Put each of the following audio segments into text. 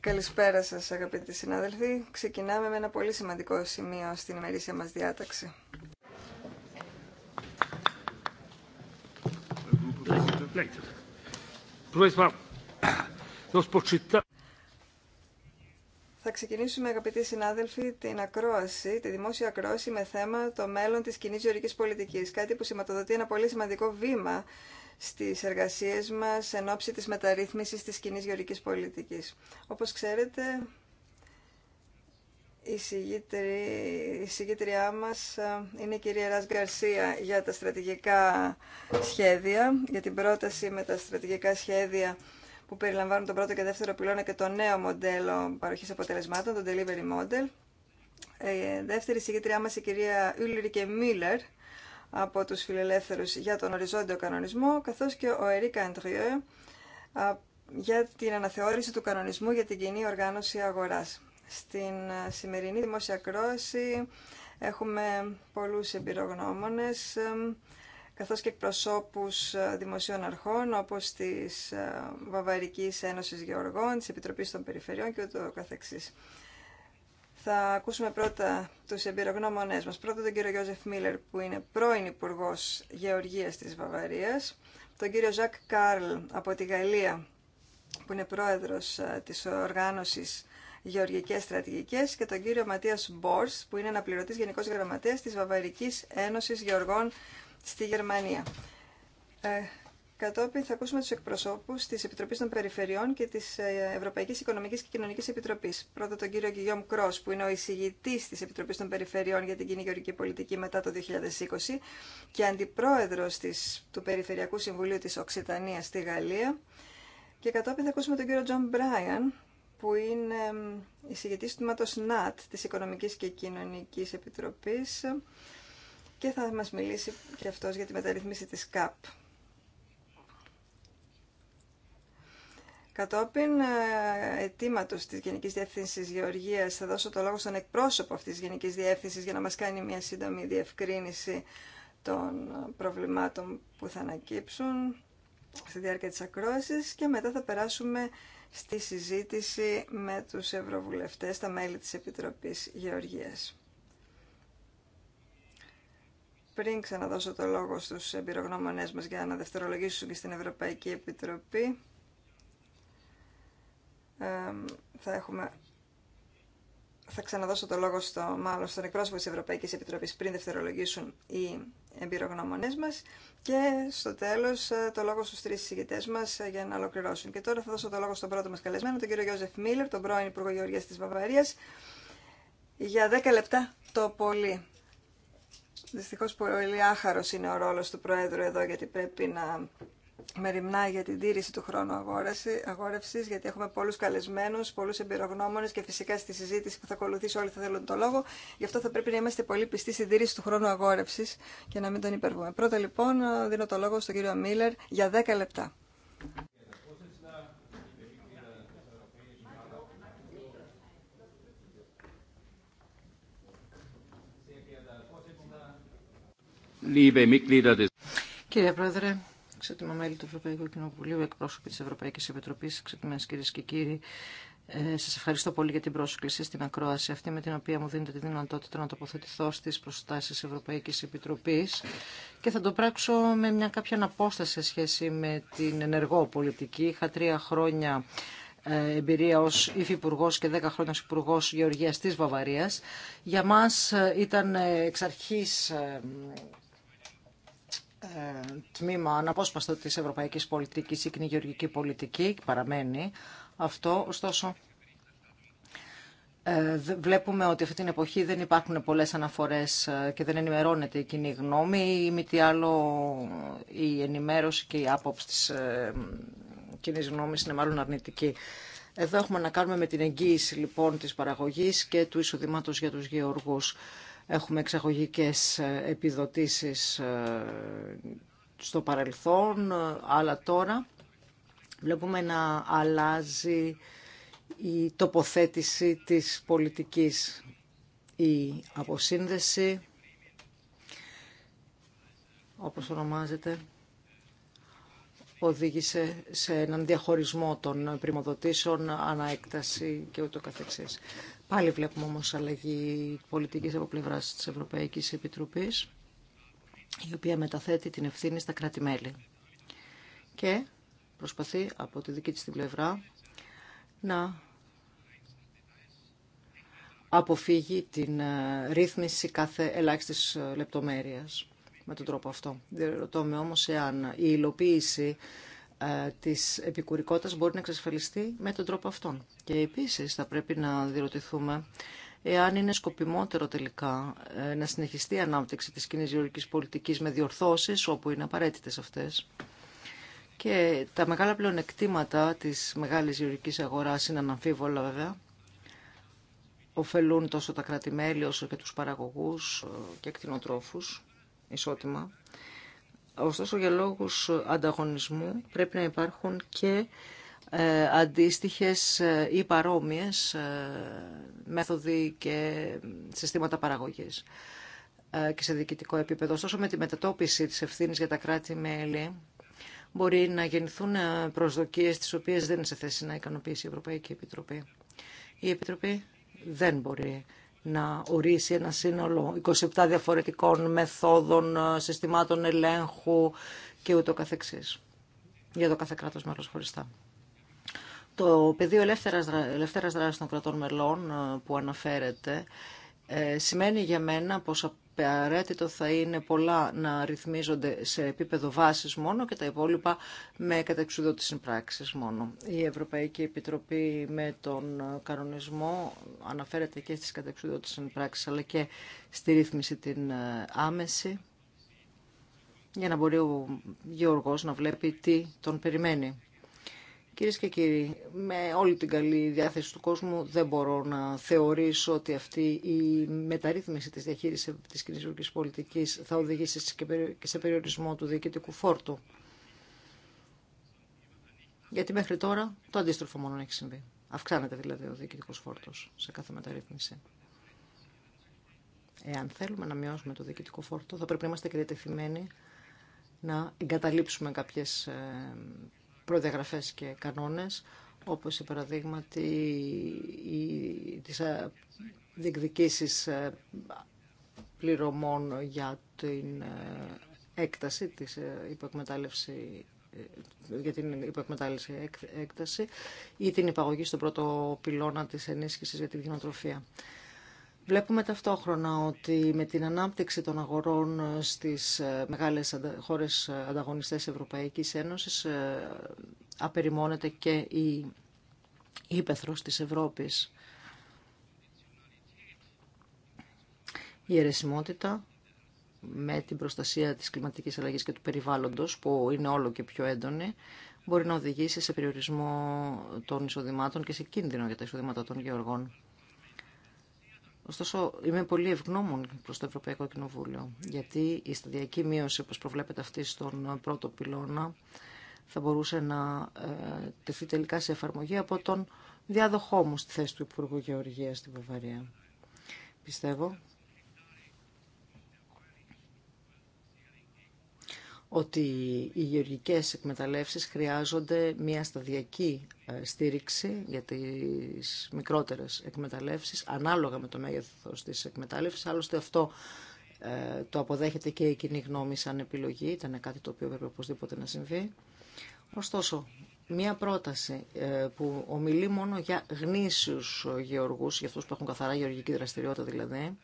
Καλησπέρα σας αγαπητοί συνάδελφοι. Ξεκινάμε με ένα πολύ σημαντικό σημείο στην ημερήσια μας διάταξη. Θα ξεκινήσουμε αγαπητοί συνάδελφοι την ακρόαση, τη δημόσια ακρόαση με θέμα το μέλλον της κοινή γεωρικής πολιτικής. Κάτι που σηματοδοτεί ένα πολύ σημαντικό βήμα στις εργασίες μας εν ώψη της μεταρρύθμισης της κοινή γεωρικής πολιτικής. Όπως ξέρετε, η, συγγήτριά μας ε, είναι η κυρία Ράς Γκαρσία για τα στρατηγικά σχέδια, για την πρόταση με τα στρατηγικά σχέδια που περιλαμβάνουν τον πρώτο και δεύτερο πυλώνα και το νέο μοντέλο παροχής αποτελεσμάτων, το delivery model. Ε, δεύτερη συγγήτριά μας η κυρία Ούλρικε Μίλλερ, από τους φιλελεύθερους για τον οριζόντιο κανονισμό, καθώς και ο Ερίκα Αντριέ για την αναθεώρηση του κανονισμού για την κοινή οργάνωση αγοράς. Στην ε, σημερινή δημόσια κρόση έχουμε πολλούς εμπειρογνώμονες, ε, καθώς και εκπροσώπους ε, δημοσίων αρχών, όπως της Βαβαρικής Ένωσης Γεωργών, της Επιτροπής των Περιφερειών και ούτω καθεξής. Θα ακούσουμε πρώτα τους εμπειρογνώμονε μας. Πρώτα τον κύριο Γιώζεφ Μίλλερ που είναι πρώην υπουργό Γεωργίας της Βαβαρίας, τον κύριο Ζακ Κάρλ από τη Γαλλία που είναι πρόεδρος ε, της οργάνωσης Γεωργικές Στρατηγικές και τον κύριο Ματία Μπόρ, που είναι πληρωτή Γενικό Γραμματέας της Βαβαρικής Ένωσης Γεωργών στη Γερμανία. Ε, Κατόπιν θα ακούσουμε τους εκπροσώπους της Επιτροπής των Περιφερειών και της ε, Ευρωπαϊκής Οικονομικής και Κοινωνικής Επιτροπής. Πρώτα τον κύριο Γιώμ Κρός, που είναι ο εισηγητής της Επιτροπής των Περιφερειών για την κοινή γεωργική πολιτική μετά το 2020 και αντιπρόεδρος της, του Περιφερειακού Συμβουλίου της Οξυτανίας στη Γαλλία. Και κατόπιν θα ακούσουμε τον κύριο Τζον Μπράιαν, που είναι εισηγητής του τμήματος ΝΑΤ της Οικονομικής και Κοινωνικής Επιτροπής και θα μας μιλήσει και αυτός για τη μεταρρύθμιση της ΚΑΠ. Κατόπιν ε, αιτήματο τη Γενική Διεύθυνση Γεωργία, θα δώσω το λόγο στον εκπρόσωπο αυτή τη Γενική Διεύθυνση για να μα κάνει μια σύντομη διευκρίνηση των προβλημάτων που θα ανακύψουν στη διάρκεια τη ακρόαση και μετά θα περάσουμε στη συζήτηση με τους ευρωβουλευτές, τα μέλη της Επιτροπής Γεωργίας. Πριν ξαναδώσω το λόγο στους εμπειρογνώμονές μας για να δευτερολογήσουν και στην Ευρωπαϊκή Επιτροπή, θα έχουμε... Θα ξαναδώσω το λόγο στο, μάλλον στον εκπρόσωπο της Ευρωπαϊκής Επιτροπής πριν δευτερολογήσουν οι εμπειρογνώμονέ μα. και στο τέλο ε, το λόγο στου τρει συζητητέ μα ε, για να ολοκληρώσουν. Και τώρα θα δώσω το λόγο στον πρώτο μα καλεσμένο, τον κύριο Γιώζεφ Μίλλερ, τον πρώην Υπουργό Γεωργία της Βαυαρίας, για 10 λεπτά το πολύ. Δυστυχώ πολύ άχαρο είναι ο ρόλο του Προέδρου εδώ γιατί πρέπει να ρημνά για την τήρηση του χρόνου αγόρευση, αγόρευσης, γιατί έχουμε πολλούς καλεσμένους, πολλούς εμπειρογνώμονες και φυσικά στη συζήτηση που θα ακολουθήσει όλοι θα θέλουν το λόγο. Γι' αυτό θα πρέπει να είμαστε πολύ πιστοί στην τήρηση του χρόνου αγόρευσης και να μην τον υπερβούμε. Πρώτα λοιπόν δίνω το λόγο στον κύριο Μίλλερ για 10 λεπτά. Κύριε Πρόεδρε, Εξαιτήμα μέλη του Ευρωπαϊκού Κοινοβουλίου, εκπρόσωποι της Ευρωπαϊκής Επιτροπής, εξωτημένες κύριε και κύριοι, ε, σας ευχαριστώ πολύ για την πρόσκληση στην ακρόαση αυτή με την οποία μου δίνετε τη δυνατότητα να τοποθετηθώ στις προστάσεις Ευρωπαϊκής Επιτροπής και θα το πράξω με μια κάποια αναπόσταση σε σχέση με την ενεργό πολιτική. Είχα τρία χρόνια ε, εμπειρία ως υφυπουργό και 10 χρόνια ως υπουργό Γεωργίας της Βαβαρίας. Για μας ε, ήταν ε, εξ αρχής ε, τμήμα αναπόσπαστο της ευρωπαϊκής πολιτικής, η γεωργική πολιτική, παραμένει αυτό, ωστόσο ε, βλέπουμε ότι αυτή την εποχή δεν υπάρχουν πολλές αναφορές ε, και δεν ενημερώνεται η κοινή γνώμη ή μη τι άλλο η ενημέρωση και η άποψη της κοινής γνώμης είναι μάλλον αρνητική. Εδώ έχουμε να κάνουμε με την εγγύηση λοιπόν της παραγωγής και του εισοδήματος για τους γεωργούς. Έχουμε εξαγωγικές ε, επιδοτήσεις ε, στο παρελθόν, αλλά ε, τώρα βλέπουμε να αλλάζει η τοποθέτηση της πολιτικής, η αποσύνδεση, όπως ονομάζεται, οδήγησε σε έναν διαχωρισμό των πρημοδοτήσεων, αναέκταση και ούτω καθεξής. Πάλι βλέπουμε όμως αλλαγή πολιτικής από πλευράς της Ευρωπαϊκής Επιτροπής, η οποία μεταθέτει την ευθύνη στα κράτη-μέλη. Και προσπαθεί από τη δική της την πλευρά να αποφύγει την ε, ρύθμιση κάθε ελάχιστης ε, λεπτομέρειας με τον τρόπο αυτό. Δεν ρωτώ με όμως εάν η υλοποίηση ε, της επικουρικότητας μπορεί να εξασφαλιστεί με τον τρόπο αυτόν. Και επίσης θα πρέπει να διερωτηθούμε εάν είναι σκοπιμότερο τελικά ε, να συνεχιστεί η ανάπτυξη της κοινή γεωργικής πολιτικής με διορθώσεις όπου είναι απαραίτητες αυτές. Και τα μεγάλα πλεονεκτήματα της μεγάλης γεωργικής αγοράς είναι αναμφίβολα βέβαια. Οφελούν τόσο τα κρατη όσο και τους παραγωγούς ε, και κτηνοτρόφους ισότιμα. Ωστόσο, για λόγους ανταγωνισμού πρέπει να υπάρχουν και ε, αντίστοιχες ε, ή παρόμοιες ε, μέθοδοι και συστήματα παραγωγής και σε διοικητικό επίπεδο. Ωστόσο, με τη μετατόπιση της ευθύνης για τα κράτη-μέλη μπορεί να γεννηθούν προσδοκίες τις οποίες δεν είναι σε θέση να ικανοποιήσει η Ευρωπαϊκή Επιτροπή. Η Επιτροπή δεν μπορεί να ορίσει ένα σύνολο 27 διαφορετικών μεθόδων, ε, συστημάτων ελέγχου και ούτω καθεξής. Για το κάθε κράτος μέλος χωριστά. Το πεδίο ελεύθερας, ελεύθερας δράσης των κρατών μελών ε, που αναφέρεται ε, σημαίνει για μένα πως απαραίτητο θα είναι πολλά να ρυθμίζονται σε επίπεδο βάσης μόνο και τα υπόλοιπα με κατεξουδότηση πράξης μόνο. Η Ευρωπαϊκή Επιτροπή με τον κανονισμό αναφέρεται και στις κατεξουδότηση πράξεις αλλά και στη ρύθμιση την ε, άμεση για να μπορεί ο Γεωργός να βλέπει τι τον περιμένει. Κυρίε και κύριοι, με όλη την καλή διάθεση του κόσμου δεν μπορώ να θεωρήσω ότι αυτή η μεταρρύθμιση της διαχείρισης της κοινωνικής πολιτικής θα οδηγήσει και σε περιορισμό του διοικητικού φόρτου. Γιατί μέχρι τώρα το αντίστροφο μόνο έχει συμβεί. Αυξάνεται δηλαδή ο διοικητικός φόρτο σε κάθε μεταρρύθμιση. Εάν θέλουμε να μειώσουμε το διοικητικό φόρτο, θα πρέπει να είμαστε και να εγκαταλείψουμε κάποιες ε, προδιαγραφές και κανόνες, όπως η παραδείγματι η, τις ε, διεκδικήσεις ε, πληρωμών για την ε, έκταση, της για την έκταση ή την υπαγωγή στον πρώτο πυλώνα της ενίσχυσης για την κοινοτροφία. Βλέπουμε ταυτόχρονα ότι με την ανάπτυξη των αγορών στις ε, μεγάλες χώρες ανταγωνιστές Ευρωπαϊκής Ένωσης ε, απεριμόνεται και η ύπεθρος της Ευρώπης. Η αιρεσιμότητα με την προστασία της κλιματικής αλλαγής και του περιβάλλοντος που είναι όλο και πιο έντονη μπορεί να οδηγήσει σε περιορισμό των εισοδημάτων και σε κίνδυνο για τα εισοδήματα των γεωργών. Ωστόσο, είμαι πολύ ευγνώμων προς το Ευρωπαϊκό Κοινοβούλιο, γιατί η σταδιακή μείωση, όπω προβλέπεται αυτή στον πρώτο πυλώνα, θα μπορούσε να ε, τεθεί τελικά σε εφαρμογή από τον διάδοχό μου στη θέση του Υπουργού Γεωργίας στην Βαυαρία. Πιστεύω ότι οι γεωργικές εκμεταλλεύσεις χρειάζονται μια σταδιακή ε, στήριξη για τις μικρότερες εκμεταλλεύσεις, ανάλογα με το μέγεθος της εκμετάλλευσης. Άλλωστε αυτό ε, το αποδέχεται και η κοινή γνώμη σαν επιλογή, ήταν κάτι το οποίο πρέπει οπωσδήποτε να συμβεί. Ωστόσο, μία πρόταση ε, που ομιλεί μόνο για γνήσιους γεωργούς, για αυτούς που έχουν καθαρά γεωργική δραστηριότητα δηλαδή,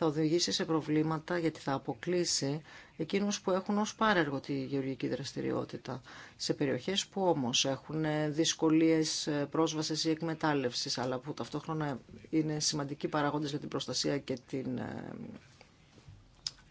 θα οδηγήσει σε προβλήματα γιατί θα αποκλείσει εκείνους που έχουν ως πάρεργο τη γεωργική δραστηριότητα. Σε περιοχές που όμως έχουν δυσκολίες πρόσβασης ή εκμετάλλευσης, αλλά που ταυτόχρονα είναι σημαντικοί παραγόντες για την προστασία και την ε,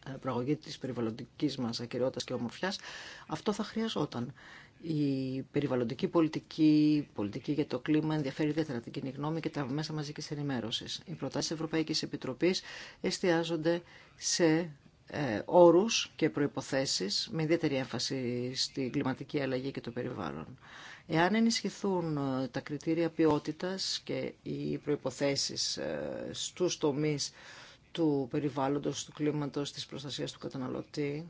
ε, προαγωγή της περιβαλλοντικής μας ακυριότητας και ομορφιάς, αυτό θα χρειαζόταν. Η περιβαλλοντική πολιτική, πολιτική για το κλίμα ενδιαφέρει ιδιαίτερα την κοινή γνώμη και τα μέσα μαζική ενημέρωση. Οι προτάσει Ευρωπαϊκή Επιτροπή εστιάζονται σε ε, όρου και προποθέσει με ιδιαίτερη έμφαση στην κλιματική αλλαγή και το περιβάλλον. Εάν ενισχυθούν ε, τα κριτήρια ποιότητας και οι προϋποθέσεις ε, στου τομεί του περιβάλλοντος, του κλίματος, της προστασίας του καταναλωτή,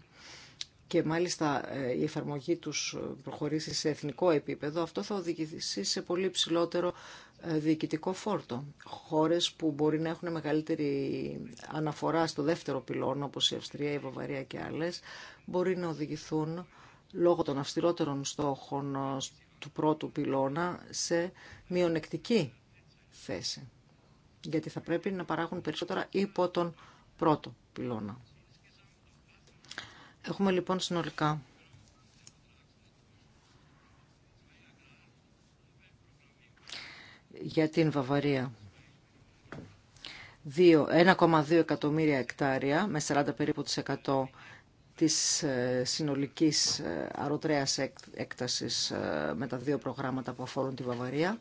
και μάλιστα ε, η εφαρμογή τους προχωρήσει σε εθνικό επίπεδο, αυτό θα οδηγήσει σε πολύ ψηλότερο ε, διοικητικό φόρτο. Χώρες που μπορεί να έχουν μεγαλύτερη αναφορά στο δεύτερο πυλώνα, όπως η Αυστρία, η Βαβαρία και άλλες, μπορεί να οδηγηθούν λόγω των αυστηρότερων στόχων ε, του πρώτου πυλώνα σε μειονεκτική θέση. Γιατί θα πρέπει να παράγουν περισσότερα υπό τον πρώτο πυλώνα. Έχουμε λοιπόν συνολικά για την Βαβαρία 1,2 εκατομμύρια εκτάρια με 40 περίπου της εκατό της ε, συνολικής ε, αρωτρέας έκτασης ε, με τα δύο προγράμματα που αφορούν τη Βαβαρία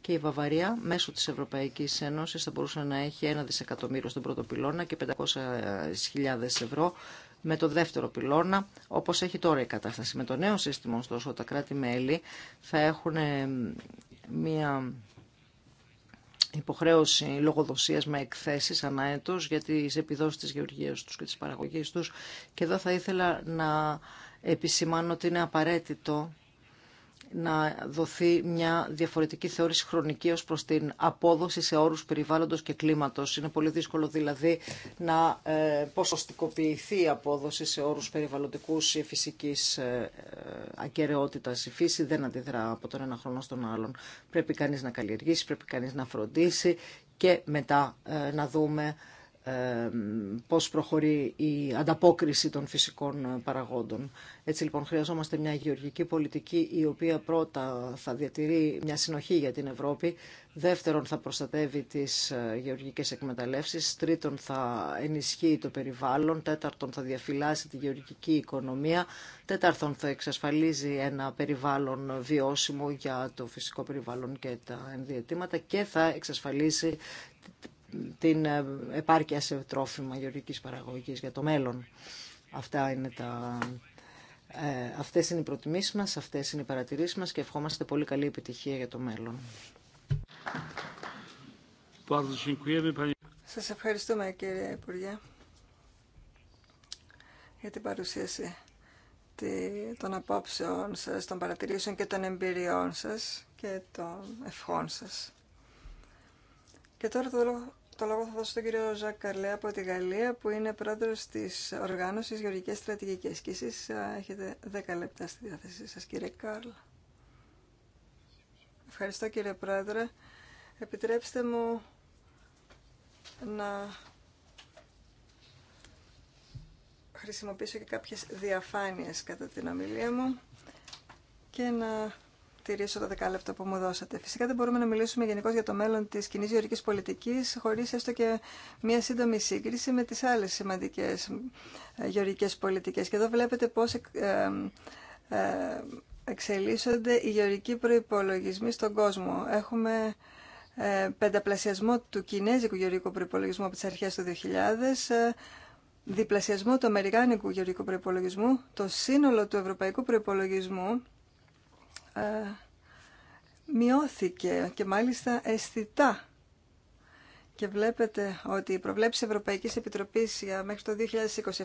και η Βαβαρία μέσω της Ευρωπαϊκής Ένωσης θα μπορούσε να έχει ένα δισεκατομμύριο στον πρώτο πυλώνα και 500.000 ευρώ με το δεύτερο πυλώνα, όπως έχει τώρα η κατάσταση. Με το νέο σύστημα, ωστόσο, τα κράτη-μέλη θα έχουν ε, μία υποχρέωση λογοδοσίας με εκθέσεις ανά έτος για τις επιδόσεις της γεωργίας τους και της παραγωγής τους. Και εδώ θα ήθελα να επισημάνω ότι είναι απαραίτητο να δοθεί μια διαφορετική θεώρηση χρονική ως προς την απόδοση σε όρους περιβάλλοντος και κλίματος. Είναι πολύ δύσκολο δηλαδή να ε, ποσοστικοποιηθεί η απόδοση σε όρους περιβαλλοντικούς ή φυσικής ε, ε, ακαιρεότητας. Η φύση δεν αντιδρά από τον ένα χρόνο στον άλλον. Πρέπει κανείς να καλλιεργήσει, πρέπει κανείς να φροντίσει και μετά να δούμε πώς προχωρεί η ανταπόκριση των φυσικών παραγόντων. Έτσι λοιπόν χρειαζόμαστε μια γεωργική πολιτική η οποία πρώτα θα διατηρεί μια συνοχή για την Ευρώπη, δεύτερον θα προστατεύει τις ε, γεωργικές εκμεταλλεύσεις, τρίτον θα ενισχύει το περιβάλλον, τέταρτον θα διαφυλάσει τη γεωργική οικονομία, τέταρτον θα εξασφαλίζει ένα περιβάλλον βιώσιμο για το φυσικό περιβάλλον και τα ενδιατήματα και θα εξασφαλίσει την ε, επάρκεια σε τρόφιμα γεωργικής παραγωγής για το μέλλον. Αυτά είναι τα... Ε, αυτές είναι οι προτιμήσεις μας, αυτές είναι οι παρατηρήσεις μας και ευχόμαστε πολύ καλή επιτυχία για το μέλλον. Σας ευχαριστούμε κύριε Υπουργέ για την παρουσίαση των απόψεων σας, των παρατηρήσεων και των εμπειριών σας και των ευχών σας. Και τώρα το το λόγο θα δώσω στον κύριο Ζακ Καρλέ από τη Γαλλία, που είναι πρόεδρο τη οργάνωση Γεωργικέ στρατηγικέ Και εσεί. Ε, έχετε 10 λεπτά στη διάθεσή σας, κύριε Καρλ. Ευχαριστώ, κύριε πρόεδρε. Επιτρέψτε μου να χρησιμοποιήσω και κάποιες διαφάνειες κατά την ομιλία μου και να τηρήσω 10 λεπτά που μου δώσατε. Φυσικά δεν μπορούμε να μιλήσουμε γενικώ για το μέλλον τη κοινή γεωρική πολιτική χωρί έστω και μία σύντομη σύγκριση με τι άλλε σημαντικέ ε, γεωρικέ πολιτικέ. Και εδώ βλέπετε πώ ε, ε, εξελίσσονται οι γεωρικοί προπολογισμοί στον κόσμο. Έχουμε πενταπλασιασμό του κινέζικου γεωρικού προπολογισμού από τι αρχέ του 2000 διπλασιασμό του Αμερικάνικου γεωργικού προπολογισμού, το σύνολο του Ευρωπαϊκού προπολογισμού ε, μειώθηκε και μάλιστα αισθητά. Και βλέπετε ότι οι προβλέψεις Ευρωπαϊκής Επιτροπής για μέχρι το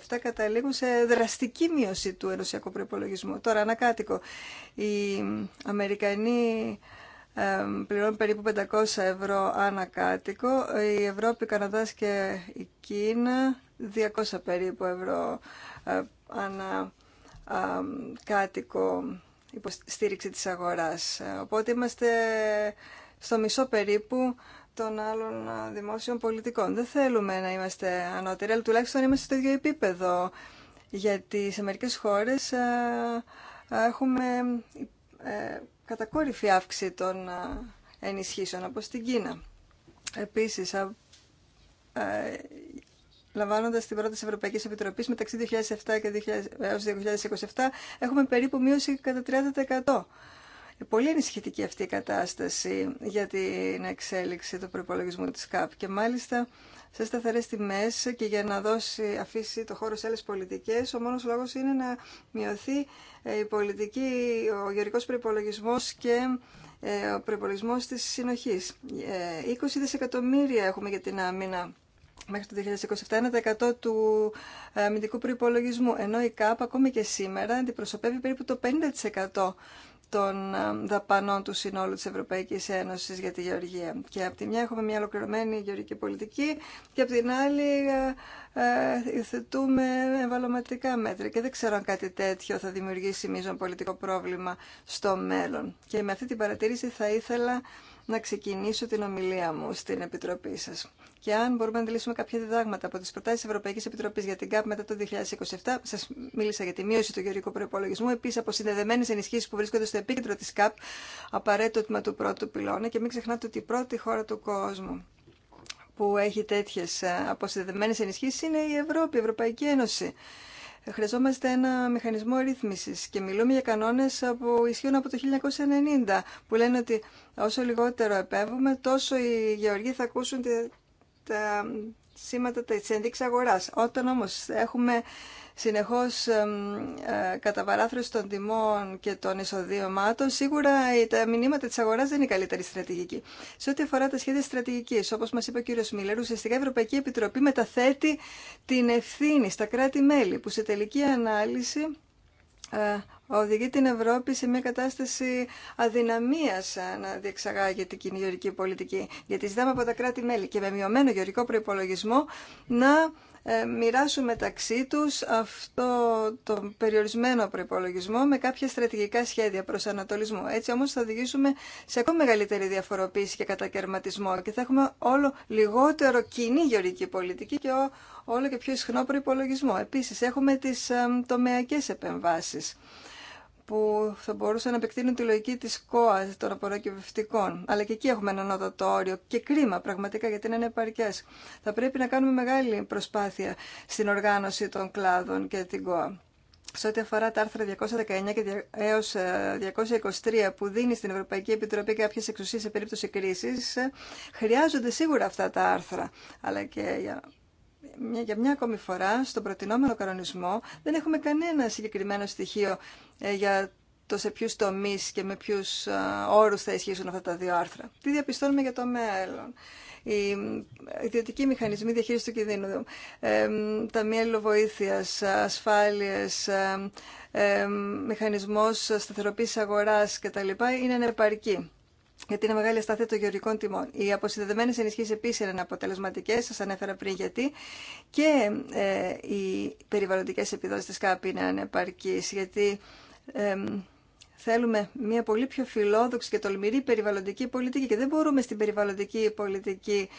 2027 καταλήγουν σε δραστική μείωση του ενωσιακού προϋπολογισμού. Τώρα, ανακάτοικο, οι Αμερικανοί ε, πληρώνουν περίπου 500 ευρώ ανακάτοικο, η Ευρώπη, η Καναδάς και η Κίνα 200 περίπου ευρώ ε, ανακάτοικο υποστήριξη της αγοράς. Ε, οπότε είμαστε στο μισό περίπου των άλλων ε, δημόσιων πολιτικών. Δεν θέλουμε να είμαστε ανώτεροι, αλλά τουλάχιστον είμαστε στο ίδιο επίπεδο. Γιατί σε μερικές χώρες ε, έχουμε κατακόρυφη αύξηση των ενισχύσεων, όπως στην Κίνα. Επίσης, λαμβάνοντα την πρόταση Ευρωπαϊκή Επιτροπή μεταξύ 2007 και 2027, έχουμε περίπου μείωση κατά 30%. Πολύ ενισχυτική αυτή η κατάσταση για την εξέλιξη του προπολογισμού της ΚΑΠ και μάλιστα σε σταθερέ τιμέ και για να δώσει, αφήσει το χώρο σε άλλε πολιτικέ. ο μόνο λόγο είναι να μειωθεί ε, η πολιτική, ο γεωρικός προπολογισμό και ε, ο προπολογισμό τη συνοχή. 20 ε, δισεκατομμύρια έχουμε για την άμυνα μέχρι το 2027 1% του ε, αμυντικού προϋπολογισμού, ενώ η ΚΑΠ ακόμη και σήμερα αντιπροσωπεύει περίπου το 50% των ε, δαπανών του συνόλου της Ευρωπαϊκής Ένωσης για τη Γεωργία. Και από τη μια έχουμε μια ολοκληρωμένη γεωργική πολιτική και από την άλλη ε, θετούμε ευαλωματικά μέτρα και δεν ξέρω αν κάτι τέτοιο θα δημιουργήσει μείζον πολιτικό πρόβλημα στο μέλλον. Και με αυτή την παρατήρηση θα ήθελα να ξεκινήσω την ομιλία μου στην Επιτροπή σα. Και αν μπορούμε να αντιλήσουμε κάποια διδάγματα από τι προτάσει της Ευρωπαϊκής Επιτροπής για την ΚΑΠ μετά το 2027, σα μίλησα για τη μείωση του γεωργικού προπολογισμού, Επίση από συνδεδεμένε ενισχύσει που βρίσκονται στο επίκεντρο τη ΚΑΠ, απαραίτητο τμήμα του πρώτου πυλώνα και μην ξεχνάτε ότι η πρώτη χώρα του κόσμου που έχει τέτοιε αποσυνδεδεμένε ενισχύσει είναι η Ευρώπη, η Ευρωπαϊκή Ένωση χρειαζόμαστε ένα μηχανισμό ρύθμιση και μιλούμε για κανόνες που ισχύουν από το 1990 που λένε ότι όσο λιγότερο επέμβουμε τόσο οι γεωργοί θα ακούσουν τα σήματα τη ενδείξη αγοράς. Όταν όμως έχουμε συνεχώς ε, καταβαράθρωση των τιμών και των εισοδήματων, σίγουρα τα μηνύματα της αγοράς δεν είναι η καλύτερη στρατηγική. Σε ό,τι αφορά τα σχέδια στρατηγικής, όπως μας είπε ο κύριος Μίλερ, ουσιαστικά η Ευρωπαϊκή Επιτροπή μεταθέτει την ευθύνη στα κράτη-μέλη, που σε τελική ανάλυση ε, οδηγεί την Ευρώπη σε μια κατάσταση αδυναμίας να διεξαγάγει την κοινή γεωρική πολιτική. Γιατί ζητάμε από τα κράτη-μέλη και με μειωμένο γεωρικό προπολογισμό να ε, μοιράσουν μεταξύ τους αυτό το περιορισμένο προϋπολογισμό με κάποια στρατηγικά σχέδια προς ανατολισμό. Έτσι όμως θα οδηγήσουμε σε ακόμα μεγαλύτερη διαφοροποίηση και κατακαιρματισμό και θα έχουμε όλο λιγότερο κοινή γεωρική πολιτική και όλο και πιο ισχνό προϋπολογισμό. Επίσης έχουμε τις τομεακές επεμβάσεις που θα μπορούσαν να επεκτείνουν τη λογική της ΚΟΑ των απορροκευευτικών. Αλλά και εκεί έχουμε ένα το όριο και κρίμα πραγματικά γιατί είναι επαρκές. Θα πρέπει να κάνουμε μεγάλη προσπάθεια στην οργάνωση των κλάδων και την ΚΟΑ. Σε ό,τι αφορά τα άρθρα 219 και έως 223 ε, που δίνει στην Ευρωπαϊκή Επιτροπή κάποιε εξουσίε σε περίπτωση κρίση, ε, χρειάζονται σίγουρα αυτά τα άρθρα. Αλλά και για μια ακόμη φορά στον προτινόμενο κανονισμό δεν έχουμε κανένα συγκεκριμένο στοιχείο ε, για το σε ποιου τομεί και με ποιου ε, όρου θα ισχύσουν αυτά τα δύο άρθρα. Τι διαπιστώνουμε για το μέλλον. Οι ε, ιδιωτικοί μηχανισμοί διαχείριση του κινδύνου, ε, ταμεία αλληλοβοήθεια, ασφάλειε, ε, ε, μηχανισμό σταθεροποίηση αγορά κτλ. είναι ανεπαρκή για την μεγάλη αστάθεια των γεωργικών τιμών. Οι αποσυνδεδεμένες ενισχύσεις επίσης είναι αποτελεσματικές, σα ανέφερα πριν γιατί, και ε, οι περιβαλλοντικές επιδόσεις της ΚΑΠ είναι ανεπαρκείς, γιατί ε, θέλουμε μια πολύ πιο φιλόδοξη και τολμηρή περιβαλλοντική πολιτική και δεν μπορούμε στην περιβαλλοντική πολιτική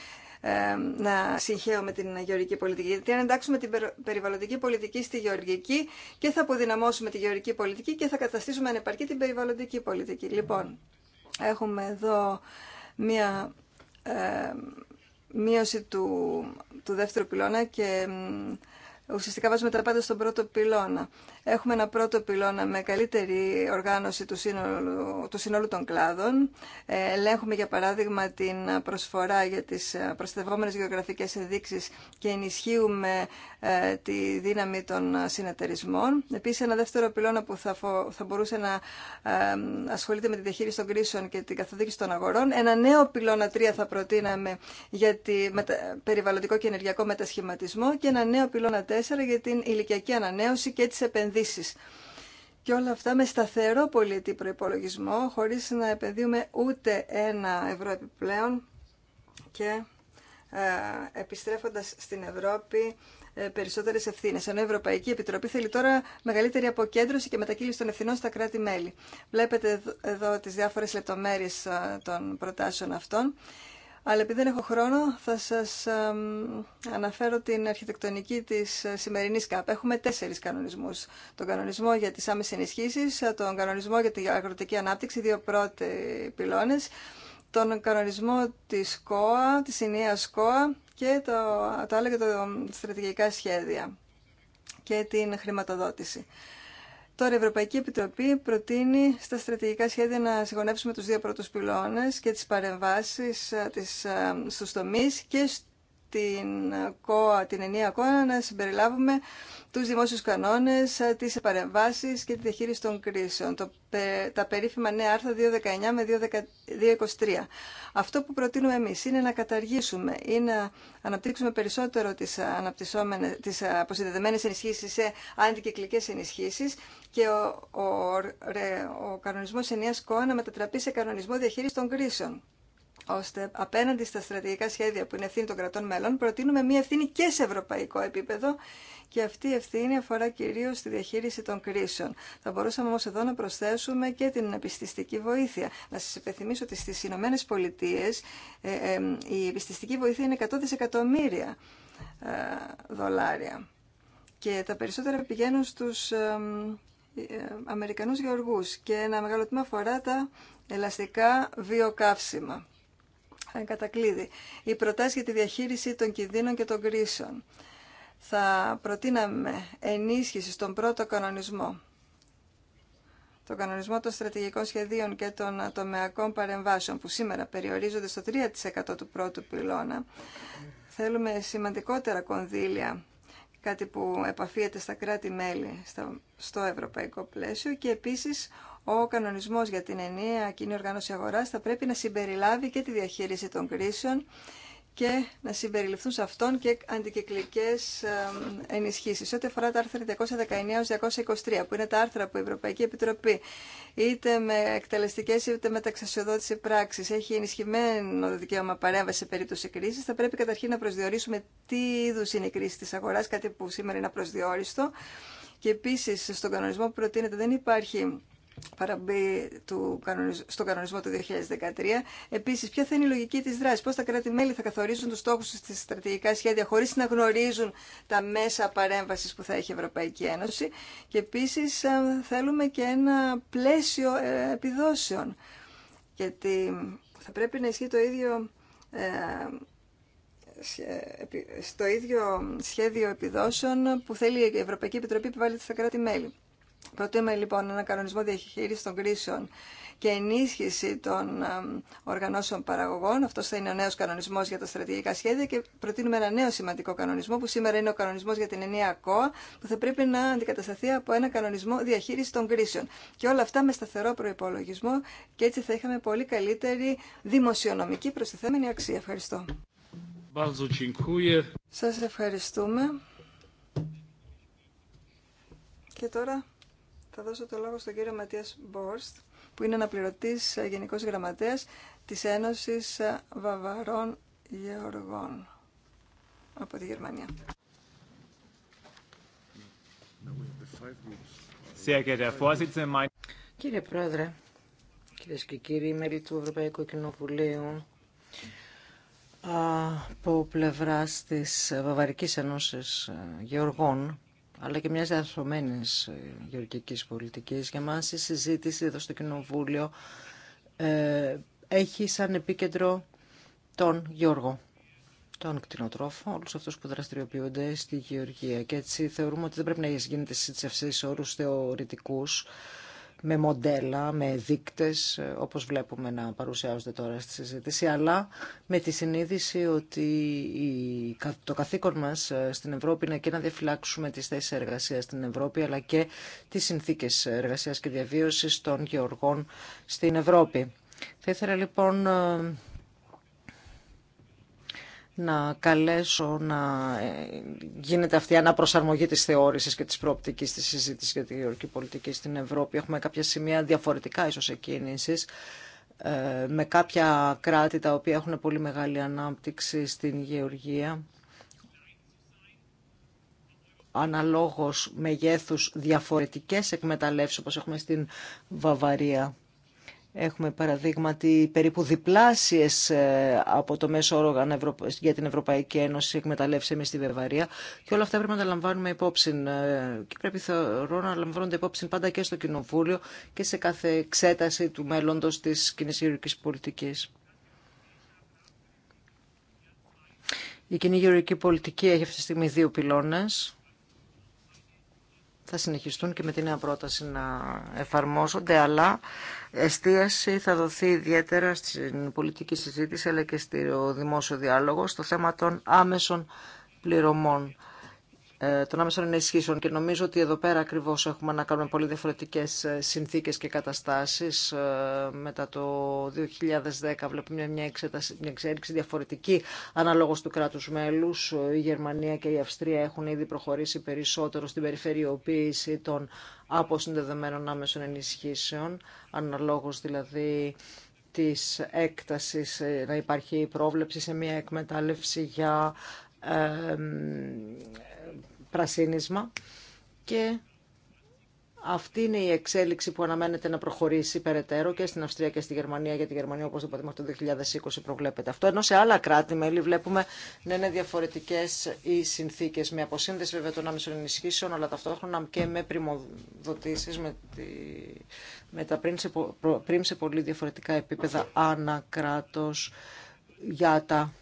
να συγχαίουμε την γεωργική πολιτική. Γιατί αν εντάξουμε την περιβαλλοντική πολιτική στη γεωργική και θα αποδυναμώσουμε τη γεωργική πολιτική και θα καταστήσουμε ανεπαρκή την περιβαλλοντική πολιτική. Λοιπόν, Έχουμε εδώ μία ε, μείωση του, του δεύτερου πυλώνα και ουσιαστικά βάζουμε τα πάντα στον πρώτο πυλώνα. Έχουμε ένα πρώτο πυλώνα με καλύτερη οργάνωση του σύνολου, του σύνολου των κλάδων. Ε, ελέγχουμε, για παράδειγμα, την προσφορά για τις ε, προστατευόμενες γεωγραφικές ενδείξει και ενισχύουμε ε, τη δύναμη των συνεταιρισμών. Επίσης, ένα δεύτερο πυλώνα που θα, θα μπορούσε να ασχολείται με τη διαχείριση των κρίσεων και την καθοδήγηση των αγορών. Ένα νέο πυλώνα 3 θα προτείναμε για τη, περιβαλλοντικό και ενεργειακό μετασχηματισμό και ένα νέο πυλώνα για την ηλικιακή ανανέωση και τις επενδύσεις. Και όλα αυτά με σταθερό πολιτή προϋπολογισμό, χωρίς να επενδύουμε ούτε ένα ευρώ επιπλέον και ε, επιστρέφοντας στην Ευρώπη περισσότερε περισσότερες ευθύνες. Ενώ η Ευρωπαϊκή Επιτροπή θέλει τώρα μεγαλύτερη αποκέντρωση και μετακύληση των ευθυνών στα κράτη-μέλη. Βλέπετε εδώ τις διάφορες λεπτομέρειες ε, των προτάσεων αυτών αλλά επειδή δεν έχω χρόνο, θα σας αναφέρω την αρχιτεκτονική της σημερινής ΚΑΠ. Έχουμε τέσσερις κανονισμούς. Τον κανονισμό για τις άμεσες ενισχύσεις, τον κανονισμό για την αγροτική ανάπτυξη, δύο πρώτοι πυλώνες, τον κανονισμό της ΚΟΑ, της ενιαίας ΚΟΑ και το, άλλο για τα στρατηγικά σχέδια και την χρηματοδότηση. Τώρα η Ευρωπαϊκή Επιτροπή προτείνει στα στρατηγικά σχέδια να συγχωνεύσουμε τους δύο πρώτους πυλώνες και τις παρεμβάσεις ε, ε, στους τομείς και την ΚΟΑ, την ενία ΚΟΑ, να συμπεριλάβουμε τους δημόσιους κανόνες, τις παρεμβάσεις και τη διαχείριση των κρίσεων. Το, τα περίφημα νέα άρθρα 219 με 223. Αυτό που προτείνουμε εμείς είναι να καταργήσουμε ή να αναπτύξουμε περισσότερο τις, αναπτυσσόμενες, τις αποσυνδεδεμένες ενισχύσεις σε αντικυκλικές ενισχύσεις και ο, ο, ο, ο κανονισμός ενίας ΚΟΑ να μετατραπεί σε κανονισμό διαχείριση των κρίσεων ώστε απέναντι στα στρατηγικά σχέδια που είναι ευθύνη των κρατών μέλων, προτείνουμε μία ευθύνη και σε ευρωπαϊκό επίπεδο και αυτή η ευθύνη αφορά κυρίω τη διαχείριση των κρίσεων. Θα μπορούσαμε όμω εδώ να προσθέσουμε και την επιστηστική βοήθεια. Να σα υπενθυμίσω ότι στι Ηνωμένε Πολιτείε ε, ε, ε, η επιστηστική βοήθεια είναι 100 δισεκατομμύρια δολάρια και τα περισσότερα πηγαίνουν στους Αμερικανούς γεωργούς και ένα μεγάλο τμήμα αφορά τα ελαστικά βιοκαύσιμα κατακλείδη. η προτάσει για τη διαχείριση των κινδύνων και των κρίσεων. Θα προτείναμε ενίσχυση στον πρώτο κανονισμό το κανονισμό των στρατηγικών σχεδίων και των τομεακών παρεμβάσεων που σήμερα περιορίζονται στο 3% του πρώτου πυλώνα. Θέλουμε σημαντικότερα κονδύλια, κάτι που επαφίεται στα κράτη-μέλη στο ευρωπαϊκό πλαίσιο και επίσης ο κανονισμό για την ενιαία κοινή οργάνωση αγορά θα πρέπει να συμπεριλάβει και τη διαχείριση των κρίσεων και να συμπεριληφθούν σε αυτόν και αντικυκλικέ ενισχύσει. Ό,τι αφορά τα άρθρα 219-223, που είναι τα άρθρα που η Ευρωπαϊκή Επιτροπή είτε με εκτελεστικές είτε με ταξιοδότηση πράξη, έχει ενισχυμένο δικαίωμα παρέμβαση σε περίπτωση κρίση. θα πρέπει καταρχήν να προσδιορίσουμε τι είδου είναι η κρίση τη αγορά, κάτι που σήμερα είναι απροσδιόριστο. Και επίση στον κανονισμό που προτείνεται δεν υπάρχει παραμπεί κανονισμό του 2013. Επίσης, ποια θα είναι η λογική της δράση, πώς τα κράτη-μέλη θα καθορίζουν τους στόχους στις στρατηγικά σχέδια χωρί να γνωρίζουν τα μέσα παρέμβασης που θα έχει η Ευρωπαϊκή Ένωση και επίσης ε, θέλουμε και ένα πλαίσιο ε, επιδόσεων γιατί θα πρέπει να ισχύει το ίδιο ε, στο ίδιο σχέδιο επιδόσεων που θέλει η Ευρωπαϊκή Επιτροπή επιβάλλεται στα κράτη-μέλη. Προτείνουμε λοιπόν ένα κανονισμό διαχείριση των κρίσεων και ενίσχυση των οργανώσεων παραγωγών. Αυτό θα είναι ο νέο κανονισμό για τα στρατηγικά σχέδια και προτείνουμε ένα νέο σημαντικό κανονισμό που σήμερα είναι ο κανονισμό για την ενιαία ΚΟΑ που θα πρέπει να αντικατασταθεί από ένα κανονισμό διαχείριση των κρίσεων. Και όλα αυτά με σταθερό προπολογισμό και έτσι θα είχαμε πολύ καλύτερη δημοσιονομική προστιθέμενη αξία. Ευχαριστώ. Σα ευχαριστούμε. Και τώρα θα δώσω το λόγο στον κύριο Ματίας Μπόρστ, που είναι αναπληρωτής ε, Γενικός Γραμματέας της Ένωσης ε, Βαβαρών Γεωργών από τη Γερμανία. Κύριε Πρόεδρε, κυρίε και κύριοι, μέλη του Ευρωπαϊκού Κοινοβουλίου, από πλευρά τη Βαβαρική Ενώση ε, Γεωργών, αλλά και μιας διαρθρωμένης ε, γεωργικής πολιτικής. Για μας η συζήτηση εδώ στο Κοινοβούλιο ε, έχει σαν επίκεντρο τον Γιώργο, τον κτηνοτρόφο, όλου αυτού που δραστηριοποιούνται στη γεωργία. Και έτσι θεωρούμε ότι δεν πρέπει να γίνεται συζήτηση αυτή σε όρου θεωρητικού, με μοντέλα, με δείκτες, όπως βλέπουμε να παρουσιάζονται τώρα στη συζήτηση, αλλά με τη συνείδηση ότι το καθήκον μας ε, στην Ευρώπη είναι και να διαφυλάξουμε τις θέσεις εργασίας στην Ευρώπη, αλλά και τις συνθήκες εργασίας και διαβίωσης των γεωργών στην Ευρώπη. Θα ήθελα λοιπόν ε, να καλέσω να ε, γίνεται αυτή η αναπροσαρμογή της θεώρησης και της προοπτικής της συζήτησης για τη γεωργική πολιτική στην Ευρώπη. Έχουμε κάποια σημεία διαφορετικά ίσως εκκίνησης ε, με κάποια κράτη τα οποία έχουν πολύ μεγάλη ανάπτυξη στην γεωργία αναλόγως μεγέθους διαφορετικές εκμεταλλεύσεις όπως έχουμε στην Βαβαρία Έχουμε παραδείγματι περίπου διπλάσιες ε, από το μέσο όρο για την Ευρωπαϊκή Ένωση εκμεταλλεύσει εμείς στη Βεβαρία και όλα αυτά πρέπει να τα λαμβάνουμε υπόψη ε, και πρέπει θεωρώ να λαμβάνονται υπόψη πάντα και στο Κοινοβούλιο και σε κάθε εξέταση του μέλλοντος της κοινής πολιτικής. Η κοινή γεωργική πολιτική έχει αυτή τη στιγμή δύο πυλώνες θα συνεχιστούν και με τη νέα πρόταση να εφαρμόζονται, αλλά εστίαση θα δοθεί ιδιαίτερα στην πολιτική συζήτηση αλλά και στο δημόσιο διάλογο στο θέμα των άμεσων πληρωμών ε, των άμεσων ενισχύσεων και νομίζω ότι εδώ πέρα ακριβώς έχουμε να κάνουμε πολύ διαφορετικές ε, συνθήκες και καταστάσεις. Ε, μετά το 2010 βλέπουμε μια, εξέταση, μια εξέλιξη διαφορετική αναλόγως του κράτους μέλους. Η Γερμανία και η Αυστρία έχουν ήδη προχωρήσει περισσότερο στην περιφερειοποίηση των αποσυνδεδεμένων άμεσων ενισχύσεων, αναλόγως δηλαδή της έκτασης να υπάρχει πρόβλεψη σε μια εκμετάλλευση για πρασίνισμα και αυτή είναι η εξέλιξη που αναμένεται να προχωρήσει περαιτέρω και στην Αυστρία και στη Γερμανία. Για τη Γερμανία, το μέχρι το 2020 προβλέπεται αυτό. Ενώ σε άλλα κράτη-μέλη βλέπουμε να είναι διαφορετικέ οι συνθήκε. Με αποσύνδεση βέβαια των άμεσων ενισχύσεων, αλλά ταυτόχρονα και με πρημοδοτήσει, με, τη... με τα πριν σε πολύ διαφορετικά επίπεδα ανακράτο για τα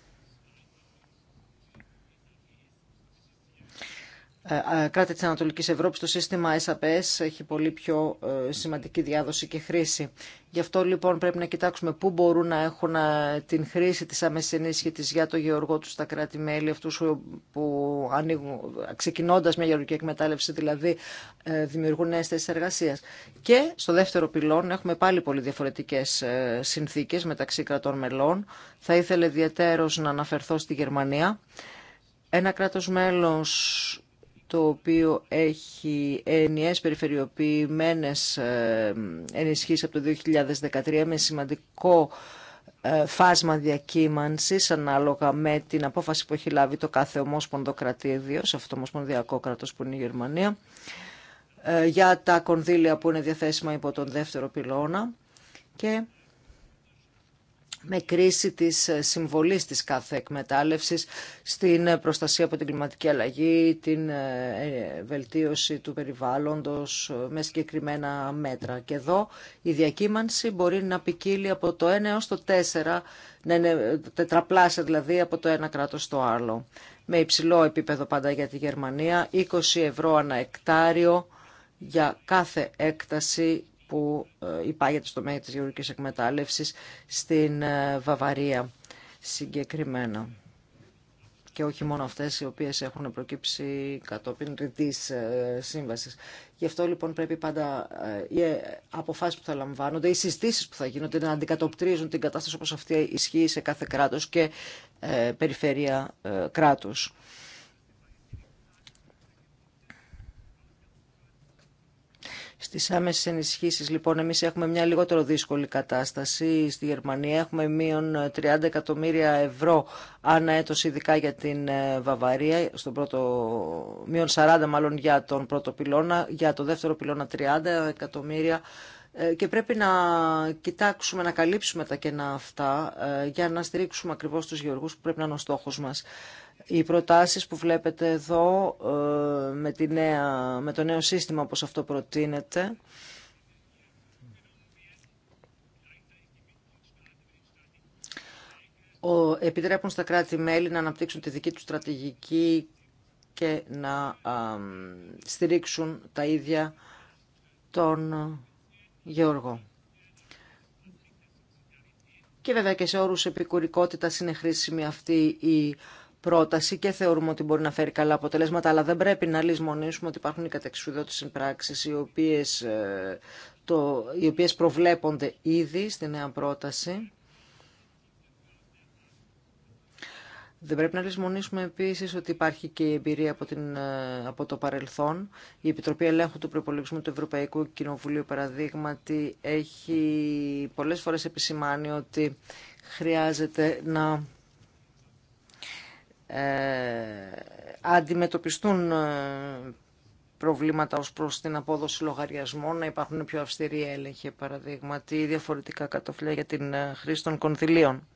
Ε, ε, κράτη της Ανατολικής Ευρώπης το σύστημα SAPS έχει πολύ πιο ε, σημαντική διάδοση και χρήση. Γι' αυτό λοιπόν πρέπει να κοιτάξουμε πού μπορούν να έχουν την χρήση της άμεσης της για το γεωργό τους στα κράτη-μέλη, αυτούς που ανοίγουν, ξεκινώντας μια γεωργική εκμετάλλευση, δηλαδή δημιουργούν νέες θέσεις εργασίας. Και στο δεύτερο πυλόν έχουμε πάλι πολύ διαφορετικές συνθήκες μεταξύ κρατών μελών. Θα ήθελε ιδιαίτερος να αναφερθώ στη Γερμανία. Ένα κράτος μέλος το οποίο έχει ενιαίες περιφερειοποιημένες ε, ενισχύσεις από το 2013 με σημαντικό ε, φάσμα διακύμανσης ανάλογα με την απόφαση που έχει λάβει το κάθε ομόσπονδο κρατήδιο, σε αυτό το ομοσπονδιακό κράτος που είναι η Γερμανία, ε, για τα κονδύλια που είναι διαθέσιμα υπό τον δεύτερο πυλώνα και με κρίση της συμβολής της κάθε εκμετάλλευσης στην προστασία από την κλιματική αλλαγή, την ε, ε, βελτίωση του περιβάλλοντος ε, με συγκεκριμένα μέτρα. Και εδώ η διακύμανση μπορεί να ποικίλει από το 1 έως το 4, να είναι τετραπλάσια δηλαδή από το ένα κράτος στο άλλο. Με υψηλό επίπεδο πάντα για τη Γερμανία, 20 ευρώ ανά εκτάριο για κάθε έκταση που ε, υπάγεται στο μέγεθο της γεωργικής εκμετάλλευσης στην ε, Βαβαρία συγκεκριμένα. Και όχι μόνο αυτές οι οποίες έχουν προκύψει κατόπιν ρητής ε, σύμβασης. Γι' αυτό λοιπόν πρέπει πάντα οι αποφάσεις που θα λαμβάνονται, οι συστήσεις που θα γίνονται να αντικατοπτρίζουν την κατάσταση όπως αυτή ισχύει σε κάθε κράτος και περιφέρεια κράτους. Στι άμεσε ενισχύσει, λοιπόν εμεί έχουμε μια λιγότερο δύσκολη κατάσταση. Στη Γερμανία έχουμε μείον 30 εκατομμύρια ευρώ ανά έτο, ειδικά για την ε, Βαβαρία, στον πρώτο, μείον 40 μάλλον για τον πρώτο πυλώνα, για το δεύτερο πυλώνα 30 εκατομμύρια ε, και πρέπει να κοιτάξουμε να καλύψουμε τα κενά αυτά ε, για να στηρίξουμε ακριβώς τους γεωργούς που πρέπει να είναι ο στόχος μας. Οι προτάσεις που βλέπετε εδώ ε, με, τη με το νέο σύστημα όπως αυτό προτείνεται ο, επιτρέπουν στα κράτη-μέλη να αναπτύξουν τη δική τους στρατηγική και να στηρίξουν τα ίδια τον Γεωργό. Και βέβαια και σε όρους επικουρικότητας είναι χρήσιμη αυτή η πρόταση και θεωρούμε ότι μπορεί να φέρει καλά αποτελέσματα, αλλά δεν πρέπει να λησμονήσουμε ότι υπάρχουν οι κατεξουδότητες συμπράξεις, οι οποίες, ε, το, οι οποίες προβλέπονται ήδη στη νέα πρόταση. Δεν πρέπει να λησμονήσουμε επίση ότι υπάρχει και η εμπειρία από, την, ε, από το παρελθόν. Η Επιτροπή Ελέγχου του Προπολογισμού του Ευρωπαϊκού Κοινοβουλίου, παραδείγματι, έχει πολλέ φορέ επισημάνει ότι χρειάζεται να ε, αντιμετωπιστούν ε, προβλήματα ως προς την απόδοση λογαριασμών, να υπάρχουν πιο αυστηροί έλεγχοι, παραδείγματι, διαφορετικά κατοφλιά για την ε, χρήση των κονδυλίων.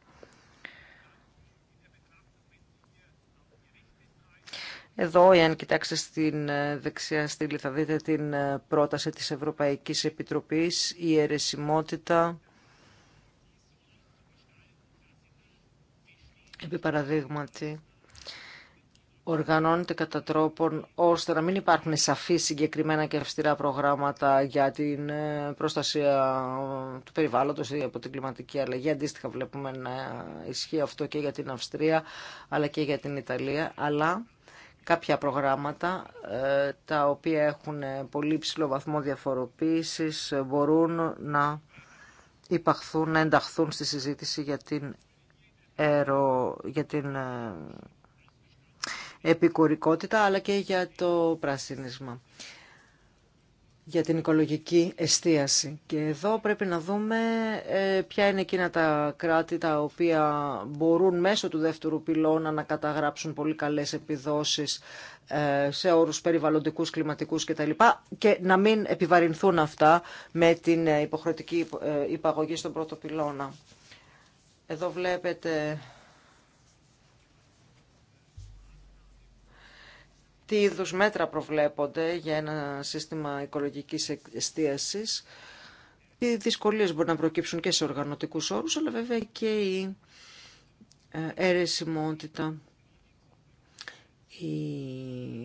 Εδώ, εάν κοιτάξετε στην δεξιά στήλη, θα δείτε την πρόταση της Ευρωπαϊκής Επιτροπής, η αιρεσιμότητα. Επί παραδείγματι, οργανώνεται κατά τρόπον ώστε να μην υπάρχουν σαφή συγκεκριμένα και αυστηρά προγράμματα για την ε, προστασία του περιβάλλοντος ή από την κλιματική αλλαγή. Αντίστοιχα βλέπουμε να ισχύει αυτό και για την Αυστρία αλλά και για την Ιταλία. Αλλά κάποια προγράμματα ε, τα οποία έχουν πολύ ψηλό βαθμό διαφοροποίησης ε, μπορούν να υπαχθούν, να ενταχθούν στη συζήτηση για την, για την επικουρικότητα αλλά και για το πράσινισμα για την οικολογική εστίαση. Και εδώ πρέπει να δούμε ε, ποια είναι εκείνα τα κράτη τα οποία μπορούν μέσω του δεύτερου πυλώνα να καταγράψουν πολύ καλές επιδόσεις ε, σε όρους περιβαλλοντικούς, κλιματικούς κτλ. Και να μην επιβαρυνθούν αυτά με την ε, υποχρεωτική υπαγωγή στον πρώτο πυλώνα. Εδώ βλέπετε τι είδους μέτρα προβλέπονται για ένα σύστημα οικολογικής εστίασης. Οι δυσκολίες μπορεί να προκύψουν και σε οργανωτικούς όρους, αλλά βέβαια και η ε, αιρεσιμότητα, η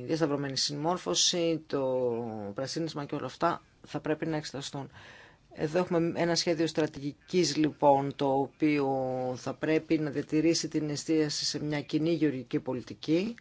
διασταυρωμένη συμμόρφωση, το πρασίνισμα και όλα αυτά θα πρέπει να εξεταστούν. Εδώ έχουμε ένα σχέδιο στρατηγικής λοιπόν το οποίο θα πρέπει να διατηρήσει την εστίαση σε μια κοινή γεωργική πολιτική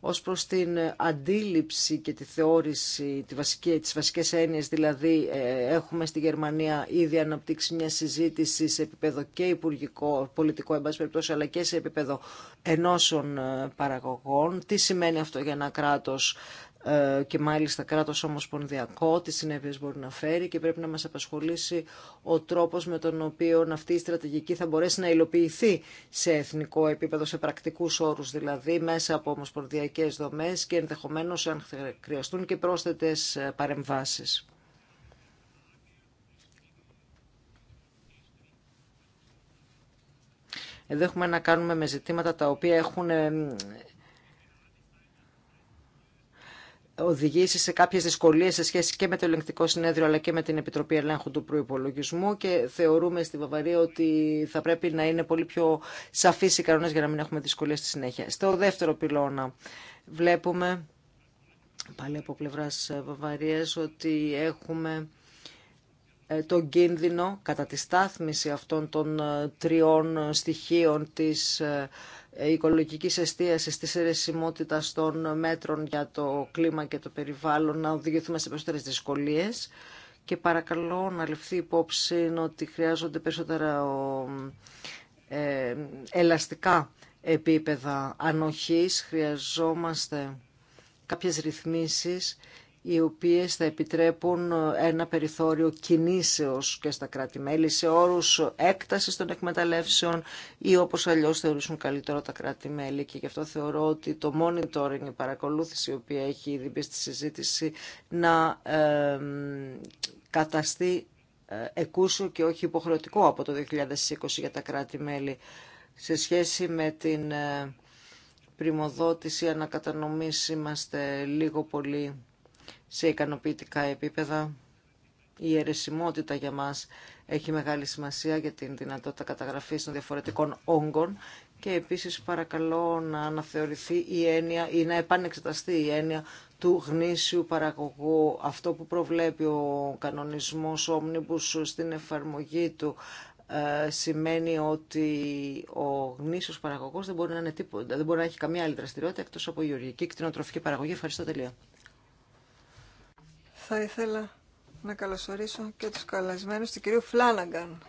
ως προς την αντίληψη και τη θεώρηση, τη βασική, τις βασικές έννοιες δηλαδή ε, έχουμε στη Γερμανία ήδη αναπτύξει μια συζήτηση σε επίπεδο και υπουργικό, πολιτικό εν αλλά και σε επίπεδο ενώσεων ε, παραγωγών. Τι σημαίνει αυτό για ένα κράτος ε, και μάλιστα κράτος ομοσπονδιακό, τι συνέπειες μπορεί να φέρει και πρέπει να μας απασχολήσει ο τρόπος με τον οποίο αυτή η στρατηγική θα μπορέσει να υλοποιηθεί σε εθνικό επίπεδο, σε πρακτικούς όρους δηλαδή, μέσα από ομοσπονδιακές δομές και ενδεχομένως αν χρειαστούν και πρόσθετες ε, παρεμβάσεις. Εδώ έχουμε να κάνουμε με ζητήματα τα οποία έχουν ε, οδηγήσει σε κάποιες δυσκολίες σε σχέση και με το ελεγκτικό συνέδριο αλλά και με την Επιτροπή Ελέγχου του Προϋπολογισμού και θεωρούμε στη Βαβαρία ότι θα πρέπει να είναι πολύ πιο σαφείς οι κανόνες για να μην έχουμε δυσκολίες στη συνέχεια. Στο δεύτερο πυλώνα βλέπουμε πάλι από πλευράς Βαβαρίας ότι έχουμε ε, τον κίνδυνο κατά τη στάθμιση αυτών των ε, τριών ε, στοιχείων της ε, οικολογικής εστίασης της αιρεσιμότητας των μέτρων για το κλίμα και το περιβάλλον να οδηγηθούμε σε περισσότερες δυσκολίες και παρακαλώ να ληφθεί υπόψη ότι χρειάζονται περισσότερα ε, ελαστικά επίπεδα ανοχής, χρειαζόμαστε κάποιες ρυθμίσεις οι οποίες θα επιτρέπουν ένα περιθώριο κινήσεως και στα κράτη-μέλη σε όρους έκτασης των εκμεταλλεύσεων ή όπως αλλιώς θεωρήσουν καλύτερο τα κράτη-μέλη και γι' αυτό θεωρώ ότι το monitoring, η παρακολούθηση η οποία έχει ήδη μπει στη συζήτηση να καταστεί ε, εκούσιο και όχι υποχρεωτικό από το 2020 για τα κράτη-μέλη σε σχέση με την ε, πρημοδότηση ανακατανομής είμαστε λίγο πολύ σε ικανοποιητικά επίπεδα. Η αιρεσιμότητα για μας έχει μεγάλη σημασία για την δυνατότητα καταγραφής των διαφορετικών όγκων και επίσης παρακαλώ να αναθεωρηθεί η έννοια ή να επανεξεταστεί η έννοια του γνήσιου παραγωγού. Αυτό που προβλέπει ο κανονισμός όμνιμπους στην εφαρμογή του ε, σημαίνει ότι ο γνήσιος παραγωγός δεν μπορεί να, είναι δεν μπορεί να έχει καμία άλλη δραστηριότητα εκτός από και κτηνοτροφική παραγωγή. Ευχαριστώ τελείως. Θα ήθελα να καλωσορίσω και τους καλεσμένους του κυρίου Φλάναγκαν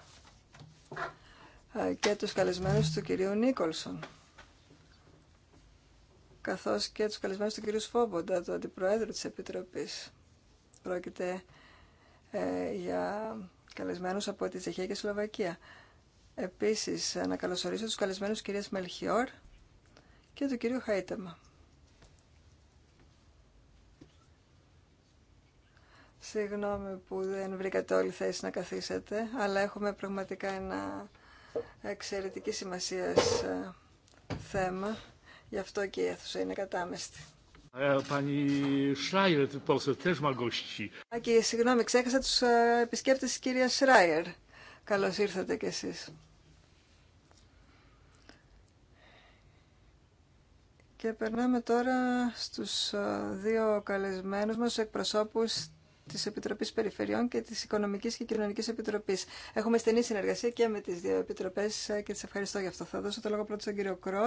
ε, και τους καλεσμένους του κυρίου Νίκολσον καθώς και τους καλεσμένους του κυρίου Σφόμποντα, του Αντιπροέδρου της Επιτροπής. Πρόκειται ε, για καλεσμένους από τη Τσεχία και Σλοβακία. Επίσης, να καλωσορίσω τους καλεσμένους κυρίας Μελχιόρ και του κυρίου Χαίτεμα. Συγγνώμη που δεν βρήκατε όλη θέση να καθίσετε, αλλά έχουμε πραγματικά ένα εξαιρετική σημασία ε, θέμα. Γι' αυτό και η αίθουσα είναι κατάμεστη. Ε, και συγγνώμη, ξέχασα τους ε, επισκέπτες της κυρίας Σράιερ. Καλώς ήρθατε κι εσείς. Και περνάμε τώρα στους δύο καλεσμένους μας, εκπροσώπους Τη Επιτροπή Περιφερειών και τη Οικονομική και Κοινωνική Επιτροπή. Έχουμε στενή συνεργασία και με τι δύο επιτροπέ και τι ευχαριστώ για αυτό. Θα δώσω το λόγο πρώτο στον κύριο Κρό,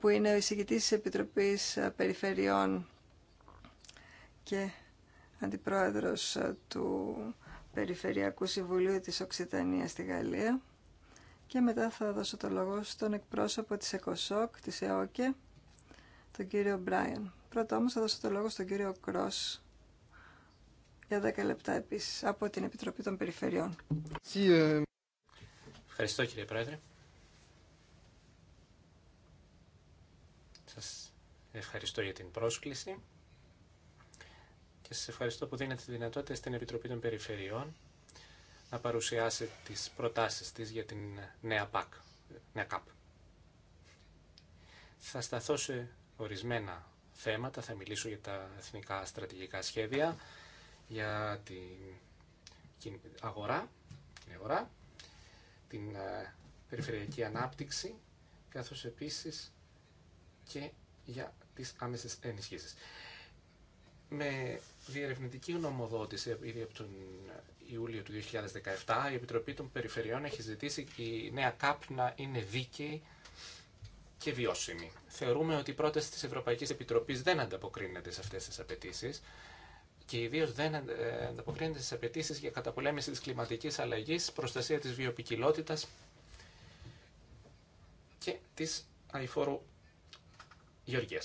που είναι ο εισηγητή τη Επιτροπή Περιφερειών και αντιπρόεδρο του Περιφερειακού Συμβουλίου τη Οξυτανία στη Γαλλία. Και μετά θα δώσω το λόγο στον εκπρόσωπο της ΕΚΟΣΟΚ, της ΕΟΚΕ, τον κύριο Μπράιον. Πρώτα όμω, θα δώσω το λόγο στον κύριο Κρός για 10 λεπτά επίσης από την Επιτροπή των Περιφερειών. Ε, ευχαριστώ κύριε Πρόεδρε. Σας ευχαριστώ για την πρόσκληση και σας ευχαριστώ που δίνετε τη δυνατότητα στην Επιτροπή των Περιφερειών να παρουσιάσει τις προτάσεις της για την νέα ΠΑΚ, νέα ΚΑΠ. Θα σταθώ σε ορισμένα θέματα, θα μιλήσω για τα εθνικά στρατηγικά σχέδια, για την αγορά, την αγορά, την ε, περιφερειακή ανάπτυξη, καθώς επίσης και για τις άμεσες ενισχύσεις. Με διερευνητική νομοδότηση ε, ήδη από τον Ιούλιο του 2017, η Επιτροπή των Περιφερειών έχει ζητήσει η νέα ΚΑΠ να είναι δίκαιη και βιώσιμη. Θεωρούμε ότι η πρόταση της Ευρωπαϊκής Επιτροπής δεν ανταποκρίνεται σε αυτές τις απαιτήσεις και ιδίω δεν ε, ανταποκρίνεται στι απαιτήσει για καταπολέμηση τη κλιματική αλλαγή, προστασία τη βιοποικιλότητας και της αηφόρου γεωργία.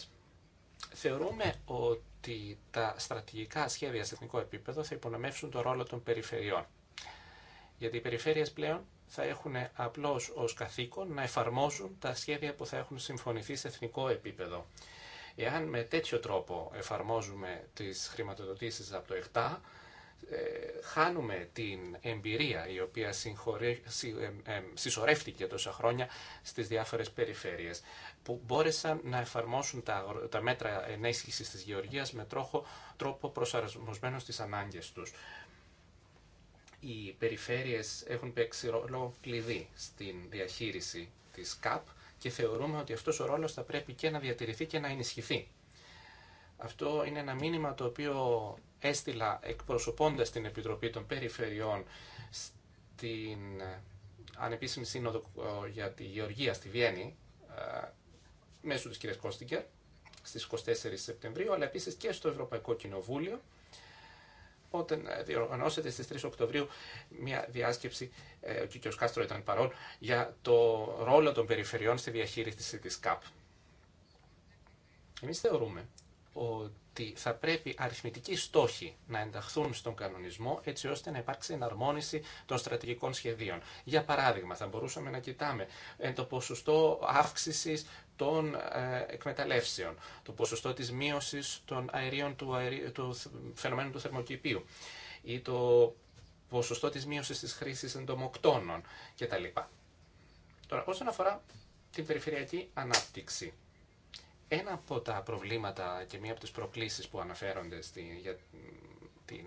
Θεωρούμε ότι τα στρατηγικά σχέδια σε εθνικό επίπεδο θα υπονομεύσουν το ρόλο των περιφερειών. Γιατί οι περιφέρειες πλέον θα έχουν απλώς ως καθήκον να εφαρμόζουν τα σχέδια που θα έχουν συμφωνηθεί σε εθνικό επίπεδο. Εάν με τέτοιο τρόπο εφαρμόζουμε τις χρηματοδοτήσεις από το 7, ε, χάνουμε την εμπειρία η οποία ε, ε, συσσωρεύτηκε τόσα χρόνια στις διάφορες περιφέρειες που μπόρεσαν να εφαρμόσουν τα, τα μέτρα ενέσχυσης της γεωργίας με τρόπο, προσαρμοσμένο στις ανάγκες τους. Οι περιφέρειες έχουν παίξει ρόλο κλειδί στην διαχείριση της ΚΑΠ και θεωρούμε ότι αυτός ο ρόλος θα πρέπει και να διατηρηθεί και να ενισχυθεί. Αυτό είναι ένα μήνυμα το οποίο έστειλα εκπροσωπώντας την Επιτροπή των Περιφερειών στην ε, ανεπίσημη σύνοδο ε, για τη Γεωργία στη Βιέννη ε, μέσω της κυρίας Κώστιγκερ στις 24 Σεπτεμβρίου, αλλά επίσης και στο Ευρωπαϊκό Κοινοβούλιο Οπότε διοργανώσετε στις 3 Οκτωβρίου μια διάσκεψη, ε, ο κ. Κάστρο ήταν παρόν, για το ρόλο των περιφερειών στη διαχείριση της ΚΑΠ. Εμείς θεωρούμε ότι θα πρέπει αριθμητικοί στόχοι να ενταχθούν στον κανονισμό έτσι ώστε να υπάρξει εναρμόνιση των στρατηγικών σχεδίων. Για παράδειγμα, θα μπορούσαμε να κοιτάμε ε, το ποσοστό αύξησης, των ε, εκμεταλλεύσεων, το ποσοστό της μείωσης των αερίων του, του φαινομένου του θερμοκηπίου ή το ποσοστό της μείωσης της χρήσης εντομοκτώνων κτλ. Τώρα, όσον αφορά την περιφερειακή ανάπτυξη, ένα από τα προβλήματα και μία από τις προκλήσεις που αναφέρονται στη, για την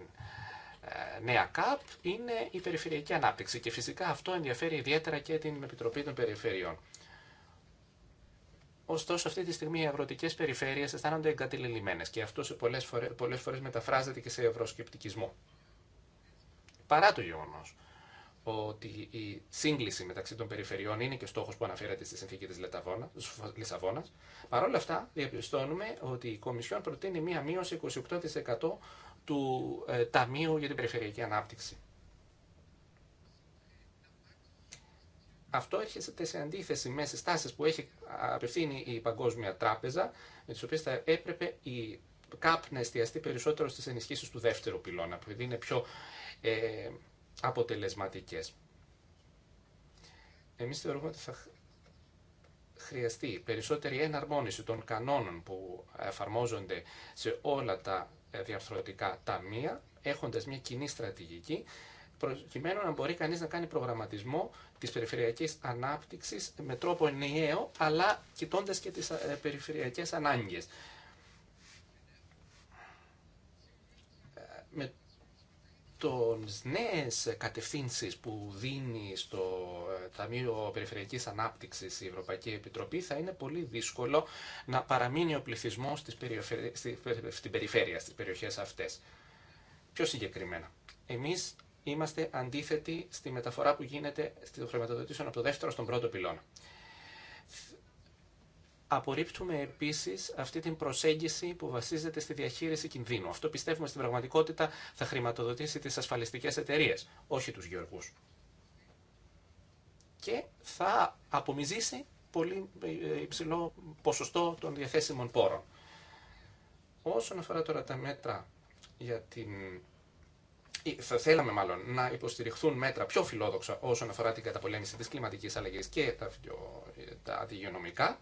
ε, νέα ΚΑΠ είναι η περιφερειακή ανάπτυξη και φυσικά αυτό ενδιαφέρει ιδιαίτερα και την Επιτροπή των Περιφερειών. Ωστόσο, αυτή τη στιγμή οι αγροτικέ περιφέρειε αισθάνονται εγκατελελειμμένε και αυτό πολλέ φορέ πολλές φορές μεταφράζεται και σε ευρωσκεπτικισμό. Παρά το γεγονό ότι η σύγκληση μεταξύ των περιφερειών είναι και στόχο που αναφέρεται στη συνθήκη τη Λισαβόνα, παρόλα αυτά διαπιστώνουμε ότι η Κομισιόν προτείνει μία μείωση 28% του ε, Ταμείου για την Περιφερειακή Ανάπτυξη. Αυτό έρχεται σε αντίθεση με συστάσει που έχει απευθύνει η Παγκόσμια Τράπεζα, με τι οποίε θα έπρεπε η ΚΑΠ να εστιαστεί περισσότερο στι ενισχύσει του δεύτερου πυλώνα, που είναι πιο ε, αποτελεσματικές. Εμείς θεωρούμε ότι θα χρειαστεί περισσότερη εναρμόνιση των κανόνων που εφαρμόζονται σε όλα τα ε, διαρθρωτικά ταμεία, έχοντας μια κοινή στρατηγική, προκειμένου να μπορεί κανείς να κάνει προγραμματισμό της περιφερειακής ανάπτυξης με τρόπο ενιαίο, αλλά κοιτώντας και τις ε, περιφερειακές ανάγκες. Ε, με τις νέες κατευθύνσεις που δίνει στο ε, Ταμείο Περιφερειακής Ανάπτυξης η Ευρωπαϊκή Επιτροπή θα είναι πολύ δύσκολο να παραμείνει ο πληθυσμός στην περιφέρεια, στις περιοχές αυτές. Πιο συγκεκριμένα, εμείς είμαστε αντίθετοι στη μεταφορά που γίνεται στη χρηματοδοτήσεων από το δεύτερο στον πρώτο πυλώνα. Απορρίπτουμε επίση αυτή την προσέγγιση που βασίζεται στη διαχείριση κινδύνου. Αυτό πιστεύουμε στην πραγματικότητα θα χρηματοδοτήσει τι ασφαλιστικέ εταιρείε, όχι του γεωργού. Και θα απομυζήσει πολύ ε, υψηλό ποσοστό των διαθέσιμων πόρων. Όσον αφορά τώρα τα μέτρα για την θα θέλαμε μάλλον να υποστηριχθούν μέτρα πιο φιλόδοξα όσον αφορά την καταπολέμηση της κλιματικής αλλαγής και τα, τα αντιγειονομικά.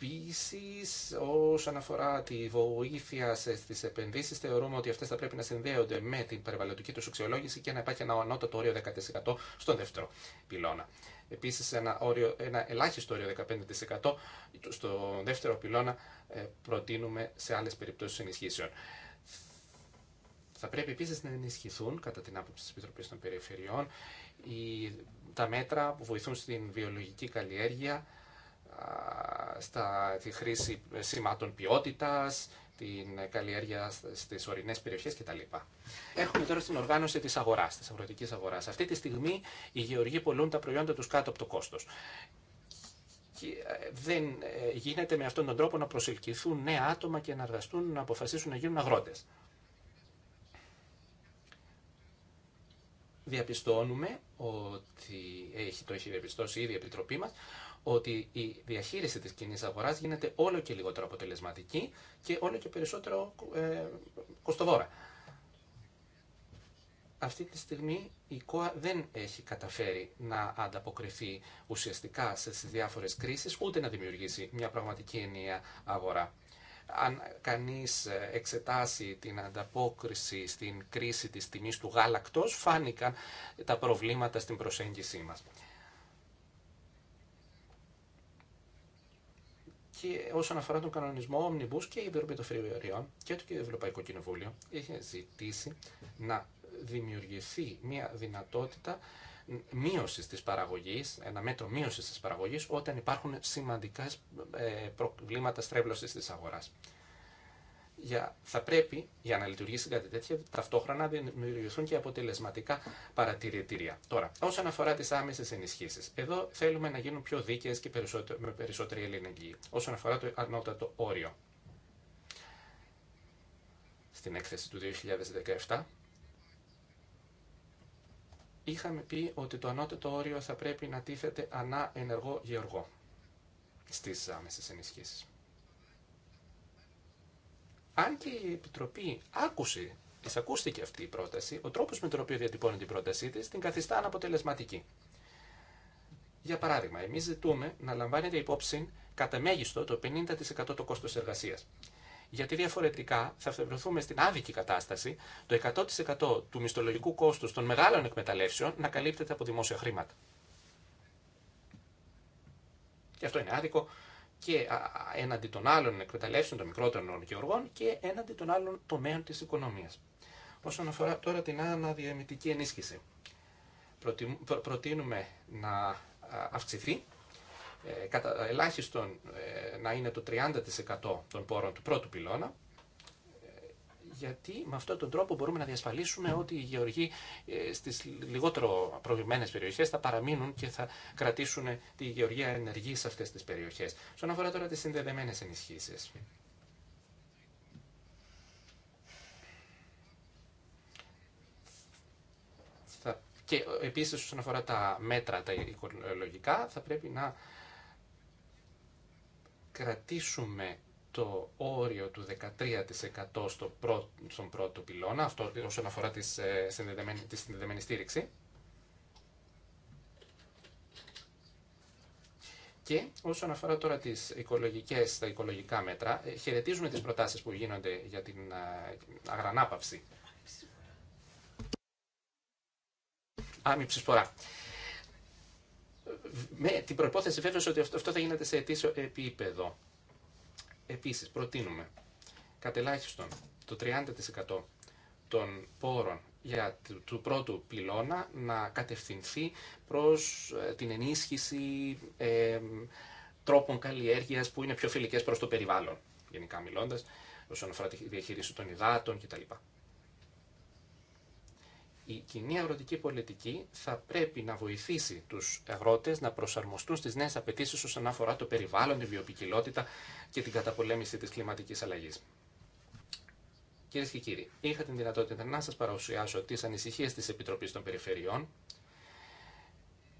Επίση, ε, όσον αφορά τη βοήθεια στι επενδύσει, θεωρούμε ότι αυτέ θα πρέπει να συνδέονται με την περιβαλλοντική του αξιολόγηση και να υπάρχει ένα ανώτατο όριο 10% στον δεύτερο πυλώνα. Επίση, ένα, ένα ελάχιστο όριο 15% στον δεύτερο πυλώνα ε, προτείνουμε σε άλλες περιπτώσεις ενισχύσεων. Θα πρέπει επίσης να ενισχυθούν, κατά την άποψη της Επιτροπής των Περιφερειών, οι, τα μέτρα που βοηθούν στην βιολογική καλλιέργεια, στα, τη χρήση σημάτων ποιότητας, την καλλιέργεια στις ορεινές περιοχές κτλ. Έχουμε τώρα στην οργάνωση της αγοράς, της αγροτικής αγοράς. Αυτή τη στιγμή οι γεωργοί πολλούν τα προϊόντα τους κάτω από το κόστος. Ε, δεν ε, γίνεται με αυτόν τον τρόπο να προσελκυθούν νέα άτομα και να εργαστούν, να αποφασίσουν να γίνουν αγρότες. Διαπιστώνουμε ότι έχει, το έχει διαπιστώσει ήδη η Επιτροπή μας ότι η διαχείριση της κοινή αγοράς γίνεται όλο και λιγότερο αποτελεσματική και όλο και περισσότερο ε, κοστοβόρα αυτή τη στιγμή η ΚΟΑ δεν έχει καταφέρει να ανταποκριθεί ουσιαστικά σε διάφορες κρίσεις, ούτε να δημιουργήσει μια πραγματική ενιαία αγορά. Αν κανείς ε, εξετάσει την ανταπόκριση στην κρίση της τιμής του γάλακτος, φάνηκαν τα προβλήματα στην προσέγγιση μας. και όσον αφορά τον κανονισμό Omnibus και η Επιτροπή και το Ευρωπαϊκό Κοινοβούλιο ζητήσει να δημιουργηθεί μια δυνατότητα μείωση της παραγωγής, ένα μέτρο μείωση της παραγωγής όταν υπάρχουν σημαντικά ε, προβλήματα στρέβλωσης της αγοράς. Για, θα πρέπει για να λειτουργήσει κάτι τέτοιο ταυτόχρονα να δημιουργηθούν και αποτελεσματικά παρατηρητήρια. Τώρα, όσον αφορά τι άμεσε ενισχύσει, εδώ θέλουμε να γίνουν πιο δίκαιε και με περισσότερη ελληνική. Όσον αφορά το ανώτατο όριο. Στην έκθεση του 2017 είχαμε πει ότι το ανώτερο όριο θα πρέπει να τίθεται ανά ενεργό γεωργό στις άμεσες ενισχύσεις. Αν και η Επιτροπή άκουσε, εισακούστηκε αυτή η πρόταση, ο τρόπος με τον οποίο διατυπώνει την πρότασή της την καθιστά αναποτελεσματική. Για παράδειγμα, εμείς ζητούμε να λαμβάνεται υπόψη κατά μέγιστο το 50% το κόστος εργασίας γιατί διαφορετικά θα βρεθούμε στην άδικη κατάσταση το 100% του μισθολογικού κόστου των μεγάλων εκμεταλλεύσεων να καλύπτεται από δημόσια χρήματα. Και αυτό είναι άδικο και έναντι των άλλων εκμεταλλεύσεων των μικρότερων γεωργών και έναντι των άλλων τομέων της οικονομίας. Όσον αφορά τώρα την αναδιαμητική ενίσχυση, προτείνουμε να αυξηθεί ε, κατά ελάχιστον ε, να είναι το 30% των πόρων του πρώτου πυλώνα, ε, γιατί με αυτόν τον τρόπο μπορούμε να διασφαλίσουμε ότι οι γεωργοί στις λιγότερο προβλημένες περιοχές θα παραμείνουν και θα κρατήσουν τη γεωργία ενεργή σε αυτές τις περιοχές. Στον αφορά τώρα τις συνδεδεμένες ενισχύσεις. Και επίσης όσον αφορά τα μέτρα τα οικολογικά θα πρέπει να κρατήσουμε το όριο του 13% στον πρώτο πυλώνα, αυτό όσον αφορά ε, τη συνδεδεμένη, συνδεδεμένη στήριξη. Και όσον αφορά τώρα τις οικολογικές, τα οικολογικά μέτρα, ε, χαιρετίζουμε τις προτάσεις που γίνονται για την ε, αγρανάπαυση. Άμυψη σπορά με την προπόθεση βέβαια ότι αυτό θα γίνεται σε αιτήσιο επίπεδο. Επίσης, προτείνουμε κατελάχιστον το 30% των πόρων για του πρώτου πυλώνα να κατευθυνθεί προς ε, την ενίσχυση ε, τρόπων καλλιέργειας που είναι πιο φιλικές προς το περιβάλλον, γενικά μιλώντας, όσον αφορά τη διαχείριση των υδάτων κτλ. Η κοινή αγροτική πολιτική θα πρέπει να βοηθήσει του αγρότε να προσαρμοστούν στι νέε απαιτήσει όσον αφορά το περιβάλλον, τη βιοπικιλότητα και την καταπολέμηση τη κλιματική αλλαγή. Κυρίε και κύριοι, είχα την δυνατότητα να σα παρουσιάσω τι ανησυχίε τη Επιτροπή των Περιφερειών.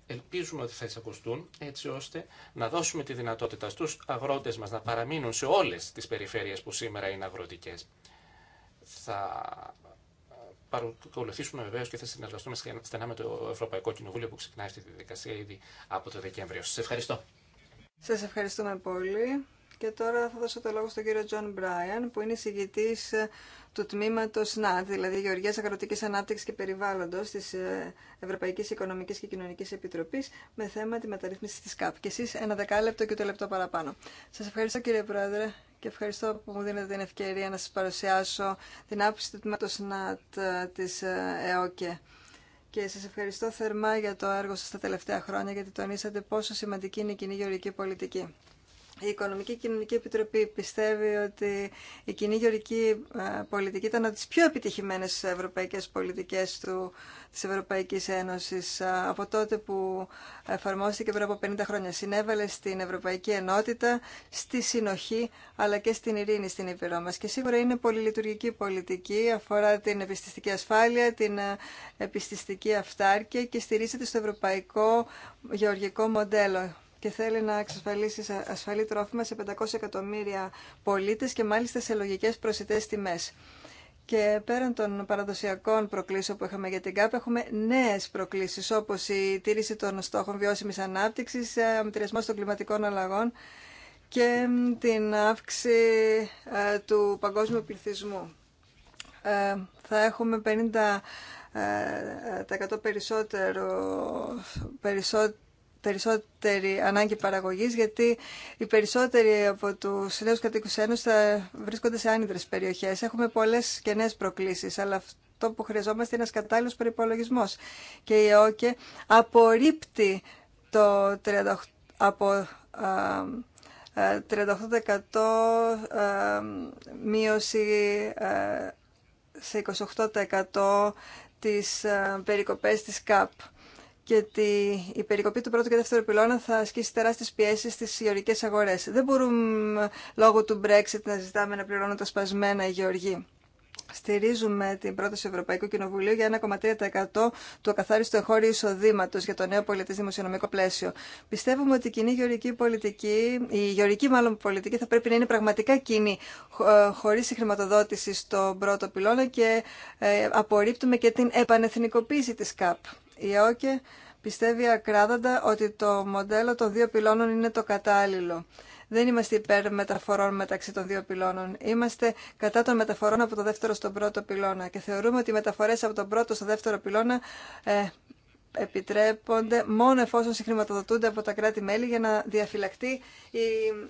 Ελπίζουμε ότι θα εισακουστούν έτσι ώστε να δώσουμε τη δυνατότητα στου αγρότε μα, να παραμείνουν σε όλε τι περιφέρειες που σήμερα είναι αγροτικέ. Θα παρακολουθήσουμε βεβαίω και θα συνεργαστούμε στενά με το Ευρωπαϊκό Κοινοβούλιο που ξεκινάει αυτή τη διαδικασία ήδη από το Δεκέμβριο. Σα ευχαριστώ. Σα ευχαριστούμε πολύ. Και τώρα θα δώσω το λόγο στον κύριο Τζον Μπράιαν, που είναι εισηγητή ε, του τμήματο ΝΑΤ, δηλαδή Γεωργία Αγροτική Ανάπτυξη και Περιβάλλοντο τη ε, Ευρωπαϊκή Οικονομική και Κοινωνική Επιτροπή, με θέμα τη μεταρρύθμιση τη ΚΑΠ. Και εσεί ένα δεκάλεπτο και το λεπτό παραπάνω. Σα ευχαριστώ κύριε Πρόεδρε και ευχαριστώ που μου δίνετε την ευκαιρία να σας παρουσιάσω την άποψη του τμήματος ΝΑΤ ε, της ε, ΕΟΚΕ. Και σας ευχαριστώ θερμά για το έργο σας τα τελευταία χρόνια, γιατί τονίσατε πόσο σημαντική είναι η κοινή γεωργική πολιτική. Η Οικονομική Κοινωνική Επιτροπή πιστεύει ότι η κοινή γεωρική ε, πολιτική ήταν από τις πιο επιτυχημένες ευρωπαϊκές πολιτικές του, της Ευρωπαϊκής Ένωσης ε, από τότε που εφαρμόστηκε πριν από 50 χρόνια. Συνέβαλε στην Ευρωπαϊκή Ενότητα, στη συνοχή αλλά και στην ειρήνη στην Ήπειρό μας. Και σίγουρα είναι πολυλειτουργική πολιτική, αφορά την επιστηστική ασφάλεια, την ε, επιστηστική αυτάρκεια και στηρίζεται στο ευρωπαϊκό γεωργικό μοντέλο και θέλει να εξασφαλίσει ασφαλή τρόφιμα σε 500 εκατομμύρια πολίτες και μάλιστα σε λογικές προσιτές τιμές. Και πέραν των παραδοσιακών προκλήσεων που είχαμε για την ΚΑΠ, έχουμε νέε προκλήσει όπω η τήρηση των στόχων βιώσιμη ανάπτυξη, ε, αμυντηριασμό των κλιματικών αλλαγών και την αύξηση ε, του παγκόσμιου πληθυσμού. Ε, θα έχουμε 50% περισσότερο, περισσότερο περισσότερη ανάγκη παραγωγής γιατί οι περισσότεροι από τους νέου Κατοικού Ένωση θα βρίσκονται σε άνυδρε περιοχές. Έχουμε πολλές και προκλήσει, προκλήσεις, αλλά αυτό που χρειαζόμαστε είναι ένα κατάλληλο προπολογισμό. Και η ΕΟΚΕ απορρίπτει το 38, από, 38% μείωση σε 28% τις περικοπές της ΚΑΠ γιατί η περικοπή του πρώτου και δεύτερου πυλώνα θα ασκήσει τεράστιε πιέσει στις γεωργικέ αγορέ. Δεν μπορούμε λόγω του Brexit να ζητάμε να πληρώνουν τα σπασμένα οι γεωργοί. Στηρίζουμε την πρόταση Ευρωπαϊκού Κοινοβουλίου για 1,3% του ακαθάριστου εγχώριου εισοδήματο για το νέο πολιτή δημοσιονομικό πλαίσιο. Πιστεύουμε ότι η κοινή γεωργική πολιτική, η γεωργική μάλλον πολιτική, θα πρέπει να είναι πραγματικά κοινή, ε, χωρί η χρηματοδότηση στον πρώτο πυλώνα και ε, απορρίπτουμε και την επανεθνικοποίηση τη ΚΑΠ. Η ΕΟΚΕ πιστεύει ακράδαντα ότι το μοντέλο των δύο πυλώνων είναι το κατάλληλο. Δεν είμαστε υπέρ μεταφορών μεταξύ των δύο πυλώνων. Είμαστε κατά των μεταφορών από το δεύτερο στον πρώτο πυλώνα και θεωρούμε ότι οι μεταφορέ από τον πρώτο στο δεύτερο πυλώνα ε, επιτρέπονται μόνο εφόσον συγχρηματοδοτούνται από τα κράτη-μέλη για να διαφυλακτεί η,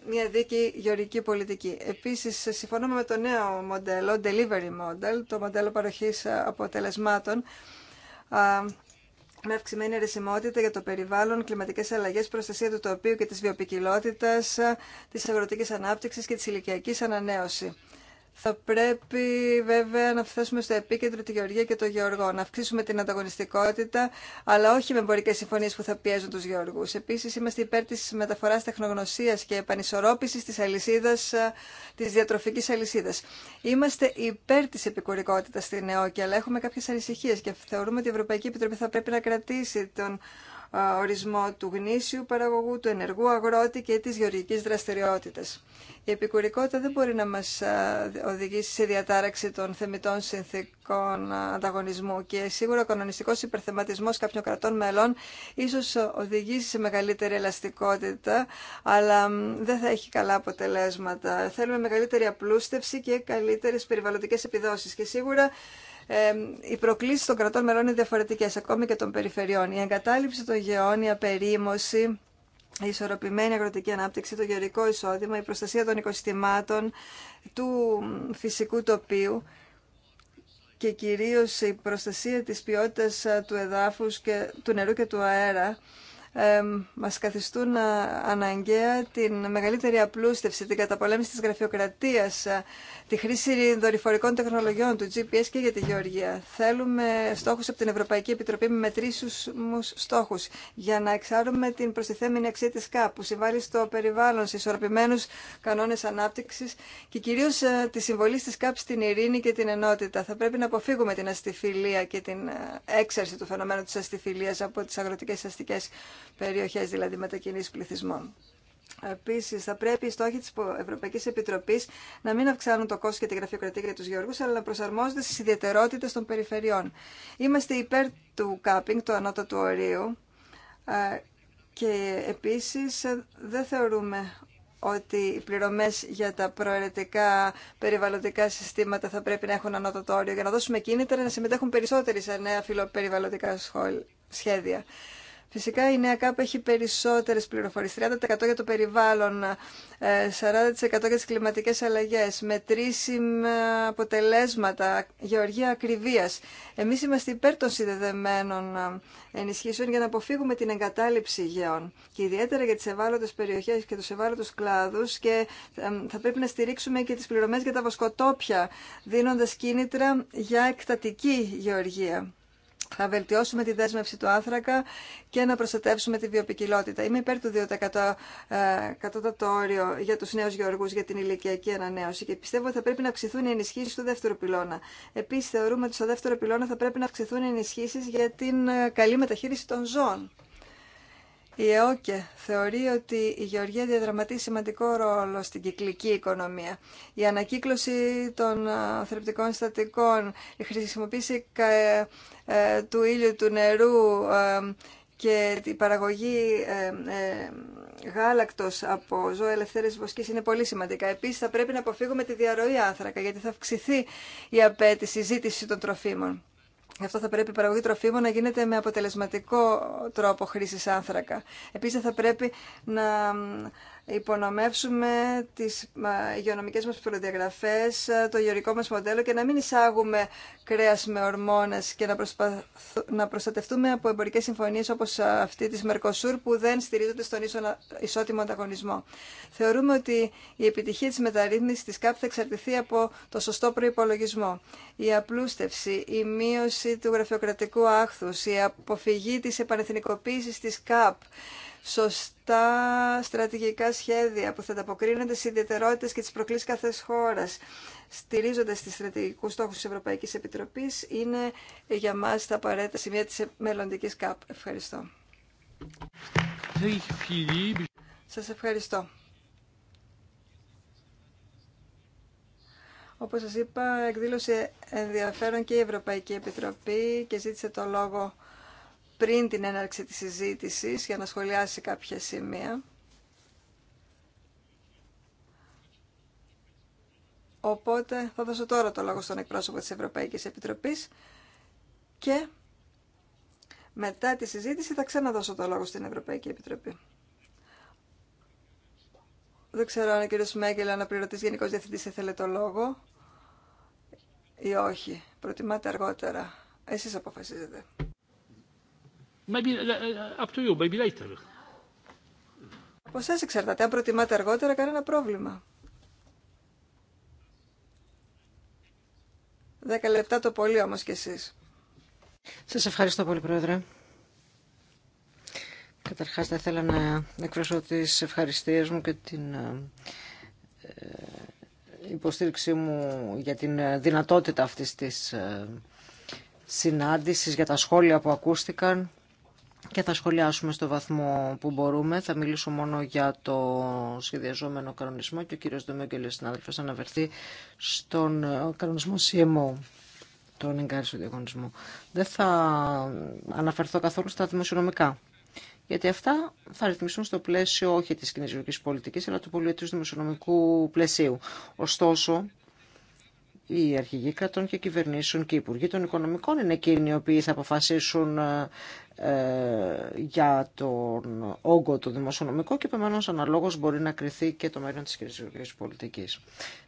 μια δίκη γεωρική πολιτική. Επίση, συμφωνούμε με το νέο μοντέλο, delivery model, το μοντέλο παροχή αποτελεσμάτων, με αυξημένη ρεσιμότητα για το περιβάλλον, κλιματικές αλλαγές, προστασία του τοπίου και τη βιοπικιλότητα, ε, τη αγροτικής ανάπτυξη και τη ηλικιακή ανανέωση. Θα πρέπει βέβαια να φτάσουμε στο επίκεντρο τη Γεωργία και το Γεωργό, να αυξήσουμε την ανταγωνιστικότητα, αλλά όχι με εμπορικέ συμφωνίε που θα πιέζουν του Γεωργού. Επίση, είμαστε υπέρ τη μεταφορά τεχνογνωσία και επανισορρόπηση τη αλυσίδα, τη διατροφική αλυσίδα. Είμαστε υπέρ τη επικουρικότητα στην ΕΟΚΙ, αλλά έχουμε κάποιε ανησυχίε και θεωρούμε ότι η Ευρωπαϊκή Επιτροπή θα πρέπει να κρατήσει τον ορισμό του γνήσιου παραγωγού, του ενεργού αγρότη και της γεωργικής δραστηριότητας. Η επικουρικότητα δεν μπορεί να μας οδηγήσει σε διατάραξη των θεμητών συνθήκων ανταγωνισμού και σίγουρα ο κανονιστικός υπερθεματισμός κάποιων κρατών μελών ίσως οδηγήσει σε μεγαλύτερη ελαστικότητα, αλλά δεν θα έχει καλά αποτελέσματα. Θέλουμε μεγαλύτερη απλούστευση και καλύτερες περιβαλλοντικές επιδόσεις και σίγουρα οι προκλήσει των κρατών μερών είναι διαφορετικέ, ακόμη και των περιφερειών. Η εγκατάλειψη των γεών, η απερίμωση, η ισορροπημένη αγροτική ανάπτυξη, το γεωρικό εισόδημα, η προστασία των οικοσυστημάτων, του φυσικού τοπίου και κυρίως η προστασία της ποιότητας του εδάφους, και, του νερού και του αέρα ε, μας καθιστούν αναγκαία την μεγαλύτερη απλούστευση, την καταπολέμηση της γραφειοκρατίας, τη χρήση δορυφορικών τεχνολογιών, του GPS και για τη Γεωργία. Θέλουμε στόχου από την Ευρωπαϊκή Επιτροπή με μετρήσιμου στόχου, για να εξάρουμε την προστιθέμενη αξία τη ΚΑΠ που συμβάλλει στο περιβάλλον, σε ισορροπημένου κανόνε ανάπτυξη και κυρίω ε, τη συμβολή τη ΚΑΠ στην ειρήνη και την ενότητα. Θα πρέπει να αποφύγουμε την αστιφιλία και την ε, έξαρση του φαινομένου τη αστιφιλίας από τι αγροτικέ αστικέ περιοχέ, δηλαδή μετακίνηση πληθυσμών. Επίση, θα πρέπει οι στόχοι τη Ευρωπαϊκή Επιτροπή να μην αυξάνουν το κόστο και τη γραφειοκρατία για του γεωργού, αλλά να προσαρμόζονται στι ιδιαιτερότητε των περιφερειών. Είμαστε υπέρ του κάπινγκ, του ανώτατου ορίου. Ε, και επίση, ε, δεν θεωρούμε ότι οι πληρωμές για τα προαιρετικά περιβαλλοντικά συστήματα θα πρέπει να έχουν ανώτατο όριο για να δώσουμε κίνητρα να συμμετέχουν περισσότεροι σε νέα φιλοπεριβαλλοντικά σχέδια. Φυσικά η νέα ΚΑΠ έχει περισσότερες πληροφορίες, 30% για το περιβάλλον, 40% ε, για τις κλιματικές αλλαγές, μετρήσιμα αποτελέσματα, γεωργία ακριβίας. Εμείς είμαστε υπέρ των συνδεδεμένων ε, ενισχύσεων για να αποφύγουμε την εγκατάλειψη γεών και ιδιαίτερα για τις ευάλωτες περιοχές και τους ευάλωτους κλάδους και ε, θα πρέπει να στηρίξουμε και τις πληρωμές για τα βοσκοτόπια, δίνοντας κίνητρα για εκτατική γεωργία θα βελτιώσουμε τη δέσμευση του άνθρακα και να προστατεύσουμε τη βιοπικιλότητα. Είμαι υπέρ του 2% ε, κατώτατο όριο για τους νέους γεωργούς για την ηλικιακή ανανέωση και πιστεύω ότι θα πρέπει να αυξηθούν οι ενισχύσει του δεύτερου πυλώνα. Επίση, θεωρούμε ότι στο δεύτερο πυλώνα θα πρέπει να αυξηθούν οι ενισχύσεις για την ε, καλή μεταχείριση των ζώων. Η ΕΟΚΕ θεωρεί ότι η γεωργία διαδραματεί σημαντικό ρόλο στην κυκλική οικονομία. Η ανακύκλωση των θρεπτικών στατικών, η χρησιμοποίηση ε, ε, του ήλιου, του νερού ε, και η παραγωγή γάλακτος από ζώα ελευθέρης βοσκής είναι πολύ σημαντικά. Επίσης θα πρέπει να αποφύγουμε τη διαρροή άνθρακα γιατί θα αυξηθεί η απέτηση, η ζήτηση των τροφίμων. Γι' αυτό θα πρέπει η παραγωγή τροφίμων να γίνεται με αποτελεσματικό τρόπο χρήσης άνθρακα. Επίσης θα πρέπει να υπονομεύσουμε τις υγειονομικές μας προδιαγραφές, ε, το γεωρικό μας μοντέλο και να μην εισάγουμε κρέας με ορμόνες και να, προσπαθ... να προστατευτούμε από εμπορικές συμφωνίες όπως αυτή της Μερκοσούρ που δεν στηρίζονται στον ισότιμο ανταγωνισμό. Θεωρούμε ότι η επιτυχία της μεταρρύθμισης της ΚΑΠ θα εξαρτηθεί από το σωστό προϋπολογισμό. Η απλούστευση, η μείωση του γραφειοκρατικού άχθους, η αποφυγή της επανεθνικοποίησης της ΚΑΠ, σωστά στρατηγικά σχέδια που θα ανταποκρίνονται στι ιδιαιτερότητε και τι προκλήσει κάθε χώρα, στηρίζοντα τι στρατηγικού στόχου τη Ευρωπαϊκή Επιτροπή, είναι για μα τα απαραίτητα σημεία τη μελλοντική ΚΑΠ. Ευχαριστώ. Σας ευχαριστώ. Όπως σας είπα, εκδήλωσε ενδιαφέρον και η Ευρωπαϊκή Επιτροπή και ζήτησε το λόγο πριν την έναρξη της συζήτησης για να σχολιάσει κάποια σημεία. Οπότε θα δώσω τώρα το λόγο στον εκπρόσωπο της Ευρωπαϊκής Επιτροπής και μετά τη συζήτηση θα ξαναδώσω το λόγο στην Ευρωπαϊκή Επιτροπή. Δεν ξέρω αν ο κύριος Μέγκελ, αναπληρωτής Γενικός Διευθυντής, ήθελε το λόγο ή όχι. Προτιμάτε αργότερα. Εσείς αποφασίζετε. Maybe, uh, uh, up to you, maybe later. Από εσάς εξαρτάται. Αν προτιμάτε αργότερα, κανένα πρόβλημα. Δέκα λεπτά το πολύ όμως κι εσείς. Σας ευχαριστώ πολύ, Πρόεδρε. Καταρχάς, θα ήθελα να εκφράσω τις ευχαριστίες μου και την ε, ε, υποστήριξή μου για την δυνατότητα αυτής της ε, συνάντησης, για τα σχόλια που ακούστηκαν και θα σχολιάσουμε στο βαθμό που μπορούμε. Θα μιλήσω μόνο για το σχεδιαζόμενο κανονισμό και ο κύριος Δομέγγελος συνάδελφος αναβερθεί στον ε, κανονισμό CMO τον του διαγωνισμό. Δεν θα αναφερθώ καθόλου στα δημοσιονομικά. Γιατί αυτά θα ρυθμιστούν στο πλαίσιο όχι τη κοινή πολιτική, αλλά του πολιετού δημοσιονομικού πλαισίου. Ωστόσο, οι αρχηγοί κρατών και κυβερνήσεων και οι υπουργοί των οικονομικών είναι εκείνοι οι οποίοι θα αποφασίσουν ε, ε, για τον όγκο το δημοσιονομικό και επομένως αναλόγως μπορεί να κριθεί και το μέλλον της κυριαρχικής πολιτικής.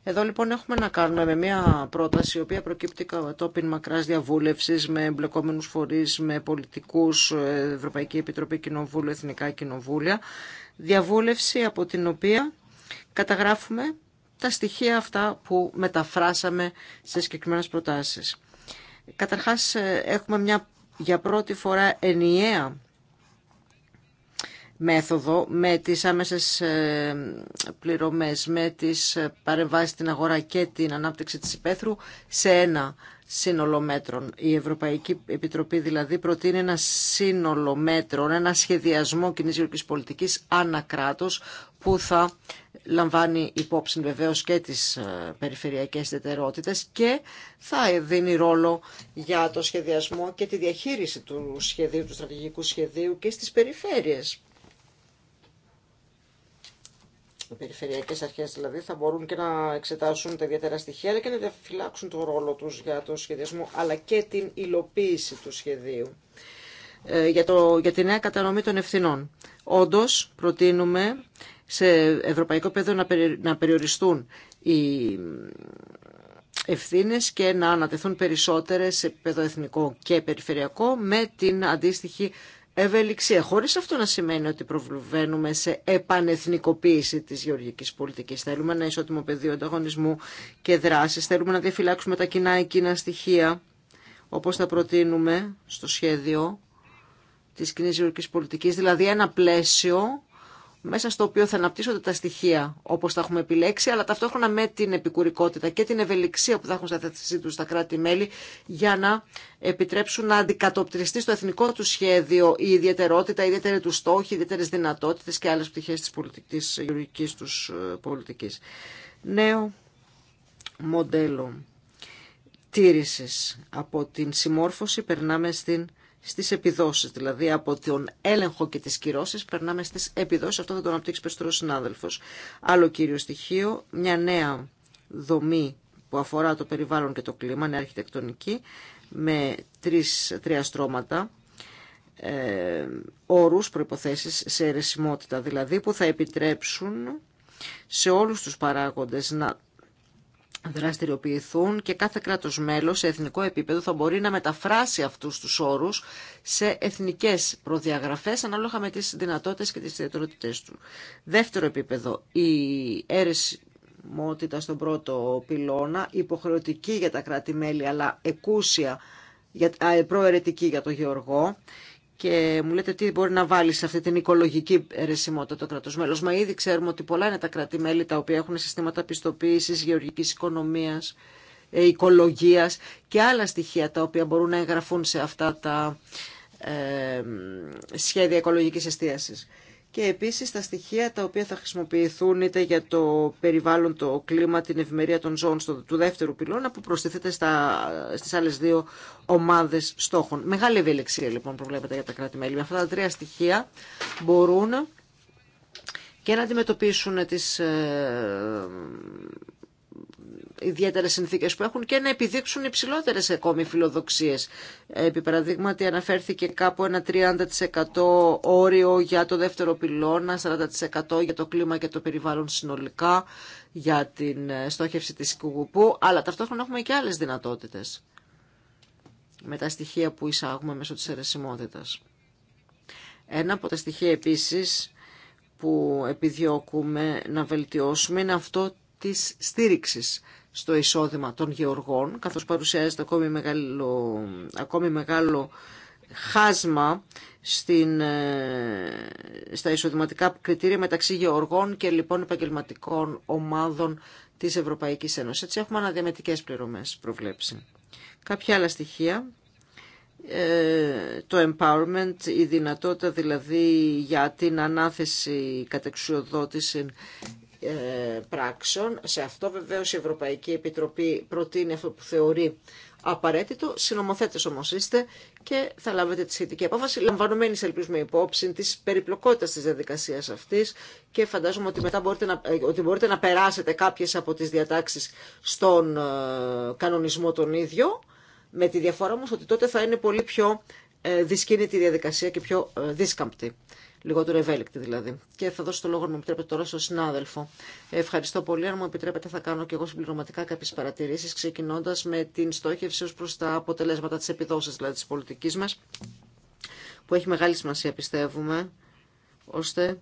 Εδώ λοιπόν έχουμε να κάνουμε με μια πρόταση η οποία προκύπτει κατόπιν μακράς διαβούλευσης με εμπλεκόμενους φορείς, με πολιτικούς, ε, Ευρωπαϊκή Επιτροπή Κοινοβούλου, Εθνικά Κοινοβούλια, διαβούλευση από την οποία καταγράφουμε τα στοιχεία αυτά που μεταφράσαμε σε συγκεκριμένε προτάσεις. Καταρχάς ε, έχουμε μια για πρώτη φορά ενιαία μέθοδο με τις άμεσες ε, πληρωμές, με τις παρεμβάσεις στην αγορά και την ανάπτυξη της υπαίθρου σε ένα σύνολο μέτρων. Η Ευρωπαϊκή Επιτροπή δηλαδή προτείνει ένα σύνολο μέτρων, ένα σχεδιασμό κοινής γεωργικής πολιτικής ανακράτος που θα λαμβάνει υπόψη βεβαίως και τις ε, περιφερειακές ιδιαιτερότητες και θα δίνει ρόλο για το σχεδιασμό και τη διαχείριση του σχεδίου, του στρατηγικού σχεδίου και στις περιφέρειες. Οι περιφερειακές αρχές δηλαδή θα μπορούν και να εξετάσουν τα ιδιαίτερα στοιχεία και να διαφυλάξουν το ρόλο τους για το σχεδιασμό αλλά και την υλοποίηση του σχεδίου. Ε, για, το, για τη νέα κατανομή των ευθυνών. Όντως προτείνουμε σε ευρωπαϊκό πεδίο να περιοριστούν οι ευθύνες και να ανατεθούν περισσότερες σε επίπεδο εθνικό και περιφερειακό με την αντίστοιχη ευελιξία. Χωρίς αυτό να σημαίνει ότι προβαίνουμε σε επανεθνικοποίηση της γεωργικής πολιτικής. Θέλουμε ένα ισότιμο πεδίο ανταγωνισμού και δράση. Θέλουμε να διαφυλάξουμε τα κοινά εκείνα στοιχεία όπως τα προτείνουμε στο σχέδιο της κοινή γεωργικής πολιτικής. Δηλαδή ένα πλαίσιο μέσα στο οποίο θα αναπτύσσονται τα στοιχεία όπω τα έχουμε επιλέξει, αλλά ταυτόχρονα με την επικουρικότητα και την ευελιξία που θα έχουν στα θέση του τα κράτη-μέλη για να επιτρέψουν να αντικατοπτριστεί στο εθνικό του σχέδιο η ιδιαιτερότητα, οι ιδιαίτεροι του στόχοι, οι ιδιαίτερε δυνατότητε και άλλε πτυχέ τη γεωργική του ε, πολιτική. Νέο μοντέλο τήρησης από την συμμόρφωση περνάμε στην στις επιδόσεις, δηλαδή από τον έλεγχο και τις κυρώσει, περνάμε στις επιδόσεις, αυτό θα το αναπτύξει περισσότερο συνάδελφος. Άλλο κύριο στοιχείο, μια νέα δομή που αφορά το περιβάλλον και το κλίμα, νέα αρχιτεκτονική, με τρεις, τρία στρώματα, ε, όρους, προϋποθέσεις σε αιρεσιμότητα δηλαδή, που θα επιτρέψουν σε όλους τους παράγοντες να δραστηριοποιηθούν και κάθε κράτος μέλος σε εθνικό επίπεδο θα μπορεί να μεταφράσει αυτούς τους όρους σε εθνικές προδιαγραφές ανάλογα με τις δυνατότητες και τις ιδιαιτερότητες του. Δεύτερο επίπεδο, η αίρεση μότητα στον πρώτο πυλώνα, υποχρεωτική για τα κράτη-μέλη αλλά εκούσια, προαιρετική για τον Γεωργό και μου λέτε τι μπορεί να βάλει σε αυτή την οικολογική αιρεσιμότητα το κράτο μέλο. Μα ήδη ξέρουμε ότι πολλά είναι τα κράτη-μέλη τα οποία έχουν συστήματα πιστοποίησης, γεωργική οικονομία, ε, οικολογία και άλλα στοιχεία τα οποία μπορούν να εγγραφούν σε αυτά τα ε, σχέδια οικολογική εστίαση και επίσης τα στοιχεία τα οποία θα χρησιμοποιηθούν είτε για το περιβάλλον, το κλίμα, την ευημερία των ζώων στο, του δεύτερου πυλώνα που προστίθεται στα, στις άλλες δύο ομάδες στόχων. Μεγάλη ευελεξία λοιπόν προβλέπεται για τα κράτη-μέλη. Με αυτά τα τρία στοιχεία μπορούν και να αντιμετωπίσουν τις ε, Ιδιαίτερε συνθήκε που έχουν και να επιδείξουν υψηλότερε ακόμη φιλοδοξίε. Επί παραδείγματι αναφέρθηκε κάπου ένα 30% όριο για το δεύτερο πυλώνα, 40% για το κλίμα και το περιβάλλον συνολικά, για την ε, στόχευση της κουγουπού, αλλά ταυτόχρονα έχουμε και άλλες δυνατότητες με τα στοιχεία που εισάγουμε μέσω της αιρεσιμότητας. Ένα από τα στοιχεία επίσης που επιδιώκουμε να βελτιώσουμε είναι αυτό της στήριξης στο εισόδημα των γεωργών, καθώς παρουσιάζεται ακόμη μεγάλο, ακόμη μεγάλο χάσμα στην, ε, στα εισοδηματικά κριτήρια μεταξύ γεωργών και λοιπόν επαγγελματικών ομάδων της Ευρωπαϊκής Ένωσης. Έτσι έχουμε αναδιαμετικές πληρωμές προβλέψει. Κάποια άλλα στοιχεία ε, το empowerment, η δυνατότητα δηλαδή για την ανάθεση κατεξουδότηση ε, πράξεων. Σε αυτό βεβαίως η Ευρωπαϊκή Επιτροπή προτείνει αυτό που θεωρεί απαραίτητο. Συνομοθέτε όμω είστε και θα λάβετε τη σχετική απόφαση. Λαμβανωμένη, ελπίζουμε, υπόψη τη περιπλοκότητα τη διαδικασία αυτή και φαντάζομαι ότι μετά μπορείτε να, ε, ότι μπορείτε να περάσετε κάποιε από τι διατάξει στον ε, κανονισμό τον ίδιο. Με τη διαφορά όμω ότι τότε θα είναι πολύ πιο δυσκίνητη η διαδικασία και πιο δύσκαμπτη λιγότερο ευέλικτη δηλαδή. Και θα δώσω το λόγο, αν μου επιτρέπετε τώρα, στον συνάδελφο. Ευχαριστώ πολύ. Αν μου επιτρέπετε, θα κάνω και εγώ συμπληρωματικά κάποιε παρατηρήσει, ξεκινώντα με την στόχευση ω προ τα αποτελέσματα τη επιδόση δηλαδή τη πολιτική μα, που έχει μεγάλη σημασία, πιστεύουμε, ώστε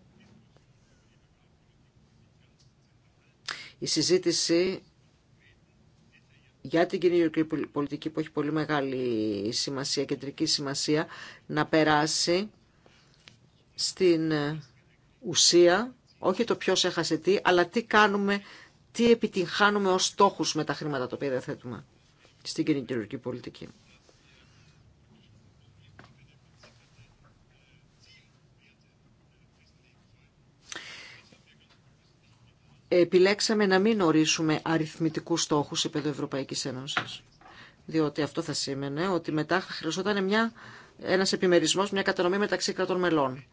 η συζήτηση για την κοινωνική πολιτική που έχει πολύ μεγάλη σημασία, κεντρική σημασία, να περάσει στην ε, ουσία, όχι το ποιος έχασε τι, αλλά τι κάνουμε, τι επιτυγχάνουμε ως στόχους με τα χρήματα τα οποία διαθέτουμε στην κοινωνική πολιτική. επιλέξαμε να μην ορίσουμε αριθμητικούς στόχους του Ευρωπαϊκής Ένωσης. Διότι αυτό θα σήμαινε ότι μετά χρειαζόταν μια, ένας επιμερισμός, μια κατανομή μεταξύ κρατών μελών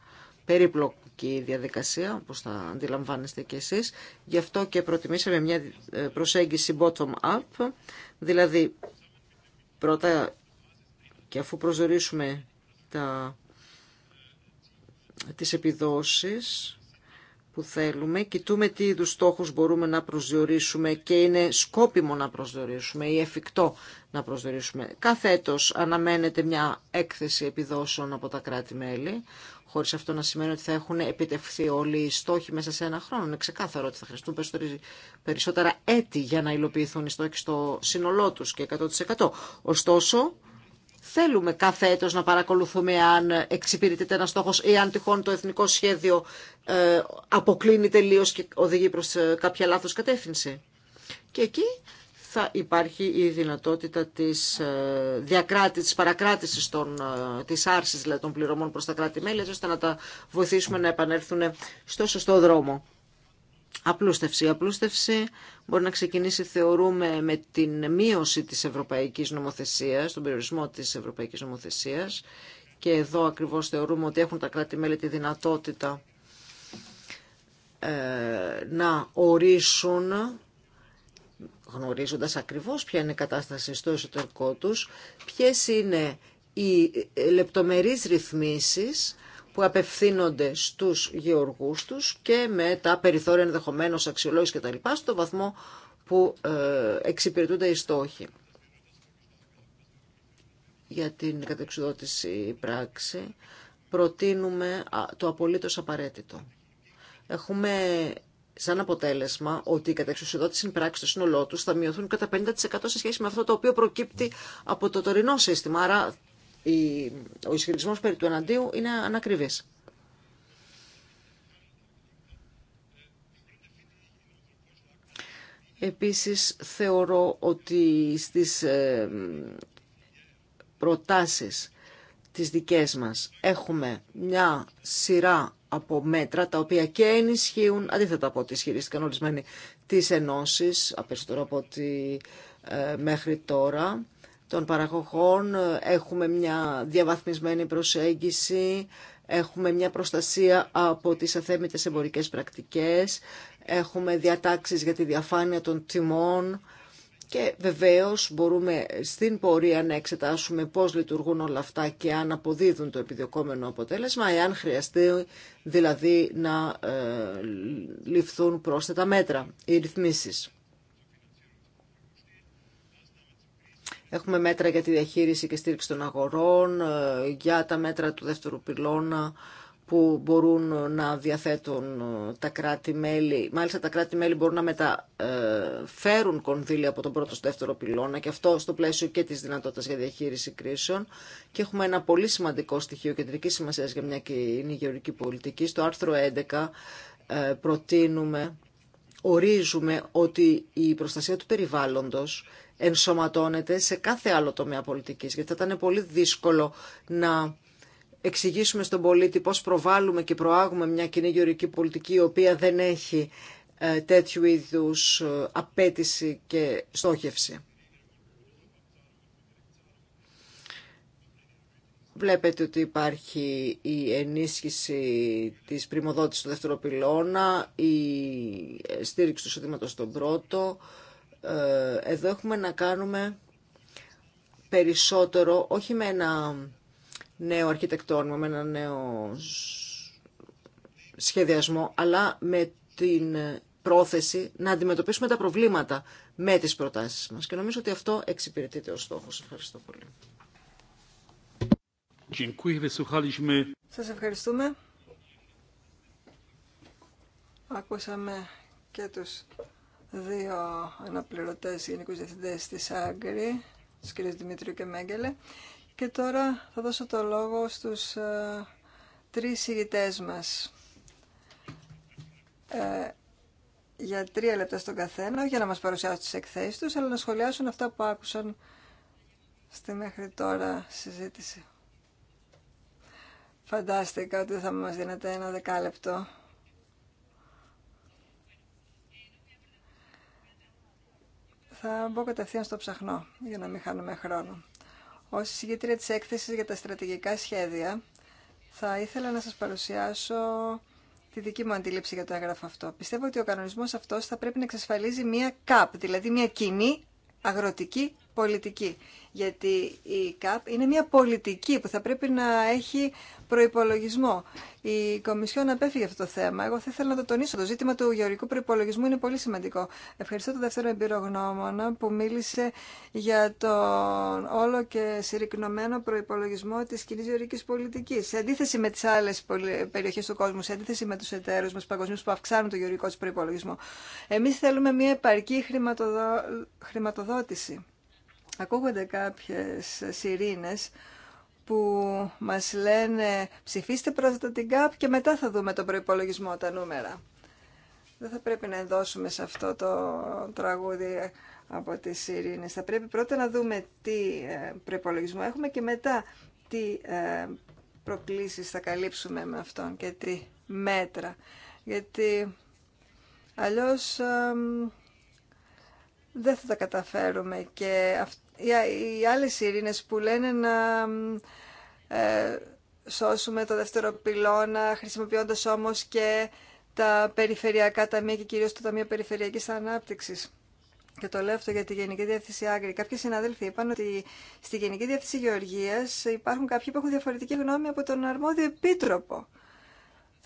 περίπλοκη διαδικασία, όπως θα αντιλαμβάνεστε και εσείς. Γι' αυτό και προτιμήσαμε μια ε, προσέγγιση bottom-up, δηλαδή πρώτα και αφού προσδιορίσουμε τα, τις επιδόσεις που θέλουμε, κοιτούμε τι είδους στόχους μπορούμε να προσδιορίσουμε και είναι σκόπιμο να προσδιορίσουμε ή εφικτό να προσδιορίσουμε. Κάθε έτος αναμένεται μια έκθεση επιδόσεων από τα κράτη-μέλη, χωρίς αυτό να σημαίνει ότι θα έχουν επιτευχθεί όλοι οι στόχοι μέσα σε ένα χρόνο. Είναι ξεκάθαρο ότι θα χρειαστούν περισσότερα έτη για να υλοποιηθούν οι στόχοι στο σύνολό τους και 100%. Ωστόσο, θέλουμε κάθε έτος να παρακολουθούμε αν εξυπηρετείται ένα στόχος ή αν τυχόν το εθνικό σχέδιο ε, αποκλίνει τελείως και οδηγεί προς ε, κάποια λάθος κατεύθυνση. Και εκεί θα υπάρχει η δυνατότητα της ε, διακράτησης, της παρακράτησης των, ε, της άρσης δηλαδή, των πληρωμών προς τα κράτη-μέλη, ώστε να τα βοηθήσουμε να επανέλθουν στο σωστό δρόμο. Απλούστευση. απλούστευση μπορεί να ξεκινήσει, θεωρούμε, με την μείωση της ευρωπαϊκής νομοθεσίας, τον περιορισμό της ευρωπαϊκής νομοθεσίας. Και εδώ ακριβώς θεωρούμε ότι έχουν τα κράτη-μέλη τη δυνατότητα ε, να ορίσουν γνωρίζοντας ακριβώς ποια είναι η κατάσταση στο εσωτερικό τους, ποιες είναι οι ε, λεπτομερείς ρυθμίσεις που απευθύνονται στους γεωργούς τους και με τα περιθώρια ενδεχομένω αξιολόγηση και τα λοιπά στο βαθμό που ε, εξυπηρετούνται οι στόχοι. Για την κατεξουδότηση πράξη προτείνουμε το απολύτως απαραίτητο. Έχουμε σαν αποτέλεσμα ότι οι κατεξουσιοδότης πράξη στο σύνολό του θα μειωθούν κατά 50% σε σχέση με αυτό το οποίο προκύπτει από το τωρινό σύστημα. Άρα ο ισχυρισμό περί του εναντίου είναι ανακριβή. Επίσης θεωρώ ότι στις ε, προτάσεις τις δικές μας έχουμε μια σειρά από μέτρα τα οποία και ενισχύουν, αντίθετα από ό,τι ισχυρίστηκαν ορισμένοι τις ενώσεις, περισσότερο από ό,τι ε, μέχρι τώρα, των παραγωγών. Έχουμε μια διαβαθμισμένη προσέγγιση, έχουμε μια προστασία από τις αθέμητες εμπορικές πρακτικές, έχουμε διατάξεις για τη διαφάνεια των τιμών, και βεβαίως μπορούμε στην πορεία να εξετάσουμε πώς λειτουργούν όλα αυτά και αν αποδίδουν το επιδιωκόμενο αποτέλεσμα, εάν χρειαστεί δηλαδή να ε, ληφθούν πρόσθετα μέτρα ή ρυθμίσεις. Έχουμε μέτρα για τη διαχείριση και στήριξη των αγορών, ε, για τα μέτρα του δεύτερου πυλώνα, που μπορούν να διαθέτουν ε, τα κράτη-μέλη. Μάλιστα τα κράτη-μέλη μπορούν να μεταφέρουν ε, κονδύλια από τον πρώτο στο δεύτερο πυλώνα και αυτό στο πλαίσιο και της δυνατότητας για διαχείριση κρίσεων. Και έχουμε ένα πολύ σημαντικό στοιχείο κεντρική σημασίας για μια κοινή γεωρική πολιτική. Στο άρθρο 11 ε, προτείνουμε, ορίζουμε ότι η προστασία του περιβάλλοντος ενσωματώνεται σε κάθε άλλο τομέα πολιτικής, γιατί θα ήταν πολύ δύσκολο να εξηγήσουμε στον πολίτη πώς προβάλλουμε και προάγουμε μια κοινή γεωρική πολιτική η οποία δεν έχει ε, τέτοιου είδους ε, απέτηση και στόχευση. Βλέπετε ότι υπάρχει η ενίσχυση της πρημοδότησης του δεύτερου πυλώνα, η στήριξη του εισοδήματος στον πρώτο. Ε, εδώ έχουμε να κάνουμε περισσότερο, όχι με ένα νέο αρχιτεκτόνιμο, με ένα νέο σχεδιασμό, αλλά με την πρόθεση να αντιμετωπίσουμε τα προβλήματα με τις προτάσεις μας. Και νομίζω ότι αυτό εξυπηρετείται ως στόχος. Ευχαριστώ πολύ. Σας ευχαριστούμε. Ακούσαμε και τους δύο αναπληρωτές γενικούς διευθυντές της Άγκρη, τους κ. Δημήτριου και Μέγκελε. Και τώρα θα δώσω το λόγο στους ε, τρεις ηγητές μας. Ε, για τρία λεπτά στον καθένα, για να μας παρουσιάσουν τις εκθέσεις τους, αλλά να σχολιάσουν αυτά που άκουσαν στη μέχρι τώρα συζήτηση. Φαντάστηκα ότι θα μας δίνετε ένα δεκάλεπτο. Θα μπω κατευθείαν στο ψαχνό, για να μην χάνουμε χρόνο. Ως συγγετρία της έκθεσης για τα στρατηγικά σχέδια, θα ήθελα να σας παρουσιάσω τη δική μου αντίληψη για το έγγραφο αυτό. Πιστεύω ότι ο κανονισμός αυτός θα πρέπει να εξασφαλίζει μία ΚΑΠ, δηλαδή μία κοινή αγροτική πολιτική. Γιατί η ΚΑΠ είναι μια πολιτική που θα πρέπει να έχει προπολογισμό. Η Κομισιόν απέφυγε αυτό το θέμα. Εγώ θα ήθελα να το τονίσω. Το ζήτημα του γεωργικού προπολογισμού είναι πολύ σημαντικό. Ευχαριστώ τον δεύτερο εμπειρογνώμονα που μίλησε για τον όλο και συρρυκνωμένο προπολογισμό τη κοινή γεωργική πολιτική. Σε αντίθεση με τι άλλε περιοχέ του κόσμου, σε αντίθεση με του εταίρου μα παγκοσμίου που αυξάνουν το γεωργικό του προπολογισμό, εμεί θέλουμε μια επαρκή χρηματοδότηση ακούγονται κάποιες σιρήνες που μας λένε ψηφίστε πρώτα την ΚΑΠ και μετά θα δούμε τον προϋπολογισμό, τα νούμερα. Δεν θα πρέπει να ενδώσουμε σε αυτό το τραγούδι από τις σιρήνες. Θα πρέπει πρώτα να δούμε τι ε, προϋπολογισμό έχουμε και μετά τι ε, προκλήσεις θα καλύψουμε με αυτόν και τι μέτρα. Γιατί αλλιώς δεν θα τα καταφέρουμε και αυτό οι άλλες ειρήνες που λένε να ε, σώσουμε το δεύτερο πυλώνα χρησιμοποιώντας όμως και τα περιφερειακά ταμεία και κυρίως το Ταμείο Περιφερειακής Ανάπτυξης. Και το λέω αυτό για τη Γενική Διεύθυνση Άγκρη. Κάποιοι συναδέλφοι είπαν ότι στη Γενική Διεύθυνση Γεωργίας υπάρχουν κάποιοι που έχουν διαφορετική γνώμη από τον αρμόδιο επίτροπο.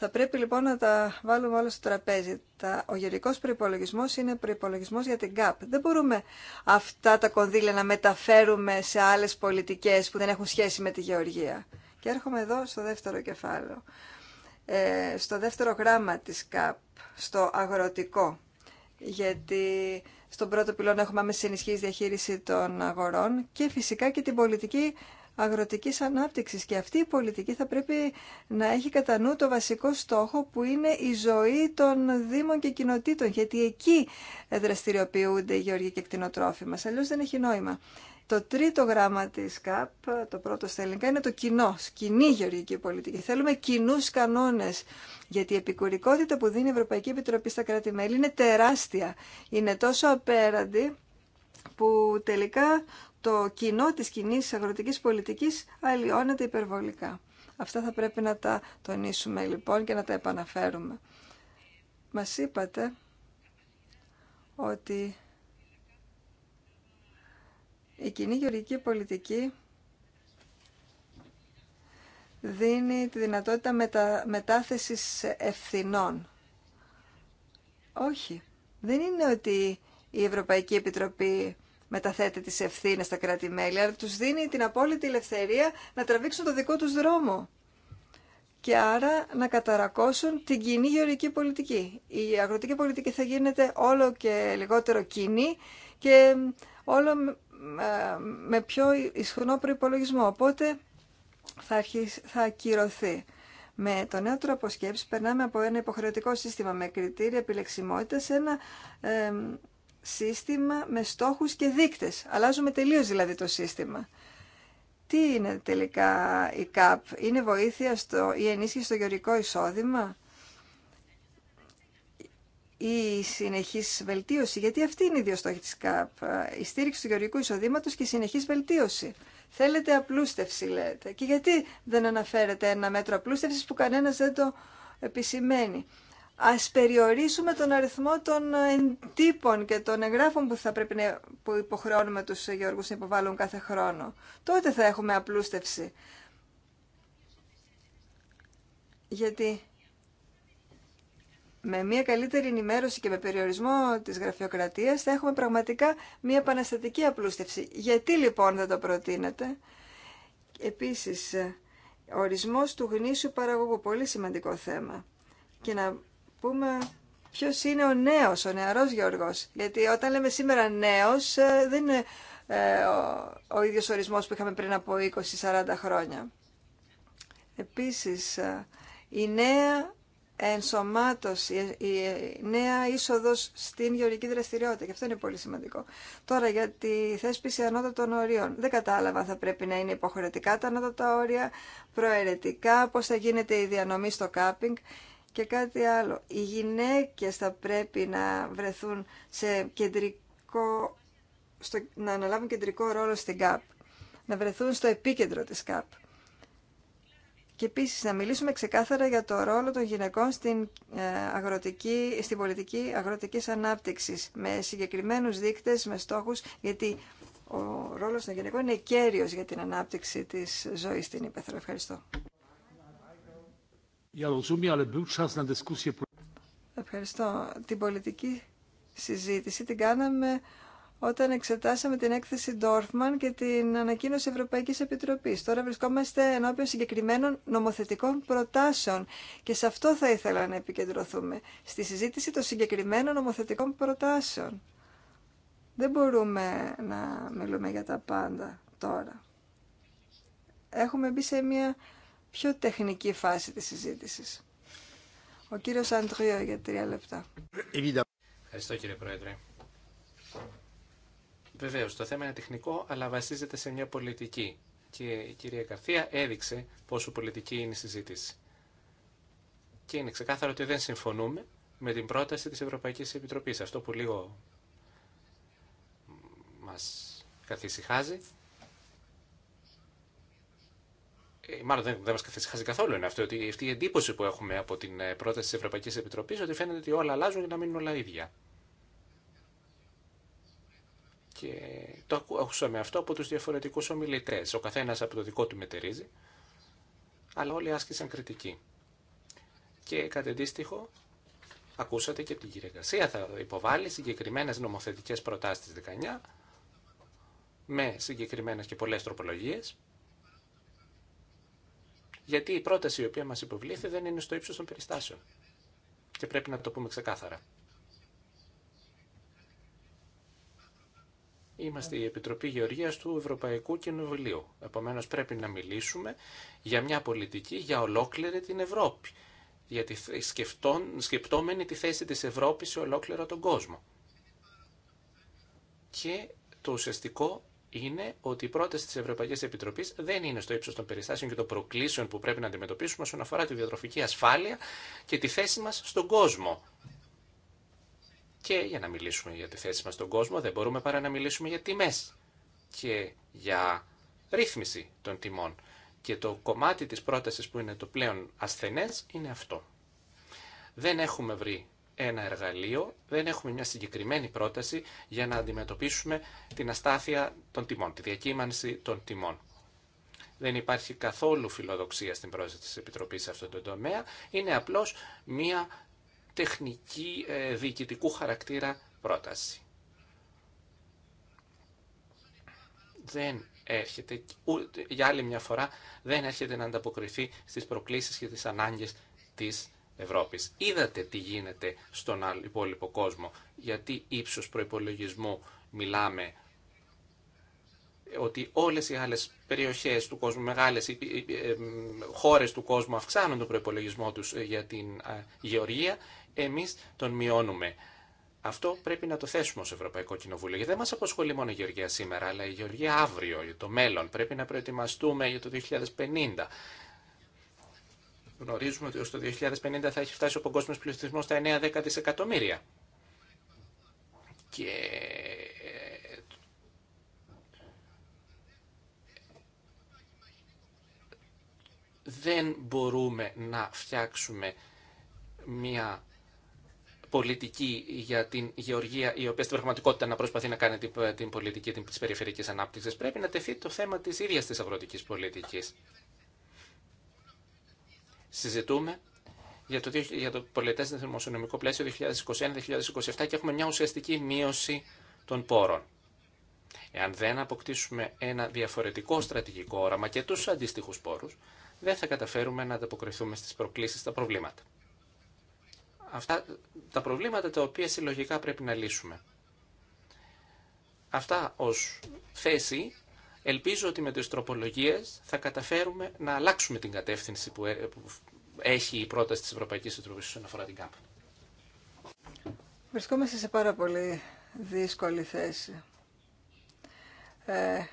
Θα πρέπει λοιπόν να τα βάλουμε όλα στο τραπέζι. Τα, ο γενικό προπολογισμό είναι προπολογισμό για την ΚΑΠ. Δεν μπορούμε αυτά τα κονδύλια να μεταφέρουμε σε άλλες πολιτικές που δεν έχουν σχέση με τη γεωργία. Και έρχομαι εδώ στο δεύτερο κεφάλαιο. Ε, στο δεύτερο γράμμα της ΚΑΠ, στο αγροτικό. Γιατί στον πρώτο πυλόν έχουμε άμεση ενισχύσει διαχείριση των αγορών και φυσικά και την πολιτική αγροτικής ανάπτυξης και αυτή η πολιτική θα πρέπει να έχει κατά νου το βασικό στόχο που είναι η ζωή των δήμων και κοινοτήτων γιατί εκεί δραστηριοποιούνται οι γεωργοί και κτηνοτρόφοι μας, αλλιώς δεν έχει νόημα. Το τρίτο γράμμα της ΚΑΠ, το πρώτο στα ελληνικά, είναι το κοινό, κοινή γεωργική πολιτική. Θέλουμε κοινού κανόνες, γιατί η επικουρικότητα που δίνει η Ευρωπαϊκή Επιτροπή στα κράτη-μέλη είναι τεράστια. Είναι τόσο απέραντη που τελικά το κοινό της κοινή αγροτικής πολιτικής αλλοιώνεται υπερβολικά. Αυτά θα πρέπει να τα τονίσουμε λοιπόν και να τα επαναφέρουμε. Μας είπατε ότι η κοινή γεωργική πολιτική δίνει τη δυνατότητα μετα... μετάθεσης ευθυνών. Όχι. Δεν είναι ότι η Ευρωπαϊκή Επιτροπή μεταθέτει τις ευθύνες στα κράτη-μέλη, αλλά τους δίνει την απόλυτη ελευθερία να τραβήξουν το δικό τους δρόμο και άρα να καταρακώσουν την κοινή γεωργική πολιτική. Η αγροτική πολιτική θα γίνεται όλο και λιγότερο κοινή και όλο ε, με πιο ισχυρό προϋπολογισμό. Οπότε θα, αρχίσει, θα ακυρωθεί. Με το νέο τρόπο σκέψη περνάμε από ένα υποχρεωτικό σύστημα με κριτήρια επιλεξιμότητα σε ένα ε, σύστημα με στόχους και δείκτες. Αλλάζουμε τελείως δηλαδή το σύστημα. Τι είναι τελικά η ΚΑΠ, είναι βοήθεια στο, ή ενίσχυση στο γεωρικό εισόδημα ή συνεχής βελτίωση, γιατί αυτή είναι η δύο στόχη της ΚΑΠ, η στήριξη του γεωρικού εισοδήματος και η συνεχής βελτίωση. Θέλετε απλούστευση λέτε και γιατί δεν αναφέρετε ένα μέτρο απλούστευσης που κανένας δεν το επισημαίνει ας περιορίσουμε τον αριθμό των εντύπων και των εγγράφων που θα πρέπει να που υποχρεώνουμε τους γεωργούς να υποβάλλουν κάθε χρόνο. Τότε θα έχουμε απλούστευση. Γιατί με μια καλύτερη ενημέρωση και με περιορισμό της γραφειοκρατίας θα έχουμε πραγματικά μια επαναστατική απλούστευση. Γιατί λοιπόν δεν το προτείνετε. Επίσης, ορισμός του γνήσιου παραγωγού, πολύ σημαντικό θέμα. Και να πούμε ποιος είναι ο νέος, ο νεαρός Γιώργος. Γιατί όταν λέμε σήμερα νέος ε, δεν είναι ε, ο, ο ίδιος ορισμός που είχαμε πριν από 20-40 χρόνια. Επίσης, ε, η νέα ενσωμάτωση, η νέα είσοδος στην γεωργική δραστηριότητα. Και αυτό είναι πολύ σημαντικό. Τώρα για τη θέσπιση ανώτατων ορίων. Δεν κατάλαβα θα πρέπει να είναι υποχρεωτικά τα ανώτατα όρια, προαιρετικά, πώς θα γίνεται η διανομή στο κάπινγκ. Και κάτι άλλο. Οι γυναίκες θα πρέπει να βρεθούν σε κεντρικό, στο, να αναλάβουν κεντρικό ρόλο στην ΚΑΠ. Να βρεθούν στο επίκεντρο της ΚΑΠ. Και επίση να μιλήσουμε ξεκάθαρα για το ρόλο των γυναικών στην, ε, αγροτική, στην πολιτική αγροτικής ανάπτυξης με συγκεκριμένους δείκτες, με στόχους, γιατί ο ρόλος των γυναικών είναι κέριος για την ανάπτυξη της ζωής στην Υπέθρο. Ευχαριστώ. Ευχαριστώ. Την πολιτική συζήτηση την κάναμε όταν εξετάσαμε την έκθεση Dorfman και την ανακοίνωση Ευρωπαϊκής Επιτροπής. Τώρα βρισκόμαστε ενώπιον συγκεκριμένων νομοθετικών προτάσεων και σε αυτό θα ήθελα να επικεντρωθούμε, στη συζήτηση των συγκεκριμένων νομοθετικών προτάσεων. Δεν μπορούμε να μιλούμε για τα πάντα τώρα. Έχουμε μπει σε μια πιο τεχνική φάση της συζήτησης. Ο κύριος Αντρίο για τρία λεπτά. Ευχαριστώ κύριε Πρόεδρε. Βεβαίως, το θέμα είναι τεχνικό, αλλά βασίζεται σε μια πολιτική. Και η κυρία Καρθία έδειξε πόσο πολιτική είναι η συζήτηση. Και είναι ξεκάθαρο ότι δεν συμφωνούμε με την πρόταση της Ευρωπαϊκής Επιτροπής. Αυτό που λίγο μας καθησυχάζει Ε, μάλλον δεν, δεν μα καθυσυχάζει καθόλου είναι αυτό, ότι αυτή η εντύπωση που έχουμε από την ε, πρόταση τη Ευρωπαϊκή Επιτροπή ότι φαίνεται ότι όλα αλλάζουν για να μείνουν όλα ίδια. Και το ακούσαμε αυτό από του διαφορετικού ομιλητέ. Ο καθένα από το δικό του μετερίζει, αλλά όλοι άσκησαν κριτική. Και κατ' αντίστοιχο, ακούσατε και από την κυρία Γκαρσία, θα υποβάλει συγκεκριμένε νομοθετικέ προτάσει τη 19 με συγκεκριμένε και πολλέ τροπολογίε γιατί η πρόταση η οποία μας υποβλήθη δεν είναι στο ύψο των περιστάσεων. Και πρέπει να το πούμε ξεκάθαρα. Είμαστε η Επιτροπή Γεωργίας του Ευρωπαϊκού Κοινοβουλίου. Επομένως πρέπει να μιλήσουμε για μια πολιτική για ολόκληρη την Ευρώπη. Γιατί σκεπτόμενη τη θέση της Ευρώπης σε ολόκληρο τον κόσμο. Και το ουσιαστικό είναι ότι η πρόταση τη Ευρωπαϊκή Επιτροπή δεν είναι στο ύψο των περιστάσεων και των προκλήσεων που πρέπει να αντιμετωπίσουμε όσον αφορά τη διατροφική ασφάλεια και τη θέση μα στον κόσμο. Και για να μιλήσουμε για τη θέση μα στον κόσμο, δεν μπορούμε παρά να μιλήσουμε για τιμέ και για ρύθμιση των τιμών. Και το κομμάτι της πρότασης που είναι το πλέον ασθενές είναι αυτό. Δεν έχουμε βρει ένα εργαλείο, δεν έχουμε μια συγκεκριμένη πρόταση για να αντιμετωπίσουμε την αστάθεια των τιμών, τη διακύμανση των τιμών. Δεν υπάρχει καθόλου φιλοδοξία στην πρόσθεση της Επιτροπής σε αυτόν τομέα. Είναι απλώς μια τεχνική ε, διοικητικού χαρακτήρα πρόταση. Δεν έρχεται, για άλλη μια φορά, δεν έρχεται να ανταποκριθεί στις προκλήσεις και τις ανάγκες της Ευρώπης. Είδατε τι γίνεται στον υπόλοιπο κόσμο, γιατί ύψο προπολογισμού μιλάμε, ότι όλες οι άλλες περιοχές του κόσμου, μεγάλες ε, χώρες του κόσμου αυξάνουν τον προϋπολογισμό τους ε, για την ε, γεωργία, εμείς τον μειώνουμε. Αυτό πρέπει να το θέσουμε ως Ευρωπαϊκό Κοινοβούλιο, γιατί δεν μας απασχολεί μόνο η γεωργία σήμερα, αλλά η γεωργία αύριο, για το μέλλον. Πρέπει να προετοιμαστούμε για το 2050 Γνωρίζουμε ότι ως το 2050 θα έχει φτάσει ο παγκόσμιο πληθυσμό στα 9-10 δισεκατομμύρια. Και ε, δεν μπορούμε να φτιάξουμε μια πολιτική για την γεωργία, η οποία στην πραγματικότητα να προσπαθεί να κάνει την πολιτική τη περιφερειακής ανάπτυξης. Πρέπει να τεθεί το θέμα της ίδια της αγροτικής πολιτικής συζητούμε για το, για το πολιτές δημοσιονομικό πλαίσιο 2021-2027 και έχουμε μια ουσιαστική μείωση των πόρων. Εάν δεν αποκτήσουμε ένα διαφορετικό στρατηγικό όραμα και τους αντίστοιχους πόρους, δεν θα καταφέρουμε να ανταποκριθούμε στις προκλήσεις, στα προβλήματα. Αυτά τα προβλήματα τα οποία συλλογικά πρέπει να λύσουμε. Αυτά ως θέση Ελπίζω ότι με τις τροπολογίες θα καταφέρουμε να αλλάξουμε την κατεύθυνση ε, που έχει η πρόταση της Ευρωπαϊκής Επιτροπής όσον αφορά την ΚΑΠ. Βρισκόμαστε σε πάρα πολύ δύσκολη θέση. Ε,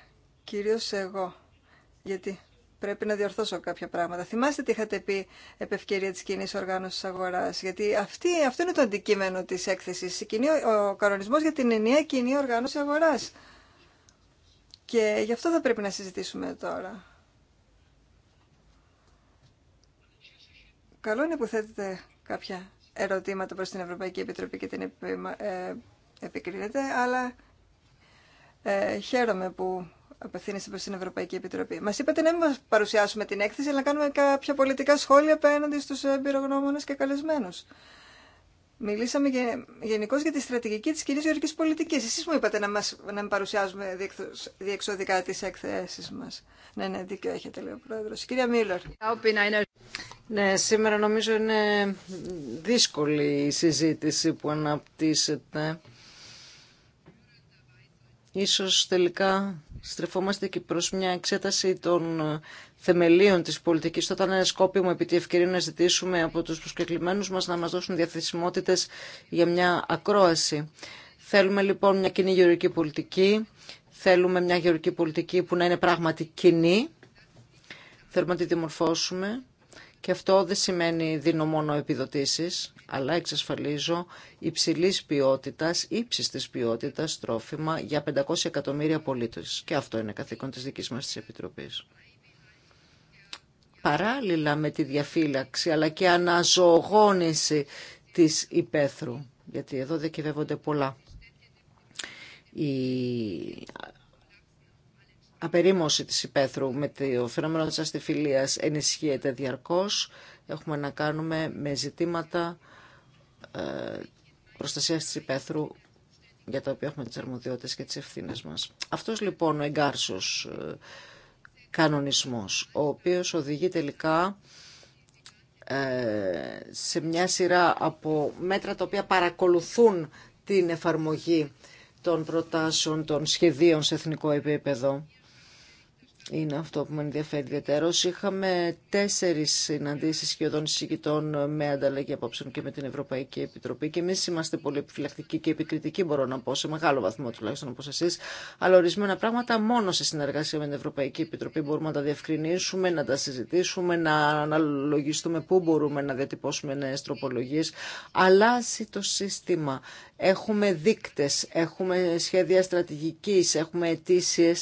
κυρίως εγώ, γιατί πρέπει να διορθώσω κάποια πράγματα. Θυμάστε τι είχατε πει επ' ευκαιρία της κοινής οργάνωσης αγοράς, γιατί αυτή, αυτό είναι το αντικείμενο της έκθεσης, ο κανονισμός για την ενιαία κοινή οργάνωση αγοράς. Και γι' αυτό θα πρέπει να συζητήσουμε τώρα. Καλό είναι που θέτετε κάποια ερωτήματα προς την Ευρωπαϊκή Επιτροπή και την ε, επικρίνετε, αλλά ε, χαίρομαι που απευθύνεστε προς την Ευρωπαϊκή Επιτροπή. Μας είπατε να μην μας παρουσιάσουμε την έκθεση, αλλά να κάνουμε κάποια πολιτικά σχόλια απέναντι στους εμπειρογνώμονες και καλεσμένους. Μιλήσαμε γενικώ για τη στρατηγική της κοινή γεωργική πολιτικής. Εσείς μου είπατε να, μας, να μην παρουσιάζουμε διεξοδικά τις εκθέσει μας. Ναι, ναι, δίκιο έχετε, λέει ο πρόεδρο. Κυρία Μίλλορ. Ναι, σήμερα νομίζω είναι δύσκολη η συζήτηση που αναπτύσσεται. Ίσως τελικά στρεφόμαστε και προς μια εξέταση των ε, θεμελίων της πολιτικής. Τότε ήταν σκόπιμο επί τη ευκαιρία να ζητήσουμε από τους προσκεκλημένους μας να μας δώσουν διαθεσιμότητες για μια ακρόαση. Θέλουμε λοιπόν μια κοινή γεωργική πολιτική. Θέλουμε μια γεωργική πολιτική που να είναι πράγματι κοινή. Θέλουμε να τη δημορφώσουμε και αυτό δεν σημαίνει δίνω μόνο επιδοτήσεις, αλλά εξασφαλίζω υψηλή ποιότητα, ύψιστη ποιότητα, τρόφιμα για 500 εκατομμύρια πολίτε. Και αυτό είναι καθήκον τη δική μα της Επιτροπής. Παράλληλα με τη διαφύλαξη, αλλά και αναζωογόνηση της υπαίθρου, γιατί εδώ διακυβεύονται πολλά. Η απερίμωση της υπαίθρου με το φαινόμενο της αστιφιλίας ενισχύεται διαρκώς. Έχουμε να κάνουμε με ζητήματα ε, προστασίας της υπαίθρου για τα οποία έχουμε τις αρμοδιότητες και τις ευθύνες μας. Αυτός λοιπόν ο εγκάρσος ε, κανονισμός, ο οποίος οδηγεί τελικά ε, σε μια σειρά από μέτρα τα οποία παρακολουθούν την εφαρμογή των προτάσεων, των σχεδίων σε εθνικό επίπεδο είναι αυτό που με ενδιαφέρει ιδιαίτερω. Είχαμε τέσσερι συναντήσει σχεδόν συγκητών με ανταλλαγή απόψεων και με την Ευρωπαϊκή Επιτροπή. Και εμεί είμαστε πολύ επιφυλακτικοί και επικριτικοί, μπορώ να πω, σε μεγάλο βαθμό τουλάχιστον όπω εσεί. Αλλά ορισμένα πράγματα μόνο σε συνεργασία με την Ευρωπαϊκή Επιτροπή μπορούμε να τα διευκρινίσουμε, να τα συζητήσουμε, να αναλογιστούμε πού μπορούμε να διατυπώσουμε νέε τροπολογίε. Αλλάζει το σύστημα. Έχουμε δείκτε, έχουμε σχέδια στρατηγική, έχουμε αιτήσει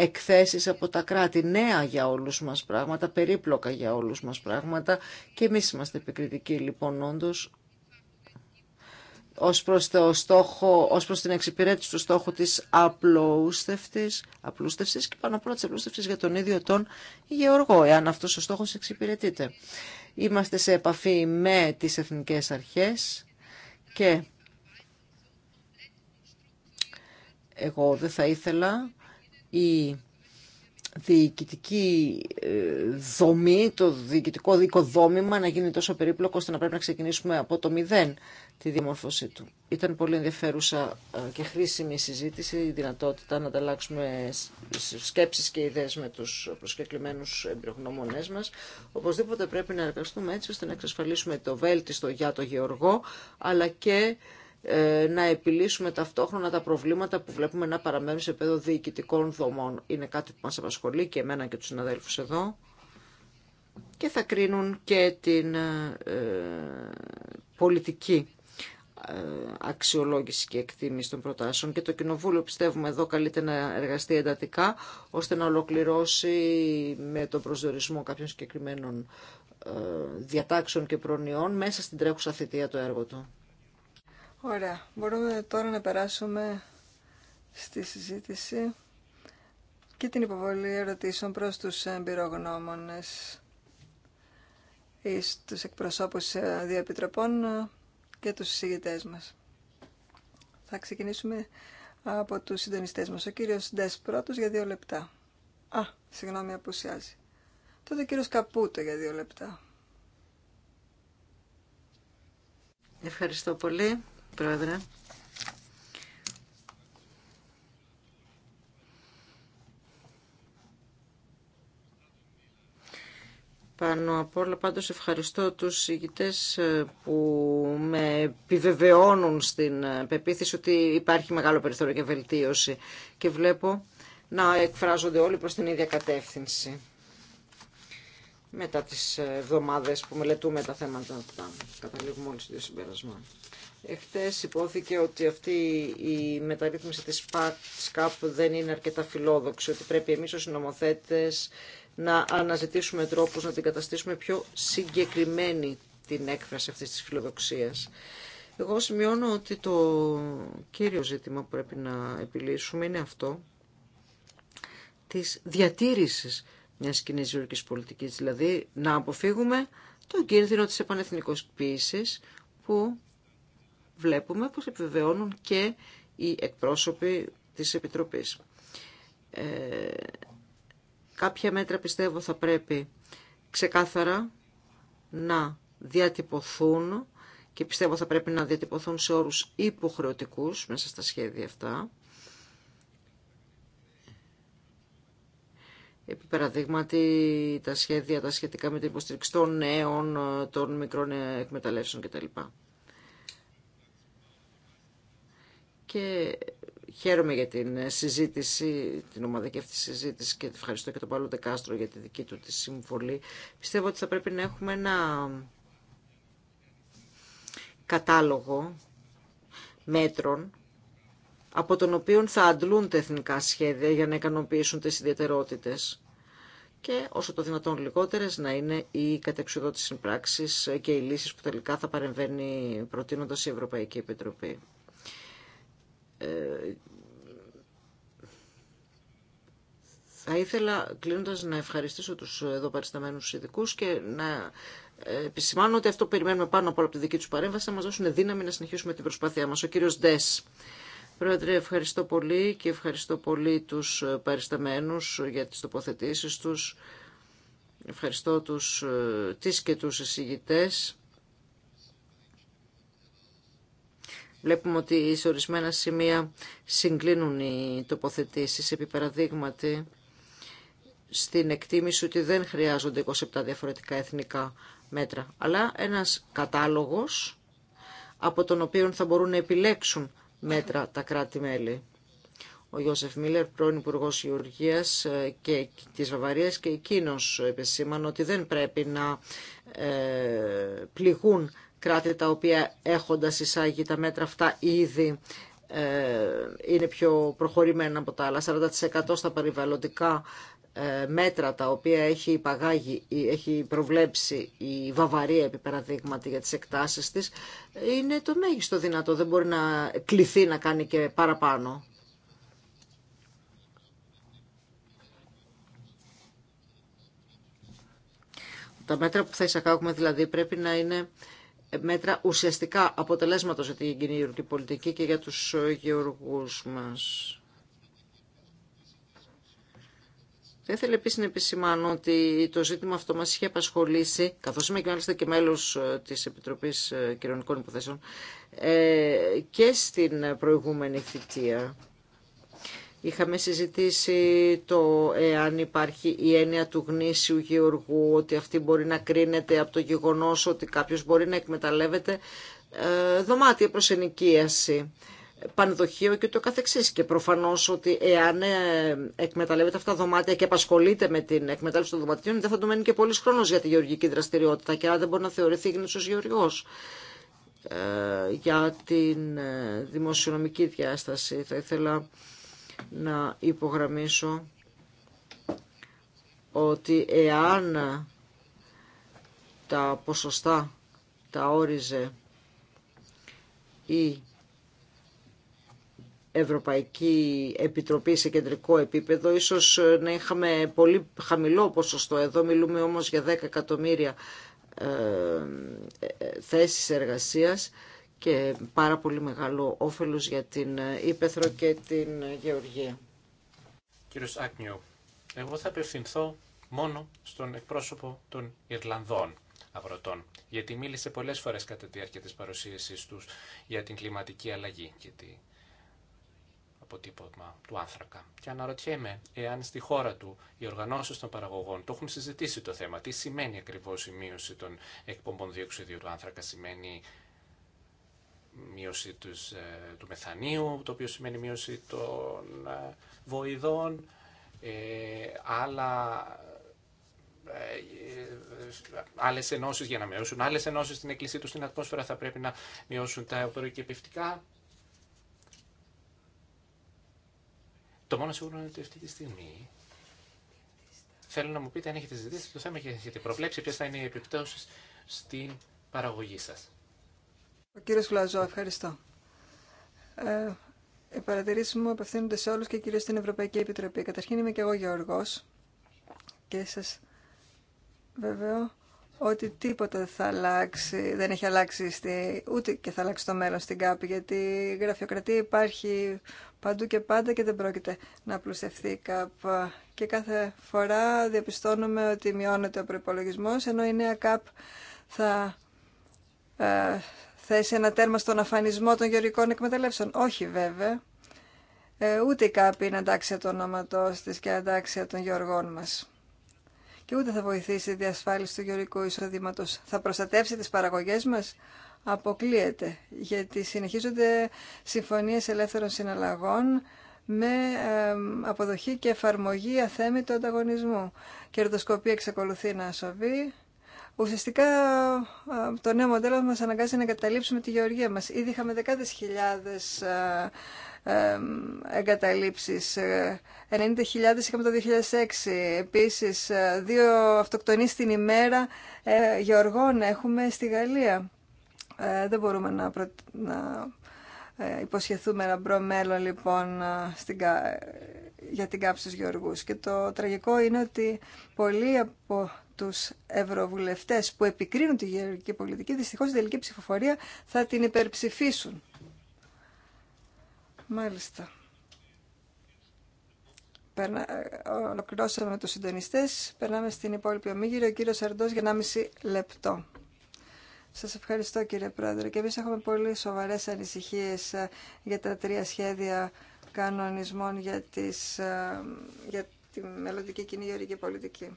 εκθέσεις από τα κράτη, νέα για όλους μας πράγματα, περίπλοκα για όλους μας πράγματα και εμείς είμαστε επικριτικοί λοιπόν όντως ως προς, το στόχο, ως προς την εξυπηρέτηση του στόχου της απλούστευτης απλούστευσης και πάνω απλούστευσης για τον ίδιο τον Γεωργό, εάν αυτός ο στόχος εξυπηρετείται. Είμαστε σε επαφή με τις εθνικές αρχές και εγώ δεν θα ήθελα η διοικητική ε, δομή, το διοικητικό δικοδόμημα να γίνει τόσο περίπλοκο ώστε να πρέπει να ξεκινήσουμε από το μηδέν τη διαμόρφωσή του. Ήταν πολύ ενδιαφέρουσα ε, και χρήσιμη η συζήτηση, η δυνατότητα να ανταλλάξουμε σκέψεις και ιδέες με τους προσκεκλημένους εμπειρογνωμονές μας. Οπωσδήποτε πρέπει να εργαστούμε έτσι ώστε να εξασφαλίσουμε το βέλτιστο για το γεωργό, αλλά και ε, να επιλύσουμε ταυτόχρονα τα προβλήματα που βλέπουμε να παραμένουν σε επίπεδο διοικητικών δομών. Είναι κάτι που μας απασχολεί και εμένα και τους συναδέλφους εδώ και θα κρίνουν και την ε, πολιτική ε, αξιολόγηση και εκτίμηση των προτάσεων και το Κοινοβούλιο πιστεύουμε εδώ καλύτερα να εργαστεί εντατικά ώστε να ολοκληρώσει με τον προσδιορισμό κάποιων συγκεκριμένων διατάξεων και προνοιών μέσα στην τρέχουσα θητεία το έργο του. Ωραία. Μπορούμε τώρα να περάσουμε στη συζήτηση και την υποβολή ερωτήσεων προς τους εμπειρογνώμονες ή στους εκπροσώπους διαπιτροπών και τους συζητητές μας. Θα ξεκινήσουμε από τους συντονιστές μας. Ο κύριος Ντες πρώτος για δύο λεπτά. Α, συγγνώμη, απουσιάζει. Τότε ο κύριος Καπούτο για δύο λεπτά. Ευχαριστώ πολύ. Πρόεδρε. Πάνω απ' όλα πάντως ευχαριστώ τους ηγητές ε, που με επιβεβαιώνουν στην ε, πεποίθηση ότι υπάρχει μεγάλο περιθώριο για βελτίωση και βλέπω να εκφράζονται όλοι προς την ίδια κατεύθυνση μετά τις ε, εβδομάδες που μελετούμε τα θέματα αυτά. Καταλήγουμε όλοι στο συμπέρασμα. Εχθές υπόθηκε ότι αυτή η μεταρρύθμιση της ΣΚΑΠ δεν είναι αρκετά φιλόδοξη, ότι πρέπει εμείς ως νομοθέτες να αναζητήσουμε τρόπους να την καταστήσουμε πιο συγκεκριμένη την έκφραση αυτής της φιλοδοξίας. Εγώ σημειώνω ότι το κύριο ζήτημα που πρέπει να επιλύσουμε είναι αυτό της διατήρησης μιας κοινή πολιτικής, δηλαδή να αποφύγουμε τον κίνδυνο της επανεθνικοποίησης που βλέπουμε πως επιβεβαιώνουν και οι εκπρόσωποι της Επιτροπής. Ε, κάποια μέτρα πιστεύω θα πρέπει ξεκάθαρα να διατυπωθούν και πιστεύω θα πρέπει να διατυπωθούν σε όρους υποχρεωτικούς μέσα στα σχέδια αυτά. Επί παραδείγματι τα σχέδια τα σχετικά με την υποστήριξη των νέων, των μικρών εκμεταλλεύσεων κτλ. και χαίρομαι για την συζήτηση, την ομαδική αυτή συζήτηση και ευχαριστώ και τον Παύλο Κάστρο για τη δική του τη συμβολή. Πιστεύω ότι θα πρέπει να έχουμε ένα κατάλογο μέτρων από τον οποίο θα αντλούν τα εθνικά σχέδια για να ικανοποιήσουν τις ιδιαιτερότητες και όσο το δυνατόν λιγότερες να είναι η κατεξουδότηση συμπράξεις και οι λύσεις που τελικά θα παρεμβαίνει προτείνοντας η Ευρωπαϊκή Επιτροπή θα ήθελα κλείνοντας να ευχαριστήσω τους εδώ παρισταμένους ειδικού και να ε, επισημάνω ότι αυτό που περιμένουμε πάνω από τη δική τους παρέμβαση θα μας δώσουν δύναμη να συνεχίσουμε την προσπάθειά μας. Ο κύριος Ντες. Πρόεδρε, ευχαριστώ πολύ και ευχαριστώ πολύ τους ε, παρισταμένους για τις τοποθετήσεις τους. Ευχαριστώ τους, ε, τις και τους εισηγητές. Βλέπουμε ότι σε ορισμένα σημεία συγκλίνουν οι τοποθετήσεις, επί παραδείγματι, στην εκτίμηση ότι δεν χρειάζονται 27 διαφορετικά εθνικά μέτρα, αλλά ένας κατάλογος από τον οποίο θα μπορούν να επιλέξουν μέτρα τα κράτη-μέλη. Ο Ιώσεφ Μίλλερ, πρώην Υπουργό ε, και τη Βαβαρία, και εκείνο επισήμανε ότι δεν πρέπει να ε, πληγούν κράτη τα οποία έχοντας εισάγει τα μέτρα αυτά ήδη ε, είναι πιο προχωρημένα από τα άλλα. 40% στα περιβαλλοντικά ε, μέτρα τα οποία έχει υπαγάγει, έχει προβλέψει η Βαβαρία επί παραδείγματι για τις εκτάσεις της είναι το μέγιστο δυνατό, δεν μπορεί να κληθεί να κάνει και παραπάνω. Τα μέτρα που θα εισακάγουμε δηλαδή πρέπει να είναι μέτρα ουσιαστικά αποτελέσματο για την κοινή γεωργική πολιτική και για τους γεωργού μας. Θα ήθελα επίση να επισημάνω ότι το ζήτημα αυτό μα είχε απασχολήσει, καθώ είμαι και μάλιστα και μέλο ε, τη Επιτροπή ε, Κοινωνικών Υποθέσεων, ε, και στην προηγούμενη θητεία. Είχαμε συζητήσει το εάν υπάρχει η έννοια του γνήσιου γεωργού, ότι αυτή μπορεί να κρίνεται από το γεγονός ότι κάποιος μπορεί να εκμεταλλεύεται ε, δωμάτια προς ενοικίαση, πανδοχείο και το καθεξής. Και προφανώς ότι εάν ε, εκμεταλλεύεται αυτά τα δωμάτια και απασχολείται με την εκμετάλλευση των δωματιών, δεν θα του μένει και πολύ χρονό για τη γεωργική δραστηριότητα και άρα δεν μπορεί να θεωρηθεί γνήσιος γεωργός ε, για την δημοσιονομική διάσταση. Θα ήθελα να υπογραμμίσω ότι εάν τα ποσοστά τα όριζε η Ευρωπαϊκή Επιτροπή σε κεντρικό επίπεδο. Ίσως να είχαμε πολύ χαμηλό ποσοστό. Εδώ μιλούμε όμως για 10 εκατομμύρια ε, ε, ε, θέσεις εργασίας και πάρα πολύ μεγάλο όφελος για την ε, Ήπεθρο και την ε, Γεωργία. Κύριος Άκνιο, εγώ θα απευθυνθώ μόνο στον εκπρόσωπο των Ιρλανδών αγροτών, γιατί μίλησε πολλές φορές κατά τη διάρκεια της παρουσίασής τους για την κλιματική αλλαγή και την αποτύπωμα του άνθρακα. Και αναρωτιέμαι εάν στη χώρα του οι οργανώσει των παραγωγών το έχουν συζητήσει το θέμα. Τι σημαίνει ακριβώ η μείωση των εκπομπών διοξιδίου του άνθρακα, σημαίνει μείωση ε, του μεθανίου, το οποίο σημαίνει μείωση των ε, βοηδών, ε, άλλα άλλε ενώσει για να μειώσουν άλλε ενώσει στην εκκλησία του στην ατμόσφαιρα θα πρέπει να μειώσουν τα απορροκεπευτικά. Το μόνο σίγουρο είναι ότι αυτή τη στιγμή θέλω να μου πείτε αν έχετε ζητήσει το θέμα και έχετε προβλέψει ποιε θα είναι οι επιπτώσει στην παραγωγή σας. Ο κύριος Φλαζό, ευχαριστώ. Ε, οι παρατηρήσει μου απευθύνονται σε όλους και κυρίως στην Ευρωπαϊκή Επιτροπή. Καταρχήν είμαι και εγώ Γεωργός και σας βεβαίω ότι τίποτα θα αλλάξει, δεν έχει αλλάξει στη, ούτε και θα αλλάξει το μέλλον στην ΚΑΠ, γιατί η γραφειοκρατία υπάρχει παντού και πάντα και δεν πρόκειται να πλουστευτεί η ΚΑΠ. Και κάθε φορά διαπιστώνουμε ότι μειώνεται ο προπολογισμό, ενώ η νέα ΚΑΠ θα ε, θα είσαι ένα τέρμα στον αφανισμό των γεωργικών εκμεταλλεύσεων. Όχι βέβαια. Ε, ούτε η ΚΑΠ είναι αντάξια του ονόματό τη και αντάξια των γεωργών μα. Και ούτε θα βοηθήσει η διασφάλιση του γεωργικού εισοδήματο. Θα προστατεύσει τι παραγωγέ μα. Αποκλείεται. Γιατί συνεχίζονται συμφωνίε ελεύθερων συναλλαγών με αποδοχή και εφαρμογή αθέμητου ανταγωνισμού. Κερδοσκοπία εξακολουθεί να σοβεί Ουσιαστικά το νέο μοντέλο μας αναγκάζει να καταλήψουμε τη γεωργία μας. Ήδη είχαμε δεκάδες χιλιάδες ε, εγκαταλείψεις. 90.000 ε, είχαμε το 2006. Επίσης, ε, δύο αυτοκτονείς την ημέρα γεωργών έχουμε στη Γαλλία. Δεν μπορούμε να, να υποσχεθούμε ένα μπρο μέλλον, λοιπόν, στην... για την κάψη στους γεωργούς. Και το τραγικό είναι ότι πολλοί από τους ευρωβουλευτές που επικρίνουν τη γεωργική πολιτική, δυστυχώς η τελική ψηφοφορία θα την υπερψηφίσουν. Μάλιστα. Περνα... Ε, ολοκληρώσαμε τους συντονιστές. Περνάμε στην υπόλοιπη ομίγυρη. Ο κύριος Αρντός για 1,5 λεπτό. Σας ευχαριστώ κύριε Πρόεδρε. Και εμείς έχουμε πολύ σοβαρές ανησυχίες ε, για τα τρία σχέδια κανονισμών για, τις, ε, για τη μελλοντική κοινή γεωργική πολιτική.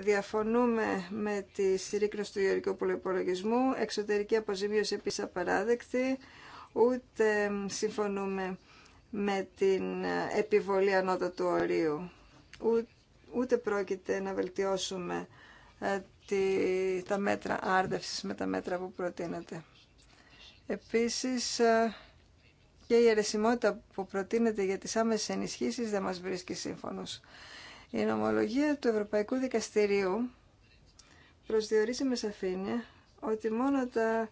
Διαφωνούμε με τη συρρήκνωση του ιερικού πολυπολογισμού. εξωτερική αποζημίωση επίσης απαράδεκτη, ούτε συμφωνούμε με την επιβολή ανώτατου ορίου, ούτε πρόκειται να βελτιώσουμε ε, τα μέτρα άρδευσης με τα μέτρα που προτείνεται. Επίσης, ε, και η αιρεσιμότητα που προτείνεται για τις άμεσες ενισχύσεις δεν μας βρίσκει σύμφωνος. Η νομολογία του Ευρωπαϊκού Δικαστηρίου προσδιορίζει με σαφήνεια ότι μόνο τα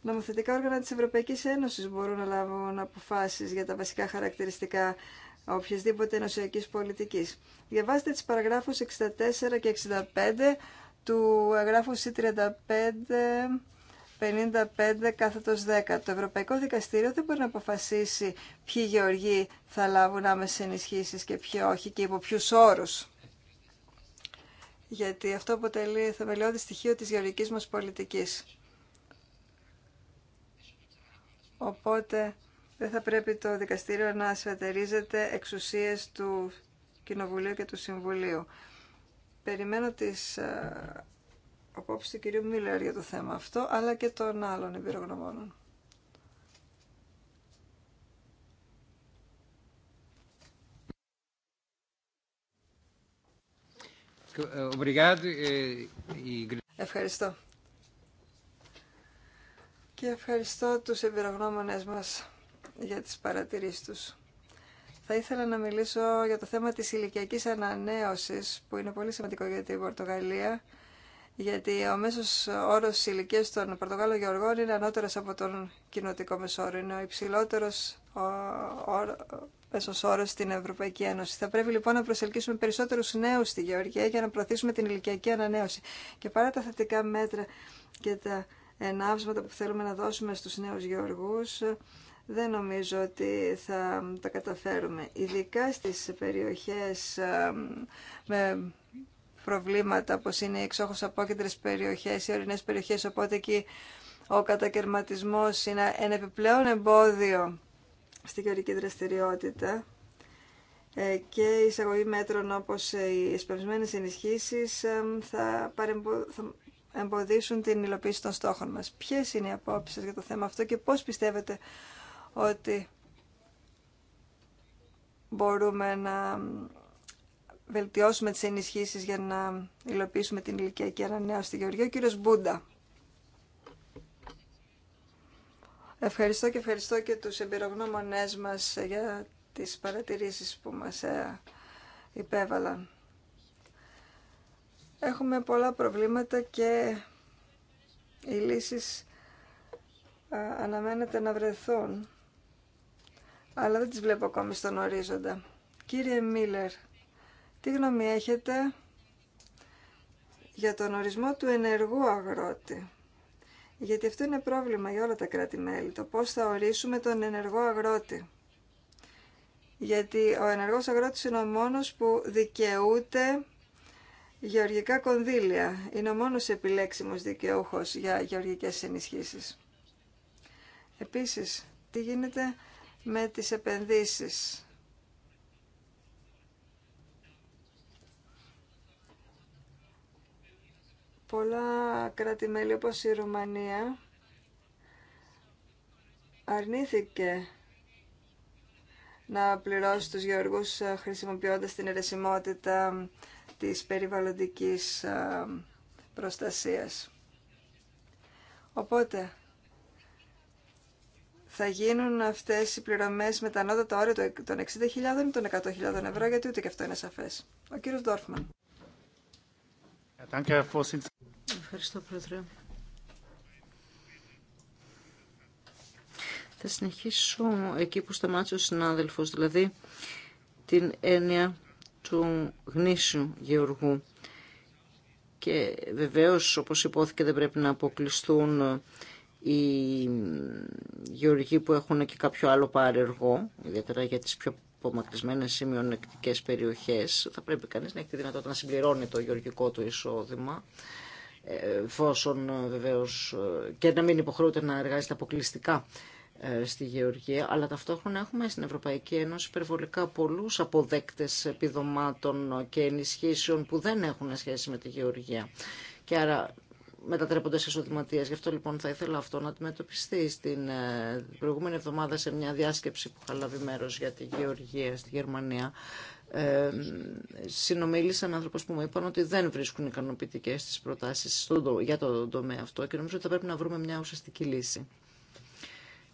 νομοθετικά όργανα της Ευρωπαϊκής Ένωσης μπορούν να λάβουν αποφάσεις για τα βασικά χαρακτηριστικά οποιασδήποτε ενωσιακής πολιτικής. Διαβάστε τις παραγράφους 64 και 65 του εγγράφου C35 55 κάθετος 10. Το Ευρωπαϊκό Δικαστήριο δεν μπορεί να αποφασίσει ποιοι γεωργοί θα λάβουν άμεσες ενισχύσεις και ποιοι όχι και υπό ποιου όρου. Γιατί αυτό αποτελεί θεμελιώδη στοιχείο της γεωργικής μας πολιτικής. Οπότε δεν θα πρέπει το δικαστήριο να σφετερίζεται εξουσίες του Κοινοβουλίου και του Συμβουλίου. Περιμένω τις ε, απόψη του κυρίου Μίλλερ για το θέμα αυτό, αλλά και των άλλων εμπειρογνωμόνων. Eh, e ευχαριστώ. Και ευχαριστώ τους εμπειρογνώμονες μας για τις παρατηρήσεις τους. Θα ήθελα να μιλήσω για το θέμα της ηλικιακή ανανέωσης, που είναι πολύ σημαντικό για την Πορτογαλία γιατί ο μέσος όρος ηλικία των Πορτογάλων γεωργών είναι ανώτερος από τον κοινοτικό μεσόρο. Είναι ο υψηλότερος ο, όρο στην Ευρωπαϊκή Ένωση. Θα πρέπει λοιπόν να προσελκύσουμε περισσότερους νέους στη γεωργία για να προωθήσουμε την ηλικιακή ανανέωση. Και παρά τα θετικά μέτρα και τα ενάψματα που θέλουμε να δώσουμε στους νέους γεωργούς, δεν νομίζω ότι θα τα καταφέρουμε. Ειδικά στις περιοχές ε, με προβλήματα όπως είναι οι εξόχως απόκεντρες περιοχές, οι ορεινές περιοχές, οπότε εκεί ο κατακαιρματισμός είναι ένα επιπλέον εμπόδιο στη γεωρική δραστηριότητα ε, και η εισαγωγή μέτρων όπως οι εσπευσμένες ενισχύσεις ε, θα, θα εμποδίσουν την υλοποίηση των στόχων μας. Ποιες είναι οι απόψεις σας για το θέμα αυτό και πώς πιστεύετε ότι μπορούμε να βελτιώσουμε τις ενισχύσεις για να υλοποιήσουμε την ηλικιακή ανανέωση στη Γεωργία. Ο κύριος Μπούντα. Ευχαριστώ και ευχαριστώ και τους εμπειρογνώμονές μας για τις παρατηρήσεις που μας ε, υπέβαλαν. Έχουμε πολλά προβλήματα και οι λύσεις ε, αναμένεται να βρεθούν, αλλά δεν τις βλέπω ακόμη στον ορίζοντα. Κύριε Μίλλερ, τι γνώμη έχετε για τον ορισμό του ενεργού αγρότη. Γιατί αυτό είναι πρόβλημα για όλα τα κράτη-μέλη, το πώς θα ορίσουμε τον ενεργό αγρότη. Γιατί ο ενεργός αγρότης είναι ο μόνος που δικαιούται γεωργικά κονδύλια. Είναι ο μόνος επιλέξιμος δικαιούχος για γεωργικές ενισχύσεις. Επίσης, τι γίνεται με τις επενδύσεις πολλά κράτη-μέλη όπως η Ρουμανία αρνήθηκε να πληρώσει τους γεωργούς ε, χρησιμοποιώντας την ερεσιμότητα της περιβαλλοντικής ε, προστασίας. Οπότε, θα γίνουν αυτές οι πληρωμές με τα ανώτατα όρια των 60.000 ή των 100.000 ευρώ, γιατί ούτε και αυτό είναι σαφές. Ο κύριος Ντόρφμαν. Ε, Ευχαριστώ, Πρόεδρε. Θα συνεχίσω εκεί που σταμάτησε ο συνάδελφος, δηλαδή την έννοια του γνήσιου γεωργού. Και βεβαίως, όπως υπόθηκε, δεν πρέπει να αποκλειστούν οι γεωργοί που έχουν και κάποιο άλλο παρεργό, ιδιαίτερα για τις πιο απομακρυσμένε ή μειονεκτικέ περιοχέ, θα πρέπει κανεί να έχει τη δυνατότητα να συμπληρώνει το γεωργικό του εισόδημα. Ε, βεβαίως ε, και να μην υποχρεούται να εργάζεται αποκλειστικά ε, στη Γεωργία, αλλά ταυτόχρονα έχουμε στην Ευρωπαϊκή Ένωση υπερβολικά πολλούς αποδέκτες επιδομάτων και ενισχύσεων που δεν έχουν σχέση με τη Γεωργία. Και άρα μετατρέπονται σε εισοδηματίε. Γι' αυτό λοιπόν θα ήθελα αυτό να αντιμετωπιστεί. Στην προηγούμενη εβδομάδα σε μια διάσκεψη που είχα λάβει μέρο για τη Γεωργία στη Γερμανία, ε, συνομίλησα με άνθρωπους που μου είπαν ότι δεν βρίσκουν ικανοποιητικέ τις προτάσεις για το τομέα αυτό και νομίζω ότι θα πρέπει να βρούμε μια ουσιαστική λύση.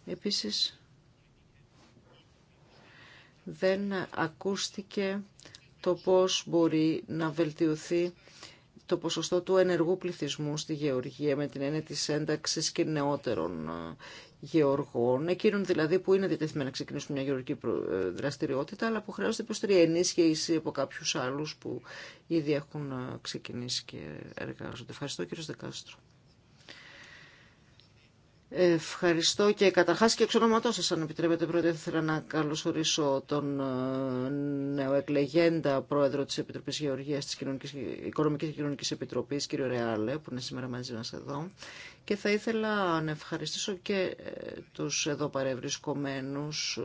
Επίσης, δεν ακούστηκε το πώς μπορεί να βελτιωθεί το ποσοστό του ενεργού πληθυσμού στη γεωργία με την έννοια της ένταξης και νεότερων γεωργών, εκείνων δηλαδή που είναι διατεθειμένα να ξεκινήσουν μια γεωργική ε, δραστηριότητα, αλλά που χρειάζεται υποστηρία ενίσχυση από κάποιου άλλου που ήδη έχουν ε, ξεκινήσει και εργάζονται. Ευχαριστώ, κύριο Δεκάστρο. Ευχαριστώ και καταρχάς και εξ ονόματός σας, αν επιτρέπετε πρώτα, ήθελα να καλωσορίσω τον ε, νεοεκλεγέντα πρόεδρο της Επιτροπής Γεωργίας της Οικονομική Οικονομικής και Κοινωνικής Επιτροπής, κύριο Ρεάλε, που είναι σήμερα μαζί μας εδώ. Και θα ήθελα να ευχαριστήσω και ε, τους εδώ παρευρισκομένους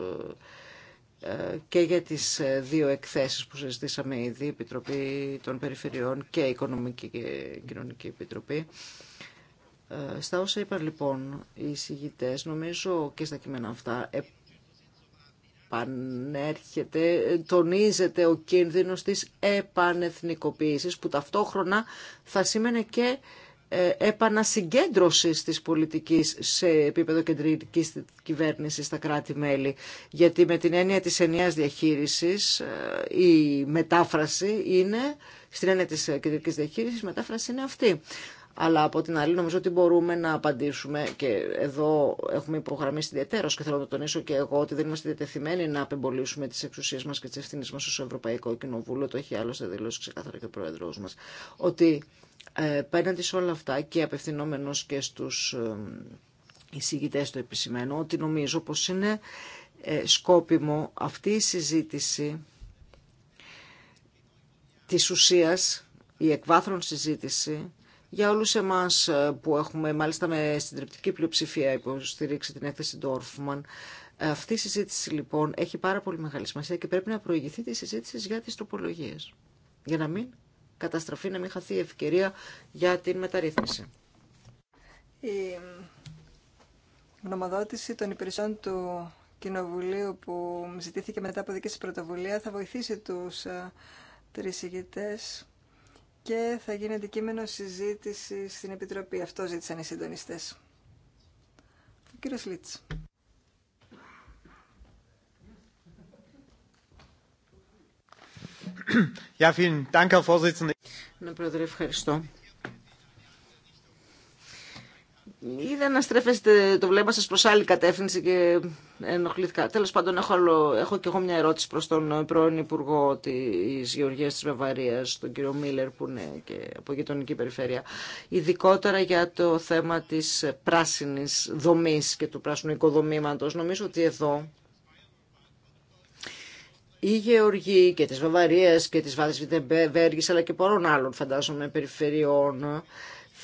ε, και για τις δύο εκθέσεις που συζητήσαμε ήδη, Επιτροπή των Περιφερειών και Οικονομική και Κοινωνική Επιτροπή στα όσα είπαν λοιπόν οι συγητέ, νομίζω και στα κείμενα αυτά, επανέρχεται, τονίζεται ο κίνδυνος της επανεθνικοποίησης που ταυτόχρονα θα σήμαινε και ε, επανασυγκέντρωση της πολιτικής σε επίπεδο κεντρικής κυβέρνησης στα κράτη-μέλη. Γιατί με την έννοια της ενιαίας διαχείρισης ε, η μετάφραση είναι, στην ε, κεντρικής διαχείρισης η μετάφραση είναι αυτή. Αλλά από την άλλη νομίζω ότι μπορούμε να απαντήσουμε και εδώ έχουμε υπογραμμίσει ιδιαίτερο και θέλω να το τονίσω και εγώ ότι δεν είμαστε διατεθειμένοι να απεμπολίσουμε τι εξουσίε μα και τι ευθύνε μα ω Ευρωπαϊκό Κοινοβούλιο. Το έχει άλλωστε δηλώσει ξεκάθαρα και ο Πρόεδρό μα. Ότι ε, πέναντι σε όλα αυτά και απευθυνόμενο και στου ε, εισηγητέ το επισημαίνω ότι νομίζω πω είναι ε, σκόπιμο αυτή η συζήτηση τη ουσία, η εκβάθρον συζήτηση για όλους εμάς ε, που έχουμε μάλιστα με συντριπτική πλειοψηφία υποστηρίξει την έκθεση Ντόρφμαν, ε, αυτή η συζήτηση λοιπόν έχει πάρα πολύ μεγάλη σημασία και πρέπει να προηγηθεί τη συζήτηση για τις τροπολογίες. Για να μην καταστραφεί, να μην χαθεί η ευκαιρία για την μεταρρύθμιση. Η γνωμοδότηση των υπηρεσιών του Κοινοβουλίου που ζητήθηκε μετά από δική σας πρωτοβουλία θα βοηθήσει τους ε, τρεις και θα γίνει αντικείμενο συζήτηση στην Επιτροπή. Αυτό ζήτησαν οι συντονιστέ. Ο κύριο Λίτ. Ναι, Πρόεδρε, ευχαριστώ. Είδα να στρέφεστε το βλέμμα σας προς άλλη κατεύθυνση και ενοχλήθηκα. Τέλος πάντων έχω, άλλο, έχω και εγώ μια ερώτηση προς τον πρώην Υπουργό της Γεωργίας της Βαβαρίας, τον κύριο Μίλλερ που είναι και από γειτονική περιφέρεια, ειδικότερα για το θέμα της πράσινης δομής και του πράσινου οικοδομήματος. Νομίζω ότι εδώ η Γεωργία και της Βαβαρίας και της Βάδης Βιτεμπέργης αλλά και πολλών άλλων φαντάζομαι περιφερειών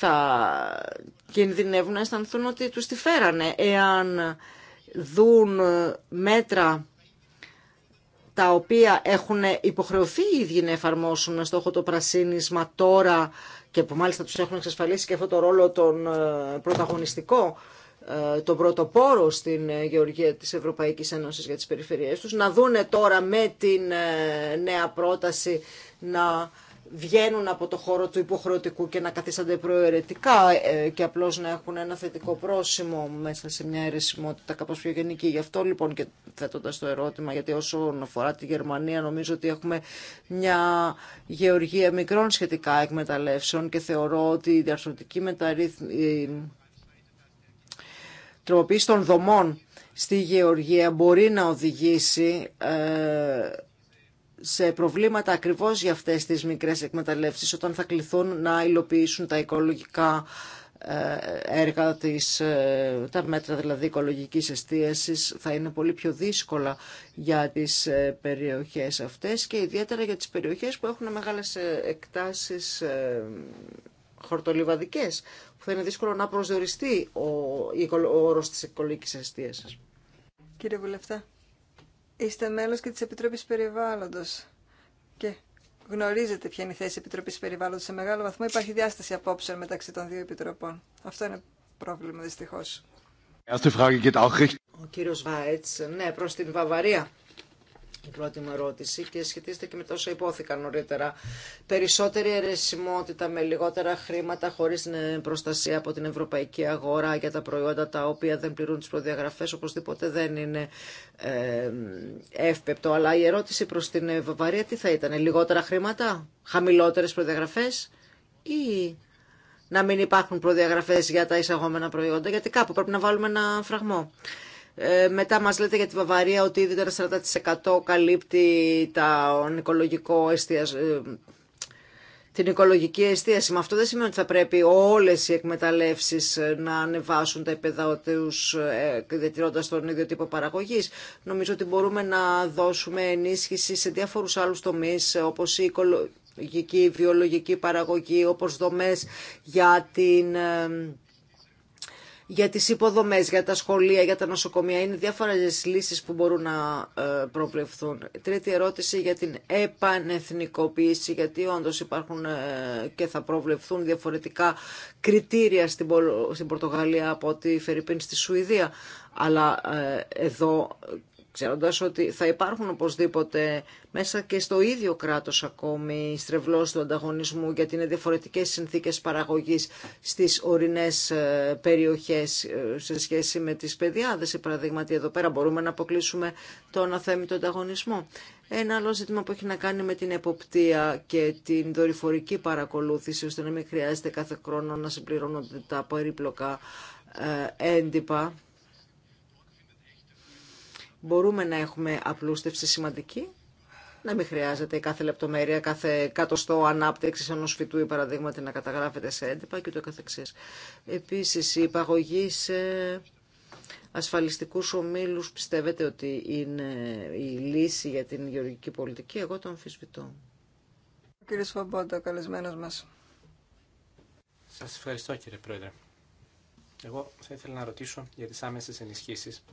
θα κινδυνεύουν να αισθανθούν ότι τους τη φέρανε εάν δουν μέτρα τα οποία έχουν υποχρεωθεί οι ίδιοι να εφαρμόσουν στόχο το πρασίνισμα τώρα και που μάλιστα τους έχουν εξασφαλίσει και αυτό το ρόλο τον ε, πρωταγωνιστικό, ε, τον πρωτοπόρο στην ε, γεωργία της Ευρωπαϊκής Ένωσης για τις περιφερειές τους, να δούνε τώρα με την νέα πρόταση να βγαίνουν από το χώρο του υποχρεωτικού και να καθίστανται προαιρετικά ε, και απλώς να έχουν ένα θετικό πρόσημο μέσα σε μια αιρεσιμότητα κάπως πιο γενική. Γι' αυτό λοιπόν και θέτοντας το ερώτημα, γιατί όσον αφορά τη Γερμανία νομίζω ότι έχουμε μια γεωργία μικρών σχετικά εκμεταλλεύσεων και θεωρώ ότι η διαρθρωτική μεταρρύθμιση τροποποίηση των δομών στη γεωργία μπορεί να οδηγήσει ε, σε προβλήματα ακριβώς για αυτές τις μικρές εκμεταλλεύσεις όταν θα κληθούν να υλοποιήσουν τα οικολογικά ε, έργα της, ε, τα μέτρα δηλαδή οικολογικής εστίασης θα είναι πολύ πιο δύσκολα για τις ε, περιοχές αυτές και ιδιαίτερα για τις περιοχές που έχουν μεγάλες εκτάσεις χορτολιβαδικές που θα είναι δύσκολο να προσδιοριστεί ο, ο όρος της οικολογικής εστίασης. Κύριε Βουλευτά είστε μέλος και της Επιτροπής Περιβάλλοντος και γνωρίζετε ποια είναι η θέση Επιτροπής Περιβάλλοντος. Σε μεγάλο βαθμό υπάρχει διάσταση απόψεων μεταξύ των δύο επιτροπών. Αυτό είναι πρόβλημα δυστυχώς. Ο κύριος Βάιτς, ναι, προς την Βαβαρία η πρώτη μου ερώτηση και σχετίζεται και με τόσα υπόθηκαν νωρίτερα. Περισσότερη αιρεσιμότητα με λιγότερα χρήματα χωρίς προστασία από την ευρωπαϊκή αγορά για τα προϊόντα τα οποία δεν πληρούν τι προδιαγραφέ, οπωσδήποτε δεν είναι ε, εύπεπτο. Αλλά η ερώτηση προ την Βαβαρία τι θα ήταν, λιγότερα χρήματα, χαμηλότερε προδιαγραφέ ή να μην υπάρχουν προδιαγραφές για τα εισαγόμενα προϊόντα, γιατί κάπου πρέπει να βάλουμε ένα φραγμό. Ε, μετά μας λέτε για τη Βαβαρία ότι ήδη το 40% καλύπτει τα, οικολογικό εστίαση, ε, την οικολογική εστίαση. Με αυτό δεν σημαίνει ότι θα πρέπει όλες οι εκμεταλλεύσεις ε, να ανεβάσουν τα επίπεδα διατηρώντα τον ίδιο τύπο παραγωγής. Νομίζω ότι μπορούμε να δώσουμε ενίσχυση σε διάφορου άλλου τομεί όπω η οικολογική, η βιολογική παραγωγή, όπω δομέ για την για τις υποδομές, για τα σχολεία, για τα νοσοκομεία. Είναι διάφορες λύσεις που μπορούν να ε, προβλεφθούν. Τρίτη ερώτηση για την επανεθνικοποίηση, γιατί όντως υπάρχουν ε, και θα προβλεφθούν διαφορετικά κριτήρια στην Πορτογαλία από ό,τι φερειπίνει στη Σουηδία. Αλλά ε, εδώ ξέροντας ότι θα υπάρχουν οπωσδήποτε μέσα και στο ίδιο κράτος ακόμη στρεβλός του ανταγωνισμού γιατί είναι διαφορετικές συνθήκες παραγωγής στις ορεινές ε, περιοχές ε, σε σχέση με τις παιδιάδες. Παραδείγματι εδώ πέρα μπορούμε να αποκλείσουμε τον αθέμητο ανταγωνισμό. Ένα άλλο ζήτημα που έχει να κάνει με την εποπτεία και την δορυφορική παρακολούθηση ώστε να μην χρειάζεται κάθε χρόνο να συμπληρώνονται τα περίπλοκα ε, έντυπα μπορούμε να έχουμε απλούστευση σημαντική, να μην χρειάζεται κάθε λεπτομέρεια, κάθε ή παραδείγματα ανάπτυξη ενό φυτού ή παραδείγματι να καταγράφεται σε έντυπα και πιστεύετε καθεξής. Επίσης, η υπαγωγή σε ασφαλιστικούς ομίλους πιστεύετε ότι είναι η λύση για την γεωργική πολιτική. Εγώ το αμφισβητώ. Κύριε Σφαμπόντα, καλεσμένος μας. Σας ευχαριστώ κύριε Πρόεδρε. Εγώ θα ήθελα να ρωτήσω για τις άμεσες ενισχύσεις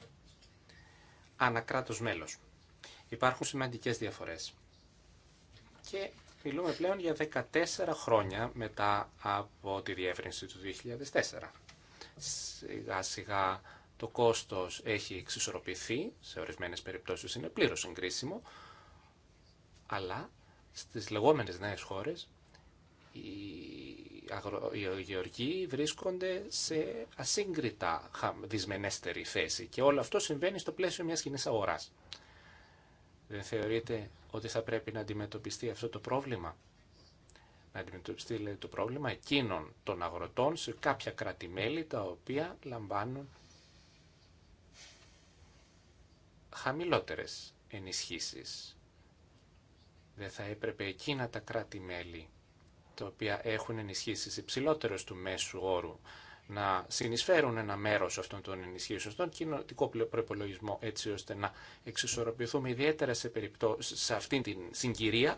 ανακράτος μέλος. Υπάρχουν σημαντικές διαφορές. Και μιλούμε πλέον για 14 χρόνια μετά από τη διεύρυνση του 2004. Σιγά σιγά το κόστος έχει εξισορροπηθεί, σε ορισμένες περιπτώσεις είναι πλήρως συγκρίσιμο, αλλά στις λεγόμενες νέες χώρες οι γεωργοί βρίσκονται σε ασύγκριτα δυσμενέστερη θέση και όλο αυτό συμβαίνει στο πλαίσιο μιας κοινή αγοράς. Δεν θεωρείτε ότι θα πρέπει να αντιμετωπιστεί αυτό το πρόβλημα. Να αντιμετωπιστεί το πρόβλημα εκείνων των αγροτών σε κάποια κράτη-μέλη τα οποία λαμβάνουν χαμηλότερες ενισχύσεις. Δεν θα έπρεπε εκείνα τα κράτη-μέλη τα οποία έχουν ενισχύσεις υψηλότερες του μέσου όρου να συνεισφέρουν ένα μέρος αυτών των ενισχύσεων στον κοινοτικό προπολογισμό έτσι ώστε να εξισορροπηθούμε ιδιαίτερα σε, περιπτώ... σε αυτήν την συγκυρία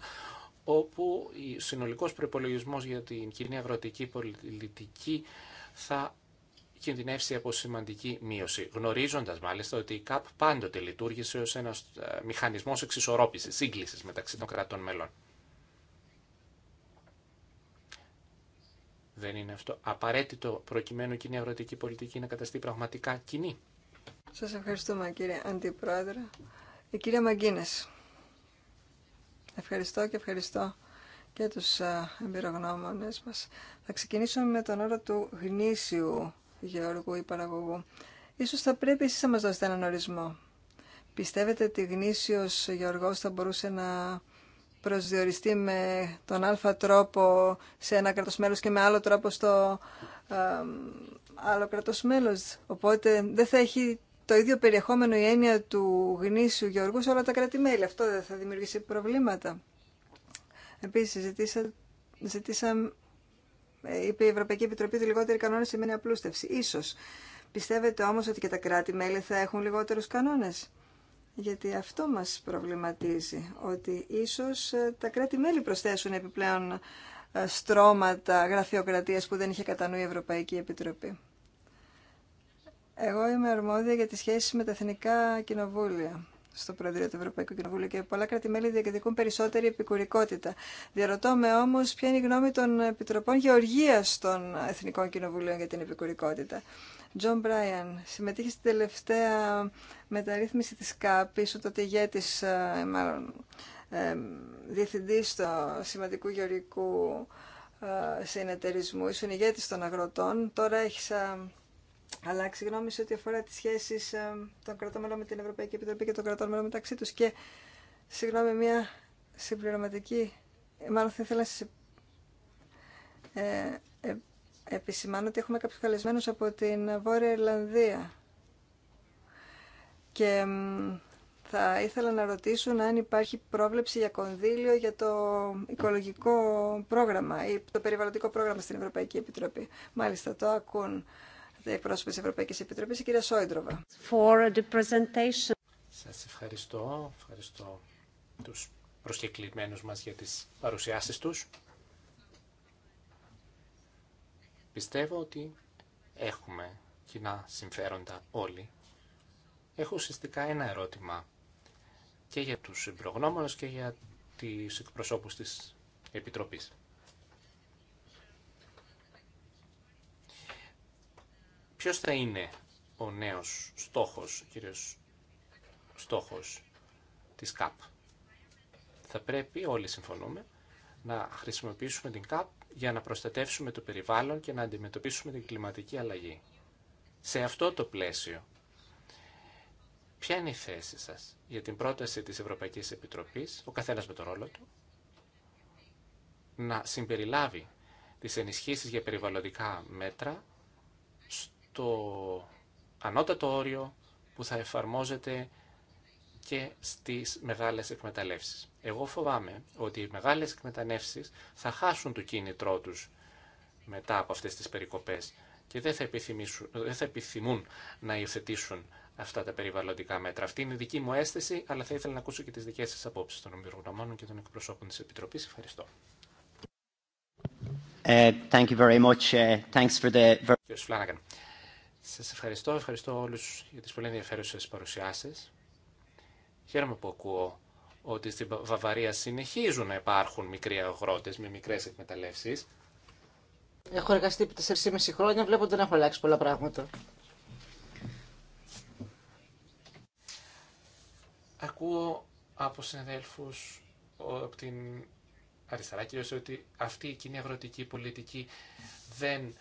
όπου ο συνολικός προπολογισμό για την κοινή αγροτική πολιτική θα κινδυνεύσει από σημαντική μείωση, γνωρίζοντας μάλιστα ότι η ΚΑΠ πάντοτε λειτουργήσε ως ένας ε, μηχανισμός εξισορρόπησης, σύγκλησης μεταξύ των κρατών μελών. Δεν είναι αυτό απαραίτητο προκειμένου κοινή αγροτική πολιτική να καταστεί πραγματικά κοινή. Σας ευχαριστούμε κύριε Αντιπρόεδρε. Η κυρία Μαγκίνες. Ευχαριστώ και ευχαριστώ και τους εμπειρογνώμονες μας. Θα ξεκινήσουμε με τον όρο του γνήσιου γεωργού ή παραγωγού. Ίσως θα πρέπει εσείς να μας δώσετε έναν ορισμό. Πιστεύετε ότι γνήσιος γεωργός θα μπορούσε να προσδιοριστεί με τον άλφα τρόπο σε ένα κράτος μέλος και με άλλο τρόπο στο άλλο κράτος μέλος. Οπότε δεν θα έχει το ίδιο περιεχόμενο η έννοια του γνήσιου Γεωργού σε όλα τα κράτη-μέλη. Αυτό δεν θα δημιουργήσει προβλήματα. Επίσης, ζητήσα, ζητήσα, είπε η Ευρωπαϊκή Επιτροπή ότι λιγότεροι κανόνες σημαίνει απλούστευση. Ίσως. Πιστεύετε όμως ότι και τα κράτη-μέλη θα έχουν λιγότερους κανόνες γιατί αυτό μας προβληματίζει, ότι ίσως ε, τα κράτη-μέλη προσθέσουν επιπλέον ε, στρώματα γραφειοκρατίας που δεν είχε κατά νου η Ευρωπαϊκή Επιτροπή. Εγώ είμαι αρμόδια για τις σχέσεις με τα εθνικά κοινοβούλια στο Προεδρείο του Ευρωπαϊκού Κοινοβούλου και πολλά κράτη-μέλη διεκδικούν περισσότερη επικουρικότητα. Διαρωτώ με όμω ποια είναι η γνώμη των Επιτροπών Γεωργία των Εθνικών Κοινοβουλίων για την επικουρικότητα. Τζον Μπράιαν συμμετείχε στην τελευταία μεταρρύθμιση της ΚΑΠ, Ήσουν τότε ηγέτης, ε, μάλλον ε, διευθυντής του σημαντικού γεωργικού ε, συνεταιρισμού, ήσουν ηγέτης των αγροτών. Τώρα έχεις αλλάξει γνώμη σε ό,τι αφορά τις σχέσεις των κρατών με την Ευρωπαϊκή Επιτροπή και των κρατών μεταξύ τους. Και, συγγνώμη, μια συμπληρωματική, μάλλον θα ήθελα να ε, επισημάνω ότι έχουμε κάποιους καλεσμένους από την Βόρεια Ιρλανδία και θα ήθελα να ρωτήσουν αν υπάρχει πρόβλεψη για κονδύλιο για το οικολογικό πρόγραμμα ή το περιβαλλοντικό πρόγραμμα στην Ευρωπαϊκή Επιτροπή. Μάλιστα, το ακούν οι εκπρόσωποι της Ευρωπαϊκής Επιτροπής, η κυρία οι προσωποι της ευρωπαικης επιτροπης η κυρια σοιντροβα Σας ευχαριστώ. Ευχαριστώ τους προσκεκλημένους μας για τις παρουσιάσεις τους. Πιστεύω ότι έχουμε κοινά συμφέροντα όλοι. Έχω ουσιαστικά ένα ερώτημα και για τους εμπειρογνώμονες και για τους εκπροσώπους της Επιτροπής. Ποιος θα είναι ο νέος στόχος, κύριος στόχος της ΚΑΠ. Θα πρέπει, όλοι συμφωνούμε, να χρησιμοποιήσουμε την ΚΑΠ για να προστατεύσουμε το περιβάλλον και να αντιμετωπίσουμε την κλιματική αλλαγή. Σε αυτό το πλαίσιο, ποια είναι η θέση σας για την πρόταση της Ευρωπαϊκής Επιτροπής, ο καθένας με τον ρόλο του, να συμπεριλάβει τις ενισχύσεις για περιβαλλοντικά μέτρα στο ανώτατο όριο που θα εφαρμόζεται και στις μεγάλες εκμεταλλεύσεις. Εγώ φοβάμαι ότι οι μεγάλες εκμετανεύσεις θα χάσουν το κίνητρό τους μετά από αυτές τις περικοπές και δεν θα, θα επιθυμούν να υιοθετήσουν αυτά τα περιβαλλοντικά μέτρα. Αυτή είναι η δική μου αίσθηση, αλλά θα ήθελα να ακούσω και τις δικές σας απόψεις των ομοιογνωμόνων και των εκπροσώπων της Επιτροπής. Ευχαριστώ. Σα ε, thank you very much. Ε, thanks for Σας ευχαριστώ. Ευχαριστώ όλους για τις πολύ ενδιαφέρουσες παρουσιάσεις. Χαίρομαι που ακούω ότι στην Βαβαρία συνεχίζουν να υπάρχουν μικροί αγρότες με μικρές εκμεταλλεύσεις. Έχω εργαστεί επί 4,5 χρόνια, βλέπω ότι δεν έχω αλλάξει πολλά πράγματα. Ακούω από συναδέλφου από την αριστερά κυρίως ότι αυτή η κοινή αγροτική πολιτική δεν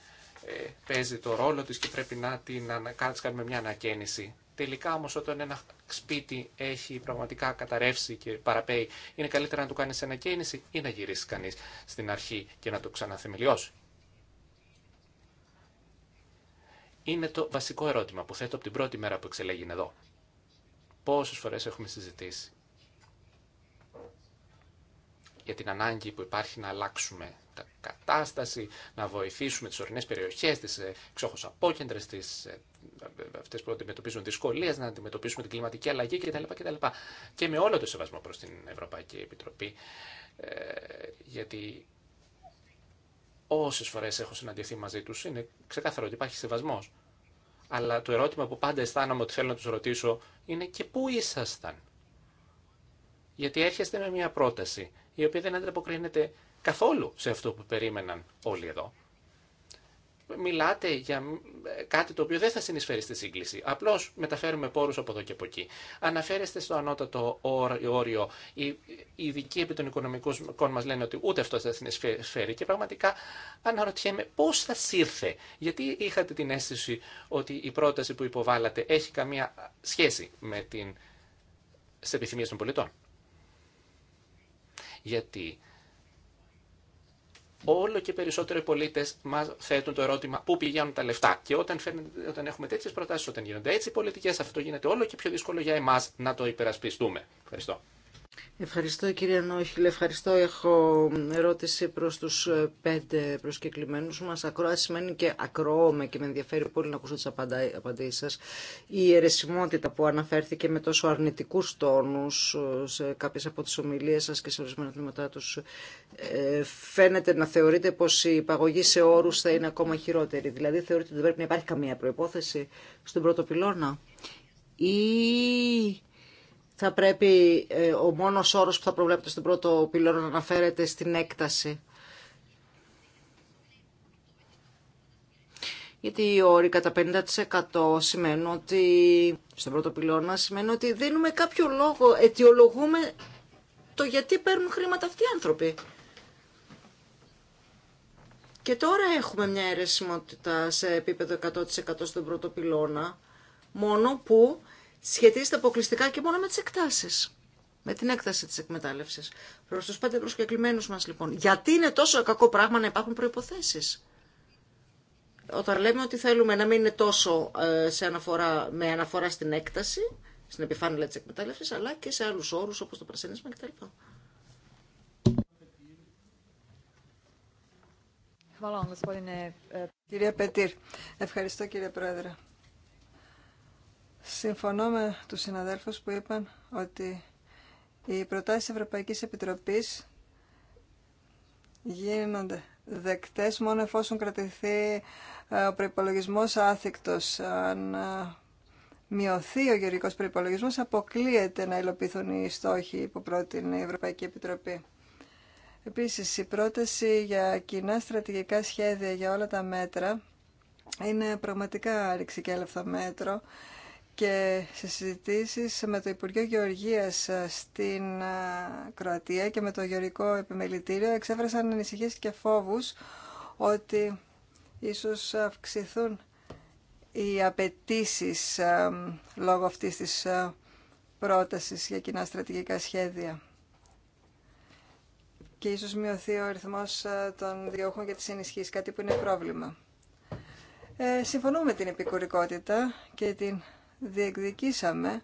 ε, παίζει το ρόλο της και πρέπει να την ανακάλυψουμε κάνουμε μια ανακαίνιση Τελικά όμω, όταν ένα σπίτι έχει πραγματικά καταρρεύσει και παραπέει, είναι καλύτερα να του κάνει ανακαίνιση ή να γυρίσει κανεί στην αρχή και να το ξαναθεμελιώσει. Είναι το βασικό ερώτημα που θέτω από την πρώτη μέρα που εξελέγει εδώ. Πόσε φορέ έχουμε συζητήσει για την ανάγκη που υπάρχει να αλλάξουμε κατάσταση, να βοηθήσουμε τι ορεινέ περιοχέ, τι εξόχω απόκεντρε, αυτέ ε, αυτές που αντιμετωπίζουν δυσκολίε, να αντιμετωπίσουμε την κλιματική αλλαγή κτλ. Και με όλο το σεβασμό προ την Ευρωπαϊκή Επιτροπή, ε, γιατί όσε φορέ έχω συναντηθεί μαζί του, είναι ξεκάθαρο ότι υπάρχει σεβασμός. Αλλά το ερώτημα που πάντα αισθάνομαι ότι θέλω να του ρωτήσω είναι και πού ήσασταν. Γιατί έρχεστε με μια πρόταση η οποία δεν ανταποκρίνεται καθόλου σε αυτό που περίμεναν όλοι εδώ. Μιλάτε για κάτι το οποίο δεν θα συνεισφέρει στη σύγκληση. Απλώ μεταφέρουμε πόρου από εδώ και από εκεί. Αναφέρεστε στο ανώτατο όριο. Οι ειδικοί επί των οικονομικών μα λένε ότι ούτε αυτό θα συνεισφέρει. Και πραγματικά αναρωτιέμαι πώ θα σύρθε. Γιατί είχατε την αίσθηση ότι η πρόταση που υποβάλλατε έχει καμία σχέση με τι επιθυμίε των πολιτών. Γιατί όλο και περισσότεροι πολίτε μα θέτουν το ερώτημα πού πηγαίνουν τα λεφτά. Και όταν, όταν έχουμε τέτοιε προτάσει, όταν γίνονται έτσι οι πολιτικέ, αυτό γίνεται όλο και πιο δύσκολο για εμά να το υπερασπιστούμε. Ευχαριστώ. Ευχαριστώ κύριε Νόχιλ, ευχαριστώ. Έχω ερώτηση προς τους ε, πέντε προσκεκλημένους μας. Ακρόαση σημαίνει και ακροώμαι και με ενδιαφέρει πολύ να ακούσω τις απαντήσεις σας. Η αιρεσιμότητα που αναφέρθηκε με τόσο αρνητικούς τόνους ε, σε κάποιες από τις ομιλίες σας και σε ορισμένα τμήματά τους ε, φαίνεται να θεωρείτε πως η υπαγωγή σε όρους θα είναι ακόμα χειρότερη. Δηλαδή θεωρείτε ότι δεν πρέπει να υπάρχει καμία προϋπόθεση στον πρώτο πυλώνα θα πρέπει ε, ο μόνος όρος που θα προβλέπετε στον πρώτο πυλώνα να αναφέρεται στην έκταση. Γιατί οι όροι κατά 50% σημαίνουν ότι, στον πρώτο πυλώνα, σημαίνει ότι δίνουμε κάποιο λόγο, αιτιολογούμε το γιατί παίρνουν χρήματα αυτοί οι άνθρωποι. Και τώρα έχουμε μια αιρεσιμότητα σε επίπεδο 100% στον πρώτο πυλώνα, μόνο που σχετίζεται αποκλειστικά και μόνο με τις εκτάσεις. Με την έκταση της εκμετάλλευσης. Προς τους πέντε προσκεκλημένου μας λοιπόν. Γιατί είναι τόσο κακό πράγμα να υπάρχουν προϋποθέσεις. Όταν λέμε ότι θέλουμε να μην είναι τόσο ε, σε αναφορά, με αναφορά στην έκταση, στην επιφάνεια τη εκμετάλλευση, αλλά και σε άλλου όρου, όπω το πρασινίσμα κτλ. Ε, ευχαριστώ κύριε Πρόεδρε. Συμφωνώ με τους συναδέλφους που είπαν ότι οι προτάσεις Ευρωπαϊκής Επιτροπής γίνονται δεκτές μόνο εφόσον κρατηθεί ε, ο προϋπολογισμός άθικτος. Αν ε, μειωθεί ο γεωργικός προϋπολογισμός, αποκλείεται να υλοποιηθούν οι στόχοι που πρότεινε η Ευρωπαϊκή Επιτροπή. Επίσης, η πρόταση για κοινά στρατηγικά σχέδια για όλα τα μέτρα είναι πραγματικά ρηξικέλευθο μέτρο και σε συζητήσεις με το Υπουργείο Γεωργίας ε, στην ε, Κροατία και με το Γεωργικό Επιμελητήριο εξέφρασαν ανησυχίες και φόβους ότι ίσως αυξηθούν οι απαιτήσει ε, λόγω αυτής της πρότασης για κοινά στρατηγικά σχέδια και ίσως μειωθεί ο αριθμός των διώχων για τις ενισχύσεις, κάτι που είναι πρόβλημα. Ε, με την επικουρικότητα και την διεκδικήσαμε,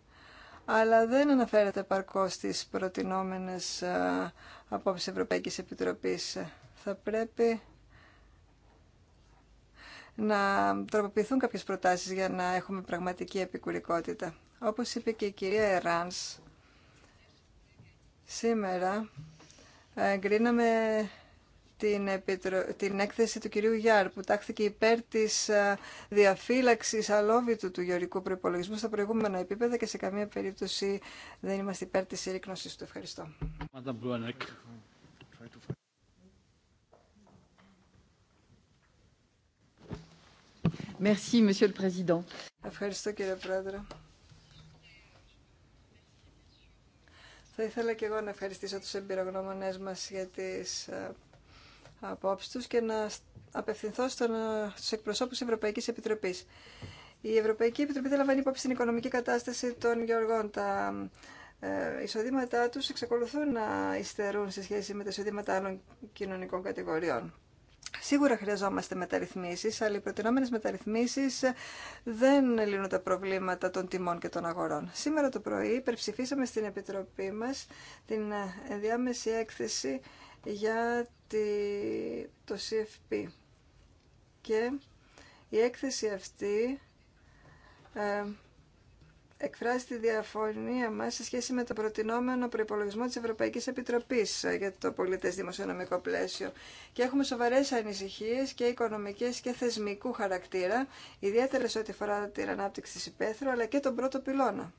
αλλά δεν αναφέρεται παρκώς στις προτινόμενες ε, απόψεις Ευρωπαϊκής Επιτροπής. Θα πρέπει να τροποποιηθούν κάποιες προτάσεις για να έχουμε πραγματική επικουρικότητα. Όπως είπε και η κυρία Εράνς, σήμερα εγκρίναμε την, την έκθεση του κυρίου Γιάρ που τάχθηκε υπέρ τη ε, διαφύλαξης αλόβητου του γεωρικού προπολογισμού στα προηγούμενα επίπεδα και σε καμία περίπτωση δεν είμαστε υπέρ τη συρρήκνωσης του. Ευχαριστώ. Merci, Monsieur le Président. Ευχαριστώ κύριε Πρόεδρε. Θα ήθελα και εγώ να ευχαριστήσω τους εμπειρογνώμονές μας για τις ε, και να απευθυνθώ στον, στους εκπροσώπους της Ευρωπαϊκής Επιτροπής. Η Ευρωπαϊκή Επιτροπή δεν λαμβάνει υπόψη την οικονομική κατάσταση των γεωργών. Τα ε, εισοδήματά τους εξακολουθούν να υστερούν σε σχέση με τα εισοδήματα άλλων κοινωνικών κατηγοριών. Σίγουρα χρειαζόμαστε μεταρρυθμίσει, αλλά οι προτινόμενε μεταρρυθμίσει δεν λύνουν τα προβλήματα των τιμών και των αγορών. Σήμερα το πρωί υπερψηφίσαμε στην Επιτροπή μα την ε, ενδιάμεση έκθεση για το CFP. Και η έκθεση αυτή ε, εκφράζει τη διαφωνία μας σε σχέση με το προτινόμενο προϋπολογισμό της Ευρωπαϊκής Επιτροπής ε, για το πολιτές δημοσιονομικό πλαίσιο. Και έχουμε σοβαρές ανησυχίες και οικονομικές και θεσμικού χαρακτήρα, ιδιαίτερα σε ό,τι αφορά την ανάπτυξη της υπαίθρου, αλλά και τον πρώτο πυλώνα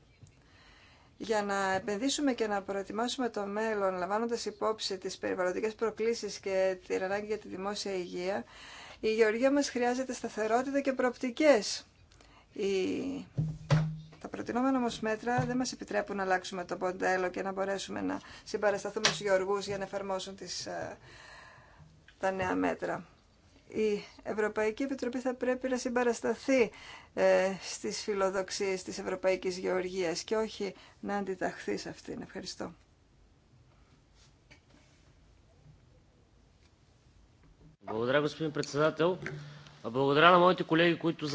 για να επενδύσουμε και να προετοιμάσουμε το μέλλον, λαμβάνοντας υπόψη τις περιβαλλοντικές προκλήσεις και την ανάγκη για τη δημόσια υγεία, η γεωργία μας χρειάζεται σταθερότητα και προοπτικές. Η... Τα προτινόμενα όμω μέτρα δεν μας επιτρέπουν να αλλάξουμε το ποντέλο και να μπορέσουμε να συμπαρασταθούμε στους γεωργούς για να εφαρμόσουν ε, τα νέα μέτρα η Ευρωπαϊκή Επιτροπή θα πρέπει να συμπαρασταθεί ε, στις φιλοδοξίες της Ευρωπαϊκής Γεωργίας και όχι να αντιταχθεί σε αυτήν. Ευχαριστώ. господин председател. моите колеги, които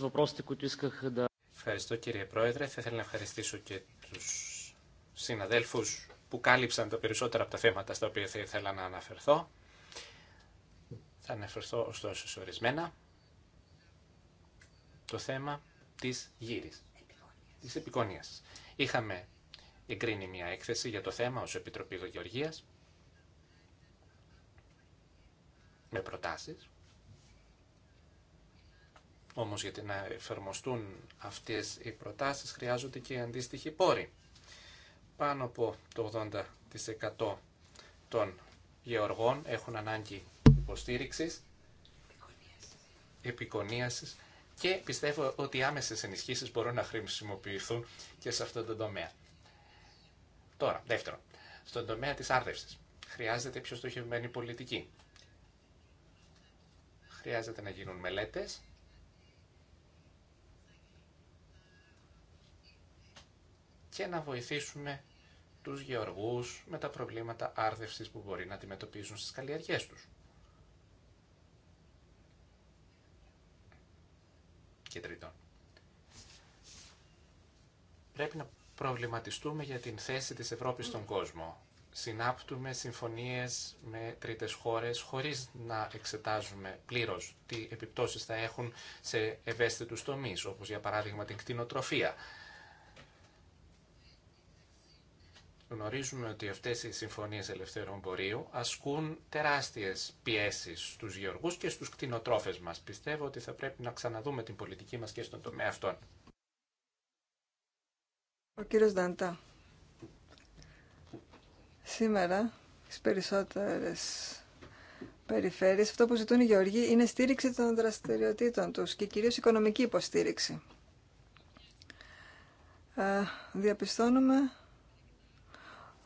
въпросите, които исках да... Ευχαριστώ κύριε Πρόεδρε. Θα ήθελα να ευχαριστήσω και τους συναδέλφους που κάλυψαν τα περισσότερα από τα θέματα στα οποία θα ήθελα να αναφερθώ. Θα αναφερθώ ωστόσο σε ορισμένα το θέμα της γύρης, της επικόνιας. Είχαμε εγκρίνει μια έκθεση για το θέμα ως Επιτροπή Γεωργίας με προτάσεις. Όμως γιατί να εφαρμοστούν αυτές οι προτάσεις χρειάζονται και αντίστοιχοι πόροι. Πάνω από το 80% των γεωργών έχουν ανάγκη υποστήριξης, επικονίασης και πιστεύω ότι άμεσες ενισχύσεις μπορούν να χρησιμοποιηθούν και σε αυτό το τομέα. Τώρα, δεύτερον, στον τομέα της άρδευσης χρειάζεται πιο στοχευμένη πολιτική. Χρειάζεται να γίνουν μελέτες και να βοηθήσουμε τους γεωργούς με τα προβλήματα άρδευσης που μπορεί να αντιμετωπίζουν στις καλλιεργίες τους. και τρίτων. Πρέπει να προβληματιστούμε για την θέση της Ευρώπης στον κόσμο. Συνάπτουμε συμφωνίες με τρίτες χώρες χωρίς να εξετάζουμε πλήρως τι επιπτώσεις θα έχουν σε ευαίσθητους τομείς, όπως για παράδειγμα την κτηνοτροφία. Γνωρίζουμε ότι αυτές οι συμφωνίες ελευθερών εμπορίου ασκούν τεράστιες πιέσεις στους γεωργούς και στους κτηνοτρόφες μας. Πιστεύω ότι θα πρέπει να ξαναδούμε την πολιτική μας και στον τομέα αυτών. Ο κύριος Νταντά. Σήμερα, στις περισσότερες περιφέρειες, αυτό που ζητούν οι γεωργοί είναι στήριξη των δραστηριοτήτων τους και κυρίως οικονομική υποστήριξη. Ε, διαπιστώνουμε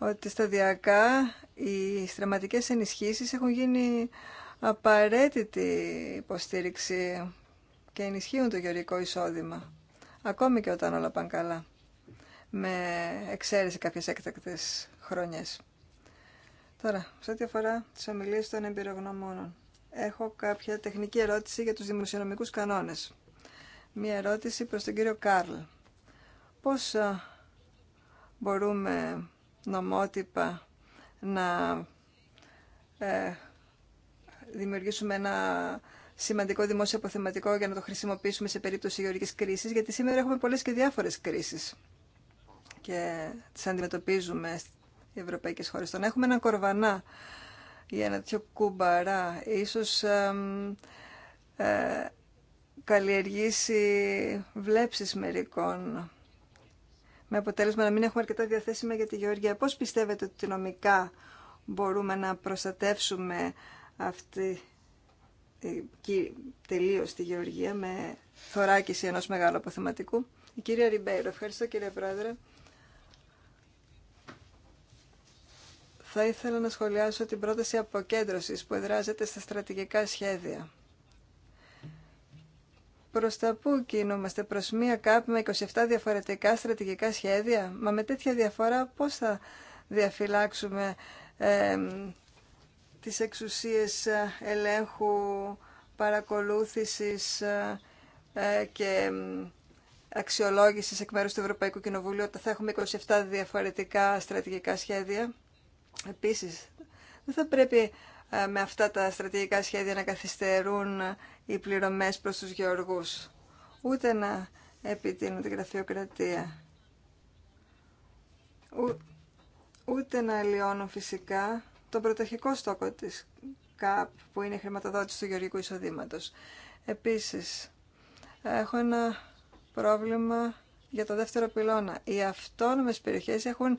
ότι σταδιακά οι στραματικές ενισχύσεις έχουν γίνει απαραίτητη υποστήριξη και ενισχύουν το γεωργικό εισόδημα, ακόμη και όταν όλα πάνε καλά, με εξαίρεση κάποιες έκτακτες χρονιές. Τώρα, σε ό,τι αφορά τις ομιλίες των εμπειρογνωμόνων, έχω κάποια τεχνική ερώτηση για τους δημοσιονομικούς κανόνες. Μία ερώτηση προς τον κύριο Κάρλ. Πώς μπορούμε νομότυπα να ε, δημιουργήσουμε ένα σημαντικό δημόσιο αποθεματικό για να το χρησιμοποιήσουμε σε περίπτωση γεωργικής κρίσης, γιατί σήμερα έχουμε πολλές και διάφορες κρίσεις και τις αντιμετωπίζουμε οι ευρωπαϊκές χώρες. Τον έχουμε έναν κορβανά ή ένα τέτοιο κουμπαρά, ίσως ε, καλλιεργήσει βλέψεις μερικών με αποτέλεσμα να μην έχουμε αρκετά διαθέσιμα για τη Γεωργία. Πώς πιστεύετε ότι νομικά μπορούμε να προστατεύσουμε αυτή τελείως τη Γεωργία με θωράκιση ενός μεγάλου αποθεματικού. Η κυρία Ριμπέιρο, ευχαριστώ κύριε Πρόεδρε. Θα ήθελα να σχολιάσω την πρόταση αποκέντρωσης που εδράζεται στα στρατηγικά σχέδια. Προ τα πού κινούμαστε, προ μία ΚΑΠ με 27 διαφορετικά στρατηγικά σχέδια. Μα με τέτοια διαφορά πώς θα διαφυλάξουμε ε, τις εξουσίες ε, ελέγχου, παρακολούθησης ε, ε, και αξιολόγησης εκ μέρου του Ευρωπαϊκού Κοινοβουλίου όταν θα έχουμε 27 διαφορετικά στρατηγικά σχέδια. Επίσης, δεν θα πρέπει ε, με αυτά τα στρατηγικά σχέδια να καθυστερούν οι πληρωμές προς τους γεωργούς, ούτε να επιτείνουν την γραφειοκρατία, ούτε να αλλοιώνουν φυσικά τον πρωτοχικό στόχο της ΚΑΠ, που είναι η χρηματοδότηση του γεωργικού εισοδήματος. Επίσης, έχω ένα πρόβλημα για το δεύτερο πυλώνα. Οι αυτόνομες περιοχές έχουν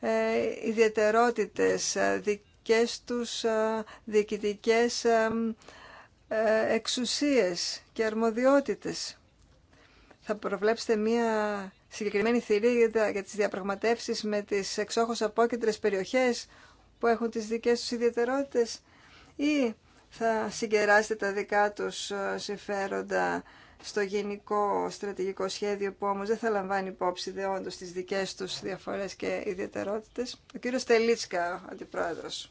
ε, ιδιαιτερότητες, ε, και στους ε, διοικητικές ε, ε, εξουσίες και αρμοδιότητες. Θα προβλέψετε μία συγκεκριμένη θηρή για τις διαπραγματεύσεις με τις εξόχως απόκεντρες περιοχές που έχουν τις δικές τους ιδιαιτερότητες ή θα συγκεράσετε τα δικά τους συμφέροντα στο γενικό στρατηγικό σχέδιο που όμως δεν θα λαμβάνει υπόψη δεόντως τις δικές τους διαφορές και ιδιαιτερότητες. Ο κύριος Τελίτσκα, αντιπρόεδρος.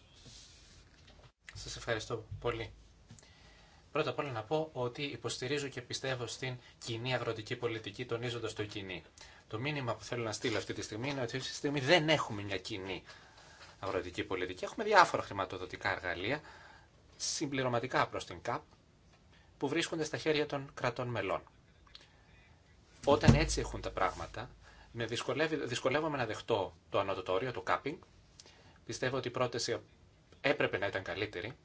Σας ευχαριστώ πολύ. Πρώτα απ' όλα να πω ότι υποστηρίζω και πιστεύω στην κοινή αγροτική πολιτική, τονίζοντα το κοινή. Το μήνυμα που θέλω να στείλω αυτή τη στιγμή είναι ότι αυτή τη στιγμή δεν έχουμε μια κοινή αγροτική πολιτική. Έχουμε διάφορα χρηματοδοτικά εργαλεία, συμπληρωματικά προ την ΚΑΠ, που βρίσκονται στα χέρια των κρατών μελών. Όταν έτσι έχουν τα πράγματα, με δυσκολεύομαι να δεχτώ το ανώτοτο όριο, το κάπινγκ. Πιστεύω ότι η πρόταση έπρεπε να ήταν καλύτερη,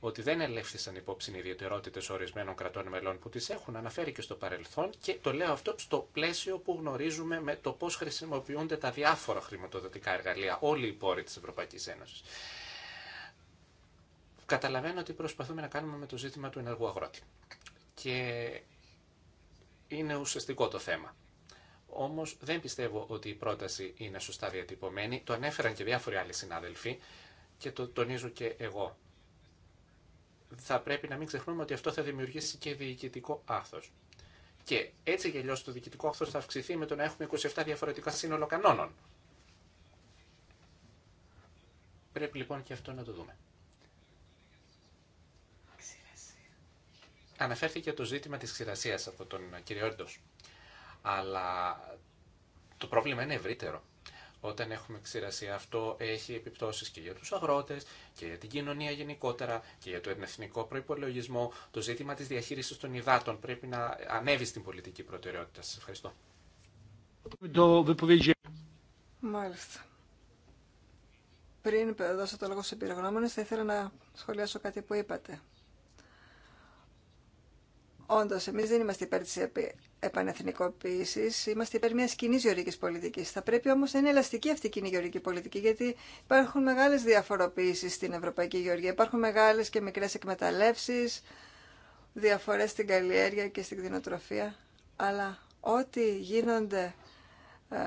ότι δεν ελεύθεσαν υπόψη οι ιδιαιτερότητε ορισμένων κρατών μελών που τι έχουν αναφέρει και στο παρελθόν και το λέω αυτό στο πλαίσιο που γνωρίζουμε με το πώ χρησιμοποιούνται τα διάφορα χρηματοδοτικά εργαλεία, όλοι οι πόροι τη Ευρωπαϊκή Ένωση. Καταλαβαίνω ότι προσπαθούμε να κάνουμε με το ζήτημα του ενεργού αγρότη. Και είναι ουσιαστικό το θέμα. Όμω δεν πιστεύω ότι η πρόταση είναι σωστά διατυπωμένη. Το ανέφεραν και διάφοροι άλλοι συνάδελφοι και το τονίζω και εγώ. Θα πρέπει να μην ξεχνούμε ότι αυτό θα δημιουργήσει και διοικητικό άθο. Και έτσι και αλλιώ το διοικητικό άθο θα αυξηθεί με το να έχουμε 27 διαφορετικά σύνολο κανόνων. Πρέπει λοιπόν και αυτό να το δούμε. Αναφέρθηκε το ζήτημα της ξηρασίας από τον κύριο Αλλά το πρόβλημα είναι ευρύτερο. Όταν έχουμε ξηρασία αυτό έχει επιπτώσεις και για τους αγρότες και για την κοινωνία γενικότερα και για το εθνικό προϋπολογισμό. Το ζήτημα της διαχείρισης των υδάτων πρέπει να ανέβει στην πολιτική προτεραιότητα. Σας ευχαριστώ. Μάλιστα. Πριν δώσω το λόγο στους εμπειρογνώμονες, θα ήθελα να σχολιάσω κάτι που είπατε. Όντω, εμεί δεν είμαστε υπέρ τη επανεθνικοποίηση. Είμαστε υπέρ μια κοινή γεωργική πολιτική. Θα πρέπει όμω να είναι ελαστική αυτή η κοινή γεωργική πολιτική, γιατί υπάρχουν μεγάλε διαφοροποιήσει στην Ευρωπαϊκή Γεωργία. Υπάρχουν μεγάλε και μικρέ εκμεταλλεύσει, διαφορέ στην καλλιέργεια και στην κτηνοτροφία. Αλλά ό,τι γίνονται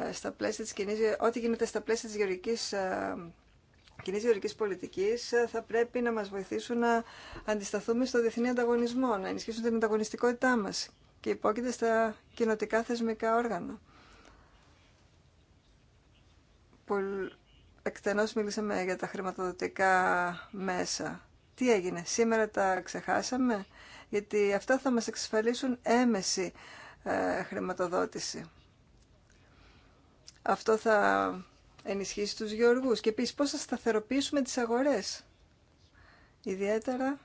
ε, στα πλαίσια της κοινής, ό,τι γίνεται στα πλαίσια της γεωργικής, ε, κοινής γεωργικής πολιτικής ε, θα πρέπει να μας βοηθήσουν να αντισταθούμε στο διεθνή ανταγωνισμό, να ενισχύσουν την ανταγωνιστικότητά μας και υπόκειται στα κοινοτικά θεσμικά όργανα. Εκτενώς μίλησαμε για τα χρηματοδοτικά μέσα. Τι έγινε, σήμερα τα ξεχάσαμε, γιατί αυτά θα μας εξασφαλίσουν έμεση ε, χρηματοδότηση. Αυτό θα ενισχύσει τους γεωργούς. Και επίσης πώς θα σταθεροποιήσουμε τις αγορές. Ιδιαίτερα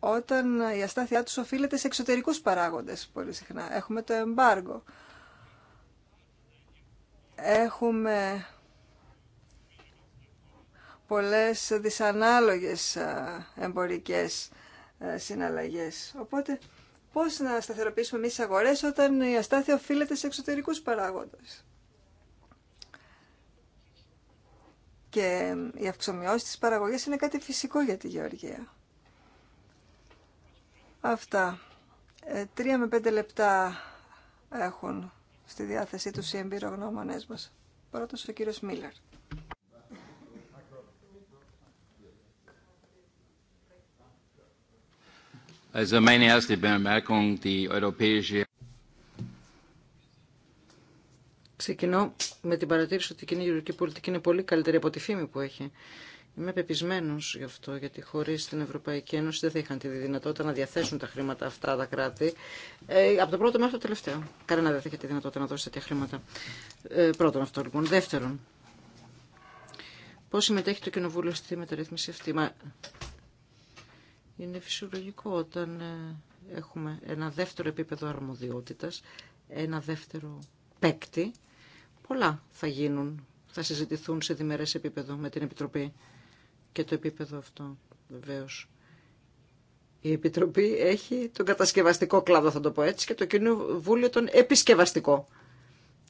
όταν η αστάθειά τους οφείλεται σε εξωτερικούς παράγοντες πολύ συχνά. Έχουμε το εμπάργο. Έχουμε πολλές δυσανάλογες εμπορικές συναλλαγές. Οπότε πώς να σταθεροποιήσουμε εμείς τις αγορές όταν η αστάθεια οφείλεται σε εξωτερικούς παράγοντες. Και οι αυξομοιώσεις της παραγωγής είναι κάτι φυσικό για τη γεωργία. Αυτά. Ε, τρία με πέντε λεπτά έχουν στη διάθεσή τους οι εμπειρογνώμονές μας. Πρώτος ο κύριος Μίλλερ. Also meine erste Bemerkung, die europäische Ξεκινώ με την παρατήρηση ότι η κοινή γεωργική πολιτική είναι πολύ καλύτερη από τη φήμη που έχει. Είμαι πεπισμένο γι' αυτό, γιατί χωρί την Ευρωπαϊκή Ένωση δεν θα είχαν τη δυνατότητα να διαθέσουν τα χρήματα αυτά τα κράτη. Ε, από το πρώτο μέχρι το τελευταίο. Κανένα δεν θα είχε τη δυνατότητα να δώσει τέτοια χρήματα. Ε, πρώτον αυτό λοιπόν. Δεύτερον, πώ συμμετέχει το Κοινοβούλιο στη μεταρρύθμιση αυτή. Μα... Είναι φυσιολογικό όταν ε, έχουμε ένα δεύτερο επίπεδο αρμοδιότητα, ένα δεύτερο παίκτη. Πολλά θα γίνουν, θα συζητηθούν σε διμερές επίπεδο με την Επιτροπή και το επίπεδο αυτό βεβαίω. Η Επιτροπή έχει τον κατασκευαστικό κλάδο, θα το πω έτσι, και το βούλιο τον επισκευαστικό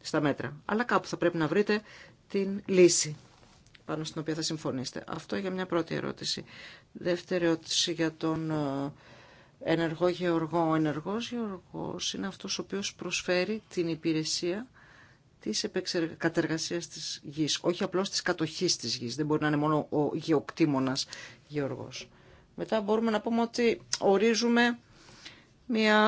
στα μέτρα. Αλλά κάπου θα πρέπει να βρείτε την λύση πάνω στην οποία θα συμφωνήσετε. Αυτό για μια πρώτη ερώτηση. Δεύτερη ερώτηση για τον ε, ενεργό γεωργό. Ο ενεργός γεωργός είναι αυτός ο οποίος προσφέρει την υπηρεσία Τη κατεργασίας τη γη, όχι απλώ τη κατοχή τη γη. Δεν μπορεί να είναι μόνο ο γεωκτήμονα γεωργό. Μετά μπορούμε να πούμε ότι ορίζουμε μια,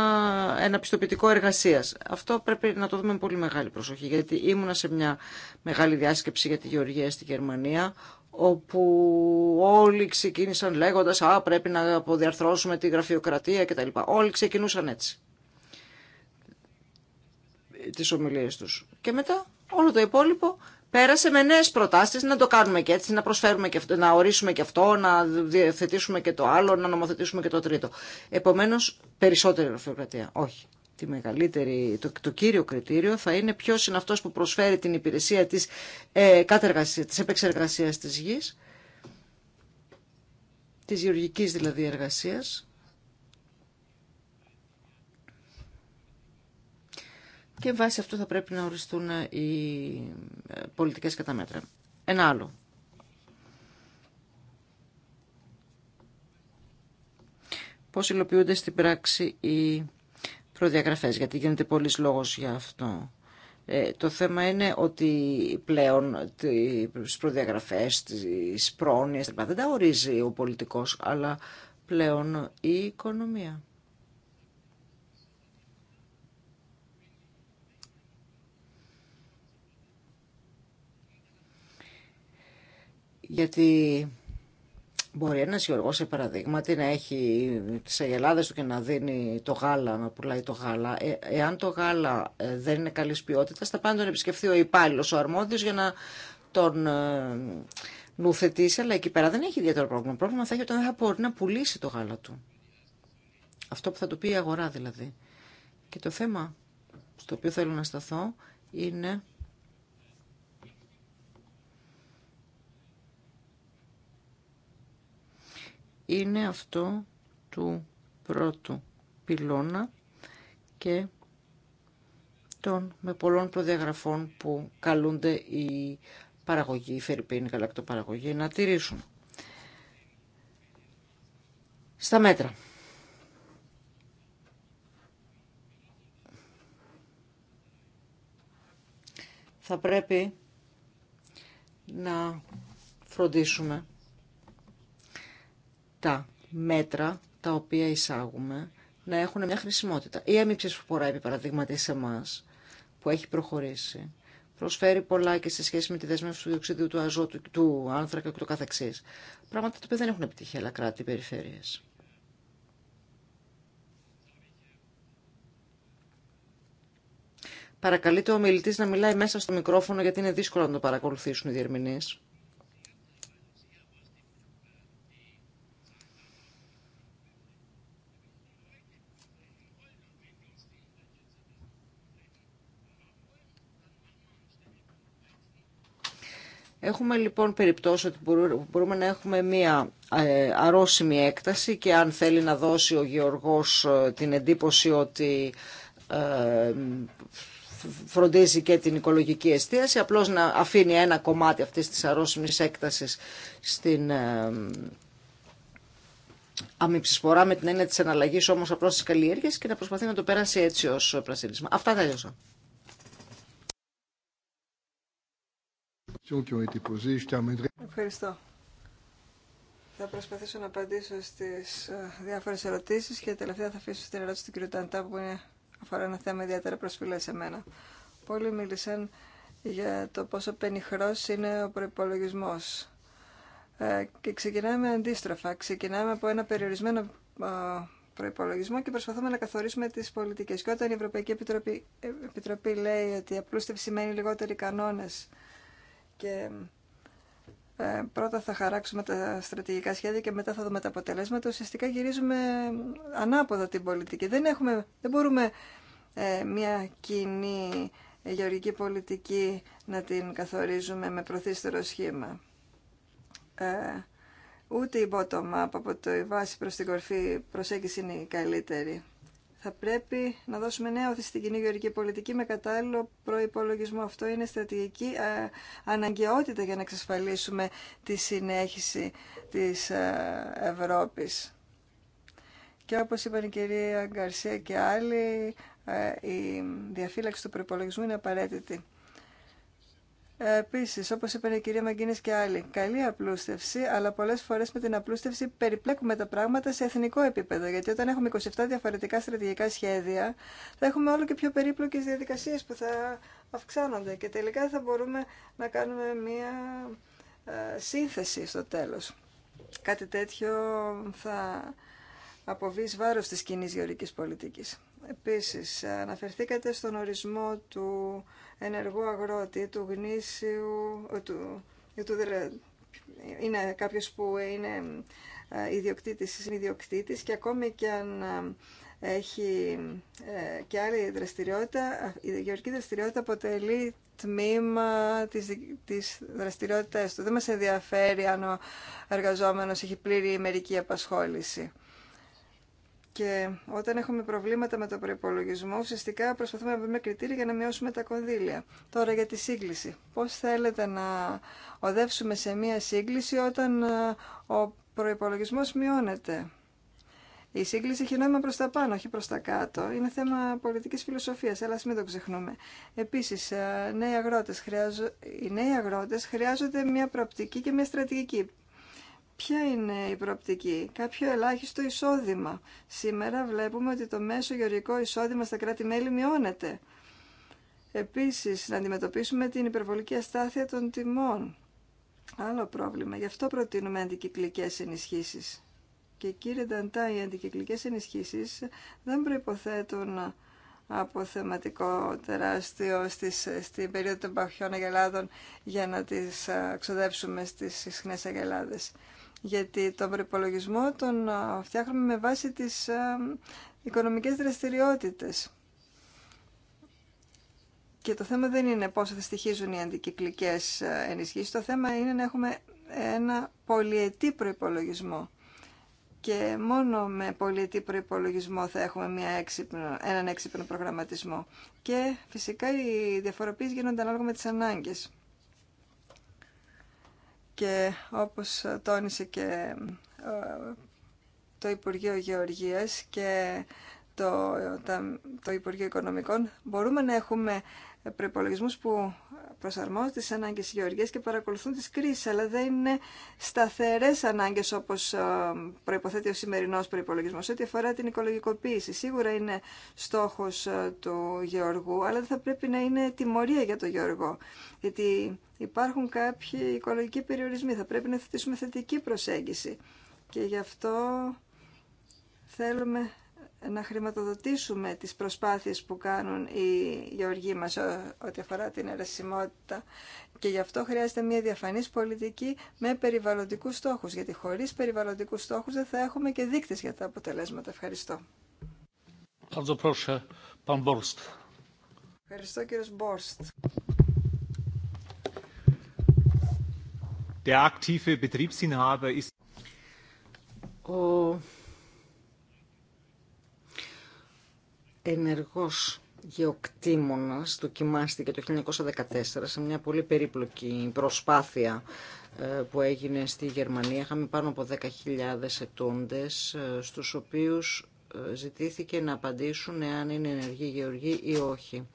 ένα πιστοποιητικό εργασία. Αυτό πρέπει να το δούμε με πολύ μεγάλη προσοχή, γιατί ήμουνα σε μια μεγάλη διάσκεψη για τη γεωργία στη Γερμανία, όπου όλοι ξεκίνησαν λέγοντας «Α, πρέπει να αποδιαρθρώσουμε τη γραφειοκρατία» κτλ. Όλοι ξεκινούσαν έτσι τις ομιλίες τους. Και μετά όλο το υπόλοιπο πέρασε με νέες προτάσεις να το κάνουμε και έτσι, να προσφέρουμε και αυτό, να ορίσουμε και αυτό, να διευθετήσουμε και το άλλο, να νομοθετήσουμε και το τρίτο. Επομένως, περισσότερη γραφειοκρατία. Όχι. Τη μεγαλύτερη, το, το κύριο κριτήριο θα είναι ποιο είναι αυτός που προσφέρει την υπηρεσία της, ε, της επεξεργασίας της γης, της γεωργικής δηλαδή εργασίας, και βάσει αυτού θα πρέπει να οριστούν ε, οι ε, πολιτικές μέτρα. Ένα άλλο. Πώς υλοποιούνται στην πράξη οι προδιαγραφές, γιατί γίνεται πολλής λόγος για αυτό. Ε, το θέμα είναι ότι πλέον τις προδιαγραφές, τις πρόνοιες, δεν τα ορίζει ο πολιτικός, αλλά πλέον η οικονομία. Γιατί μπορεί ένας γεωργός, σε τι να έχει τις αγελάδες του και να δίνει το γάλα, να πουλάει το γάλα. Ε, εάν το γάλα ε, δεν είναι καλής ποιότητας, θα να τον επισκεφθεί ο υπάλληλο, ο αρμόδιος, για να τον ε, νουθετήσει, αλλά εκεί πέρα δεν έχει ιδιαίτερο πρόβλημα. Πρόβλημα θα έχει όταν δεν θα μπορεί να πουλήσει το γάλα του. Αυτό που θα του πει η αγορά δηλαδή. Και το θέμα στο οποίο θέλω να σταθώ είναι είναι αυτό του πρώτου πυλώνα και των με πολλών προδιαγραφών που καλούνται οι παραγωγοί, οι φερρυπίνοι παραγωγή να τηρήσουν. Στα μέτρα. Θα πρέπει να φροντίσουμε τα μέτρα τα οποία εισάγουμε να έχουν μια χρησιμότητα. Η έμιψη που χωράει, παραδείγματι, σε εμά, που έχει προχωρήσει, προσφέρει πολλά και σε σχέση με τη δέσμευση του διοξιδίου του αζότου, του άνθρακα και το κάθεξή. Πράγματα τα οποία δεν έχουν επιτυχία, άλλα κράτη περιφέρειες. Παρακαλείται ο ομιλητής να μιλάει μέσα στο μικρόφωνο γιατί είναι δύσκολο να το παρακολουθήσουν οι διερμηνείς. Έχουμε λοιπόν περιπτώσει ότι μπορούμε να έχουμε μία ε, αρρώσιμη έκταση και αν θέλει να δώσει ο Γεωργός ε, την εντύπωση ότι ε, φροντίζει και την οικολογική εστίαση, απλώς να αφήνει ένα κομμάτι αυτής της αρρώσιμης έκτασης στην αμυψισφορά με την έννοια της εναλλαγής όμως απλώς της καλλιέργειας και να προσπαθεί να το περάσει έτσι ως πρασίνισμα. Αυτά τελειώσα. Ευχαριστώ. Θα προσπαθήσω να απαντήσω στι ε, διάφορε ερωτήσει και τελευταία θα αφήσω στην ερώτηση του κ. Ταντά που αφορά ένα θέμα ιδιαίτερα προσφυλέ σε μένα. Πολλοί μίλησαν για το πόσο πενιχρό είναι ο προπολογισμό. Ε, και ξεκινάμε αντίστροφα. Ξεκινάμε από ένα περιορισμένο ε, προπολογισμό και προσπαθούμε να καθορίσουμε τι πολιτικέ. Και όταν η Ευρωπαϊκή Επιτροπή, Επιτροπή λέει ότι απλούστευση σημαίνει λιγότεροι κανόνε και ε, πρώτα θα χαράξουμε τα στρατηγικά σχέδια και μετά θα δούμε τα αποτελέσματα. Ουσιαστικά γυρίζουμε ανάποδα την πολιτική. Δεν, έχουμε, δεν μπορούμε ε, μια κοινή γεωργική πολιτική να την καθορίζουμε με προθύστερο σχήμα. Ε, ούτε η bottom-up από το η βάση προς την κορφή προσέγγιση είναι η καλύτερη. Θα πρέπει να δώσουμε νέα όθηση στην κοινή γεωρική πολιτική με κατάλληλο προπολογισμό. Αυτό είναι στρατηγική ε, αναγκαιότητα για να εξασφαλίσουμε τη συνέχιση της ε, Ευρώπης. Και όπως είπαν η κυρία Γκαρσία και άλλοι, ε, η διαφύλαξη του προπολογισμού είναι απαραίτητη. Ε, Επίση, όπως είπε η κυρία Μαγκίνης και άλλοι, καλή απλούστευση, αλλά πολλές φορές με την απλούστευση περιπλέκουμε τα πράγματα σε εθνικό επίπεδο, γιατί όταν έχουμε 27 διαφορετικά στρατηγικά σχέδια, θα έχουμε όλο και πιο περίπλοκες διαδικασίες που θα αυξάνονται και τελικά θα μπορούμε να κάνουμε μία ε, σύνθεση στο τέλος. Κάτι τέτοιο θα αποβεί βάρος της κοινή γεωρικής πολιτικής. Επίσης, αναφερθήκατε στον ορισμό του ενεργού αγρότη, του γνήσιου, ε, του, ε, του, ε, είναι κάποιος που είναι ιδιοκτήτης, είναι ιδιοκτήτης και ακόμη και αν έχει και άλλη δραστηριότητα, η γεωργική δραστηριότητα αποτελεί τμήμα της, της δραστηριότητας του. Δεν μας ενδιαφέρει αν ο εργαζόμενος έχει πλήρη μερική απασχόληση. Και όταν έχουμε προβλήματα με το προπολογισμό, ουσιαστικά προσπαθούμε να βρούμε κριτήρια για να μειώσουμε τα κονδύλια. Τώρα για τη σύγκληση. Πώ θέλετε να οδεύσουμε σε μία σύγκληση όταν ε, ο προπολογισμό μειώνεται. Η σύγκληση έχει νόημα προ τα πάνω, όχι προ τα κάτω. Είναι θέμα πολιτική φιλοσοφία, αλλά α μην το ξεχνούμε. Επίση, ε, οι νέοι αγρότε χρειάζονται μια προοπτική και μια στρατηγική. Ποια είναι η προοπτική, κάποιο ελάχιστο εισόδημα. Σήμερα βλέπουμε ότι το μέσο γεωργικό εισόδημα στα κράτη-μέλη μειώνεται. Επίσης, να αντιμετωπίσουμε την υπερβολική αστάθεια των τιμών. Άλλο πρόβλημα. Γι' αυτό προτείνουμε αντικυκλικές ενισχύσεις. Και κύριε Νταντά, οι αντικυκλικές ενισχύσεις δεν προϋποθέτουν θεματικό τεράστιο στις, στην περίοδο των παχιών αγελάδων για να τις ξοδέψουμε στις συχνές αγελάδες γιατί το προπολογισμό τον φτιάχνουμε με βάση τις οικονομικές δραστηριότητες. Και το θέμα δεν είναι πόσο θα στοιχίζουν οι αντικυκλικές ενισχύσεις, το θέμα είναι να έχουμε ένα πολυετή προϋπολογισμό. Και μόνο με πολυετή προϋπολογισμό θα έχουμε μια έναν έξυπνο προγραμματισμό. Και φυσικά οι διαφοροποίησεις γίνονται ανάλογα με τις ανάγκες. Και όπως τόνισε και ε, το Υπουργείο Γεωργίας και το, το Υπουργείο Οικονομικών, μπορούμε να έχουμε προπολογισμού που προσαρμόζονται στι ανάγκες της γεωργία και παρακολουθούν τις κρίσεις. αλλά δεν είναι σταθερές ανάγκες όπως ε, προϋποθέτει ο σημερινός προπολογισμό. Ό,τι αφορά την οικολογικοποίηση, σίγουρα είναι στόχος ε, του γεωργού, αλλά δεν θα πρέπει να είναι τιμωρία για τον γεωργό. Γιατί υπάρχουν κάποιοι οικολογικοί περιορισμοί. Θα πρέπει να θετήσουμε θετική προσέγγιση και γι' αυτό θέλουμε να χρηματοδοτήσουμε τις προσπάθειες που κάνουν οι γεωργοί μας ό,τι αφορά την ερασιμότητα και γι' αυτό χρειάζεται μια διαφανής πολιτική με περιβαλλοντικούς στόχους γιατί χωρίς περιβαλλοντικούς στόχους δεν θα έχουμε και δείκτες για τα αποτελέσματα. Ευχαριστώ. Ευχαριστώ κύριος Μπόρστ. Der aktive Betriebsinhaber ist ο ενεργός γεωκτήμονας δοκιμάστηκε το 1914 σε μια πολύ περίπλοκη προσπάθεια ε, που έγινε στη Γερμανία. Είχαμε πάνω από 10.000 ετώντες ε, στους οποίους ε, ζητήθηκε να απαντήσουν εάν είναι ενεργοί γεωργοί ή όχι.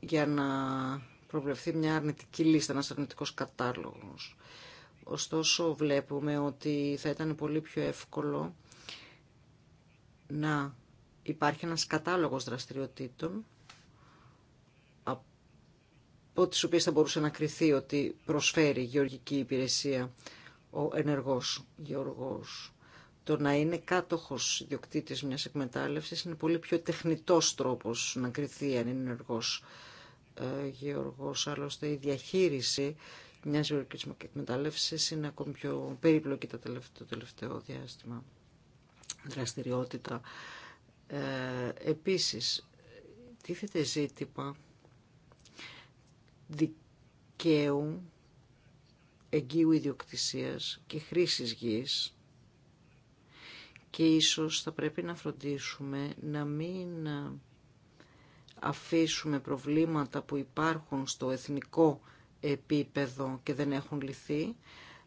Για να προβλεφθεί μια αρνητική λίστα, ένας αρνητικός κατάλογος. Ωστόσο βλέπουμε ότι θα ήταν πολύ πιο εύκολο να υπάρχει ένας κατάλογος δραστηριοτήτων από τις οποίες θα μπορούσε να κριθεί ότι προσφέρει γεωργική υπηρεσία ο ενεργός γεωργός. Το να είναι κάτοχος ιδιοκτήτης μιας εκμετάλλευσης είναι πολύ πιο τεχνητός τρόπος να κριθεί αν είναι ενεργός Γεωργός, άλλωστε η διαχείριση μιας γεωργικής εκμεταλλεύση είναι ακόμη πιο περίπλοκη το τελευταίο διάστημα δραστηριότητα. Ε, επίσης, τίθεται ζήτημα δικαίου εγγύου ιδιοκτησίας και χρήσης γης και ίσως θα πρέπει να φροντίσουμε να μην αφήσουμε προβλήματα που υπάρχουν στο εθνικό επίπεδο και δεν έχουν λυθεί,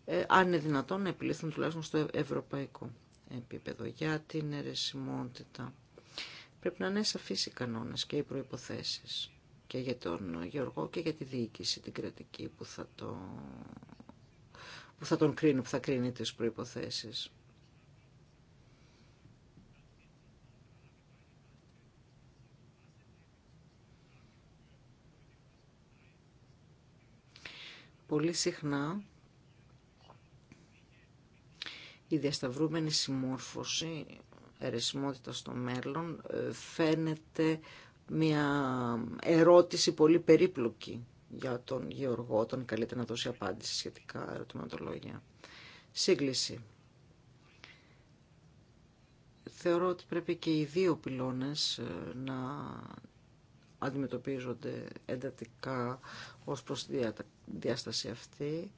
ε, αν είναι δυνατόν να επιλύθουν τουλάχιστον στο ευρωπαϊκό επίπεδο. Για την αιρεσιμότητα πρέπει να είναι σαφείς οι κανόνες και οι προϋποθέσεις και για τον Γεωργό και για τη διοίκηση την κρατική που θα, το... που θα τον κρίνει, που θα κρίνει τις προϋποθέσεις. Πολύ συχνά η διασταυρούμενη συμμόρφωση αιρεσιμότητα στο μέλλον ε, φαίνεται μια ερώτηση πολύ περίπλοκη για τον Γεωργό όταν καλείται να δώσει απάντηση σχετικά ερωτηματολόγια. Σύγκληση. Θεωρώ ότι πρέπει και οι δύο πυλώνες ε, να αντιμετωπίζονται εντατικά ως προς τη διάσταση αυτή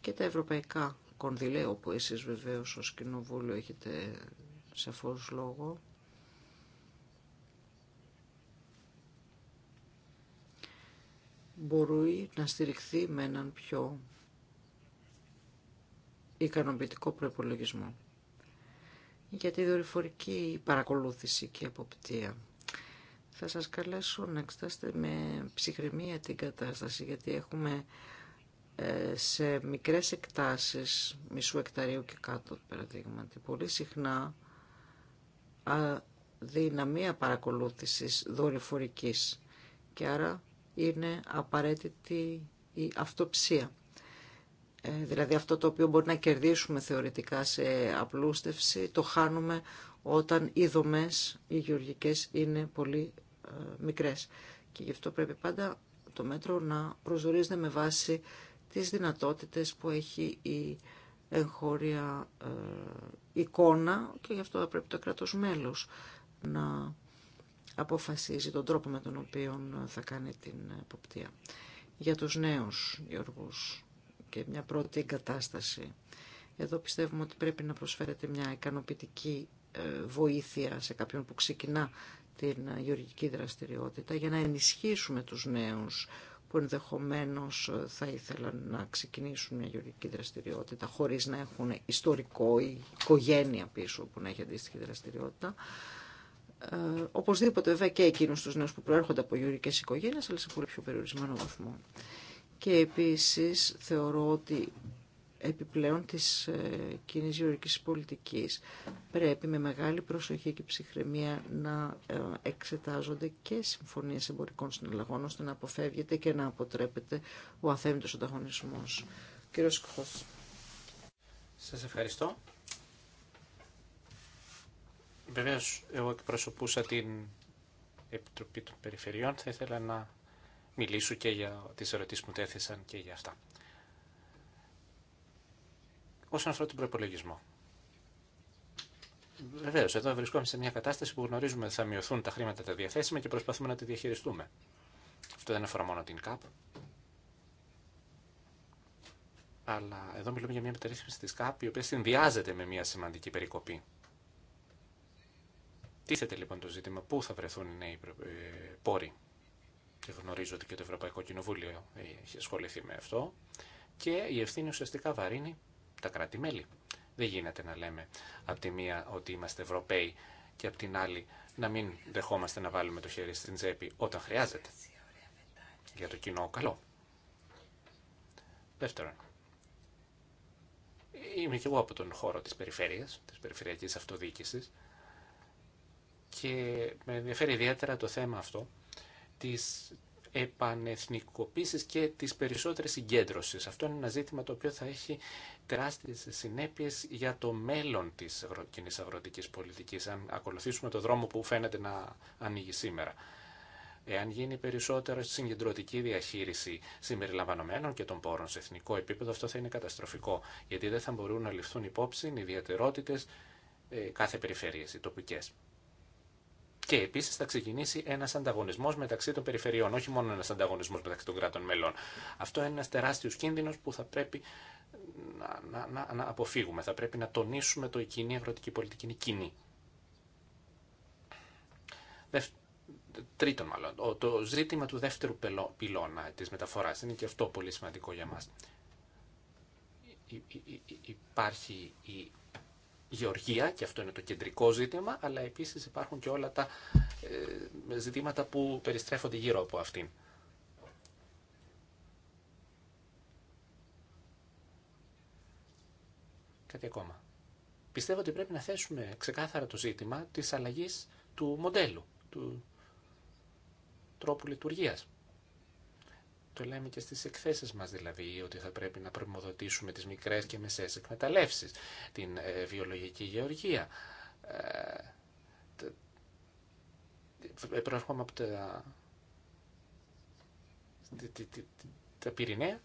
και τα ευρωπαϊκά κονδυλέ, όπου εσείς βεβαίως ως κοινοβούλιο έχετε σαφώς λόγο. μπορεί να στηριχθεί με έναν πιο ικανοποιητικό προπολογισμό για τη δορυφορική παρακολούθηση και αποπτία θα σας καλέσω να εξετάσετε με ψυχραιμία την κατάσταση, γιατί έχουμε ε, σε μικρές εκτάσεις, μισού εκταρίου και κάτω, παραδείγματι, πολύ συχνά αδυναμία παρακολούθησης δορυφορικής και άρα είναι απαραίτητη η αυτοψία. Ε, δηλαδή αυτό το οποίο μπορεί να κερδίσουμε θεωρητικά σε απλούστευση, το χάνουμε όταν οι δομές, οι είναι πολύ ε, μικρές. Και γι' αυτό πρέπει πάντα το μέτρο να προσδορίζεται με βάση τις δυνατότητες που έχει η εγχώρια ε, εικόνα και γι' αυτό πρέπει το κράτος μέλος να αποφασίζει τον τρόπο με τον οποίο θα κάνει την εποπτεία. Για τους νέους Γιώργους και μια πρώτη εγκατάσταση. Εδώ πιστεύουμε ότι πρέπει να προσφέρεται μια ικανοποιητική ε, βοήθεια σε κάποιον που ξεκινά την γεωργική δραστηριότητα για να ενισχύσουμε τους νέους που ενδεχομένως θα ήθελαν να ξεκινήσουν μια γεωργική δραστηριότητα χωρίς να έχουν ιστορικό ή οικογένεια πίσω που να έχει αντίστοιχη δραστηριότητα. Ε, οπωσδήποτε βέβαια και εκείνους τους νέους που προέρχονται από γεωργικές οικογένειες αλλά σε πολύ πιο περιορισμένο βαθμό. Και επίσης θεωρώ ότι επιπλέον της ε, κοινή γεωργικής πολιτικής. Πρέπει με μεγάλη προσοχή και ψυχραιμία να ε, εξετάζονται και συμφωνίες εμπορικών συναλλαγών ώστε να αποφεύγεται και να αποτρέπεται ο αθέμητος ανταγωνισμός. Κύριος Σκοχός. Σας ευχαριστώ. Βεβαίω, εγώ εκπροσωπούσα την Επιτροπή των Περιφερειών. Θα ήθελα να μιλήσω και για τις ερωτήσεις που μου τέθησαν και για αυτά όσον αφορά τον προπολογισμό. Βεβαίω, εδώ βρισκόμαστε σε μια κατάσταση που γνωρίζουμε ότι θα μειωθούν τα χρήματα τα διαθέσιμα και προσπαθούμε να τη διαχειριστούμε. Αυτό δεν αφορά μόνο την ΚΑΠ. Αλλά εδώ μιλούμε για μια μεταρρύθμιση τη ΚΑΠ η οποία συνδυάζεται με μια σημαντική περικοπή. Τίθεται λοιπόν το ζήτημα πού θα βρεθούν οι νέοι ε, πόροι. Και γνωρίζω ότι και το Ευρωπαϊκό Κοινοβούλιο έχει ασχοληθεί με αυτό. Και η ευθύνη ουσιαστικά βαρύνει τα κράτη-μέλη. Δεν γίνεται να λέμε από τη μία ότι είμαστε Ευρωπαίοι και από την άλλη να μην δεχόμαστε να βάλουμε το χέρι στην τσέπη όταν χρειάζεται. Για το κοινό καλό. Δεύτερον, είμαι και εγώ από τον χώρο της περιφέρειας, της περιφερειακής αυτοδιοίκησης και με ενδιαφέρει ιδιαίτερα το θέμα αυτό της, επανεθνικοποίηση και της περισσότερης συγκέντρωση. Αυτό είναι ένα ζήτημα το οποίο θα έχει τεράστιε συνέπειε για το μέλλον τη κοινή αγροτική πολιτική, αν ακολουθήσουμε το δρόμο που φαίνεται να ανοίγει σήμερα. Εάν γίνει περισσότερο συγκεντρωτική διαχείριση συμπεριλαμβανομένων και των πόρων σε εθνικό επίπεδο, αυτό θα είναι καταστροφικό, γιατί δεν θα μπορούν να ληφθούν υπόψη οι ιδιαίτερότητε ε, κάθε περιφέρειας, οι τοπικές. Και επίση θα ξεκινήσει ένα ανταγωνισμό μεταξύ των περιφερειών, όχι μόνο ένα ανταγωνισμό μεταξύ των κράτων μελών. Αυτό είναι ένα τεράστιο κίνδυνο που θα πρέπει να, να, να, αποφύγουμε. Θα πρέπει να τονίσουμε το η κοινή αγροτική πολιτική είναι κοινή. Τρίτον, μάλλον, το ζήτημα του δεύτερου πυλώνα της μεταφοράς είναι και αυτό πολύ σημαντικό για μας. Υπάρχει η γεωργία, και αυτό είναι το κεντρικό ζήτημα, αλλά επίσης υπάρχουν και όλα τα ε, ζητήματα που περιστρέφονται γύρω από αυτήν. Κάτι ακόμα. Πιστεύω ότι πρέπει να θέσουμε ξεκάθαρα το ζήτημα της αλλαγής του μοντέλου, του τρόπου λειτουργίας. Το λέμε και στις εκθέσεις μας δηλαδή, ότι θα πρέπει να προμοδοτήσουμε τις μικρές και μεσές εκμεταλλεύσεις, την ε, βιολογική γεωργία. Ε, ε, προέρχομαι από τα, τα Πυρηναία.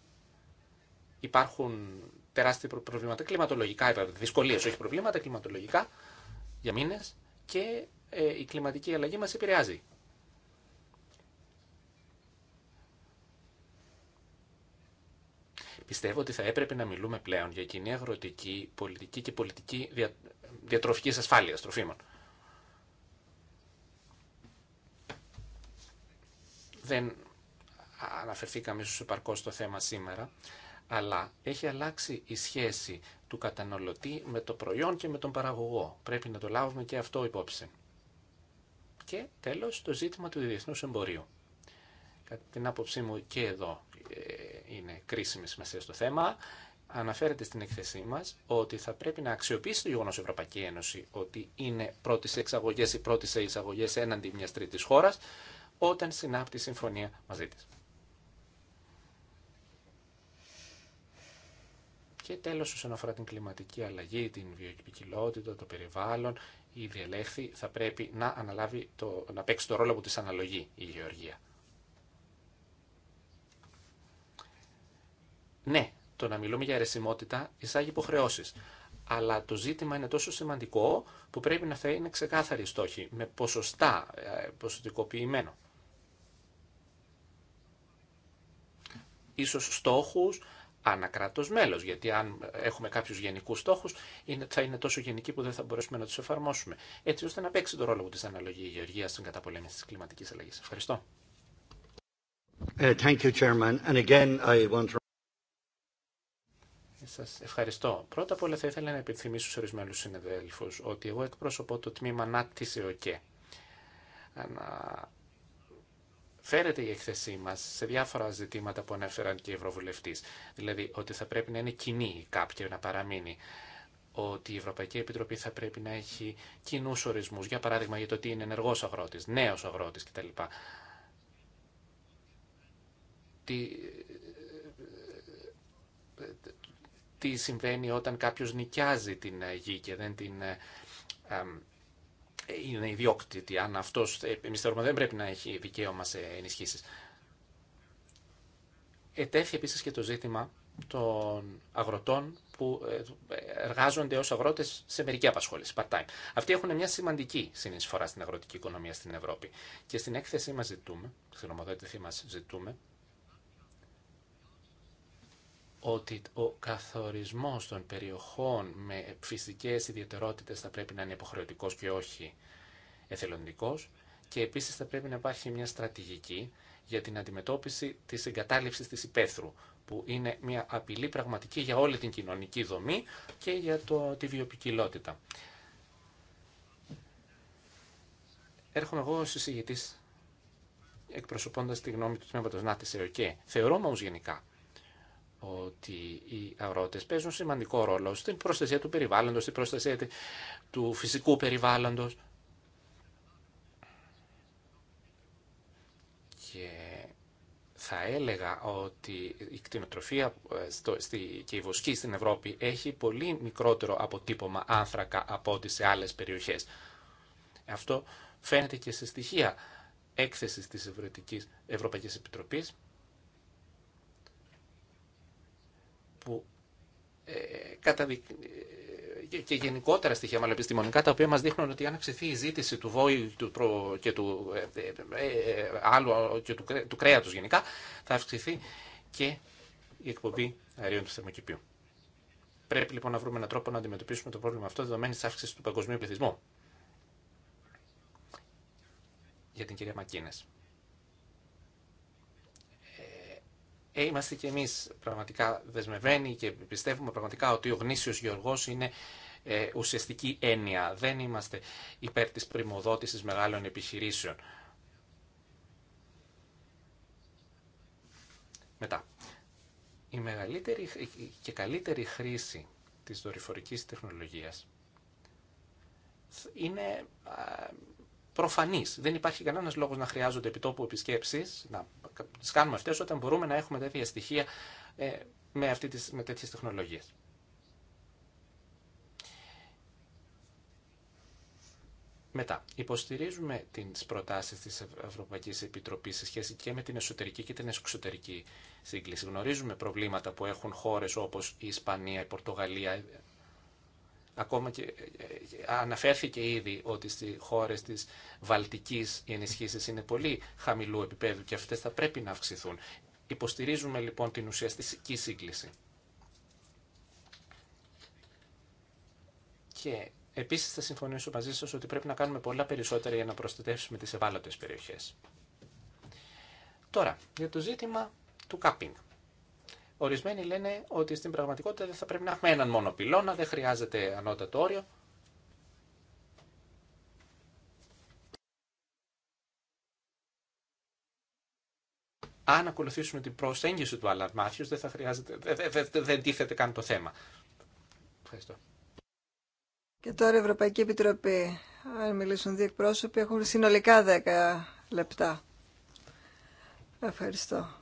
Υπάρχουν τεράστια προβλήματα κλιματολογικά, δυσκολίες, όχι προβλήματα κλιματολογικά για μήνες και η κλιματική αλλαγή μας επηρεάζει. πιστεύω ότι θα έπρεπε να μιλούμε πλέον για κοινή αγροτική πολιτική και πολιτική δια... διατροφικής ασφάλειας τροφίμων. Δεν αναφερθήκαμε ίσως επαρκώ στο θέμα σήμερα, αλλά έχει αλλάξει η σχέση του καταναλωτή με το προϊόν και με τον παραγωγό. Πρέπει να το λάβουμε και αυτό υπόψη. Και τέλος το ζήτημα του διεθνούς εμπορίου. Κατά την άποψή μου και εδώ ε, είναι κρίσιμη σημασία στο θέμα, αναφέρεται στην εκθεσή μα ότι θα πρέπει να αξιοποιήσει το γεγονό η Ευρωπαϊκή Ένωση ότι είναι πρώτη σε εξαγωγέ ή πρώτη σε εισαγωγέ έναντι μια τρίτη χώρα όταν συνάπτει συμφωνία μαζί τη. Και τέλο, όσον αφορά την κλιματική αλλαγή, την βιοποικιλότητα, το περιβάλλον, η διελέχθη θα πρέπει να, αναλάβει το, να παίξει το ρόλο που τη αναλογεί η Γεωργία. Ναι, το να μιλούμε για αιρεσιμότητα εισάγει υποχρεώσει. Αλλά το ζήτημα είναι τόσο σημαντικό που πρέπει να είναι ξεκάθαρη στόχη, με ποσοστά ε, ποσοτικοποιημένο. Ίσως στόχους ανακράτως μέλος, γιατί αν έχουμε κάποιους γενικούς στόχους θα είναι τόσο γενικοί που δεν θα μπορέσουμε να τους εφαρμόσουμε. Έτσι ώστε να παίξει το ρόλο που της αναλογεί η Γεωργία στην καταπολέμηση της κλιματικής αλλαγής. Ευχαριστώ. Ε, Σα ευχαριστώ. Πρώτα απ' όλα θα ήθελα να επιθυμήσω στου ορισμένου συνεδέλφου ότι εγώ εκπροσωπώ το τμήμα ΝΑΤ τη ΕΟΚΕ. Φέρεται η εκθεσή μα σε διάφορα ζητήματα που ανέφεραν και οι Ευρωβουλευτέ. Δηλαδή ότι θα πρέπει να είναι κοινή κάποια να παραμείνει. Ότι η Ευρωπαϊκή Επιτροπή θα πρέπει να έχει κοινού ορισμού. Για παράδειγμα, για το τι είναι ενεργό αγρότη, νέο αγρότη κτλ. τι συμβαίνει όταν κάποιος νοικιάζει την ε, γη και δεν την ε, είναι ιδιόκτητη, αν αυτός, ε, εμείς θεωρούμε δεν πρέπει να έχει δικαίωμα σε ενισχύσεις. Ετέθη επίσης και το ζήτημα των αγροτών που εργάζονται ως αγρότες σε μερική απασχόληση, part-time. Αυτοί έχουν μια σημαντική συνεισφορά στην αγροτική οικονομία στην Ευρώπη. Και στην έκθεσή μας ζητούμε, στην ομοδότησή μας ζητούμε, ότι ο καθορισμός των περιοχών με φυσικές ιδιαιτερότητες θα πρέπει να είναι υποχρεωτικός και όχι εθελοντικός και επίσης θα πρέπει να υπάρχει μια στρατηγική για την αντιμετώπιση της εγκατάλειψης της υπαίθρου που είναι μια απειλή πραγματική για όλη την κοινωνική δομή και για το, τη βιοπικιλότητα. Έρχομαι εγώ ως εισηγητής εκπροσωπώντας τη γνώμη του τμήματος ΕΟΚΕ. Θεωρώ όμως γενικά ότι οι αγρότες παίζουν σημαντικό ρόλο στην προστασία του περιβάλλοντος, στην προστασία του φυσικού περιβάλλοντος. Και θα έλεγα ότι η κτηνοτροφία ε, και η βοσκή στην Ευρώπη έχει πολύ μικρότερο αποτύπωμα άνθρακα από ό,τι σε άλλες περιοχές. Αυτό φαίνεται και σε στοιχεία έκθεσης της Ευρωπαϊκής Επιτροπής που ε, ε, και γενικότερα στοιχεία μαλλεπιστημονικά τα οποία μας δείχνουν ότι αν αυξηθεί η ζήτηση του βόη του προ... και του ε, άλλου και του, του κρέατος γενικά θα αυξηθεί και η εκπομπή αερίων του θερμοκηπίου. Πρέπει λοιπόν να βρούμε έναν τρόπο να αντιμετωπίσουμε το πρόβλημα αυτό δεδομένη τη αύξηση του παγκοσμίου πληθυσμού. Για την κυρία Μακίνες. Ε, είμαστε και εμείς πραγματικά δεσμευμένοι και πιστεύουμε πραγματικά ότι ο γνήσιος γεωργός είναι ε, ουσιαστική έννοια. Δεν είμαστε υπέρ της πρημοδότησης μεγάλων επιχειρήσεων. Μετά, η μεγαλύτερη και καλύτερη χρήση της δορυφορικής τεχνολογίας είναι προφανή. Δεν υπάρχει κανένα λόγο να χρειάζονται επιτόπου επισκέψει, να τι κάνουμε αυτέ όταν μπορούμε να έχουμε τέτοια στοιχεία ε, με, αυτή τις, με τέτοιες τεχνολογίες. Μετά, υποστηρίζουμε τι προτάσει της Ευρωπαϊκής Επιτροπής σε σχέση και με την εσωτερική και την εξωτερική σύγκληση. Γνωρίζουμε προβλήματα που έχουν χώρε όπω η Ισπανία, η Πορτογαλία, Ακόμα και ε, ε, αναφέρθηκε ήδη ότι στι χώρε τη Βαλτική οι ενισχύσει είναι πολύ χαμηλού επίπεδου και αυτέ θα πρέπει να αυξηθούν. Υποστηρίζουμε λοιπόν την ουσιαστική σύγκληση. Και επίση θα συμφωνήσω μαζί σα ότι πρέπει να κάνουμε πολλά περισσότερα για να προστατεύσουμε τι ευάλωτε περιοχέ. Τώρα, για το ζήτημα του κάπινγκ. Ορισμένοι λένε ότι στην πραγματικότητα δεν θα πρέπει να έχουμε έναν μόνο πυλώνα, δεν χρειάζεται ανώτατο όριο. Αν ακολουθήσουμε την προσέγγιση του Άλλαρ δεν δεν, τίθεται καν το θέμα. Ευχαριστώ. Και τώρα η Ευρωπαϊκή Επιτροπή. Αν μιλήσουν δύο εκπρόσωποι, έχουν συνολικά 10 λεπτά. Ευχαριστώ.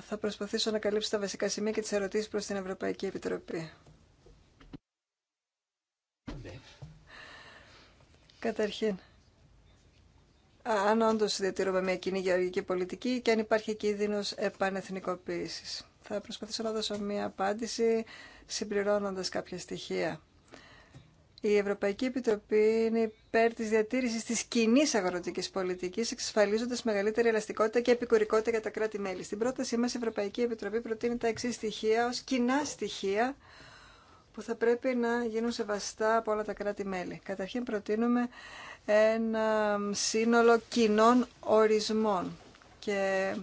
Θα προσπαθήσω να καλύψω τα βασικά σημεία και τις ερωτήσεις προς την Ευρωπαϊκή Επιτροπή. Καταρχήν, αν όντω διατηρούμε μια κοινή γεωργική πολιτική και αν υπάρχει κίνδυνο επανεθνικοποίηση. Θα προσπαθήσω να δώσω μια απάντηση συμπληρώνοντας κάποια στοιχεία η Ευρωπαϊκή Επιτροπή είναι υπέρ τη διατήρηση τη κοινή αγροτική πολιτική, εξασφαλίζοντα μεγαλύτερη ελαστικότητα και επικουρικότητα για τα κράτη-μέλη. Στην πρότασή μα, η Ευρωπαϊκή Επιτροπή προτείνει τα εξή στοιχεία ω κοινά στοιχεία που θα πρέπει να γίνουν σεβαστά από όλα τα κράτη-μέλη. Καταρχήν, προτείνουμε ένα σύνολο κοινών ορισμών και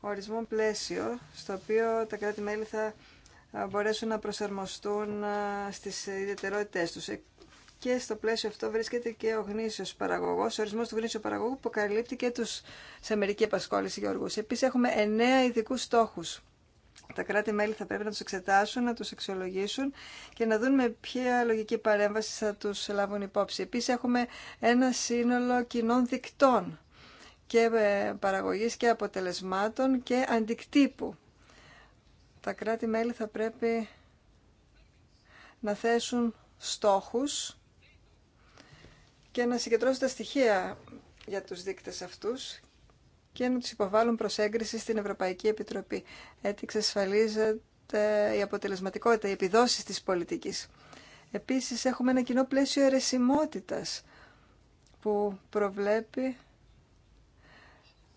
ορισμών πλαίσιο, στο οποίο τα κράτη-μέλη θα μπορέσουν να προσαρμοστούν στις ιδιαιτερότητές τους. Ε, και στο πλαίσιο αυτό βρίσκεται και ο γνήσιο παραγωγό, ο ορισμό του γνήσιου παραγωγού που καλύπτει και του σε μερική επασχόληση γεωργού. Επίση, έχουμε εννέα ειδικού στόχου. Τα κράτη-μέλη θα πρέπει να του εξετάσουν, να του αξιολογήσουν και να δουν με ποια λογική παρέμβαση θα του λάβουν υπόψη. Επίση, έχουμε ένα σύνολο κοινών δικτών και ε, παραγωγής και αποτελεσμάτων και αντικτύπου τα κράτη-μέλη θα πρέπει να θέσουν στόχους και να συγκεντρώσουν τα στοιχεία για τους δείκτες αυτούς και να τους υποβάλουν προς έγκριση στην Ευρωπαϊκή Επιτροπή. Έτσι εξασφαλίζεται η αποτελεσματικότητα, οι επιδόσεις της πολιτικής. Επίσης έχουμε ένα κοινό πλαίσιο αιρεσιμότητας που προβλέπει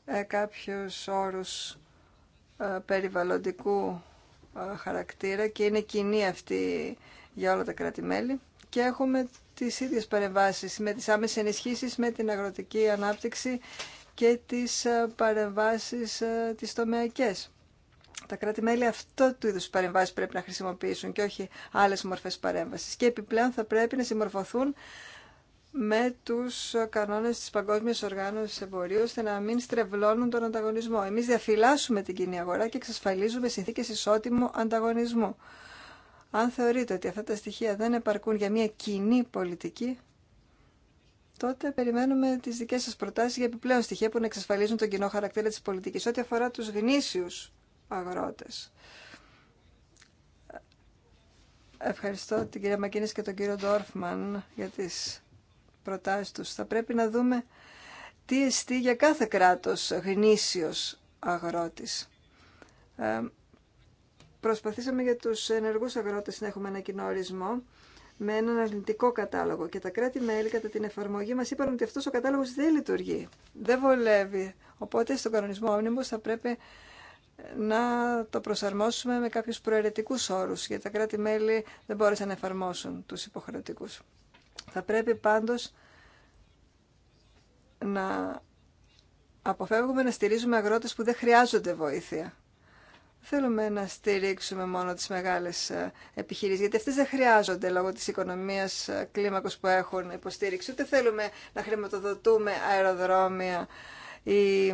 ε, κάποιους όρους ε, περιβαλλοντικού ε, χαρακτήρα και είναι κοινή αυτή για όλα τα κράτη-μέλη και έχουμε τις ίδιες παρεμβάσεις με τις άμεσες ενισχύσεις, με την αγροτική ανάπτυξη και τις ε, παρεμβάσεις ε, τις τομεακές. Τα κράτη-μέλη αυτό του είδους παρεμβάσεις πρέπει να χρησιμοποιήσουν και όχι άλλες μορφές παρέμβασης. Και επιπλέον θα πρέπει να συμμορφωθούν με τους κανόνες της Παγκόσμιας Οργάνωσης Εμπορίου, ώστε να μην στρεβλώνουν τον ανταγωνισμό. Εμείς διαφυλάσσουμε την κοινή αγορά και εξασφαλίζουμε συνθήκες ισότιμου ανταγωνισμού. Αν θεωρείτε ότι αυτά τα στοιχεία δεν επαρκούν για μια κοινή πολιτική, τότε περιμένουμε τις δικές σας προτάσεις για επιπλέον στοιχεία που να εξασφαλίζουν τον κοινό χαρακτήρα της πολιτικής, ό,τι αφορά τους γνήσιους αγρότες. Ευχαριστώ την κυρία Μακίνης και τον κύριο Ντόρφμαν για τις προτάσεις τους. Θα πρέπει να δούμε τι εστί για κάθε κράτος γνήσιος αγρότης. Ε, προσπαθήσαμε για τους ενεργούς αγρότες να έχουμε ένα κοινό ορισμό με έναν αρνητικό κατάλογο και τα κράτη-μέλη κατά την εφαρμογή μας είπαν ότι αυτός ο κατάλογος δεν λειτουργεί, δεν βολεύει. Οπότε στον κανονισμό Omnibus θα πρέπει να το προσαρμόσουμε με κάποιους προαιρετικούς όρους γιατί τα κράτη-μέλη δεν μπόρεσαν να εφαρμόσουν τους υποχρεωτικούς. Θα πρέπει πάντως να αποφεύγουμε να στηρίζουμε αγρότες που δεν χρειάζονται βοήθεια. Θέλουμε να στηρίξουμε μόνο τις μεγάλες ε, επιχειρήσεις, γιατί αυτές δεν χρειάζονται λόγω της οικονομίας ε, κλίμακος που έχουν υποστήριξη. Ούτε θέλουμε να χρηματοδοτούμε αεροδρόμια ή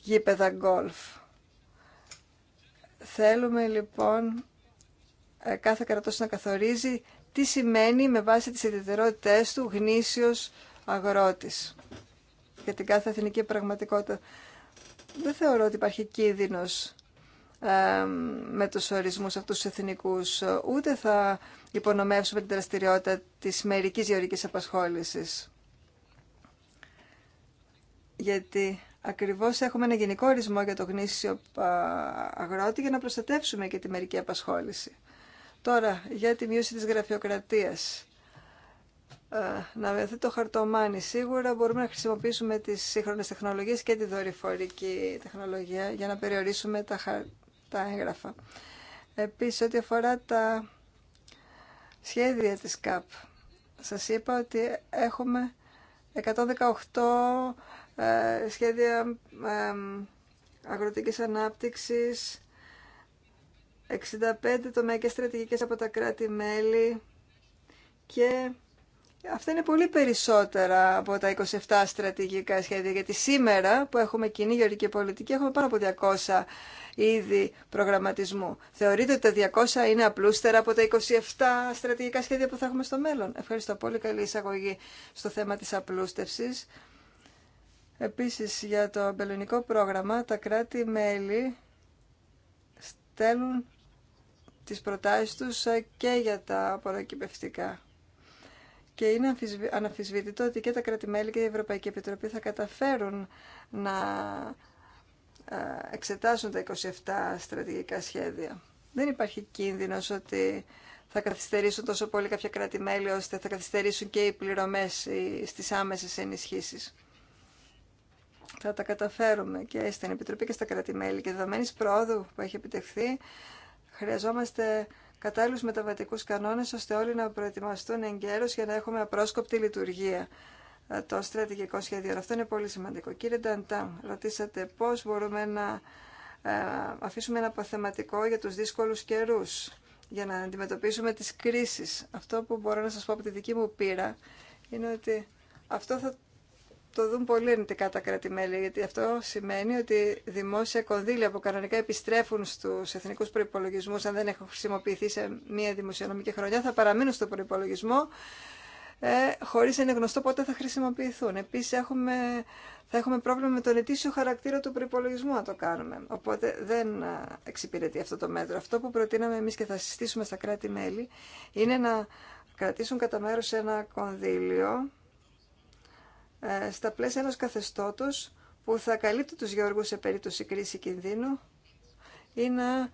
γήπεδα γκολφ. Θέλουμε λοιπόν ε, κάθε κρατός να καθορίζει τι σημαίνει με βάση τις ιδιαιτερότητές του γνήσιος αγρότης για την κάθε εθνική πραγματικότητα. Δεν θεωρώ ότι υπάρχει κίνδυνος με τους ορισμούς αυτούς τους εθνικούς, ούτε θα υπονομεύσουμε την δραστηριότητα της μερικής γεωρικής απασχόλησης. Γιατί ακριβώς έχουμε ένα γενικό ορισμό για το γνήσιο αγρότη για να προστατεύσουμε και τη μερική απασχόληση. Τώρα, για τη μείωση της γραφειοκρατίας. Ε, να βρεθεί το χαρτομάνι. Σίγουρα μπορούμε να χρησιμοποιήσουμε τις σύγχρονες τεχνολογίες και τη δορυφορική τεχνολογία για να περιορίσουμε τα, χα... τα έγγραφα. Επίσης, ό,τι αφορά τα σχέδια της ΚΑΠ, σας είπα ότι έχουμε 118 ε, σχέδια ε, αγροτικής ανάπτυξης, 65 και στρατηγικές από τα κράτη-μέλη και αυτά είναι πολύ περισσότερα από τα 27 στρατηγικά σχέδια γιατί σήμερα που έχουμε κοινή γεωρική πολιτική έχουμε πάνω από 200 είδη προγραμματισμού. Θεωρείτε ότι τα 200 είναι απλούστερα από τα 27 στρατηγικά σχέδια που θα έχουμε στο μέλλον. Ευχαριστώ πολύ. Καλή εισαγωγή στο θέμα της απλούστευσης. Επίσης για το αμπελονικό πρόγραμμα τα κράτη-μέλη στέλνουν τις προτάσεις τους ε, και για τα απορροκυπευτικά. Και είναι αναφυσβητητό ότι και τα κράτη-μέλη και η Ευρωπαϊκή Επιτροπή θα καταφέρουν να ε, εξετάσουν τα 27 στρατηγικά σχέδια. Δεν υπάρχει κίνδυνος ότι θα καθυστερήσουν τόσο πολύ κάποια κράτη-μέλη ώστε θα καθυστερήσουν και οι πληρωμές στις άμεσες ενισχύσεις. Θα τα καταφέρουμε και στην Επιτροπή και στα κράτη-μέλη και δεδομένης πρόοδου που έχει επιτευχθεί Χρειαζόμαστε κατάλληλους μεταβατικούς κανόνες ώστε όλοι να προετοιμαστούν εγκαίρως για να έχουμε απρόσκοπτη λειτουργία ε, το στρατηγικό σχέδιο. Αυτό είναι πολύ σημαντικό. Κύριε Νταντάν, ρωτήσατε πώς μπορούμε να ε, αφήσουμε ένα αποθεματικό για τους δύσκολους καιρού, για να αντιμετωπίσουμε τις κρίσεις. Αυτό που μπορώ να σας πω από τη δική μου πείρα είναι ότι αυτό θα το δουν πολύ αρνητικά τα κράτη-μέλη, γιατί αυτό σημαίνει ότι δημόσια κονδύλια που κανονικά επιστρέφουν στου εθνικού προπολογισμού, αν δεν έχουν χρησιμοποιηθεί σε μία δημοσιονομική χρονιά, θα παραμείνουν στο προπολογισμό, ε, χωρί να είναι γνωστό πότε θα χρησιμοποιηθούν. Επίση, έχουμε, θα έχουμε πρόβλημα με τον ετήσιο χαρακτήρα του προπολογισμού, αν το κάνουμε. Οπότε δεν ε, εξυπηρετεί αυτό το μέτρο. Αυτό που προτείναμε εμεί και θα συστήσουμε στα κράτη-μέλη είναι να κρατήσουν κατά μέρο ένα κονδύλιο ε, στα πλαίσια ενός καθεστώτος που θα καλύπτει τους Γιώργους σε περίπτωση κρίση κινδύνου ή να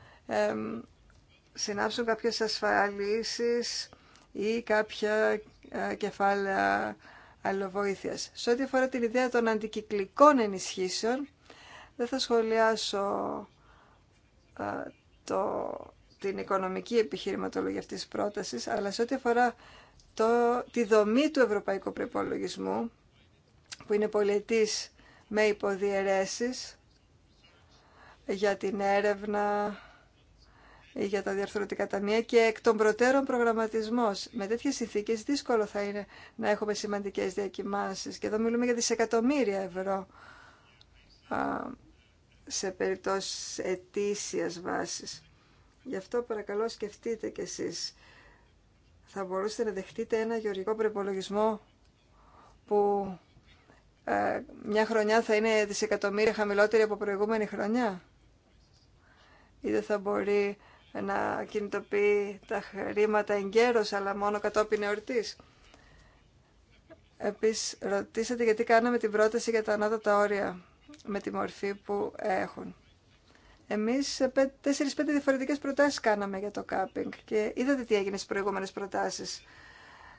συνάψουν κάποιες ασφαλίσεις ή κάποια ε, κεφάλαια αλλοβοήθειας. Σε ό,τι αφορά την ιδέα των αντικυκλικών ενισχύσεων, δεν θα σχολιάσω ε, το, την οικονομική επιχειρηματολογία αυτής της πρότασης, αλλά σε ό,τι αφορά το, τη δομή του ευρωπαϊκού προπολογισμού που είναι πολιτής με υποδιαιρέσεις για την έρευνα ή για τα διαρθρωτικά ταμεία και εκ των προτέρων προγραμματισμός. Με τέτοιες συνθήκες δύσκολο θα είναι να έχουμε σημαντικές διακοιμάνσεις και εδώ μιλούμε για δισεκατομμύρια ευρώ σε περιπτώσεις ετήσιας βάσης. Γι' αυτό παρακαλώ σκεφτείτε κι εσείς. Θα μπορούσατε να δεχτείτε ένα γεωργικό προπολογισμό που ε, μια χρονιά θα είναι δισεκατομμύρια χαμηλότερη από προηγούμενη χρονιά ή δεν θα μπορεί να κινητοποιεί τα χρήματα εγκαίρως αλλά μόνο κατόπιν εορτής. Επίσης, ρωτήσατε γιατί κάναμε την πρόταση για τα ανώτατα όρια με τη μορφή που έχουν. Εμείς 4-5 διαφορετικές προτάσεις κάναμε για το κάπινγκ και είδατε τι έγινε στις προηγούμενες προτάσεις.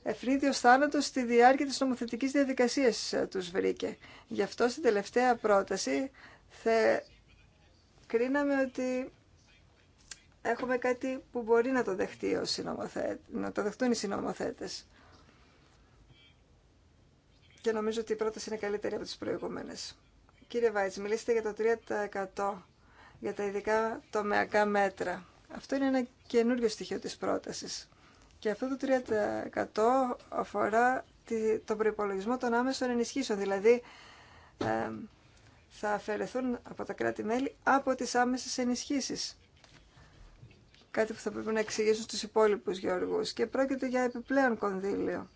Εφρίδιο θάνατο στη διάρκεια της νομοθετικής διαδικασίας ε, τους βρήκε. Γι' αυτό στην τελευταία πρόταση θα κρίναμε ότι έχουμε κάτι που μπορεί να το, δεχτεί ο να το δεχτούν οι συνομοθέτες. Και νομίζω ότι η πρόταση είναι καλύτερη από τις προηγούμενες. Κύριε Βάιτς, μιλήσετε για το 3% για τα ειδικά τομεακά μέτρα. Αυτό είναι ένα καινούριο στοιχείο της πρότασης. Και αυτό το 300 αφορά τον προπολογισμό των άμεσων ενισχύσεων, δηλαδή θα αφαιρεθούν από τα κράτη-μέλη από τις άμεσες ενισχύσεις. Κάτι που θα πρέπει να εξηγήσουν στους υπόλοιπους γεωργούς. Και πρόκειται για επιπλέον κονδύλιο.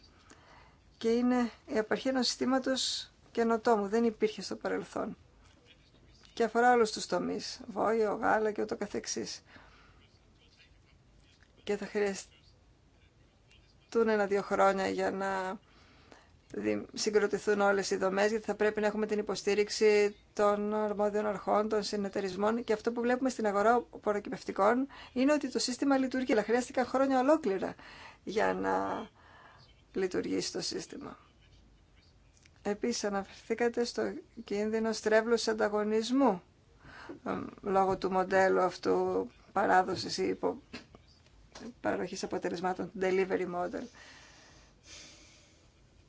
Και είναι η απαρχή ενός συστήματος καινοτόμου. Δεν υπήρχε στο παρελθόν. Και αφορά όλους τους τομείς. Βόλιο, γάλα και ούτω καθεξής. Και θα χρειαστεί χρειαστούν ένα-δύο χρόνια για να συγκροτηθούν όλες οι δομές, γιατί θα πρέπει να έχουμε την υποστήριξη των αρμόδιων αρχών, των συνεταιρισμών και αυτό που βλέπουμε στην αγορά προκυπευτικών είναι ότι το σύστημα λειτουργεί, αλλά χρειάστηκαν χρόνια ολόκληρα για να λειτουργήσει το σύστημα. Επίσης αναφερθήκατε στο κίνδυνο στρέβλωση ανταγωνισμού ε, λόγω του μοντέλου αυτού παράδοσης ή Παραδοχή αποτελεσμάτων, του delivery model.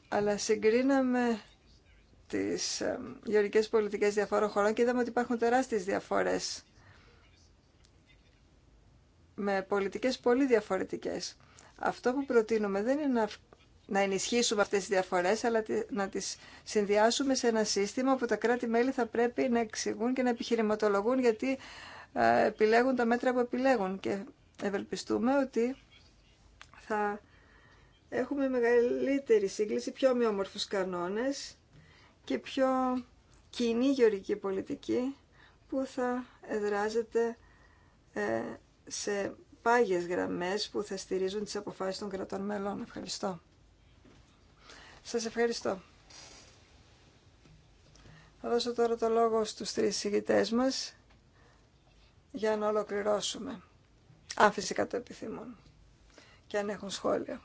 Αλλά συγκρίναμε τις γεωρικές πολιτικές διαφόρων χωρών και είδαμε ότι υπάρχουν τεράστιες διαφορές με πολιτικές πολύ διαφορετικές. Αυτό που προτείνουμε δεν είναι να, να ενισχύσουμε αυτές τις διαφορές, αλλά να τις συνδυάσουμε σε ένα σύστημα που τα κράτη-μέλη θα πρέπει να εξηγούν και να επιχειρηματολογούν γιατί ε, επιλέγουν τα μέτρα που επιλέγουν και ευελπιστούμε ότι θα έχουμε μεγαλύτερη σύγκληση, πιο ομοιόμορφους κανόνες και πιο κοινή γεωρική πολιτική που θα εδράζεται ε, σε πάγιες γραμμές που θα στηρίζουν τις αποφάσεις των κρατών μελών. Ευχαριστώ. Σας ευχαριστώ. Θα δώσω τώρα το λόγο στους τρεις συγιτές μας για να ολοκληρώσουμε. Αν φυσικά το επιθυμούν και αν έχουν σχόλια.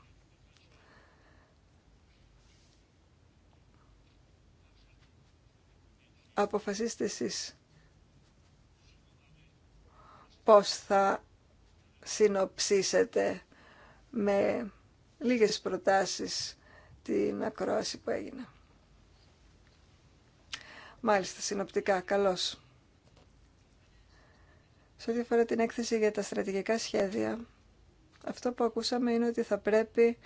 Αποφασίστε εσείς πώς θα συνοψίσετε με λίγες προτάσεις την ακρόαση που έγινε. Μάλιστα, συνοπτικά, καλώς. Σε ό,τι αφορά την έκθεση για τα στρατηγικά σχέδια, αυτό που ακούσαμε είναι ότι θα πρέπει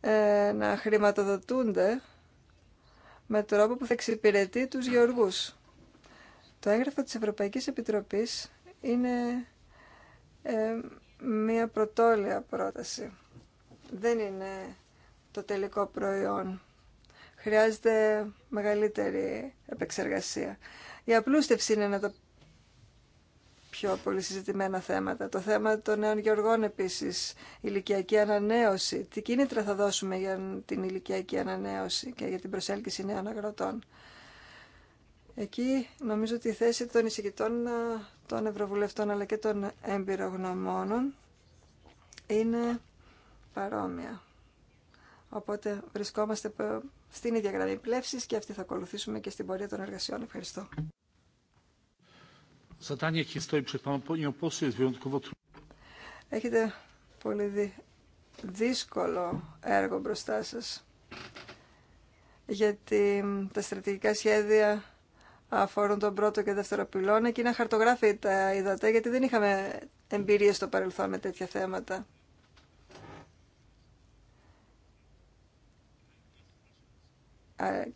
ε, να χρηματοδοτούνται με τρόπο που θα εξυπηρετεί τους γεωργούς. Το έγγραφο της Ευρωπαϊκής Επιτροπής είναι ε, μία πρωτόλια πρόταση. Δεν είναι το τελικό προϊόν. Χρειάζεται μεγαλύτερη επεξεργασία. Η απλούστευση είναι το πιο πολύ συζητημένα θέματα. Το θέμα των νέων γεωργών επίσης, ηλικιακή ανανέωση. Τι κίνητρα θα δώσουμε για την ηλικιακή ανανέωση και για την προσέλκυση νέων αγροτών. Εκεί νομίζω ότι η θέση των εισηγητών, των ευρωβουλευτών αλλά και των εμπειρογνωμόνων είναι παρόμοια. Οπότε βρισκόμαστε στην ίδια γραμμή πλεύσης και αυτή θα ακολουθήσουμε και στην πορεία των εργασιών. Ευχαριστώ. Έχετε πολύ δύσκολο έργο μπροστά σας γιατί τα στρατηγικά σχέδια αφορούν τον πρώτο και δεύτερο πυλώνα και είναι χαρτογράφητα τα είδατε, γιατί δεν είχαμε εμπειρία στο παρελθόν με τέτοια θέματα.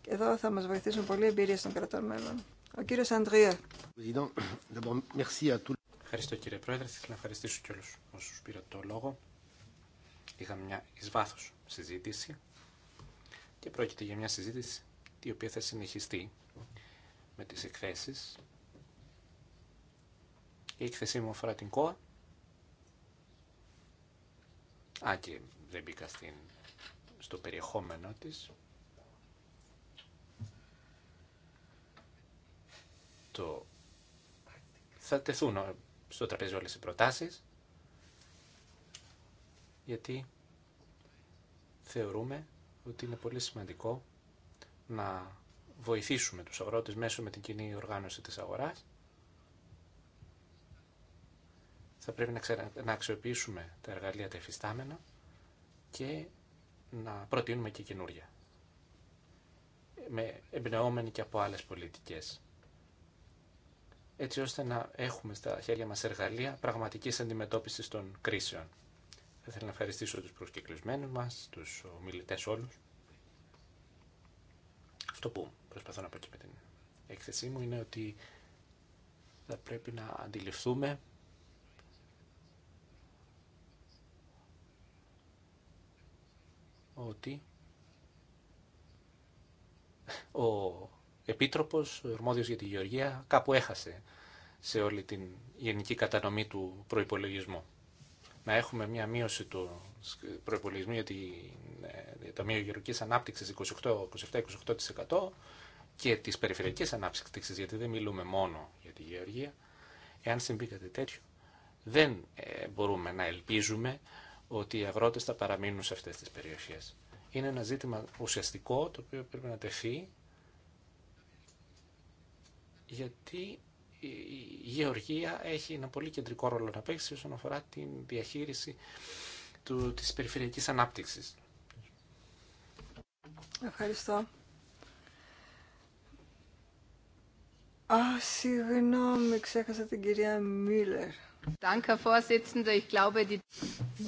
Εδώ θα μας βοηθήσουν πολύ εμπειρίες των κρατών μέλων. Ο κύριος Ανδρία. Ευχαριστώ κύριε Πρόεδρε. Θέλω να ευχαριστήσω και όλους όσους πήραν το λόγο. Είχαμε μια εις βάθος συζήτηση και πρόκειται για μια συζήτηση η οποία θα συνεχιστεί με τις εκθέσεις. Η εκθεσή μου αφορά την ΚΟΑ. Α, και δεν μπήκα στο περιεχόμενο της. το... θα τεθούν ε, στο τραπέζι όλες οι προτάσεις, γιατί θεωρούμε ότι είναι πολύ σημαντικό να βοηθήσουμε τους αγρότες μέσω με την κοινή οργάνωση της αγοράς. Θα πρέπει να, να αξιοποιήσουμε τα εργαλεία τα εφιστάμενα και να προτείνουμε και καινούρια, με εμπνεόμενοι και από άλλες πολιτικές έτσι ώστε να έχουμε στα χέρια μας εργαλεία πραγματικής αντιμετώπισης των κρίσεων. Θα ήθελα να ευχαριστήσω τους προσκεκλεισμένους μας, τους ομιλητές όλους. Αυτό που προσπαθώ να πω και με την έκθεσή μου είναι ότι θα πρέπει να αντιληφθούμε ότι ο επίτροπος, αρμόδιος για τη γεωργία, κάπου έχασε σε όλη την γενική κατανομή του προπολογισμού. Να έχουμε μια μείωση του προϋπολογισμού για ε, το Ταμείο Γεωργικής Ανάπτυξης 27-28% και τη Περιφερειακή ανάπτυξη γιατί δεν μιλούμε μόνο για τη γεωργία. Εάν συμβεί κάτι τέτοιο, δεν ε, μπορούμε να ελπίζουμε ότι οι αγρότες θα παραμείνουν σε αυτές τις περιοχές. Είναι ένα ζήτημα ουσιαστικό το οποίο πρέπει να τεθεί γιατί η γεωργία έχει ένα πολύ κεντρικό ρόλο να παίξει όσον αφορά την διαχείριση του, της περιφερειακής ανάπτυξης. Ευχαριστώ. Α, συγγνώμη, ξέχασα την κυρία Μίλλερ.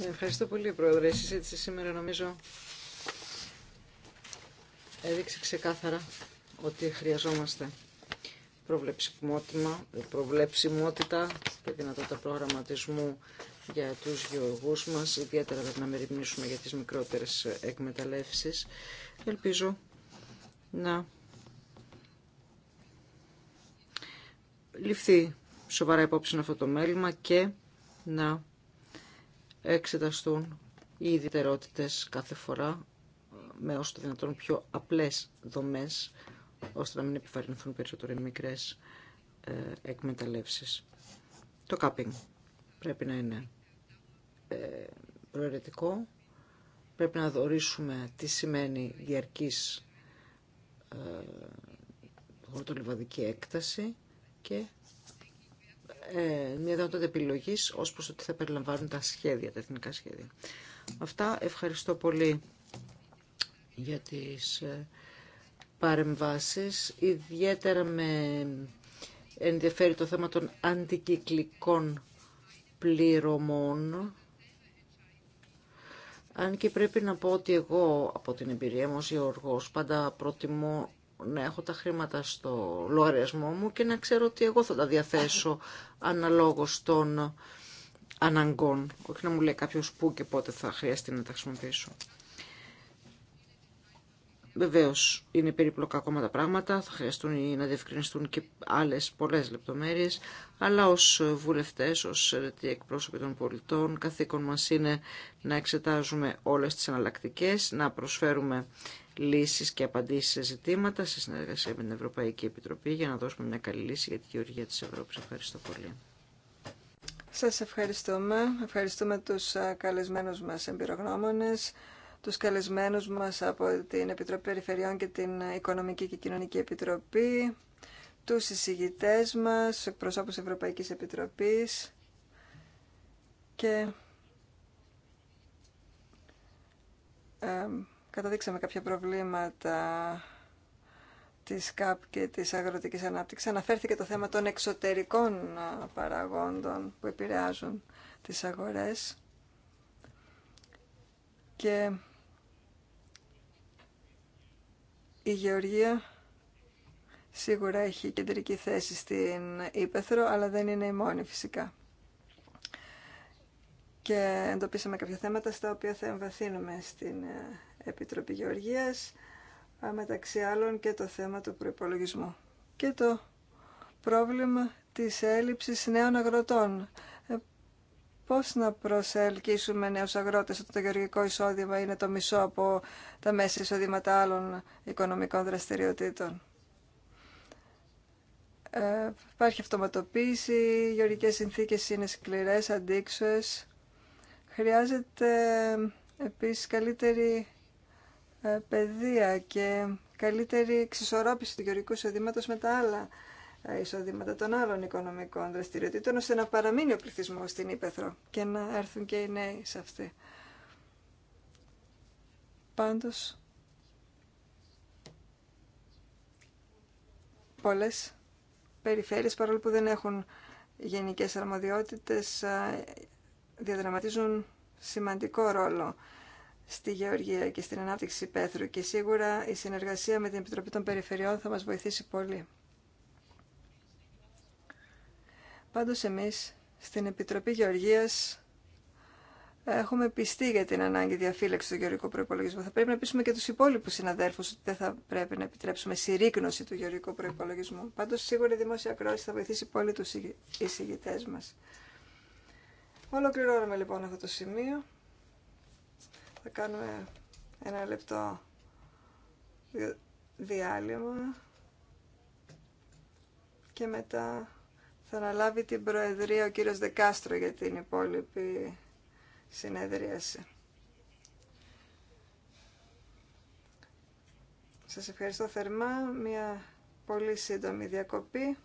Ευχαριστώ πολύ, Πρόεδρε. Η συζήτηση σήμερα νομίζω έδειξε ξεκάθαρα ότι χρειαζόμαστε προβλεψιμότητα και δυνατότητα προγραμματισμού για τους γεωργούς μας, ιδιαίτερα δεν να μεριμνήσουμε για τις μικρότερες εκμεταλλεύσεις. Ελπίζω να ληφθεί σοβαρά υπόψη αυτό το μέλημα και να εξεταστούν οι ιδιαιτερότητες κάθε φορά με όσο το δυνατόν πιο απλές δομές ώστε να μην επιβαρυνθούν περισσότερο οι μικρές ε, εκμεταλλεύσεις. Το κάπινγκ πρέπει να είναι ε, προαιρετικό. Πρέπει να δορίσουμε τι σημαίνει διαρκής ε, χορτολιβαδική έκταση και ε, μια δυνατότητα επιλογή ω προ ότι θα περιλαμβάνουν τα σχέδια, τα εθνικά σχέδια. Αυτά. Ευχαριστώ πολύ για τις παρεμβάσεις. Ιδιαίτερα με ενδιαφέρει το θέμα των αντικυκλικών πληρωμών. Αν και πρέπει να πω ότι εγώ από την εμπειρία μου ως γεωργός πάντα προτιμώ να έχω τα χρήματα στο λογαριασμό μου και να ξέρω ότι εγώ θα τα διαθέσω αναλόγως των αναγκών. Όχι να μου λέει κάποιος πού και πότε θα χρειαστεί να τα χρησιμοποιήσω. Βεβαίω είναι περίπλοκα ακόμα τα πράγματα, θα χρειαστούν να διευκρινιστούν και άλλε πολλέ λεπτομέρειε, αλλά ω βουλευτέ, ω εκπρόσωποι των πολιτών, καθήκον μα είναι να εξετάζουμε όλε τι εναλλακτικέ, να προσφέρουμε λύσεις και απαντήσεις σε ζητήματα σε συνεργασία με την Ευρωπαϊκή Επιτροπή για να δώσουμε μια καλή λύση για τη γεωργία της Ευρώπης. Ευχαριστώ πολύ. Σας ευχαριστούμε. Ευχαριστούμε τους καλεσμένους μας εμπειρογνώμονες τους καλεσμένους μας από την Επιτροπή Περιφερειών και την Οικονομική και Κοινωνική Επιτροπή, τους εισηγητές μας, τους εκπροσώπους Ευρωπαϊκής Επιτροπής και ε, καταδείξαμε κάποια προβλήματα της ΚΑΠ και της αγροτικής ανάπτυξης. Αναφέρθηκε το θέμα των εξωτερικών παραγόντων που επηρεάζουν τις αγορές και Η Γεωργία σίγουρα έχει κεντρική θέση στην Ήπεθρο, αλλά δεν είναι η μόνη φυσικά. Και εντοπίσαμε κάποια θέματα στα οποία θα εμβαθύνουμε στην ε, Επιτροπή Γεωργίας, μεταξύ άλλων και το θέμα του προϋπολογισμού και το πρόβλημα της έλλειψης νέων αγροτών Πώς να προσελκύσουμε νέους αγρότες όταν το γεωργικό εισόδημα είναι το μισό από τα μέσα εισοδήματα άλλων οικονομικών δραστηριοτήτων. Ε, υπάρχει αυτοματοποίηση, οι γεωργικές συνθήκες είναι σκληρές, αντίξωες. Χρειάζεται ε, επίσης καλύτερη ε, παιδεία και καλύτερη εξισορρόπηση του γεωργικού εισοδήματος με τα άλλα ε, εισοδήματα των άλλων οικονομικών δραστηριοτήτων, ώστε να παραμείνει ο πληθυσμό στην Ήπεθρο και να έρθουν και οι νέοι σε αυτή. Πάντως, πολλές περιφέρειες, παρόλο που δεν έχουν γενικές αρμοδιότητες, ε, διαδραματίζουν σημαντικό ρόλο στη γεωργία και στην ανάπτυξη Πέθρου και σίγουρα η συνεργασία με την Επιτροπή των Περιφερειών θα μας βοηθήσει πολύ. Πάντως εμείς στην Επιτροπή Γεωργίας έχουμε πιστεί για την ανάγκη διαφύλαξη του γεωργικού προϋπολογισμού. Θα πρέπει να πείσουμε και τους υπόλοιπου συναδέρφους ότι δεν θα πρέπει να επιτρέψουμε συρρήκνωση του γεωργικού προπολογισμού. Πάντως σίγουρα η δημόσια κρόση θα βοηθήσει πολύ τους εισηγητέ μας. Ολοκληρώνουμε λοιπόν αυτό το σημείο. Θα κάνουμε ένα λεπτό διάλειμμα και μετά θα αναλάβει την Προεδρία ο κύριος Δεκάστρο για την υπόλοιπη συνεδρίαση. Σας ευχαριστώ θερμά. Μια πολύ σύντομη διακοπή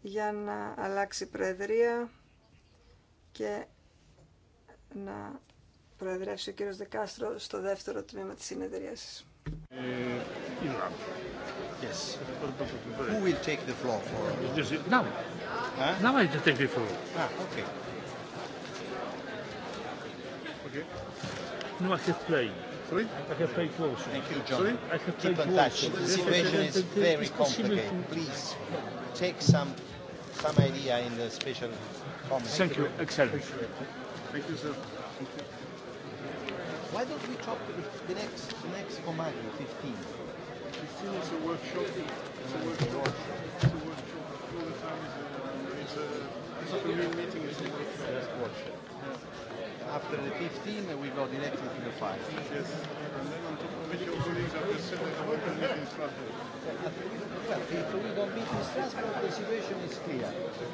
για να αλλάξει Προεδρία και να προεδρεύσει ο κύριος Δεκάστρο στο δεύτερο τμήμα της συνεδρίασης. Ε, Yes. Who will take the floor for? Now. Huh? Now I take the floor. Ah, okay. Okay. No, I can play. Sorry? I can play closer. Thank you, John. Sorry? I can play Keep in touch. The situation is very complicated. Please take some some idea in the special comment. Thank you. Excellent. Thank you, sir. Why don't we talk the next the next command 15? After the 15, we go directly to the 5. Yes. And then on top of it, your colleagues are just sitting at meeting Strasbourg. Well, if we don't meet in Strasbourg, the situation is clear.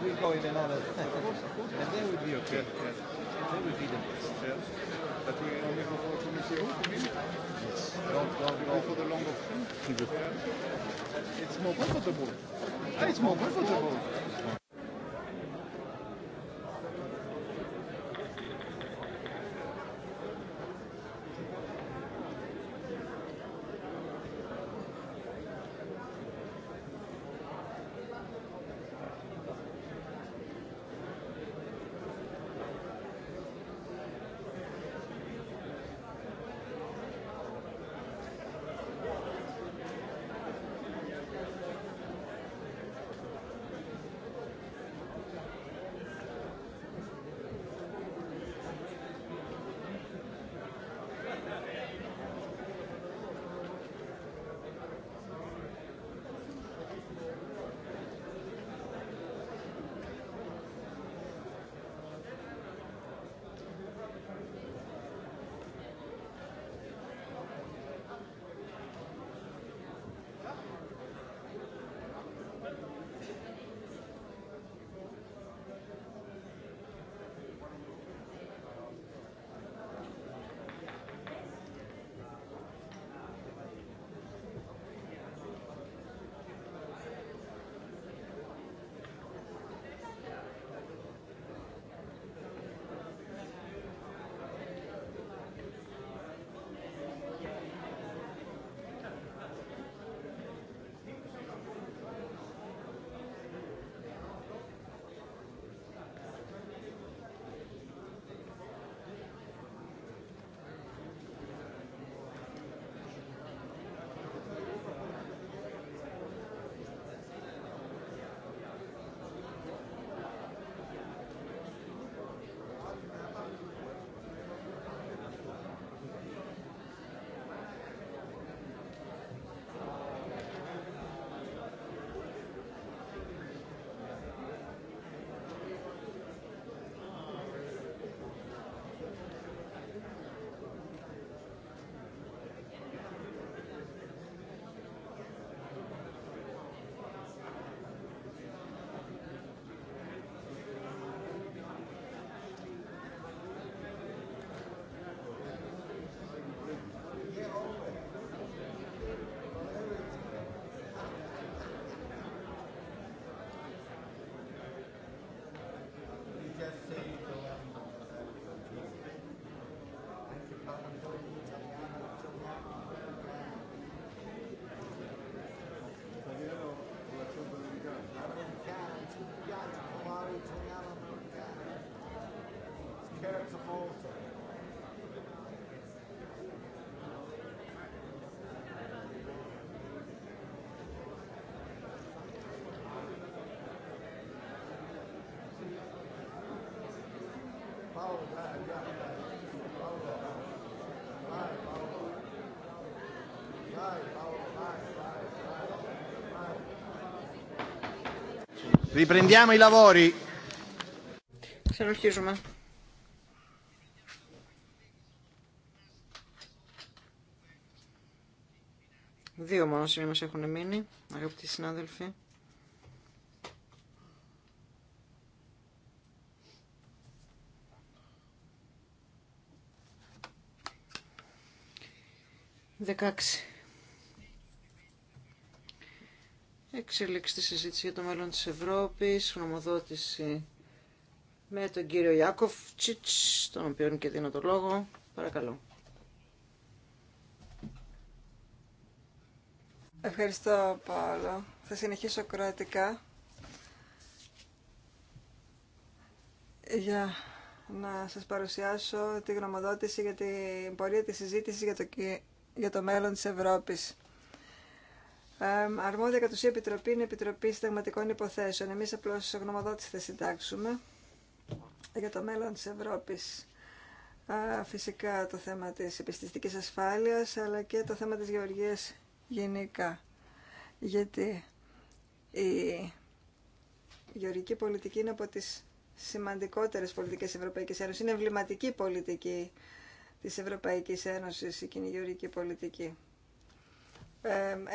We go in another. and then we'll be okay. Then we'll be the best. But we only have for Committee It's more comfortable. It's more comfortable. Riprendiamo i lavori. ma... Δύο μόνο σημεία μας έχουν μείνει, αγαπητοί συνάδελφοι. Δεκάξι. Εξελίξη τη συζήτηση για το μέλλον της Ευρώπης, γνωμοδότηση με τον κύριο Ιάκοφ Τσίτς, τον οποίο και δίνω το λόγο. Παρακαλώ. Ευχαριστώ, Παόλο. Θα συνεχίσω κροατικά για να σας παρουσιάσω τη γνωμοδότηση για την πορεία της συζήτησης για το, για το μέλλον της Ευρώπης αρμόδια κατ' ουσία επιτροπή είναι επιτροπή συνταγματικών υποθέσεων. Εμείς απλώς γνωμοδότης θα συντάξουμε για το μέλλον της Ευρώπης. Φυσικά το θέμα της επιστηστικής ασφάλειας, αλλά και το θέμα της γεωργίας γενικά. Γιατί η γεωργική πολιτική είναι από τις σημαντικότερες πολιτικές Ευρωπαϊκής Ένωσης. Είναι εμβληματική πολιτική της Ευρωπαϊκής Ένωσης η κοινή γεωργική πολιτική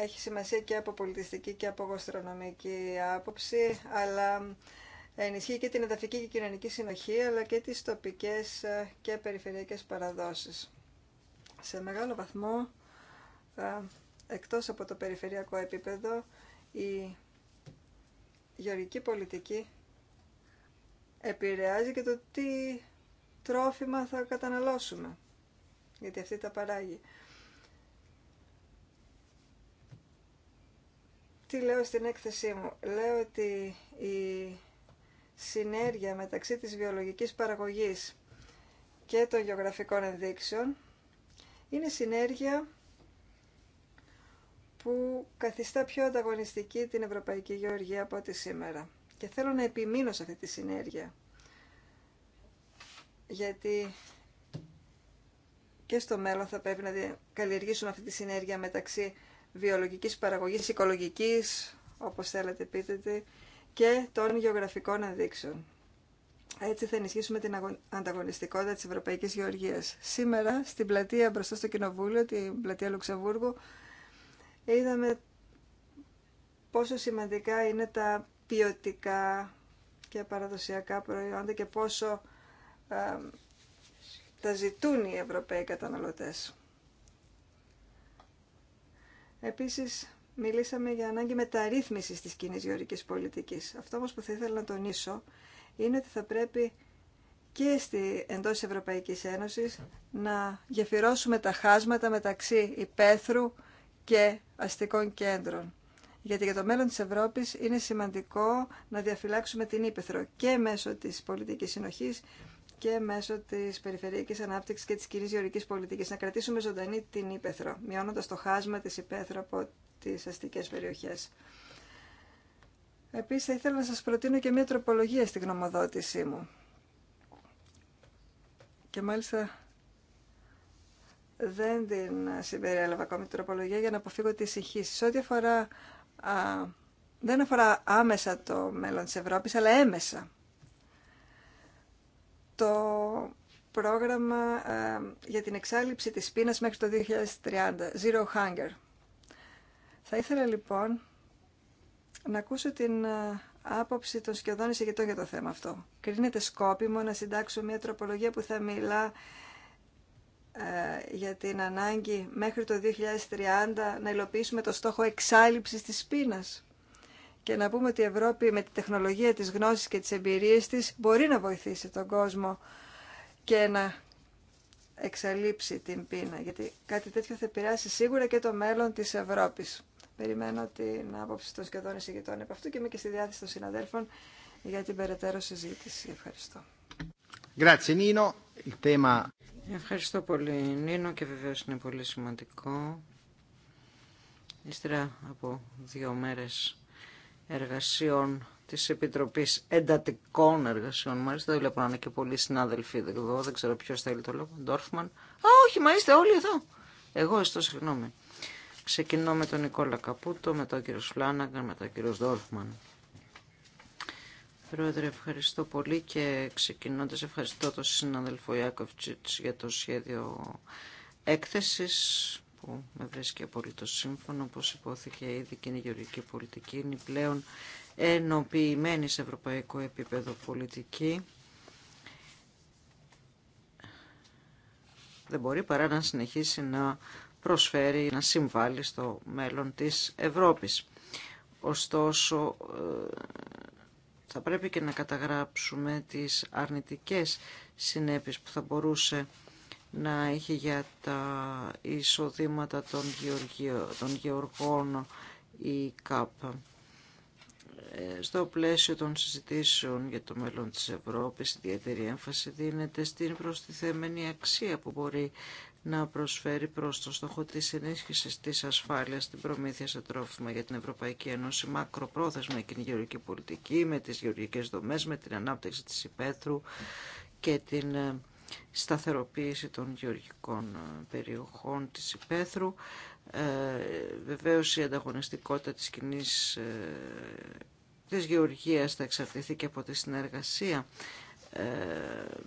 έχει σημασία και από πολιτιστική και από γοστρονομική άποψη, αλλά ενισχύει και την εδαφική και κοινωνική συνοχή, αλλά και τις τοπικές ε, και περιφερειακές παραδόσεις. Σε μεγάλο βαθμό, ε, εκτός από το περιφερειακό επίπεδο, η γεωργική πολιτική επηρεάζει και το τι τρόφιμα θα καταναλώσουμε, γιατί αυτή τα παράγει. λέω στην έκθεσή μου. Λέω ότι η συνέργεια μεταξύ της βιολογικής παραγωγής και των γεωγραφικών ενδείξεων είναι συνέργεια που καθιστά πιο ανταγωνιστική την Ευρωπαϊκή Γεωργία από ό,τι σήμερα. Και θέλω να επιμείνω σε αυτή τη συνέργεια. Γιατί και στο μέλλον θα πρέπει να καλλιεργήσουμε αυτή τη συνέργεια μεταξύ βιολογικής παραγωγής, οικολογικής, όπως θέλετε πείτε και των γεωγραφικών ενδείξεων. Έτσι θα ενισχύσουμε την ανταγωνιστικότητα της Ευρωπαϊκής Γεωργίας. Σήμερα, στην πλατεία μπροστά στο Κοινοβούλιο, την πλατεία Λουξεμβούργου, είδαμε πόσο σημαντικά είναι τα ποιοτικά και παραδοσιακά προϊόντα και πόσο ε, τα ζητούν οι Ευρωπαίοι καταναλωτές. Επίσης, μιλήσαμε για ανάγκη μεταρρύθμισης της κοινή γεωρικής πολιτικής. Αυτό όμως που θα ήθελα να τονίσω είναι ότι θα πρέπει και στη, εντός ευρωπαϊκή Ευρωπαϊκής να γεφυρώσουμε τα χάσματα μεταξύ υπαίθρου και αστικών κέντρων. Γιατί για το μέλλον της Ευρώπης είναι σημαντικό να διαφυλάξουμε την υπαίθρο και μέσω της πολιτικής συνοχής και μέσω τη περιφερειακή ανάπτυξη και τη κοινή γεωρική πολιτική. Να κρατήσουμε ζωντανή την ύπεθρο, μειώνοντα το χάσμα τη ύπεθρο από τι αστικέ περιοχέ. Επίση, θα ήθελα να σα προτείνω και μια τροπολογία στη γνωμοδότησή μου. Και μάλιστα δεν την συμπεριέλαβα ακόμη την τροπολογία για να αποφύγω τις συγχύσει. Ό,τι αφορά, α, δεν αφορά άμεσα το μέλλον της Ευρώπης, αλλά έμεσα το πρόγραμμα ε, για την εξάλληψη της πείνας μέχρι το 2030, Zero Hunger. Θα ήθελα λοιπόν να ακούσω την ε, άποψη των σκιωδών εισηγητών για το θέμα αυτό. Κρίνεται σκόπιμο να συντάξω μια τροπολογία που θα μιλά ε, για την ανάγκη μέχρι το 2030 να υλοποιήσουμε το στόχο εξάλληψης της πείνας και να πούμε ότι η Ευρώπη με τη τεχνολογία της γνώσης και της εμπειρίας της μπορεί να βοηθήσει τον κόσμο και να εξαλείψει την πείνα, γιατί κάτι τέτοιο θα επηρεάσει σίγουρα και το μέλλον της Ευρώπης. Περιμένω την άποψη των σχεδόν εισηγητών επ' αυτού και είμαι και στη διάθεση των συναδέλφων για την περαιτέρω συζήτηση. Ευχαριστώ. Ευχαριστώ πολύ, Νίνο, και βεβαίως είναι πολύ σημαντικό. Ύστερα από δύο μέρες εργασιών της Επιτροπής Εντατικών Εργασιών. Μάλιστα βλέπω να είναι και πολλοί συνάδελφοι εδώ, δεν ξέρω ποιος θέλει το λόγο, Ντόρφμαν. Α, όχι, μα είστε όλοι εδώ. Εγώ εστώ, συγγνώμη. Ξεκινώ με τον Νικόλα Καπούτο, με τον κύριο Σλάναγκαν, με τον κύριο Ντόρφμαν. Πρόεδρε, ευχαριστώ πολύ και ξεκινώντας ευχαριστώ τον συνάδελφο Ιάκοφτσιτς για το σχέδιο έκθεσης που με βρίσκει απολύτως σύμφωνο. Όπως υπόθηκε ήδη και η γεωργική πολιτική είναι πλέον ενοποιημένη σε ευρωπαϊκό επίπεδο πολιτική. Δεν μπορεί παρά να συνεχίσει να προσφέρει, να συμβάλλει στο μέλλον της Ευρώπης. Ωστόσο, ε, θα πρέπει και να καταγράψουμε τις αρνητικές συνέπειες που θα μπορούσε να έχει για τα εισοδήματα των, γεωργιο, των γεωργών η ΚΑΠ. Ε, στο πλαίσιο των συζητήσεων για το μέλλον της Ευρώπης, ιδιαίτερη έμφαση δίνεται στην προστιθέμενη αξία που μπορεί να προσφέρει προς το στόχο της ενίσχυσης της ασφάλειας στην προμήθεια σε τρόφιμα για την Ευρωπαϊκή Ένωση, μακροπρόθεσμα και την γεωργική πολιτική, με τις γεωργικές δομές, με την ανάπτυξη της υπαίθρου και την ε, σταθεροποίηση των γεωργικών ε, περιοχών της Υπέθρου. Ε, βεβαίως η ανταγωνιστικότητα της κοινή ε, της γεωργίας θα εξαρτηθεί και από τη συνεργασία ε,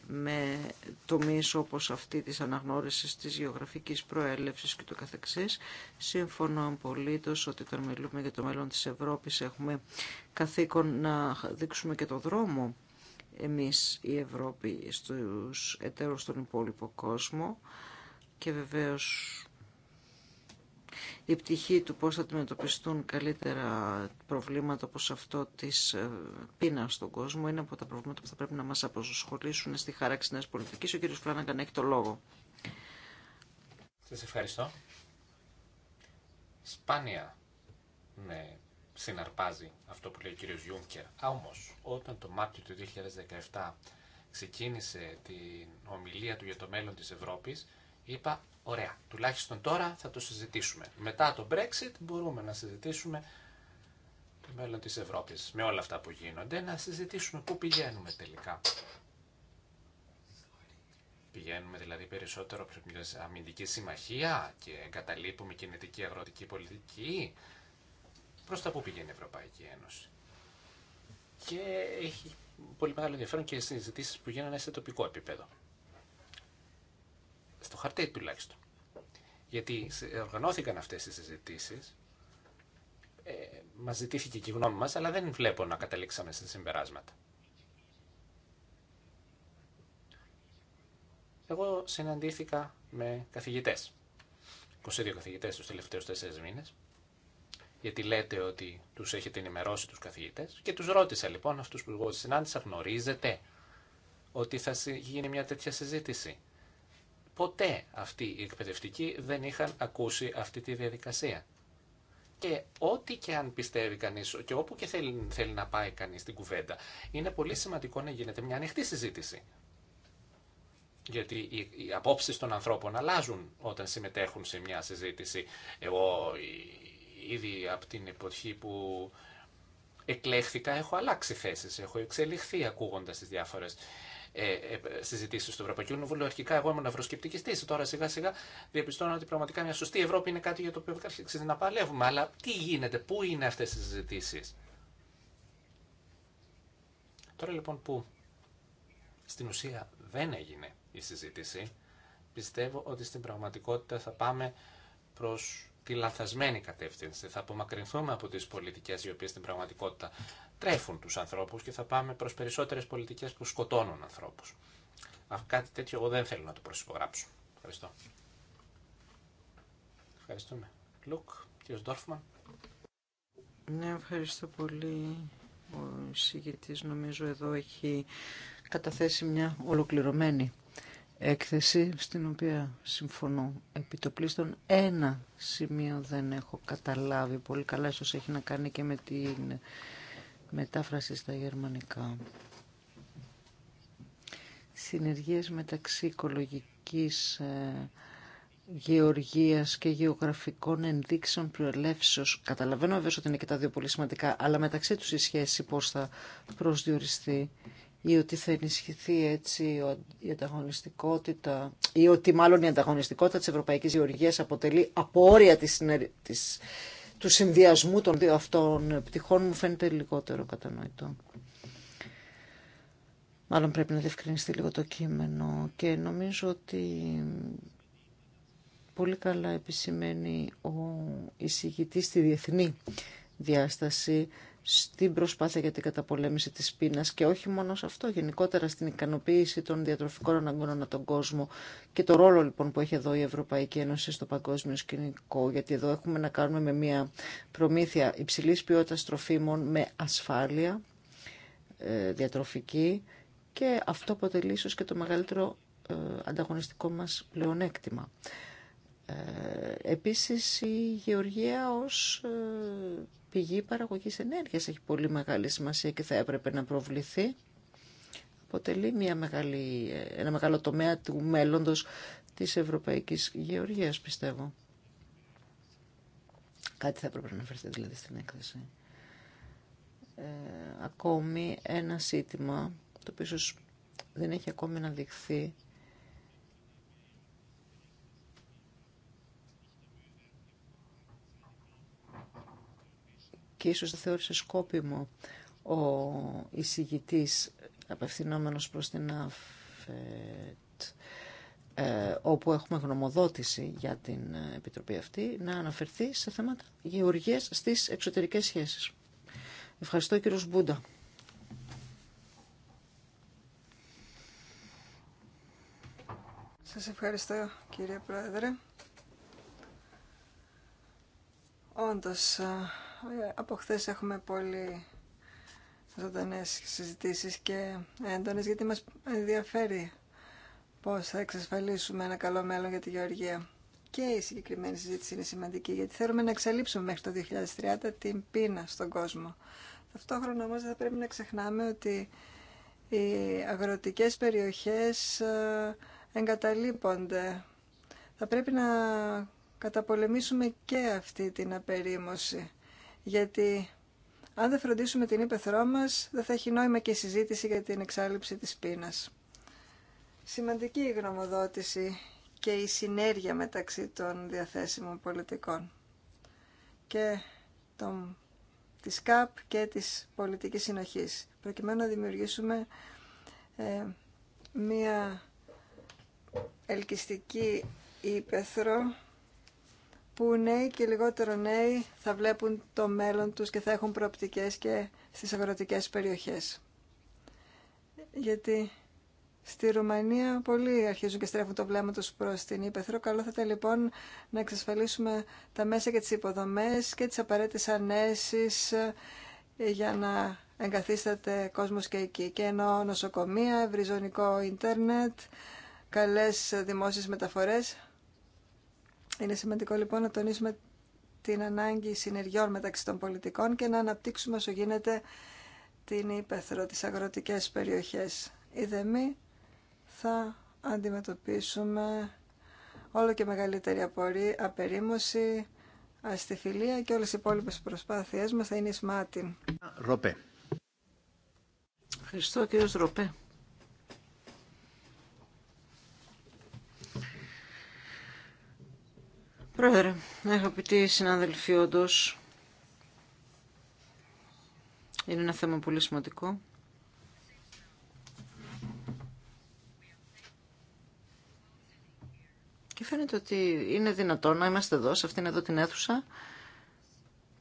με τομείς όπως αυτή της αναγνώρισης της γεωγραφικής προέλευσης και το καθεξής. Σύμφωνο απολύτως ότι όταν μιλούμε για το μέλλον της Ευρώπης έχουμε καθήκον να δείξουμε και το δρόμο εμείς η Ευρώπη στους εταίρους στον υπόλοιπο κόσμο και βεβαίως η πτυχή του πώς θα αντιμετωπιστούν καλύτερα προβλήματα όπως αυτό της ε, πείνας στον κόσμο είναι από τα προβλήματα που θα πρέπει να μας αποσχολήσουν στη χάραξη νέας πολιτικής. Ο κ. Φλάνναγκαν έχει το λόγο. Σας ευχαριστώ. Σπάνια με συναρπάζει αυτό που λέει ο κύριος Γιούνκερ. Όμως, όταν το Μάρτιο του 2017 ξεκίνησε την ομιλία του για το μέλλον της Ευρώπης, είπα, ωραία, τουλάχιστον τώρα θα το συζητήσουμε. Μετά το Brexit μπορούμε να συζητήσουμε το μέλλον της Ευρώπης με όλα αυτά που γίνονται, να συζητήσουμε πού πηγαίνουμε τελικά. Πηγαίνουμε δηλαδή περισσότερο προς μια αμυντική συμμαχία και εγκαταλείπουμε κινητική αγροτική πολιτική Προ τα που πηγαίνει η Ευρωπαϊκή Ένωση. Και έχει πολύ μεγάλο ενδιαφέρον και συζητήσει που γίνανε σε τοπικό επίπεδο. Στο χαρτί τουλάχιστον. Γιατί οργανώθηκαν αυτέ οι συζητήσει. ε, μας ζητήθηκε και η γνώμη μα, αλλά δεν βλέπω να καταλήξαμε σε συμπεράσματα. Εγώ συναντήθηκα με καθηγητές, 22 καθηγητές τους τελευταίους 4 μήνες, γιατί λέτε ότι τους έχετε ενημερώσει του καθηγητές και του ρώτησα λοιπόν αυτού, που εγώ συνάντησα γνωρίζετε ότι θα γίνει μια τέτοια συζήτηση. Ποτέ αυτοί οι εκπαιδευτικοί δεν είχαν ακούσει αυτή τη διαδικασία. Και ό,τι και αν πιστεύει κανεί και όπου και θέλει, να πάει κανεί στην κουβέντα, είναι πολύ σημαντικό να γίνεται μια ανοιχτή συζήτηση. Γιατί οι, οι απόψει των ανθρώπων αλλάζουν όταν συμμετέχουν σε μια συζήτηση. Εγώ ήδη από την εποχή που εκλέχθηκα έχω αλλάξει θέσεις, έχω εξελιχθεί ακούγοντας τις διάφορες ε, ε, συζητήσεις του Ευρωπαϊκού Κοινοβουλίου. Αρχικά εγώ ήμουν ευρωσκεπτικιστή. Τώρα σιγά σιγά διαπιστώνω ότι πραγματικά μια σωστή Ευρώπη είναι κάτι για το οποίο αρχίζει να παλεύουμε. Αλλά τι γίνεται, πού είναι αυτές οι συζητήσεις. Τώρα λοιπόν που στην ουσία δεν έγινε η συζήτηση, πιστεύω ότι στην πραγματικότητα θα πάμε προς τη λαθασμένη κατεύθυνση. Θα απομακρυνθούμε από τις πολιτικές οι οποίες στην πραγματικότητα τρέφουν τους ανθρώπους και θα πάμε προς περισσότερες πολιτικές που σκοτώνουν ανθρώπους. Κάτι τέτοιο εγώ δεν θέλω να το προσυπογράψω. Ευχαριστώ. Ευχαριστούμε. Λουκ, κύριος Ντόρφμαν. Ναι, ευχαριστώ πολύ. Ο συγγετής νομίζω εδώ έχει καταθέσει μια ολοκληρωμένη έκθεση στην οποία συμφωνώ επιτοπλίστων ένα σημείο δεν έχω καταλάβει πολύ καλά ίσως έχει να κάνει και με την μετάφραση στα γερμανικά συνεργίες μεταξύ οικολογικής ε, γεωργίας και γεωγραφικών ενδείξεων προελεύσεως. Καταλαβαίνω βέβαια ότι είναι και τα δύο πολύ σημαντικά, αλλά μεταξύ τους η σχέση πώς θα προσδιοριστεί ή ότι θα ενισχυθεί έτσι η ανταγωνιστικότητα ή ότι μάλλον η ανταγωνιστικότητα της Ευρωπαϊκής Γεωργίας αποτελεί από της, του συνδυασμού των δύο αυτών πτυχών μου φαίνεται λιγότερο κατανοητό. Μάλλον πρέπει να διευκρινιστεί λίγο το κείμενο και νομίζω ότι πολύ καλά επισημαίνει ο εισηγητής στη διεθνή διάσταση στην προσπάθεια για την καταπολέμηση της πείνας και όχι μόνο σε αυτό, γενικότερα στην ικανοποίηση των διατροφικών αναγκών ανά τον κόσμο και το ρόλο λοιπόν που έχει εδώ η Ευρωπαϊκή Ένωση στο παγκόσμιο σκηνικό, γιατί εδώ έχουμε να κάνουμε με μια προμήθεια υψηλής ποιότητας τροφίμων με ασφάλεια ε, διατροφική και αυτό αποτελεί ίσως και το μεγαλύτερο ε, ανταγωνιστικό μας πλεονέκτημα. Ε, επίσης η γεωργία ως πηγή παραγωγής ενέργειας έχει πολύ μεγάλη σημασία και θα έπρεπε να προβληθεί. Αποτελεί μια μεγάλη, ένα μεγάλο τομέα του μέλλοντος της Ευρωπαϊκής Γεωργίας, πιστεύω. Κάτι θα έπρεπε να αναφερθεί δηλαδή στην έκθεση. Ε, ακόμη ένα σύντημα το οποίο δεν έχει ακόμη να αναδειχθεί και ίσως το θεώρησε σκόπιμο ο εισηγητής απευθυνόμενος προς την ΑΦΕΤ ε, όπου έχουμε γνωμοδότηση για την Επιτροπή αυτή, να αναφερθεί σε θέματα γεωργίας στις εξωτερικές σχέσεις. Ευχαριστώ κύριο Μπούντα. Σας ευχαριστώ κύριε Πρόεδρε. Όντως ε, από χθε έχουμε πολύ ζωντανέ συζητήσεις και έντονες γιατί μας ενδιαφέρει πώς θα εξασφαλίσουμε ένα καλό μέλλον για τη Γεωργία. Και η συγκεκριμένη συζήτηση είναι σημαντική γιατί θέλουμε να εξαλείψουμε μέχρι το 2030 την πείνα στον κόσμο. Ταυτόχρονα όμως θα πρέπει να ξεχνάμε ότι οι αγροτικές περιοχές ε, εγκαταλείπονται. Θα πρέπει να καταπολεμήσουμε και αυτή την απερίμωση γιατί αν δεν φροντίσουμε την ύπεθρό μας, δεν θα έχει νόημα και η συζήτηση για την εξάλληψη της πείνας. Σημαντική η γνωμοδότηση και η συνέργεια μεταξύ των διαθέσιμων πολιτικών και των, της ΚΑΠ και της πολιτικής συνοχής, προκειμένου να δημιουργήσουμε ε, μία ελκυστική ύπεθρο που νέοι και λιγότερο νέοι θα βλέπουν το μέλλον τους και θα έχουν προοπτικές και στις αγροτικές περιοχές. Γιατί στη Ρουμανία πολλοί αρχίζουν και στρέφουν το βλέμμα τους προς την Ήπεθρο. Καλό θα ήταν λοιπόν να εξασφαλίσουμε τα μέσα και τις υποδομές και τις απαραίτητες ανέσεις ε, για να εγκαθίσταται κόσμος και εκεί. Και ενώ νοσοκομεία, ευρυζωνικό ίντερνετ, καλές δημόσιες μεταφορές είναι σημαντικό λοιπόν να τονίσουμε την ανάγκη συνεργειών μεταξύ των πολιτικών και να αναπτύξουμε όσο γίνεται την ύπεθρο, τις αγροτικές περιοχές. Οι θα αντιμετωπίσουμε όλο και μεγαλύτερη απερίμωση, αστιφιλία και όλες οι υπόλοιπες προσπάθειές μας θα είναι εις Ροπέ. Πρόεδρε, αγαπητοί συνάδελφοι, όντω είναι ένα θέμα πολύ σημαντικό. Και φαίνεται ότι είναι δυνατόν να είμαστε εδώ, σε αυτήν εδώ την αίθουσα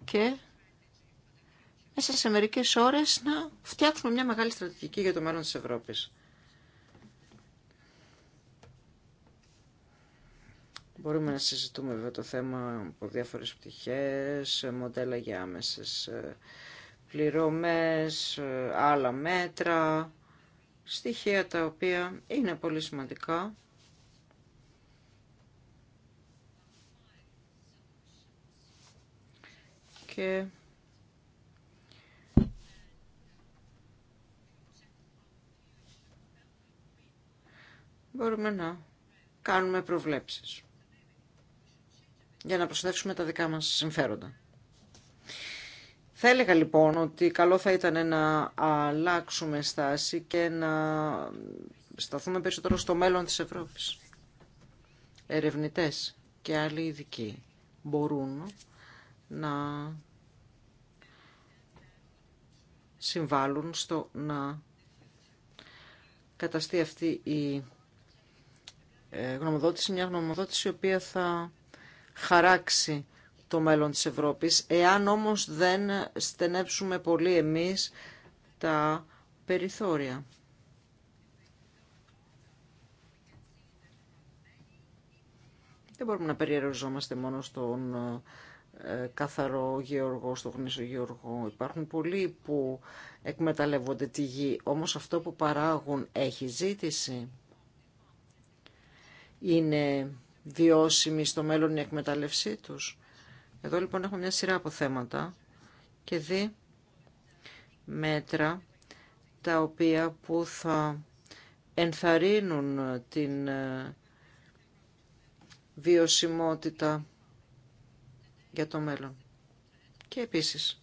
και μέσα σε μερικές ώρες να φτιάξουμε μια μεγάλη στρατηγική για το μέλλον της Ευρώπης. Μπορούμε να συζητούμε βέβαια το θέμα από διάφορες πτυχές, ε, μοντέλα για άμεσες ε, πληρωμές, ε, άλλα μέτρα, στοιχεία τα οποία είναι πολύ σημαντικά. Και μπορούμε να κάνουμε προβλέψεις για να προστατεύσουμε τα δικά μας συμφέροντα. Θα έλεγα λοιπόν ότι καλό θα ήταν να αλλάξουμε στάση και να σταθούμε περισσότερο στο μέλλον της Ευρώπης. Ερευνητές και άλλοι ειδικοί μπορούν να συμβάλλουν στο να καταστεί αυτή η ε, γνωμοδότηση, μια γνωμοδότηση η οποία θα χαράξει το μέλλον της Ευρώπης, εάν όμως δεν στενέψουμε πολύ εμείς τα περιθώρια. Δεν μπορούμε να περιεριζόμαστε μόνο στον ε, καθαρό γεωργό, στον γνήσιο γεωργό. Υπάρχουν πολλοί που εκμεταλλεύονται τη γη, όμως αυτό που παράγουν έχει ζήτηση. Είναι βιώσιμη στο μέλλον η εκμετάλλευσή τους. Εδώ λοιπόν έχουμε μια σειρά από θέματα και δεί μέτρα τα οποία που θα ενθαρρύνουν την ε, βιωσιμότητα για το μέλλον. Και επίσης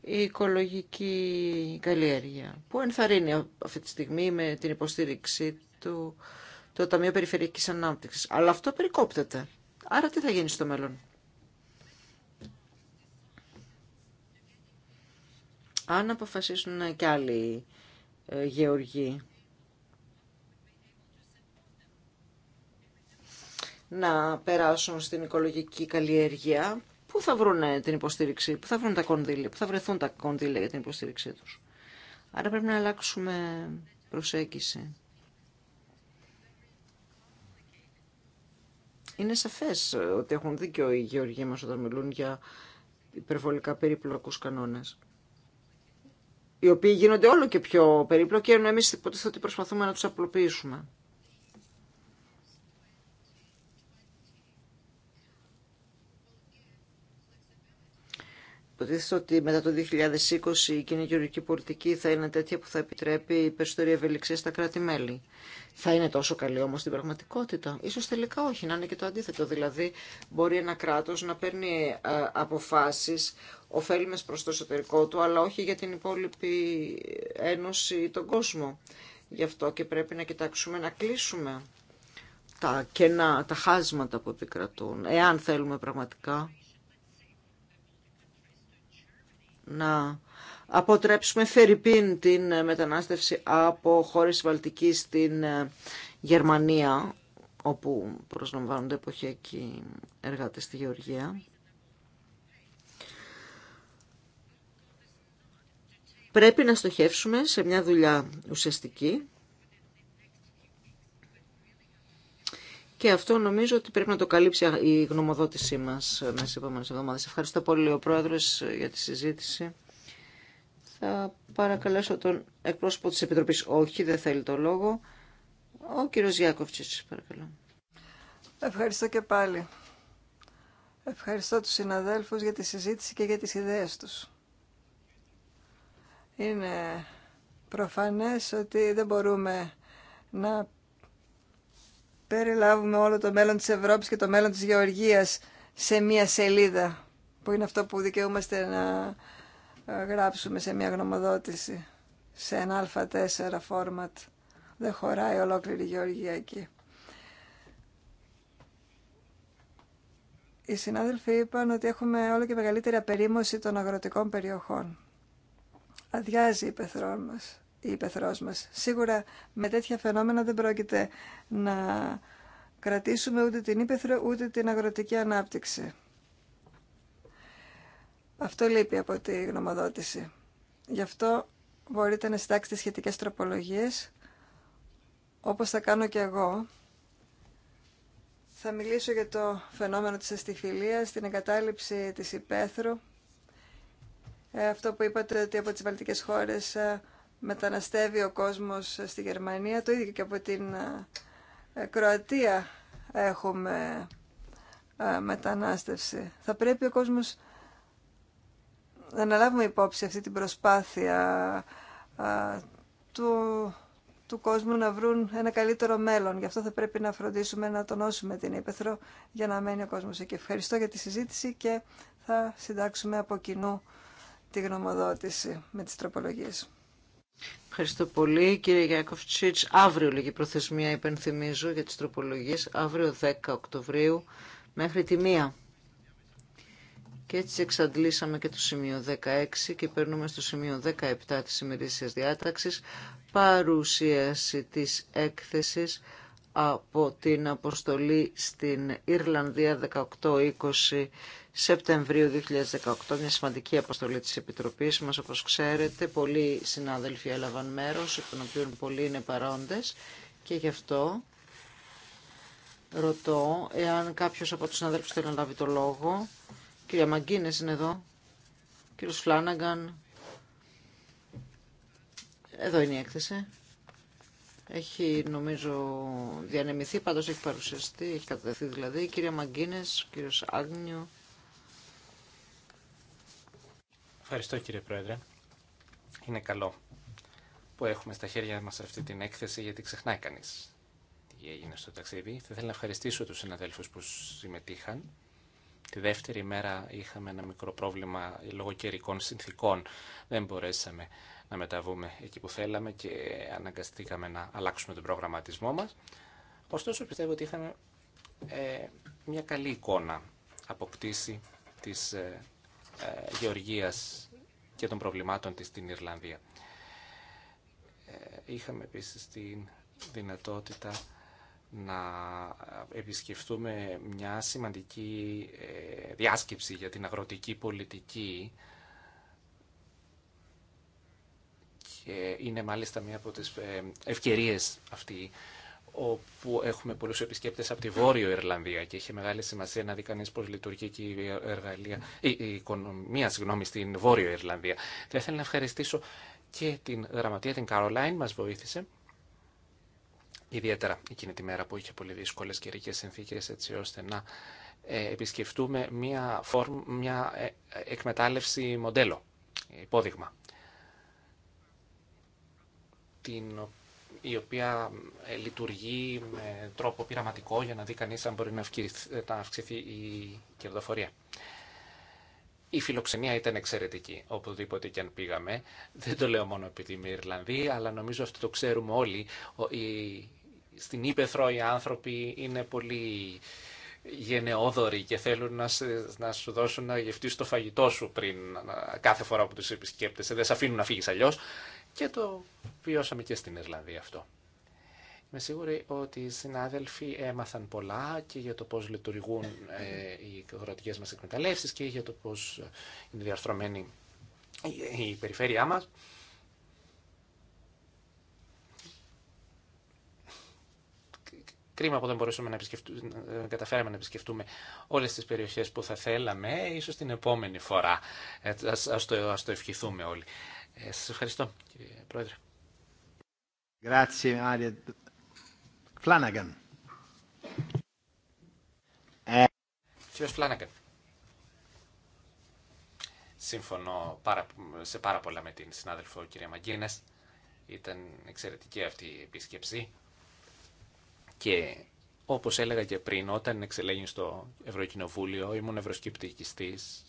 η οικολογική καλλιέργεια που ενθαρρύνει αυτή τη στιγμή με την υποστήριξη του το Ταμείο περιφερειακή ανάπτυξη. Αλλά αυτό περικόπτεται. Άρα τι θα γίνει στο μέλλον. Αν αποφασίσουν και άλλοι ε, γεωργοί να περάσουν στην οικολογική καλλιέργεια, πού θα βρουν την υποστήριξη, πού θα βρουν τα κονδύλια, πού θα βρεθούν τα κονδύλια για την υποστήριξή τους. Άρα πρέπει να αλλάξουμε προσέγγιση. Είναι σαφές ε, ότι έχουν δίκιο οι γεωργοί μας όταν μιλούν για υπερβολικά περίπλοκου κανόνες. Οι οποίοι γίνονται όλο και πιο περίπλοκοι, ενώ εμεί υποτίθεται ότι προσπαθούμε να τους απλοποιήσουμε. Υποτίθεται ότι μετά το 2020 η κοινή γεωργική πολιτική θα είναι τέτοια που θα επιτρέπει περισσότερη ευελιξία στα κράτη-μέλη. Θα είναι τόσο καλή όμως την πραγματικότητα. Ίσως τελικά όχι, να είναι και το αντίθετο. Δηλαδή μπορεί ένα κράτος να παίρνει ε, αποφάσεις ωφέλιμες προς το εσωτερικό του, αλλά όχι για την υπόλοιπη ένωση ή τον κόσμο. Γι' αυτό και πρέπει να κοιτάξουμε να κλείσουμε τα κενά, τα χάσματα που επικρατούν, εάν θέλουμε πραγματικά να αποτρέψουμε φερρυπίν την ε, μετανάστευση από χώρες Βαλτικής στην ε, Γερμανία, όπου προσλαμβάνονται εποχιακοί εργάτες στη Γεωργία. Πρέπει να στοχεύσουμε σε μια δουλειά ουσιαστική, Και αυτό νομίζω ότι πρέπει να το καλύψει η γνωμοδότησή μας μέσα στι επόμενε εβδομάδε. Ευχαριστώ πολύ ο πρόεδρο για τη συζήτηση. Θα παρακαλέσω τον εκπρόσωπο της Επιτροπής. Όχι, δεν θέλει το λόγο. Ο κύριο Γιάκοφτσης, παρακαλώ. Ευχαριστώ και πάλι. Ευχαριστώ τους συναδέλφους για τη συζήτηση και για τις ιδέες τους. Είναι προφανές ότι δεν μπορούμε να περιλάβουμε όλο το μέλλον της Ευρώπης και το μέλλον της Γεωργίας σε μία σελίδα, που είναι αυτό που δικαιούμαστε να ε, γράψουμε σε μία γνωμοδότηση, σε ένα α4 φόρματ. Δεν χωράει ολόκληρη η Γεωργία εκεί. Οι συνάδελφοι είπαν ότι έχουμε όλο και μεγαλύτερη απερίμωση των αγροτικών περιοχών. Αδειάζει η πεθρόν μας η υπεθρός μας. Σίγουρα με τέτοια φαινόμενα δεν πρόκειται να κρατήσουμε ούτε την ύπεθρο ούτε την αγροτική ανάπτυξη. Αυτό λείπει από τη γνωμοδότηση. Γι' αυτό μπορείτε να συντάξετε σχετικές τροπολογίες, όπως θα κάνω και εγώ. Θα μιλήσω για το φαινόμενο της αστιφιλίας, την εγκατάλειψη της υπαίθρου. Ε, αυτό που είπατε ότι από τις βαλτικές χώρες ε, μεταναστεύει ο κόσμος στη Γερμανία. Το ίδιο και από την ε, ε, Κροατία έχουμε ε, μετανάστευση. Θα πρέπει ο κόσμος να αναλάβουμε υπόψη αυτή την προσπάθεια του, κόσμου να βρουν ένα καλύτερο μέλλον. Γι' αυτό θα πρέπει να φροντίσουμε να τονώσουμε την Ήπεθρο για να μένει ο κόσμος εκεί. Ευχαριστώ για τη συζήτηση και θα συντάξουμε από κοινού τη γνωμοδότηση με τις τροπολογίες. Ευχαριστώ πολύ. Κύριε Γιάκοφτσίτς, αύριο λίγη προθεσμία υπενθυμίζω για τις τροπολογίες, αύριο 10 Οκτωβρίου μέχρι τη 1. Και έτσι εξαντλήσαμε και το σημείο 16 και παίρνουμε στο σημείο 17 της ημερήσιας διάταξης, παρουσίαση της έκθεσης από την αποστολή στην Ιρλανδία 18-20 Σεπτεμβρίου 2018, μια σημαντική αποστολή της Επιτροπής μας, όπως ξέρετε. Πολλοί συνάδελφοι έλαβαν μέρος, από τον οποίο πολλοί είναι παρόντες και γι' αυτό ρωτώ εάν κάποιος από τους συνάδελφους θέλει να λάβει το λόγο. Κυρία Μαγκίνες είναι εδώ, κύριος Φλάναγκαν. Εδώ είναι η έκθεση. Έχει νομίζω διανεμηθεί, πάντως έχει παρουσιαστεί, έχει κατατεθεί δηλαδή η κυρία Μαγκίνες, ο κύριος Άγνιο. Ευχαριστώ κύριε Πρόεδρε. Είναι καλό που έχουμε στα χέρια μας αυτή την έκθεση γιατί ξεχνάει κανείς τι έγινε στο ταξίδι. Θα ήθελα να ευχαριστήσω τους συναδέλφους που συμμετείχαν. Τη δεύτερη μέρα είχαμε ένα μικρό πρόβλημα λόγω καιρικών συνθήκων. Δεν μπορέσαμε να μεταβούμε εκεί που θέλαμε και αναγκαστήκαμε να αλλάξουμε τον προγραμματισμό μας. Ωστόσο πιστεύω ότι είχαμε ε, μια καλή εικόνα αποκτήσει της ε, ε, γεωργίας και των προβλημάτων της στην Ιρλανδία. Ε, είχαμε επίσης τη δυνατότητα να επισκεφτούμε μια σημαντική διάσκεψη για την αγροτική πολιτική είναι μάλιστα μία από τις ε, ευκαιρίες αυτή όπου έχουμε πολλούς επισκέπτες από τη Βόρειο Ιρλανδία και έχει μεγάλη σημασία να δει κανείς πώς λειτουργεί και η, εργαλεία, η, οικονομία συγγνώμη, στην Βόρειο Ιρλανδία. Θα ήθελα να ευχαριστήσω και την γραμματεία, την Καρολάιν, μας βοήθησε ιδιαίτερα εκείνη τη μέρα που είχε πολύ δύσκολε καιρικέ συνθήκε, έτσι ώστε να ε, επισκεφτούμε μια, μια ε, εκμετάλλευση μοντέλο, υπόδειγμα την, η οποία ε, λειτουργεί με τρόπο πειραματικό για να δει κανείς αν μπορεί να, ε, να αυξηθεί η κερδοφορία. Η φιλοξενία ήταν εξαιρετική, οπουδήποτε και αν πήγαμε. Δεν το λέω μόνο επειδή είμαι Ιρλανδή, αλλά νομίζω αυτό το ξέρουμε όλοι. Στην Ήπεθρο οι άνθρωποι είναι πολύ γενναιόδοροι και θέλουν να, να σου δώσουν να γευτείς το φαγητό σου πριν κάθε φορά που τους επισκέπτεσαι. Δεν σε αφήνουν να φύγεις αλλιώς. Και το βιώσαμε και στην Ιρλανδία αυτό. Είμαι σίγουρη ότι οι συνάδελφοι έμαθαν πολλά και για το πώς λειτουργούν ε, οι αγροτικές μας εκμεταλλεύσεις και για το πώς είναι διαρθρωμένη η περιφέρειά μας. Κρίμα που δεν μπορούσαμε να, επισκεφτούμε, να καταφέραμε να επισκεφτούμε όλες τις περιοχές που θα θέλαμε, ίσως την επόμενη φορά. Ε, ας, ας το ευχηθούμε όλοι. Ε, σας ευχαριστώ κύριε Πρόεδρε. Grazie ε, Σύμφωνο πάρα, σε πάρα πολλά με την συνάδελφο κυρία Μαγκίνες. Ήταν εξαιρετική αυτή η επίσκεψη. Και όπως έλεγα και πριν, όταν εξελέγει στο Ευρωκοινοβούλιο, ήμουν ευρωσκεπτικιστής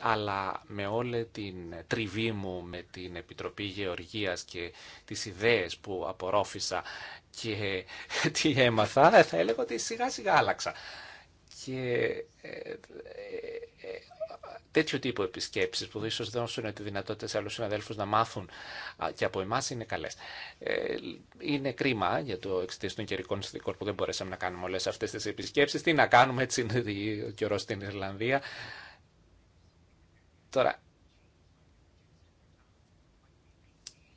αλλά με όλη την τριβή μου με την Επιτροπή Γεωργίας και τις ιδέες που απορρόφησα και τι έμαθα, ε, θα έλεγα ότι σιγά σιγά άλλαξα. Και ε, ε, τέτοιου τύπου επισκέψεις που ίσως δώσουν τη δυνατότητα σε άλλους συναδέλφους να μάθουν και από εμάς είναι καλές. Είναι κρίμα για το εξαιτίας των καιρικών συνθήκων που δεν μπορέσαμε να κάνουμε όλες αυτές τις επισκέψεις. Τι να κάνουμε, έτσι είναι ο καιρός στην Ιρλανδία. Τώρα,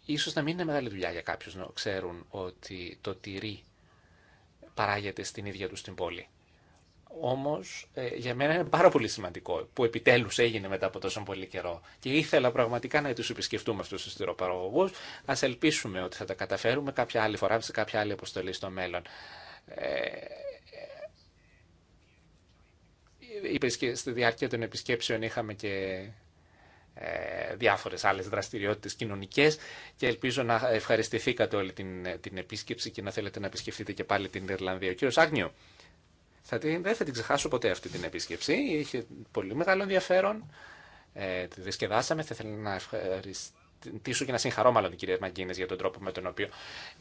ίσως να μην είναι μεγάλη δουλειά για κάποιους να ξέρουν ότι το τυρί παράγεται στην ίδια του την πόλη. Όμως ε, για μένα είναι πάρα πολύ σημαντικό που επιτέλους έγινε μετά από τόσο πολύ καιρό και ήθελα πραγματικά να τους επισκεφτούμε αυτούς τους τυροπαραγωγούς. Ας ελπίσουμε ότι θα τα καταφέρουμε κάποια άλλη φορά σε κάποια άλλη αποστολή στο μέλλον. Ε, στη διάρκεια των επισκέψεων είχαμε και ε, διάφορες άλλες δραστηριότητες κοινωνικές και ελπίζω να ευχαριστηθήκατε όλη την, την επίσκεψη και να θέλετε να επισκεφτείτε και πάλι την Ιρλανδία. Ο κύριος Άγνιο, θα την, δεν θα την ξεχάσω ποτέ αυτή την επίσκεψη, είχε πολύ μεγάλο ενδιαφέρον, ε, τη δεσκεδάσαμε. θα ήθελα να ευχαριστήσω και να συγχαρώ μάλλον την κυρία Μαγκίνες για τον τρόπο με τον οποίο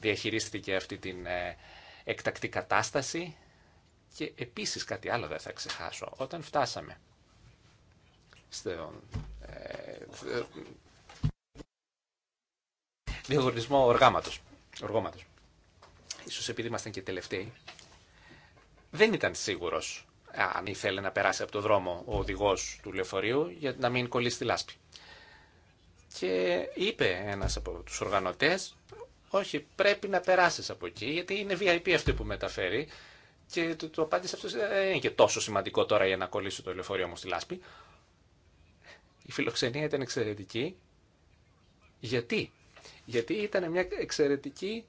διαχειρίστηκε αυτή την ε, εκτακτή κατάσταση και επίσης κάτι άλλο δεν θα ξεχάσω. Όταν φτάσαμε στο ε, διαγωνισμό οργάματος, οργώματος, ίσως επειδή ήμασταν και τελευταίοι, δεν ήταν σίγουρος αν ήθελε να περάσει από το δρόμο ο οδηγός του λεωφορείου για να μην κολλήσει τη λάσπη. Και είπε ένας από τους οργανωτές, όχι πρέπει να περάσεις από εκεί γιατί είναι VIP αυτή που μεταφέρει και το, απάντησε αυτό, «Ε, δεν είναι και τόσο σημαντικό τώρα για να κολλήσω το λεωφορείο μου στη λάσπη. Η φιλοξενία ήταν εξαιρετική. Γιατί? Γιατί ήταν μια εξαιρετική,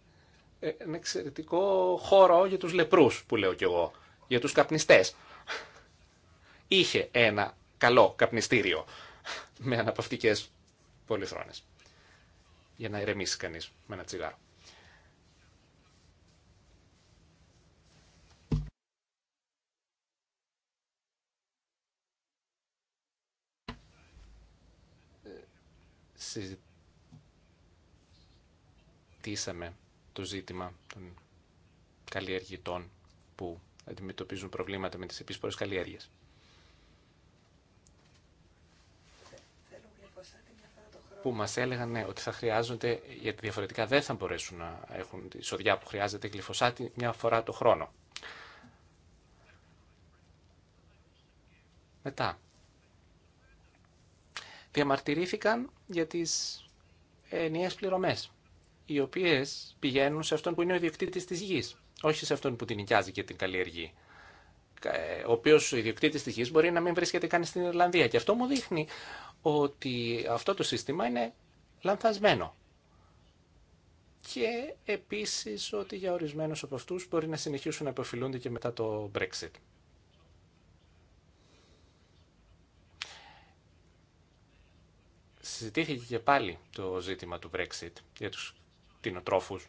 ε, ένα εξαιρετικό χώρο για τους λεπρούς που λέω κι εγώ, για τους καπνιστές. Είχε ένα καλό καπνιστήριο με αναπαυτικές πολυθρόνες για να ηρεμήσει κανείς με ένα τσιγάρο. συζητήσαμε το ζήτημα των καλλιεργητών που αντιμετωπίζουν προβλήματα με τις επίσπορες καλλιέργειες. που μας έλεγαν ναι, ότι θα χρειάζονται, γιατί διαφορετικά δεν θα μπορέσουν να έχουν τη σοδιά που χρειάζεται γλυφοσάτη μια φορά το χρόνο. Μετά, διαμαρτυρήθηκαν για τις ενιαίε πληρωμέ, οι οποίες πηγαίνουν σε αυτόν που είναι ο ιδιοκτήτης της γη, όχι σε αυτόν που την νοικιάζει και την καλλιεργεί. Ε, ο οποίο ο ιδιοκτήτη τη γη μπορεί να μην βρίσκεται καν στην Ιρλανδία. Και αυτό μου δείχνει ότι αυτό το σύστημα είναι λανθασμένο. Και επίσης ότι για ορισμένους από αυτούς μπορεί να συνεχίσουν να υποφιλούνται και μετά το Brexit. συζητήθηκε και πάλι το ζήτημα του Brexit για τους κτηνοτρόφους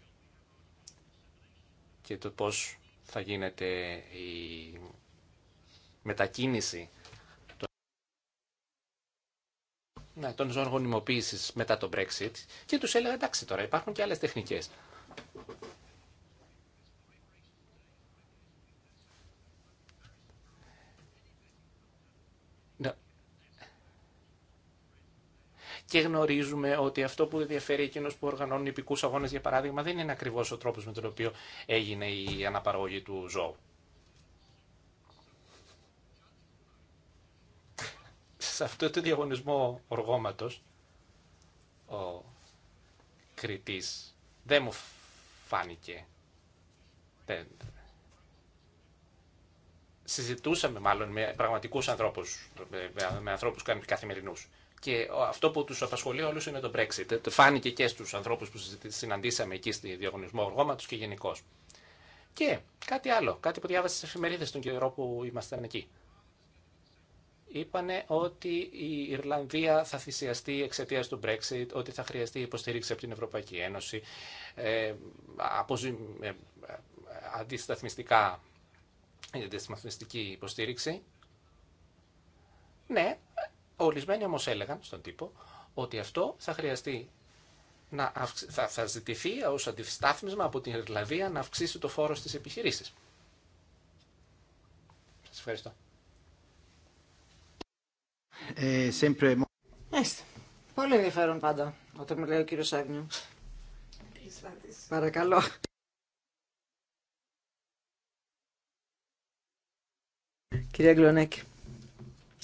και το πώς θα γίνεται η μετακίνηση των, ναι, τον ζώων μετά το Brexit και τους έλεγα εντάξει τώρα υπάρχουν και άλλες τεχνικές και γνωρίζουμε ότι αυτό που ενδιαφέρει εκείνο που οργανώνει υπηκού αγώνε, για παράδειγμα, δεν είναι ακριβώ ο τρόπο με τον οποίο έγινε η αναπαραγωγή του ζώου. Σε αυτό το διαγωνισμό οργώματος, ο κριτής δεν μου φάνηκε. Δεν. Συζητούσαμε μάλλον με πραγματικούς ανθρώπους, με, με ανθρώπους καθημερινούς και αυτό που τους απασχολεί όλου είναι το Brexit. Ε, το φάνηκε και στου ανθρώπους που συναντήσαμε εκεί στη διαγωνισμό οργώματος και γενικώ. Και κάτι άλλο, κάτι που διάβασα στι εφημερίδε τον καιρό που ήμασταν εκεί. Είπανε ότι η Ιρλανδία θα θυσιαστεί εξαιτία του Brexit, ότι θα χρειαστεί υποστήριξη από την Ευρωπαϊκή Ένωση, ε, ε, ε αντισταθμιστικά, αντισταθμιστική υποστήριξη. Ναι, Ορισμένοι όμω έλεγαν στον τύπο ότι αυτό θα χρειαστεί να θα, θα ζητηθεί ω αντιστάθμισμα από την Ιρλανδία να αυξήσει το φόρο στις επιχειρήσεις. Σα ευχαριστώ. Ε, sempre... Έστε. Πολύ ενδιαφέρον πάντα όταν με λέει ο κύριος Άγνιου. Παρακαλώ. Κυρία Γκλονέκη.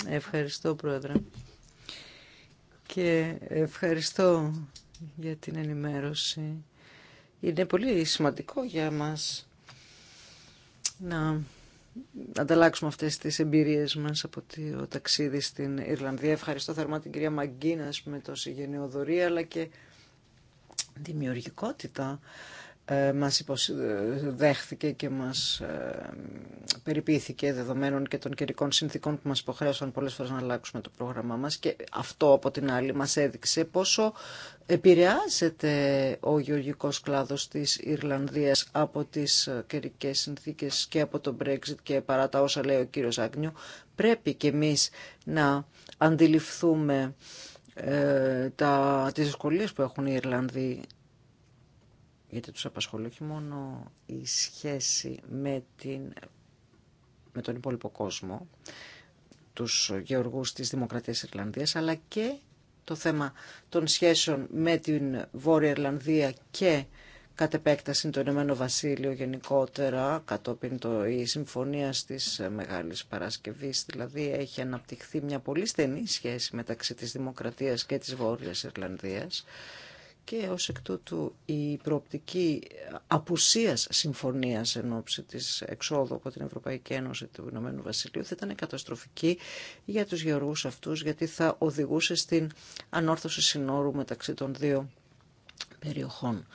Ευχαριστώ, Πρόεδρε. Και ευχαριστώ για την ενημέρωση. Είναι πολύ σημαντικό για μας να ανταλλάξουμε αυτές τις εμπειρίες μας από το ταξίδι στην Ιρλανδία. Ευχαριστώ θερμά την κυρία Μαγκίνας με τόση γενναιοδορία αλλά και δημιουργικότητα ε, μας ε, δέχθηκε και μας ε, περιποιήθηκε δεδομένων και των καιρικών συνθήκων που μας υποχρέωσαν πολλές φορές να αλλάξουμε το πρόγραμμά μας και αυτό από την άλλη μας έδειξε πόσο επηρεάζεται ο γεωργικός κλάδος της Ιρλανδίας από τις καιρικέ συνθήκες και από το Brexit και παρά τα όσα λέει ο κύριος Άγνιου πρέπει και εμείς να αντιληφθούμε τα, τις που έχουν οι Ιρλανδοί γιατί τους απασχολεί όχι μόνο η σχέση με, τον υπόλοιπο κόσμο, τους γεωργούς της Δημοκρατίας Ιρλανδίας, αλλά και το θέμα των σχέσεων με την Βόρεια Ιρλανδία και κατ' επέκταση το Ηνωμένο Βασίλειο γενικότερα, κατόπιν το, η συμφωνία της Μεγάλης Παρασκευής, δηλαδή έχει αναπτυχθεί μια πολύ στενή σχέση μεταξύ της Δημοκρατίας και της Βόρειας Ιρλανδίας και ως εκ τούτου η προοπτική απουσίας συμφωνίας εν ώψη της εξόδου από την Ευρωπαϊκή Ένωση του Ηνωμένου Βασιλείου θα ήταν καταστροφική για τους γεωργούς αυτούς γιατί θα οδηγούσε στην ανόρθωση συνόρου μεταξύ των δύο περιοχών.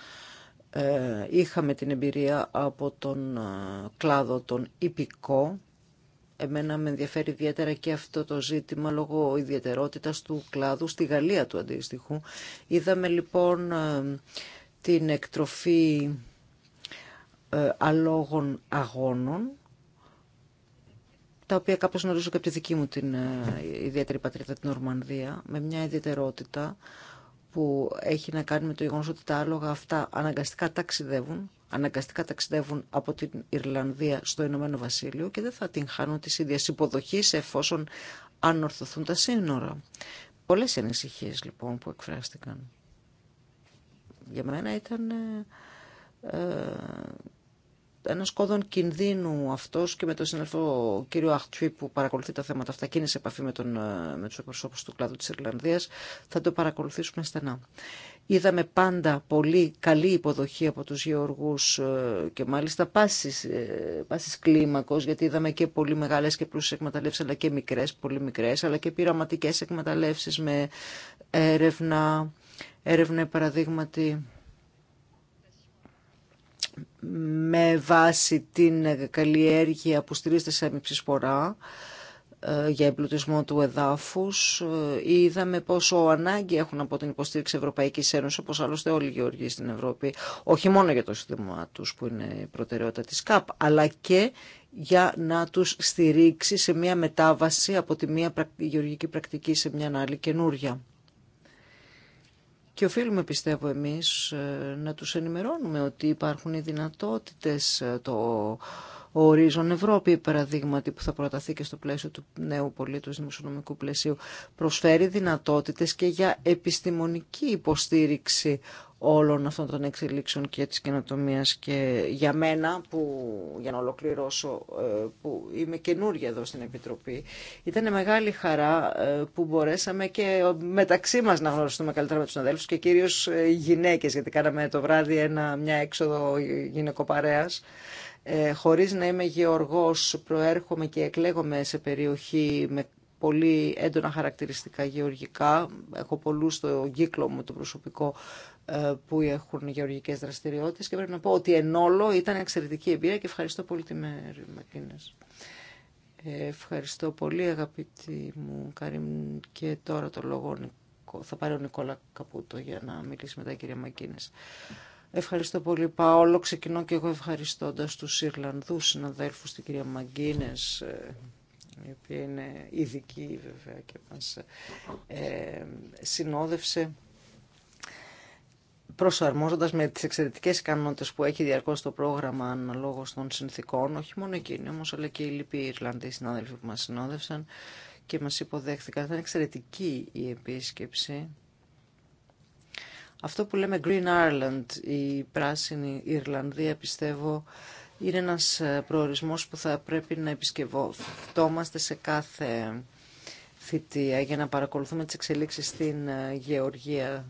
Ε, είχαμε την εμπειρία από τον ε, κλάδο των Ιππικό Εμένα με ενδιαφέρει ιδιαίτερα και αυτό το ζήτημα λόγω ιδιαιτερότητας του κλάδου στη Γαλλία του αντίστοιχου. Είδαμε λοιπόν ε, την εκτροφή ε, αλόγων αγώνων τα οποία κάπως γνωρίζω και από τη δική μου την ε, ιδιαίτερη πατρίδα, την Ορμανδία, με μια ιδιαιτερότητα που έχει να κάνει με το γεγονό ότι τα άλογα αυτά αναγκαστικά ταξιδεύουν αναγκαστικά ταξιδεύουν από την Ιρλανδία στο Ηνωμένο Βασίλειο και δεν θα την χάνουν τη ίδια υποδοχή εφόσον ανορθωθούν τα σύνορα. Πολλέ ανησυχίε λοιπόν που εκφράστηκαν. Για μένα ήταν ε, ε, ένα κόδων κινδύνου αυτό και με τον συνελφό κύριο Αχτσουί που παρακολουθεί τα θέματα αυτά και είναι σε επαφή με, τον, ε, με τους του κλάδου τη Ιρλανδίας θα το παρακολουθήσουμε στενά. Είδαμε πάντα πολύ καλή υποδοχή από τους γεωργούς ε, και μάλιστα πάσης, ε, πάσης κλίμακος, γιατί είδαμε και πολύ μεγάλες και πλούσιες εκμεταλλεύσεις, αλλά και μικρές, πολύ μικρές, αλλά και πειραματικές εκμεταλλεύσεις με έρευνα, έρευνα παραδείγματι με βάση την καλλιέργεια που στηρίζεται σε αμυψισφορά. Ε, για εμπλουτισμό του εδάφους. Ε, είδαμε πόσο ανάγκη έχουν από την υποστήριξη Ευρωπαϊκής Ένωσης, όπως άλλωστε όλοι οι γεωργοί στην Ευρώπη, όχι μόνο για το σύστημα τους που είναι η προτεραιότητα της ΚΑΠ, αλλά και για να τους στηρίξει σε μια μετάβαση από τη μία γεωργική πρακτική σε μια άλλη καινούρια. Και οφείλουμε, πιστεύω εμείς, ε, να τους ενημερώνουμε ότι υπάρχουν οι δυνατότητες, το ορίζον Ευρώπη, παραδείγματι, που θα προταθεί και στο πλαίσιο του νέου πολίτου δημοσιονομικού πλαισίου, προσφέρει δυνατότητες και για επιστημονική υποστήριξη όλων αυτών των εξελίξεων και της καινοτομία και για μένα που για να ολοκληρώσω ε, που είμαι καινούργια εδώ στην Επιτροπή ήταν μεγάλη χαρά ε, που μπορέσαμε και μεταξύ μας να γνωριστούμε καλύτερα με τους αδέλφους και κυρίως ε, γυναίκες γιατί κάναμε το βράδυ ένα, μια έξοδο γυναικοπαρέας ε, χωρίς να είμαι γεωργός, προέρχομαι και εκλέγομαι σε περιοχή με πολύ έντονα χαρακτηριστικά γεωργικά. Έχω πολλούς στο κύκλο μου το προσωπικό ε, που έχουν γεωργικές δραστηριότητες και πρέπει να πω ότι εν όλο ήταν εξαιρετική εμπειρία και ευχαριστώ πολύ τη Μέρη Μακίνες. Ε, ευχαριστώ πολύ αγαπητή μου Καρίμ και τώρα το λόγο θα πάρει ο Νικόλα Καπούτο για να μιλήσει μετά η κυρία Μακίνες. Ευχαριστώ πολύ, Παόλο. Ξεκινώ και εγώ ευχαριστώντας τους Ιρλανδούς συναδέλφου, την κυρία Μαγκίνες, ε, η οποία είναι ειδική βέβαια και μας ε, συνόδευσε προσαρμόζοντας με τις εξαιρετικέ ικανότητες που έχει διαρκώς το πρόγραμμα αναλόγω των συνθήκων, όχι μόνο εκείνη όμω, αλλά και οι λοιποί Ιρλανδοί συνάδελφοι που μα συνόδευσαν και μα υποδέχθηκαν. Ήταν εξαιρετική η επίσκεψη αυτό που λέμε Green Ireland, η πράσινη Ιρλανδία, πιστεύω, είναι ένας ε, προορισμός που θα πρέπει να επισκευόμαστε σε κάθε θητεία για να παρακολουθούμε τις εξελίξεις στην ε, γεωργία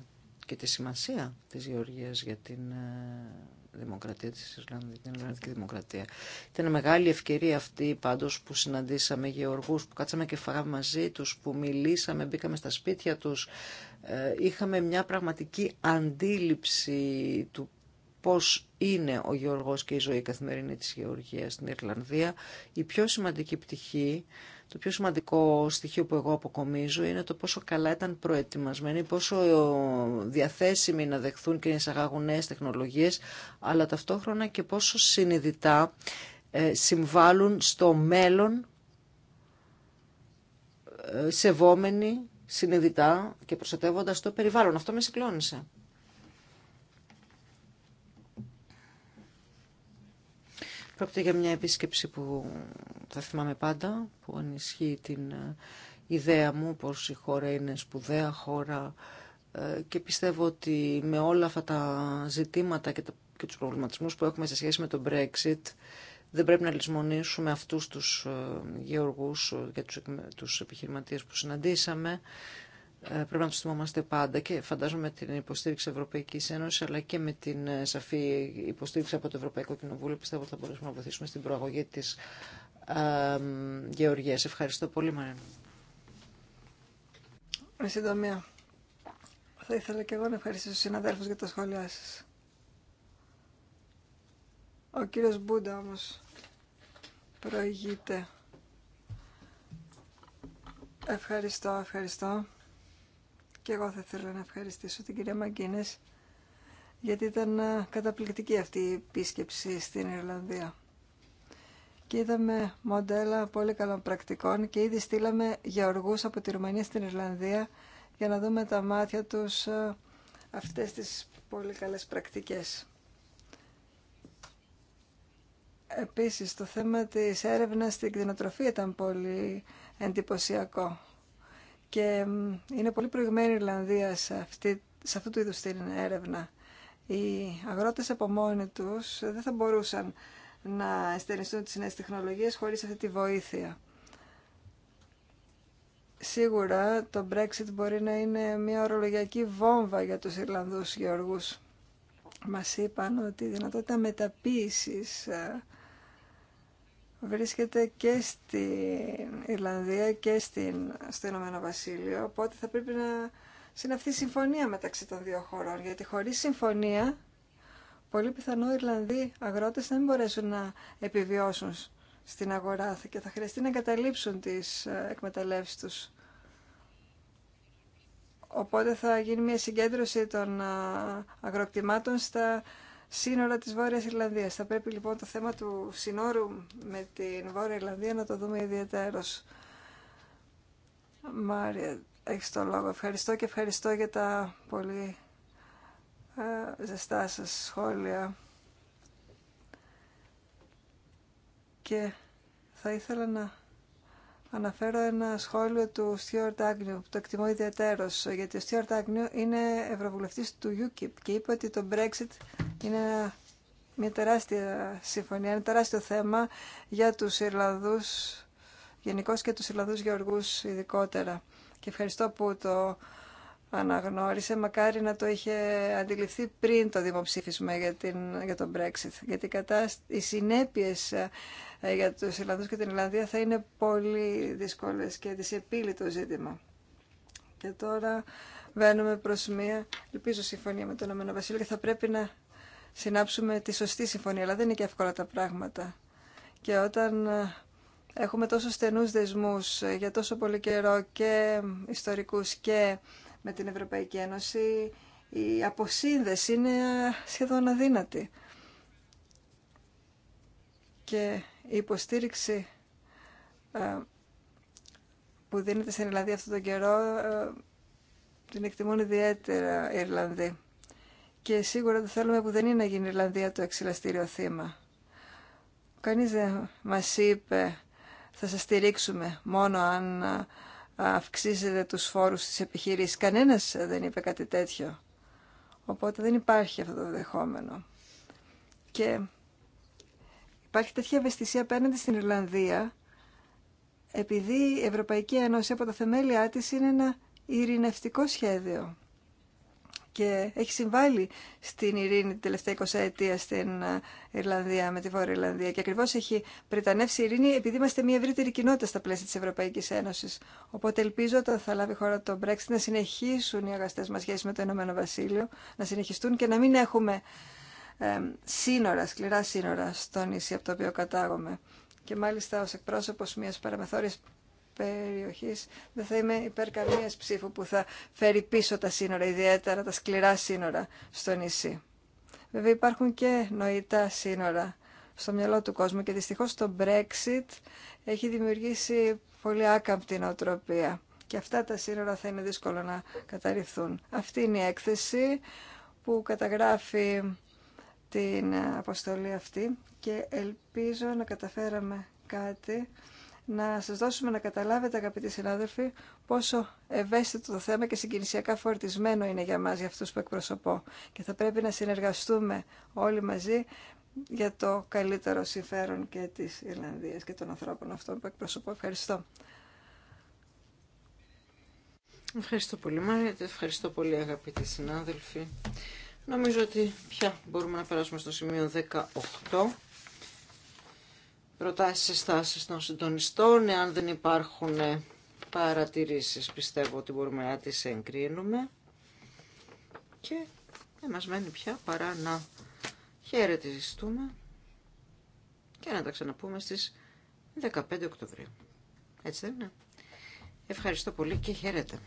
και τη σημασία της γεωργίας για την ε, δημοκρατία της Ιρλανδίας, την Ιρλανδική Δημοκρατία. Ήταν μεγάλη ευκαιρία αυτή πάντως που συναντήσαμε γεωργούς, που κάτσαμε και φάγαμε μαζί τους, που μιλήσαμε, μπήκαμε στα σπίτια τους, ε, είχαμε μια πραγματική αντίληψη του πώς είναι ο Γεωργός και η ζωή καθημερινή της Γεωργίας στην Ιρλανδία. Η πιο σημαντική πτυχή, το πιο σημαντικό στοιχείο που εγώ αποκομίζω είναι το πόσο καλά ήταν προετοιμασμένοι, πόσο διαθέσιμοι να δεχθούν και να εισαγάγουν νέες τεχνολογίες, αλλά ταυτόχρονα και πόσο συνειδητά ε, συμβάλλουν στο μέλλον ε, σεβόμενοι συνειδητά και προστατεύοντα το περιβάλλον. Αυτό με συγκλώνησε. Πρόκειται για μια επίσκεψη που θα θυμάμαι πάντα, που ενισχύει την ε, ιδέα μου πως η χώρα είναι σπουδαία χώρα ε, και πιστεύω ότι με όλα αυτά τα ζητήματα και, τα, και τους προβληματισμούς που έχουμε σε σχέση με το Brexit δεν πρέπει να λησμονήσουμε αυτούς τους ε, γεωργούς ε, και τους επιχειρηματίες που συναντήσαμε. Ε, πρέπει να τους θυμόμαστε πάντα και φαντάζομαι με την υποστήριξη Ευρωπαϊκής Ένωσης αλλά και με την σαφή υποστήριξη από το Ευρωπαϊκό Κοινοβούλιο πιστεύω ότι θα μπορέσουμε να βοηθήσουμε στην προαγωγή της γεωργίας. Ευχαριστώ πολύ Μαρία. Με συντομία, θα ήθελα και εγώ να ευχαριστήσω τους συναδέλφους για τα σχόλιά σας. Ο κύριος Μπούντα όμως προηγείται. Ευχαριστώ, ευχαριστώ. Και εγώ θα ήθελα να ευχαριστήσω την κυρία Μαγκίνες γιατί ήταν ε, καταπληκτική αυτή η επίσκεψη στην Ιρλανδία. Και είδαμε μοντέλα πολύ καλών πρακτικών και ήδη στείλαμε γεωργούς από τη Ρουμανία στην Ιρλανδία για να δούμε τα μάτια τους ε, αυτές τις πολύ καλές πρακτικές. Επίσης, το θέμα της έρευνας στην κτηνοτροφία ήταν πολύ εντυπωσιακό. Και είναι πολύ προηγμένη η Ιρλανδία σε, αυτή, σε αυτού του είδους την έρευνα. Οι αγρότες από μόνοι τους δεν θα μπορούσαν να εστερνιστούν τις νέες τεχνολογίες χωρίς αυτή τη βοήθεια. Σίγουρα το Brexit μπορεί να είναι μια ορολογιακή βόμβα για τους Ιρλανδούς γεωργούς. Μας είπαν ότι η δυνατότητα μεταποίησης ε, βρίσκεται και στην Ιρλανδία και στην, στο Ηνωμένο Βασίλειο, οπότε θα πρέπει να συναυθεί συμφωνία μεταξύ των δύο χωρών, γιατί χωρίς συμφωνία πολύ πιθανό οι Ιρλανδοί αγρότες να μην μπορέσουν να επιβιώσουν στην αγορά και θα χρειαστεί να εγκαταλείψουν τις ε, εκμεταλλεύσεις τους. Οπότε θα γίνει μια συγκέντρωση των ε, αγροκτημάτων στα σύνορα της Βόρειας Ιρλανδίας. Θα πρέπει λοιπόν το θέμα του συνόρου με την Βόρεια Ιρλανδία να το δούμε ιδιαίτερος. Μάρια, έχεις το λόγο. Ευχαριστώ και ευχαριστώ για τα πολύ ε, ζεστά σας σχόλια. Και θα ήθελα να αναφέρω ένα σχόλιο του Στιόρτ Άγνιου, που το εκτιμώ ιδιαίτερο, γιατί ο Στιόρτ Άγνιου είναι ευρωβουλευτή του UKIP και είπε ότι το Brexit είναι μια τεράστια συμφωνία, ένα τεράστιο θέμα για τους Ιρλανδού γενικώ και τους Ιρλανδού Γεωργούς ειδικότερα. Και ευχαριστώ που το αναγνώρισε, μακάρι να το είχε αντιληφθεί πριν το δημοψήφισμα για, την, για τον Brexit. Γιατί κατά, οι συνέπειες ε, για τους Ιρλανδούς και την Ιλλανδία θα είναι πολύ δύσκολες και το ζήτημα. Και τώρα βαίνουμε προς μία, ελπίζω, συμφωνία με τον Ηνωμένο Βασίλειο και θα πρέπει να συνάψουμε τη σωστή συμφωνία, αλλά δεν είναι και εύκολα τα πράγματα. Και όταν ε, έχουμε τόσο στενούς δεσμούς ε, για τόσο πολύ καιρό και ιστορικούς και με την Ευρωπαϊκή Ένωση η αποσύνδεση είναι σχεδόν αδύνατη. Και η υποστήριξη ε, που δίνεται στην Ιρλανδία αυτόν τον καιρό ε, την εκτιμούν ιδιαίτερα οι Ιρλανδοί. Και σίγουρα το θέλουμε που δεν είναι να γίνει η Ιρλανδία το εξυλαστήριο θύμα. Κανείς δεν μας είπε θα σας στηρίξουμε μόνο αν ε, αυξήσετε τους φόρους της επιχειρήσης. Κανένας δεν είπε κάτι τέτοιο. Οπότε δεν υπάρχει αυτό το δεχόμενο. Και υπάρχει τέτοια ευαισθησία απέναντι στην Ιρλανδία, επειδή η Ευρωπαϊκή Ένωση από τα θεμέλια της είναι ένα ειρηνευτικό σχέδιο και έχει συμβάλει στην ειρήνη την τελευταία 20 ετία στην ε, Ιρλανδία, με τη Βόρεια Ιρλανδία. Και ακριβώ έχει πρετανεύσει η ειρήνη επειδή είμαστε μια ευρύτερη κοινότητα στα πλαίσια τη Ευρωπαϊκή Ένωση. Οπότε ελπίζω όταν θα λάβει χώρα το Brexit να συνεχίσουν οι αγαστέ μα σχέσει με το Ηνωμένο Βασίλειο, να συνεχιστούν και να μην έχουμε ε, σύνορα, σκληρά σύνορα στο νησί από το οποίο κατάγομαι. Και μάλιστα ω εκπρόσωπο μια παραμεθόρια περιοχής δεν θα είμαι υπέρ καμία ψήφου που θα φέρει πίσω τα σύνορα, ιδιαίτερα τα σκληρά σύνορα στο νησί. Βέβαια υπάρχουν και νοητά σύνορα στο μυαλό του κόσμου και δυστυχώς το Brexit έχει δημιουργήσει πολύ άκαμπτη νοοτροπία και αυτά τα σύνορα θα είναι δύσκολο να καταρριφθούν. Αυτή είναι η έκθεση που καταγράφει την αποστολή αυτή και ελπίζω να καταφέραμε κάτι να σας δώσουμε να καταλάβετε αγαπητοί συνάδελφοι πόσο ευαίσθητο το θέμα και συγκινησιακά φορτισμένο είναι για μας, για αυτούς που εκπροσωπώ και θα πρέπει να συνεργαστούμε όλοι μαζί για το καλύτερο συμφέρον και της Ιρλανδίας και των ανθρώπων αυτών που εκπροσωπώ. Ευχαριστώ. Ευχαριστώ πολύ Μάρια, ευχαριστώ πολύ αγαπητοί συνάδελφοι. Νομίζω ότι πια μπορούμε να περάσουμε στο σημείο 18 προτάσεις στάσεις των συντονιστών. Εάν δεν υπάρχουν παρατηρήσεις πιστεύω ότι μπορούμε να τις εγκρίνουμε. Και δεν μας μένει πια παρά να χαιρετιστούμε και να τα ξαναπούμε στις 15 Οκτωβρίου. Έτσι δεν είναι. Ευχαριστώ πολύ και χαίρετε.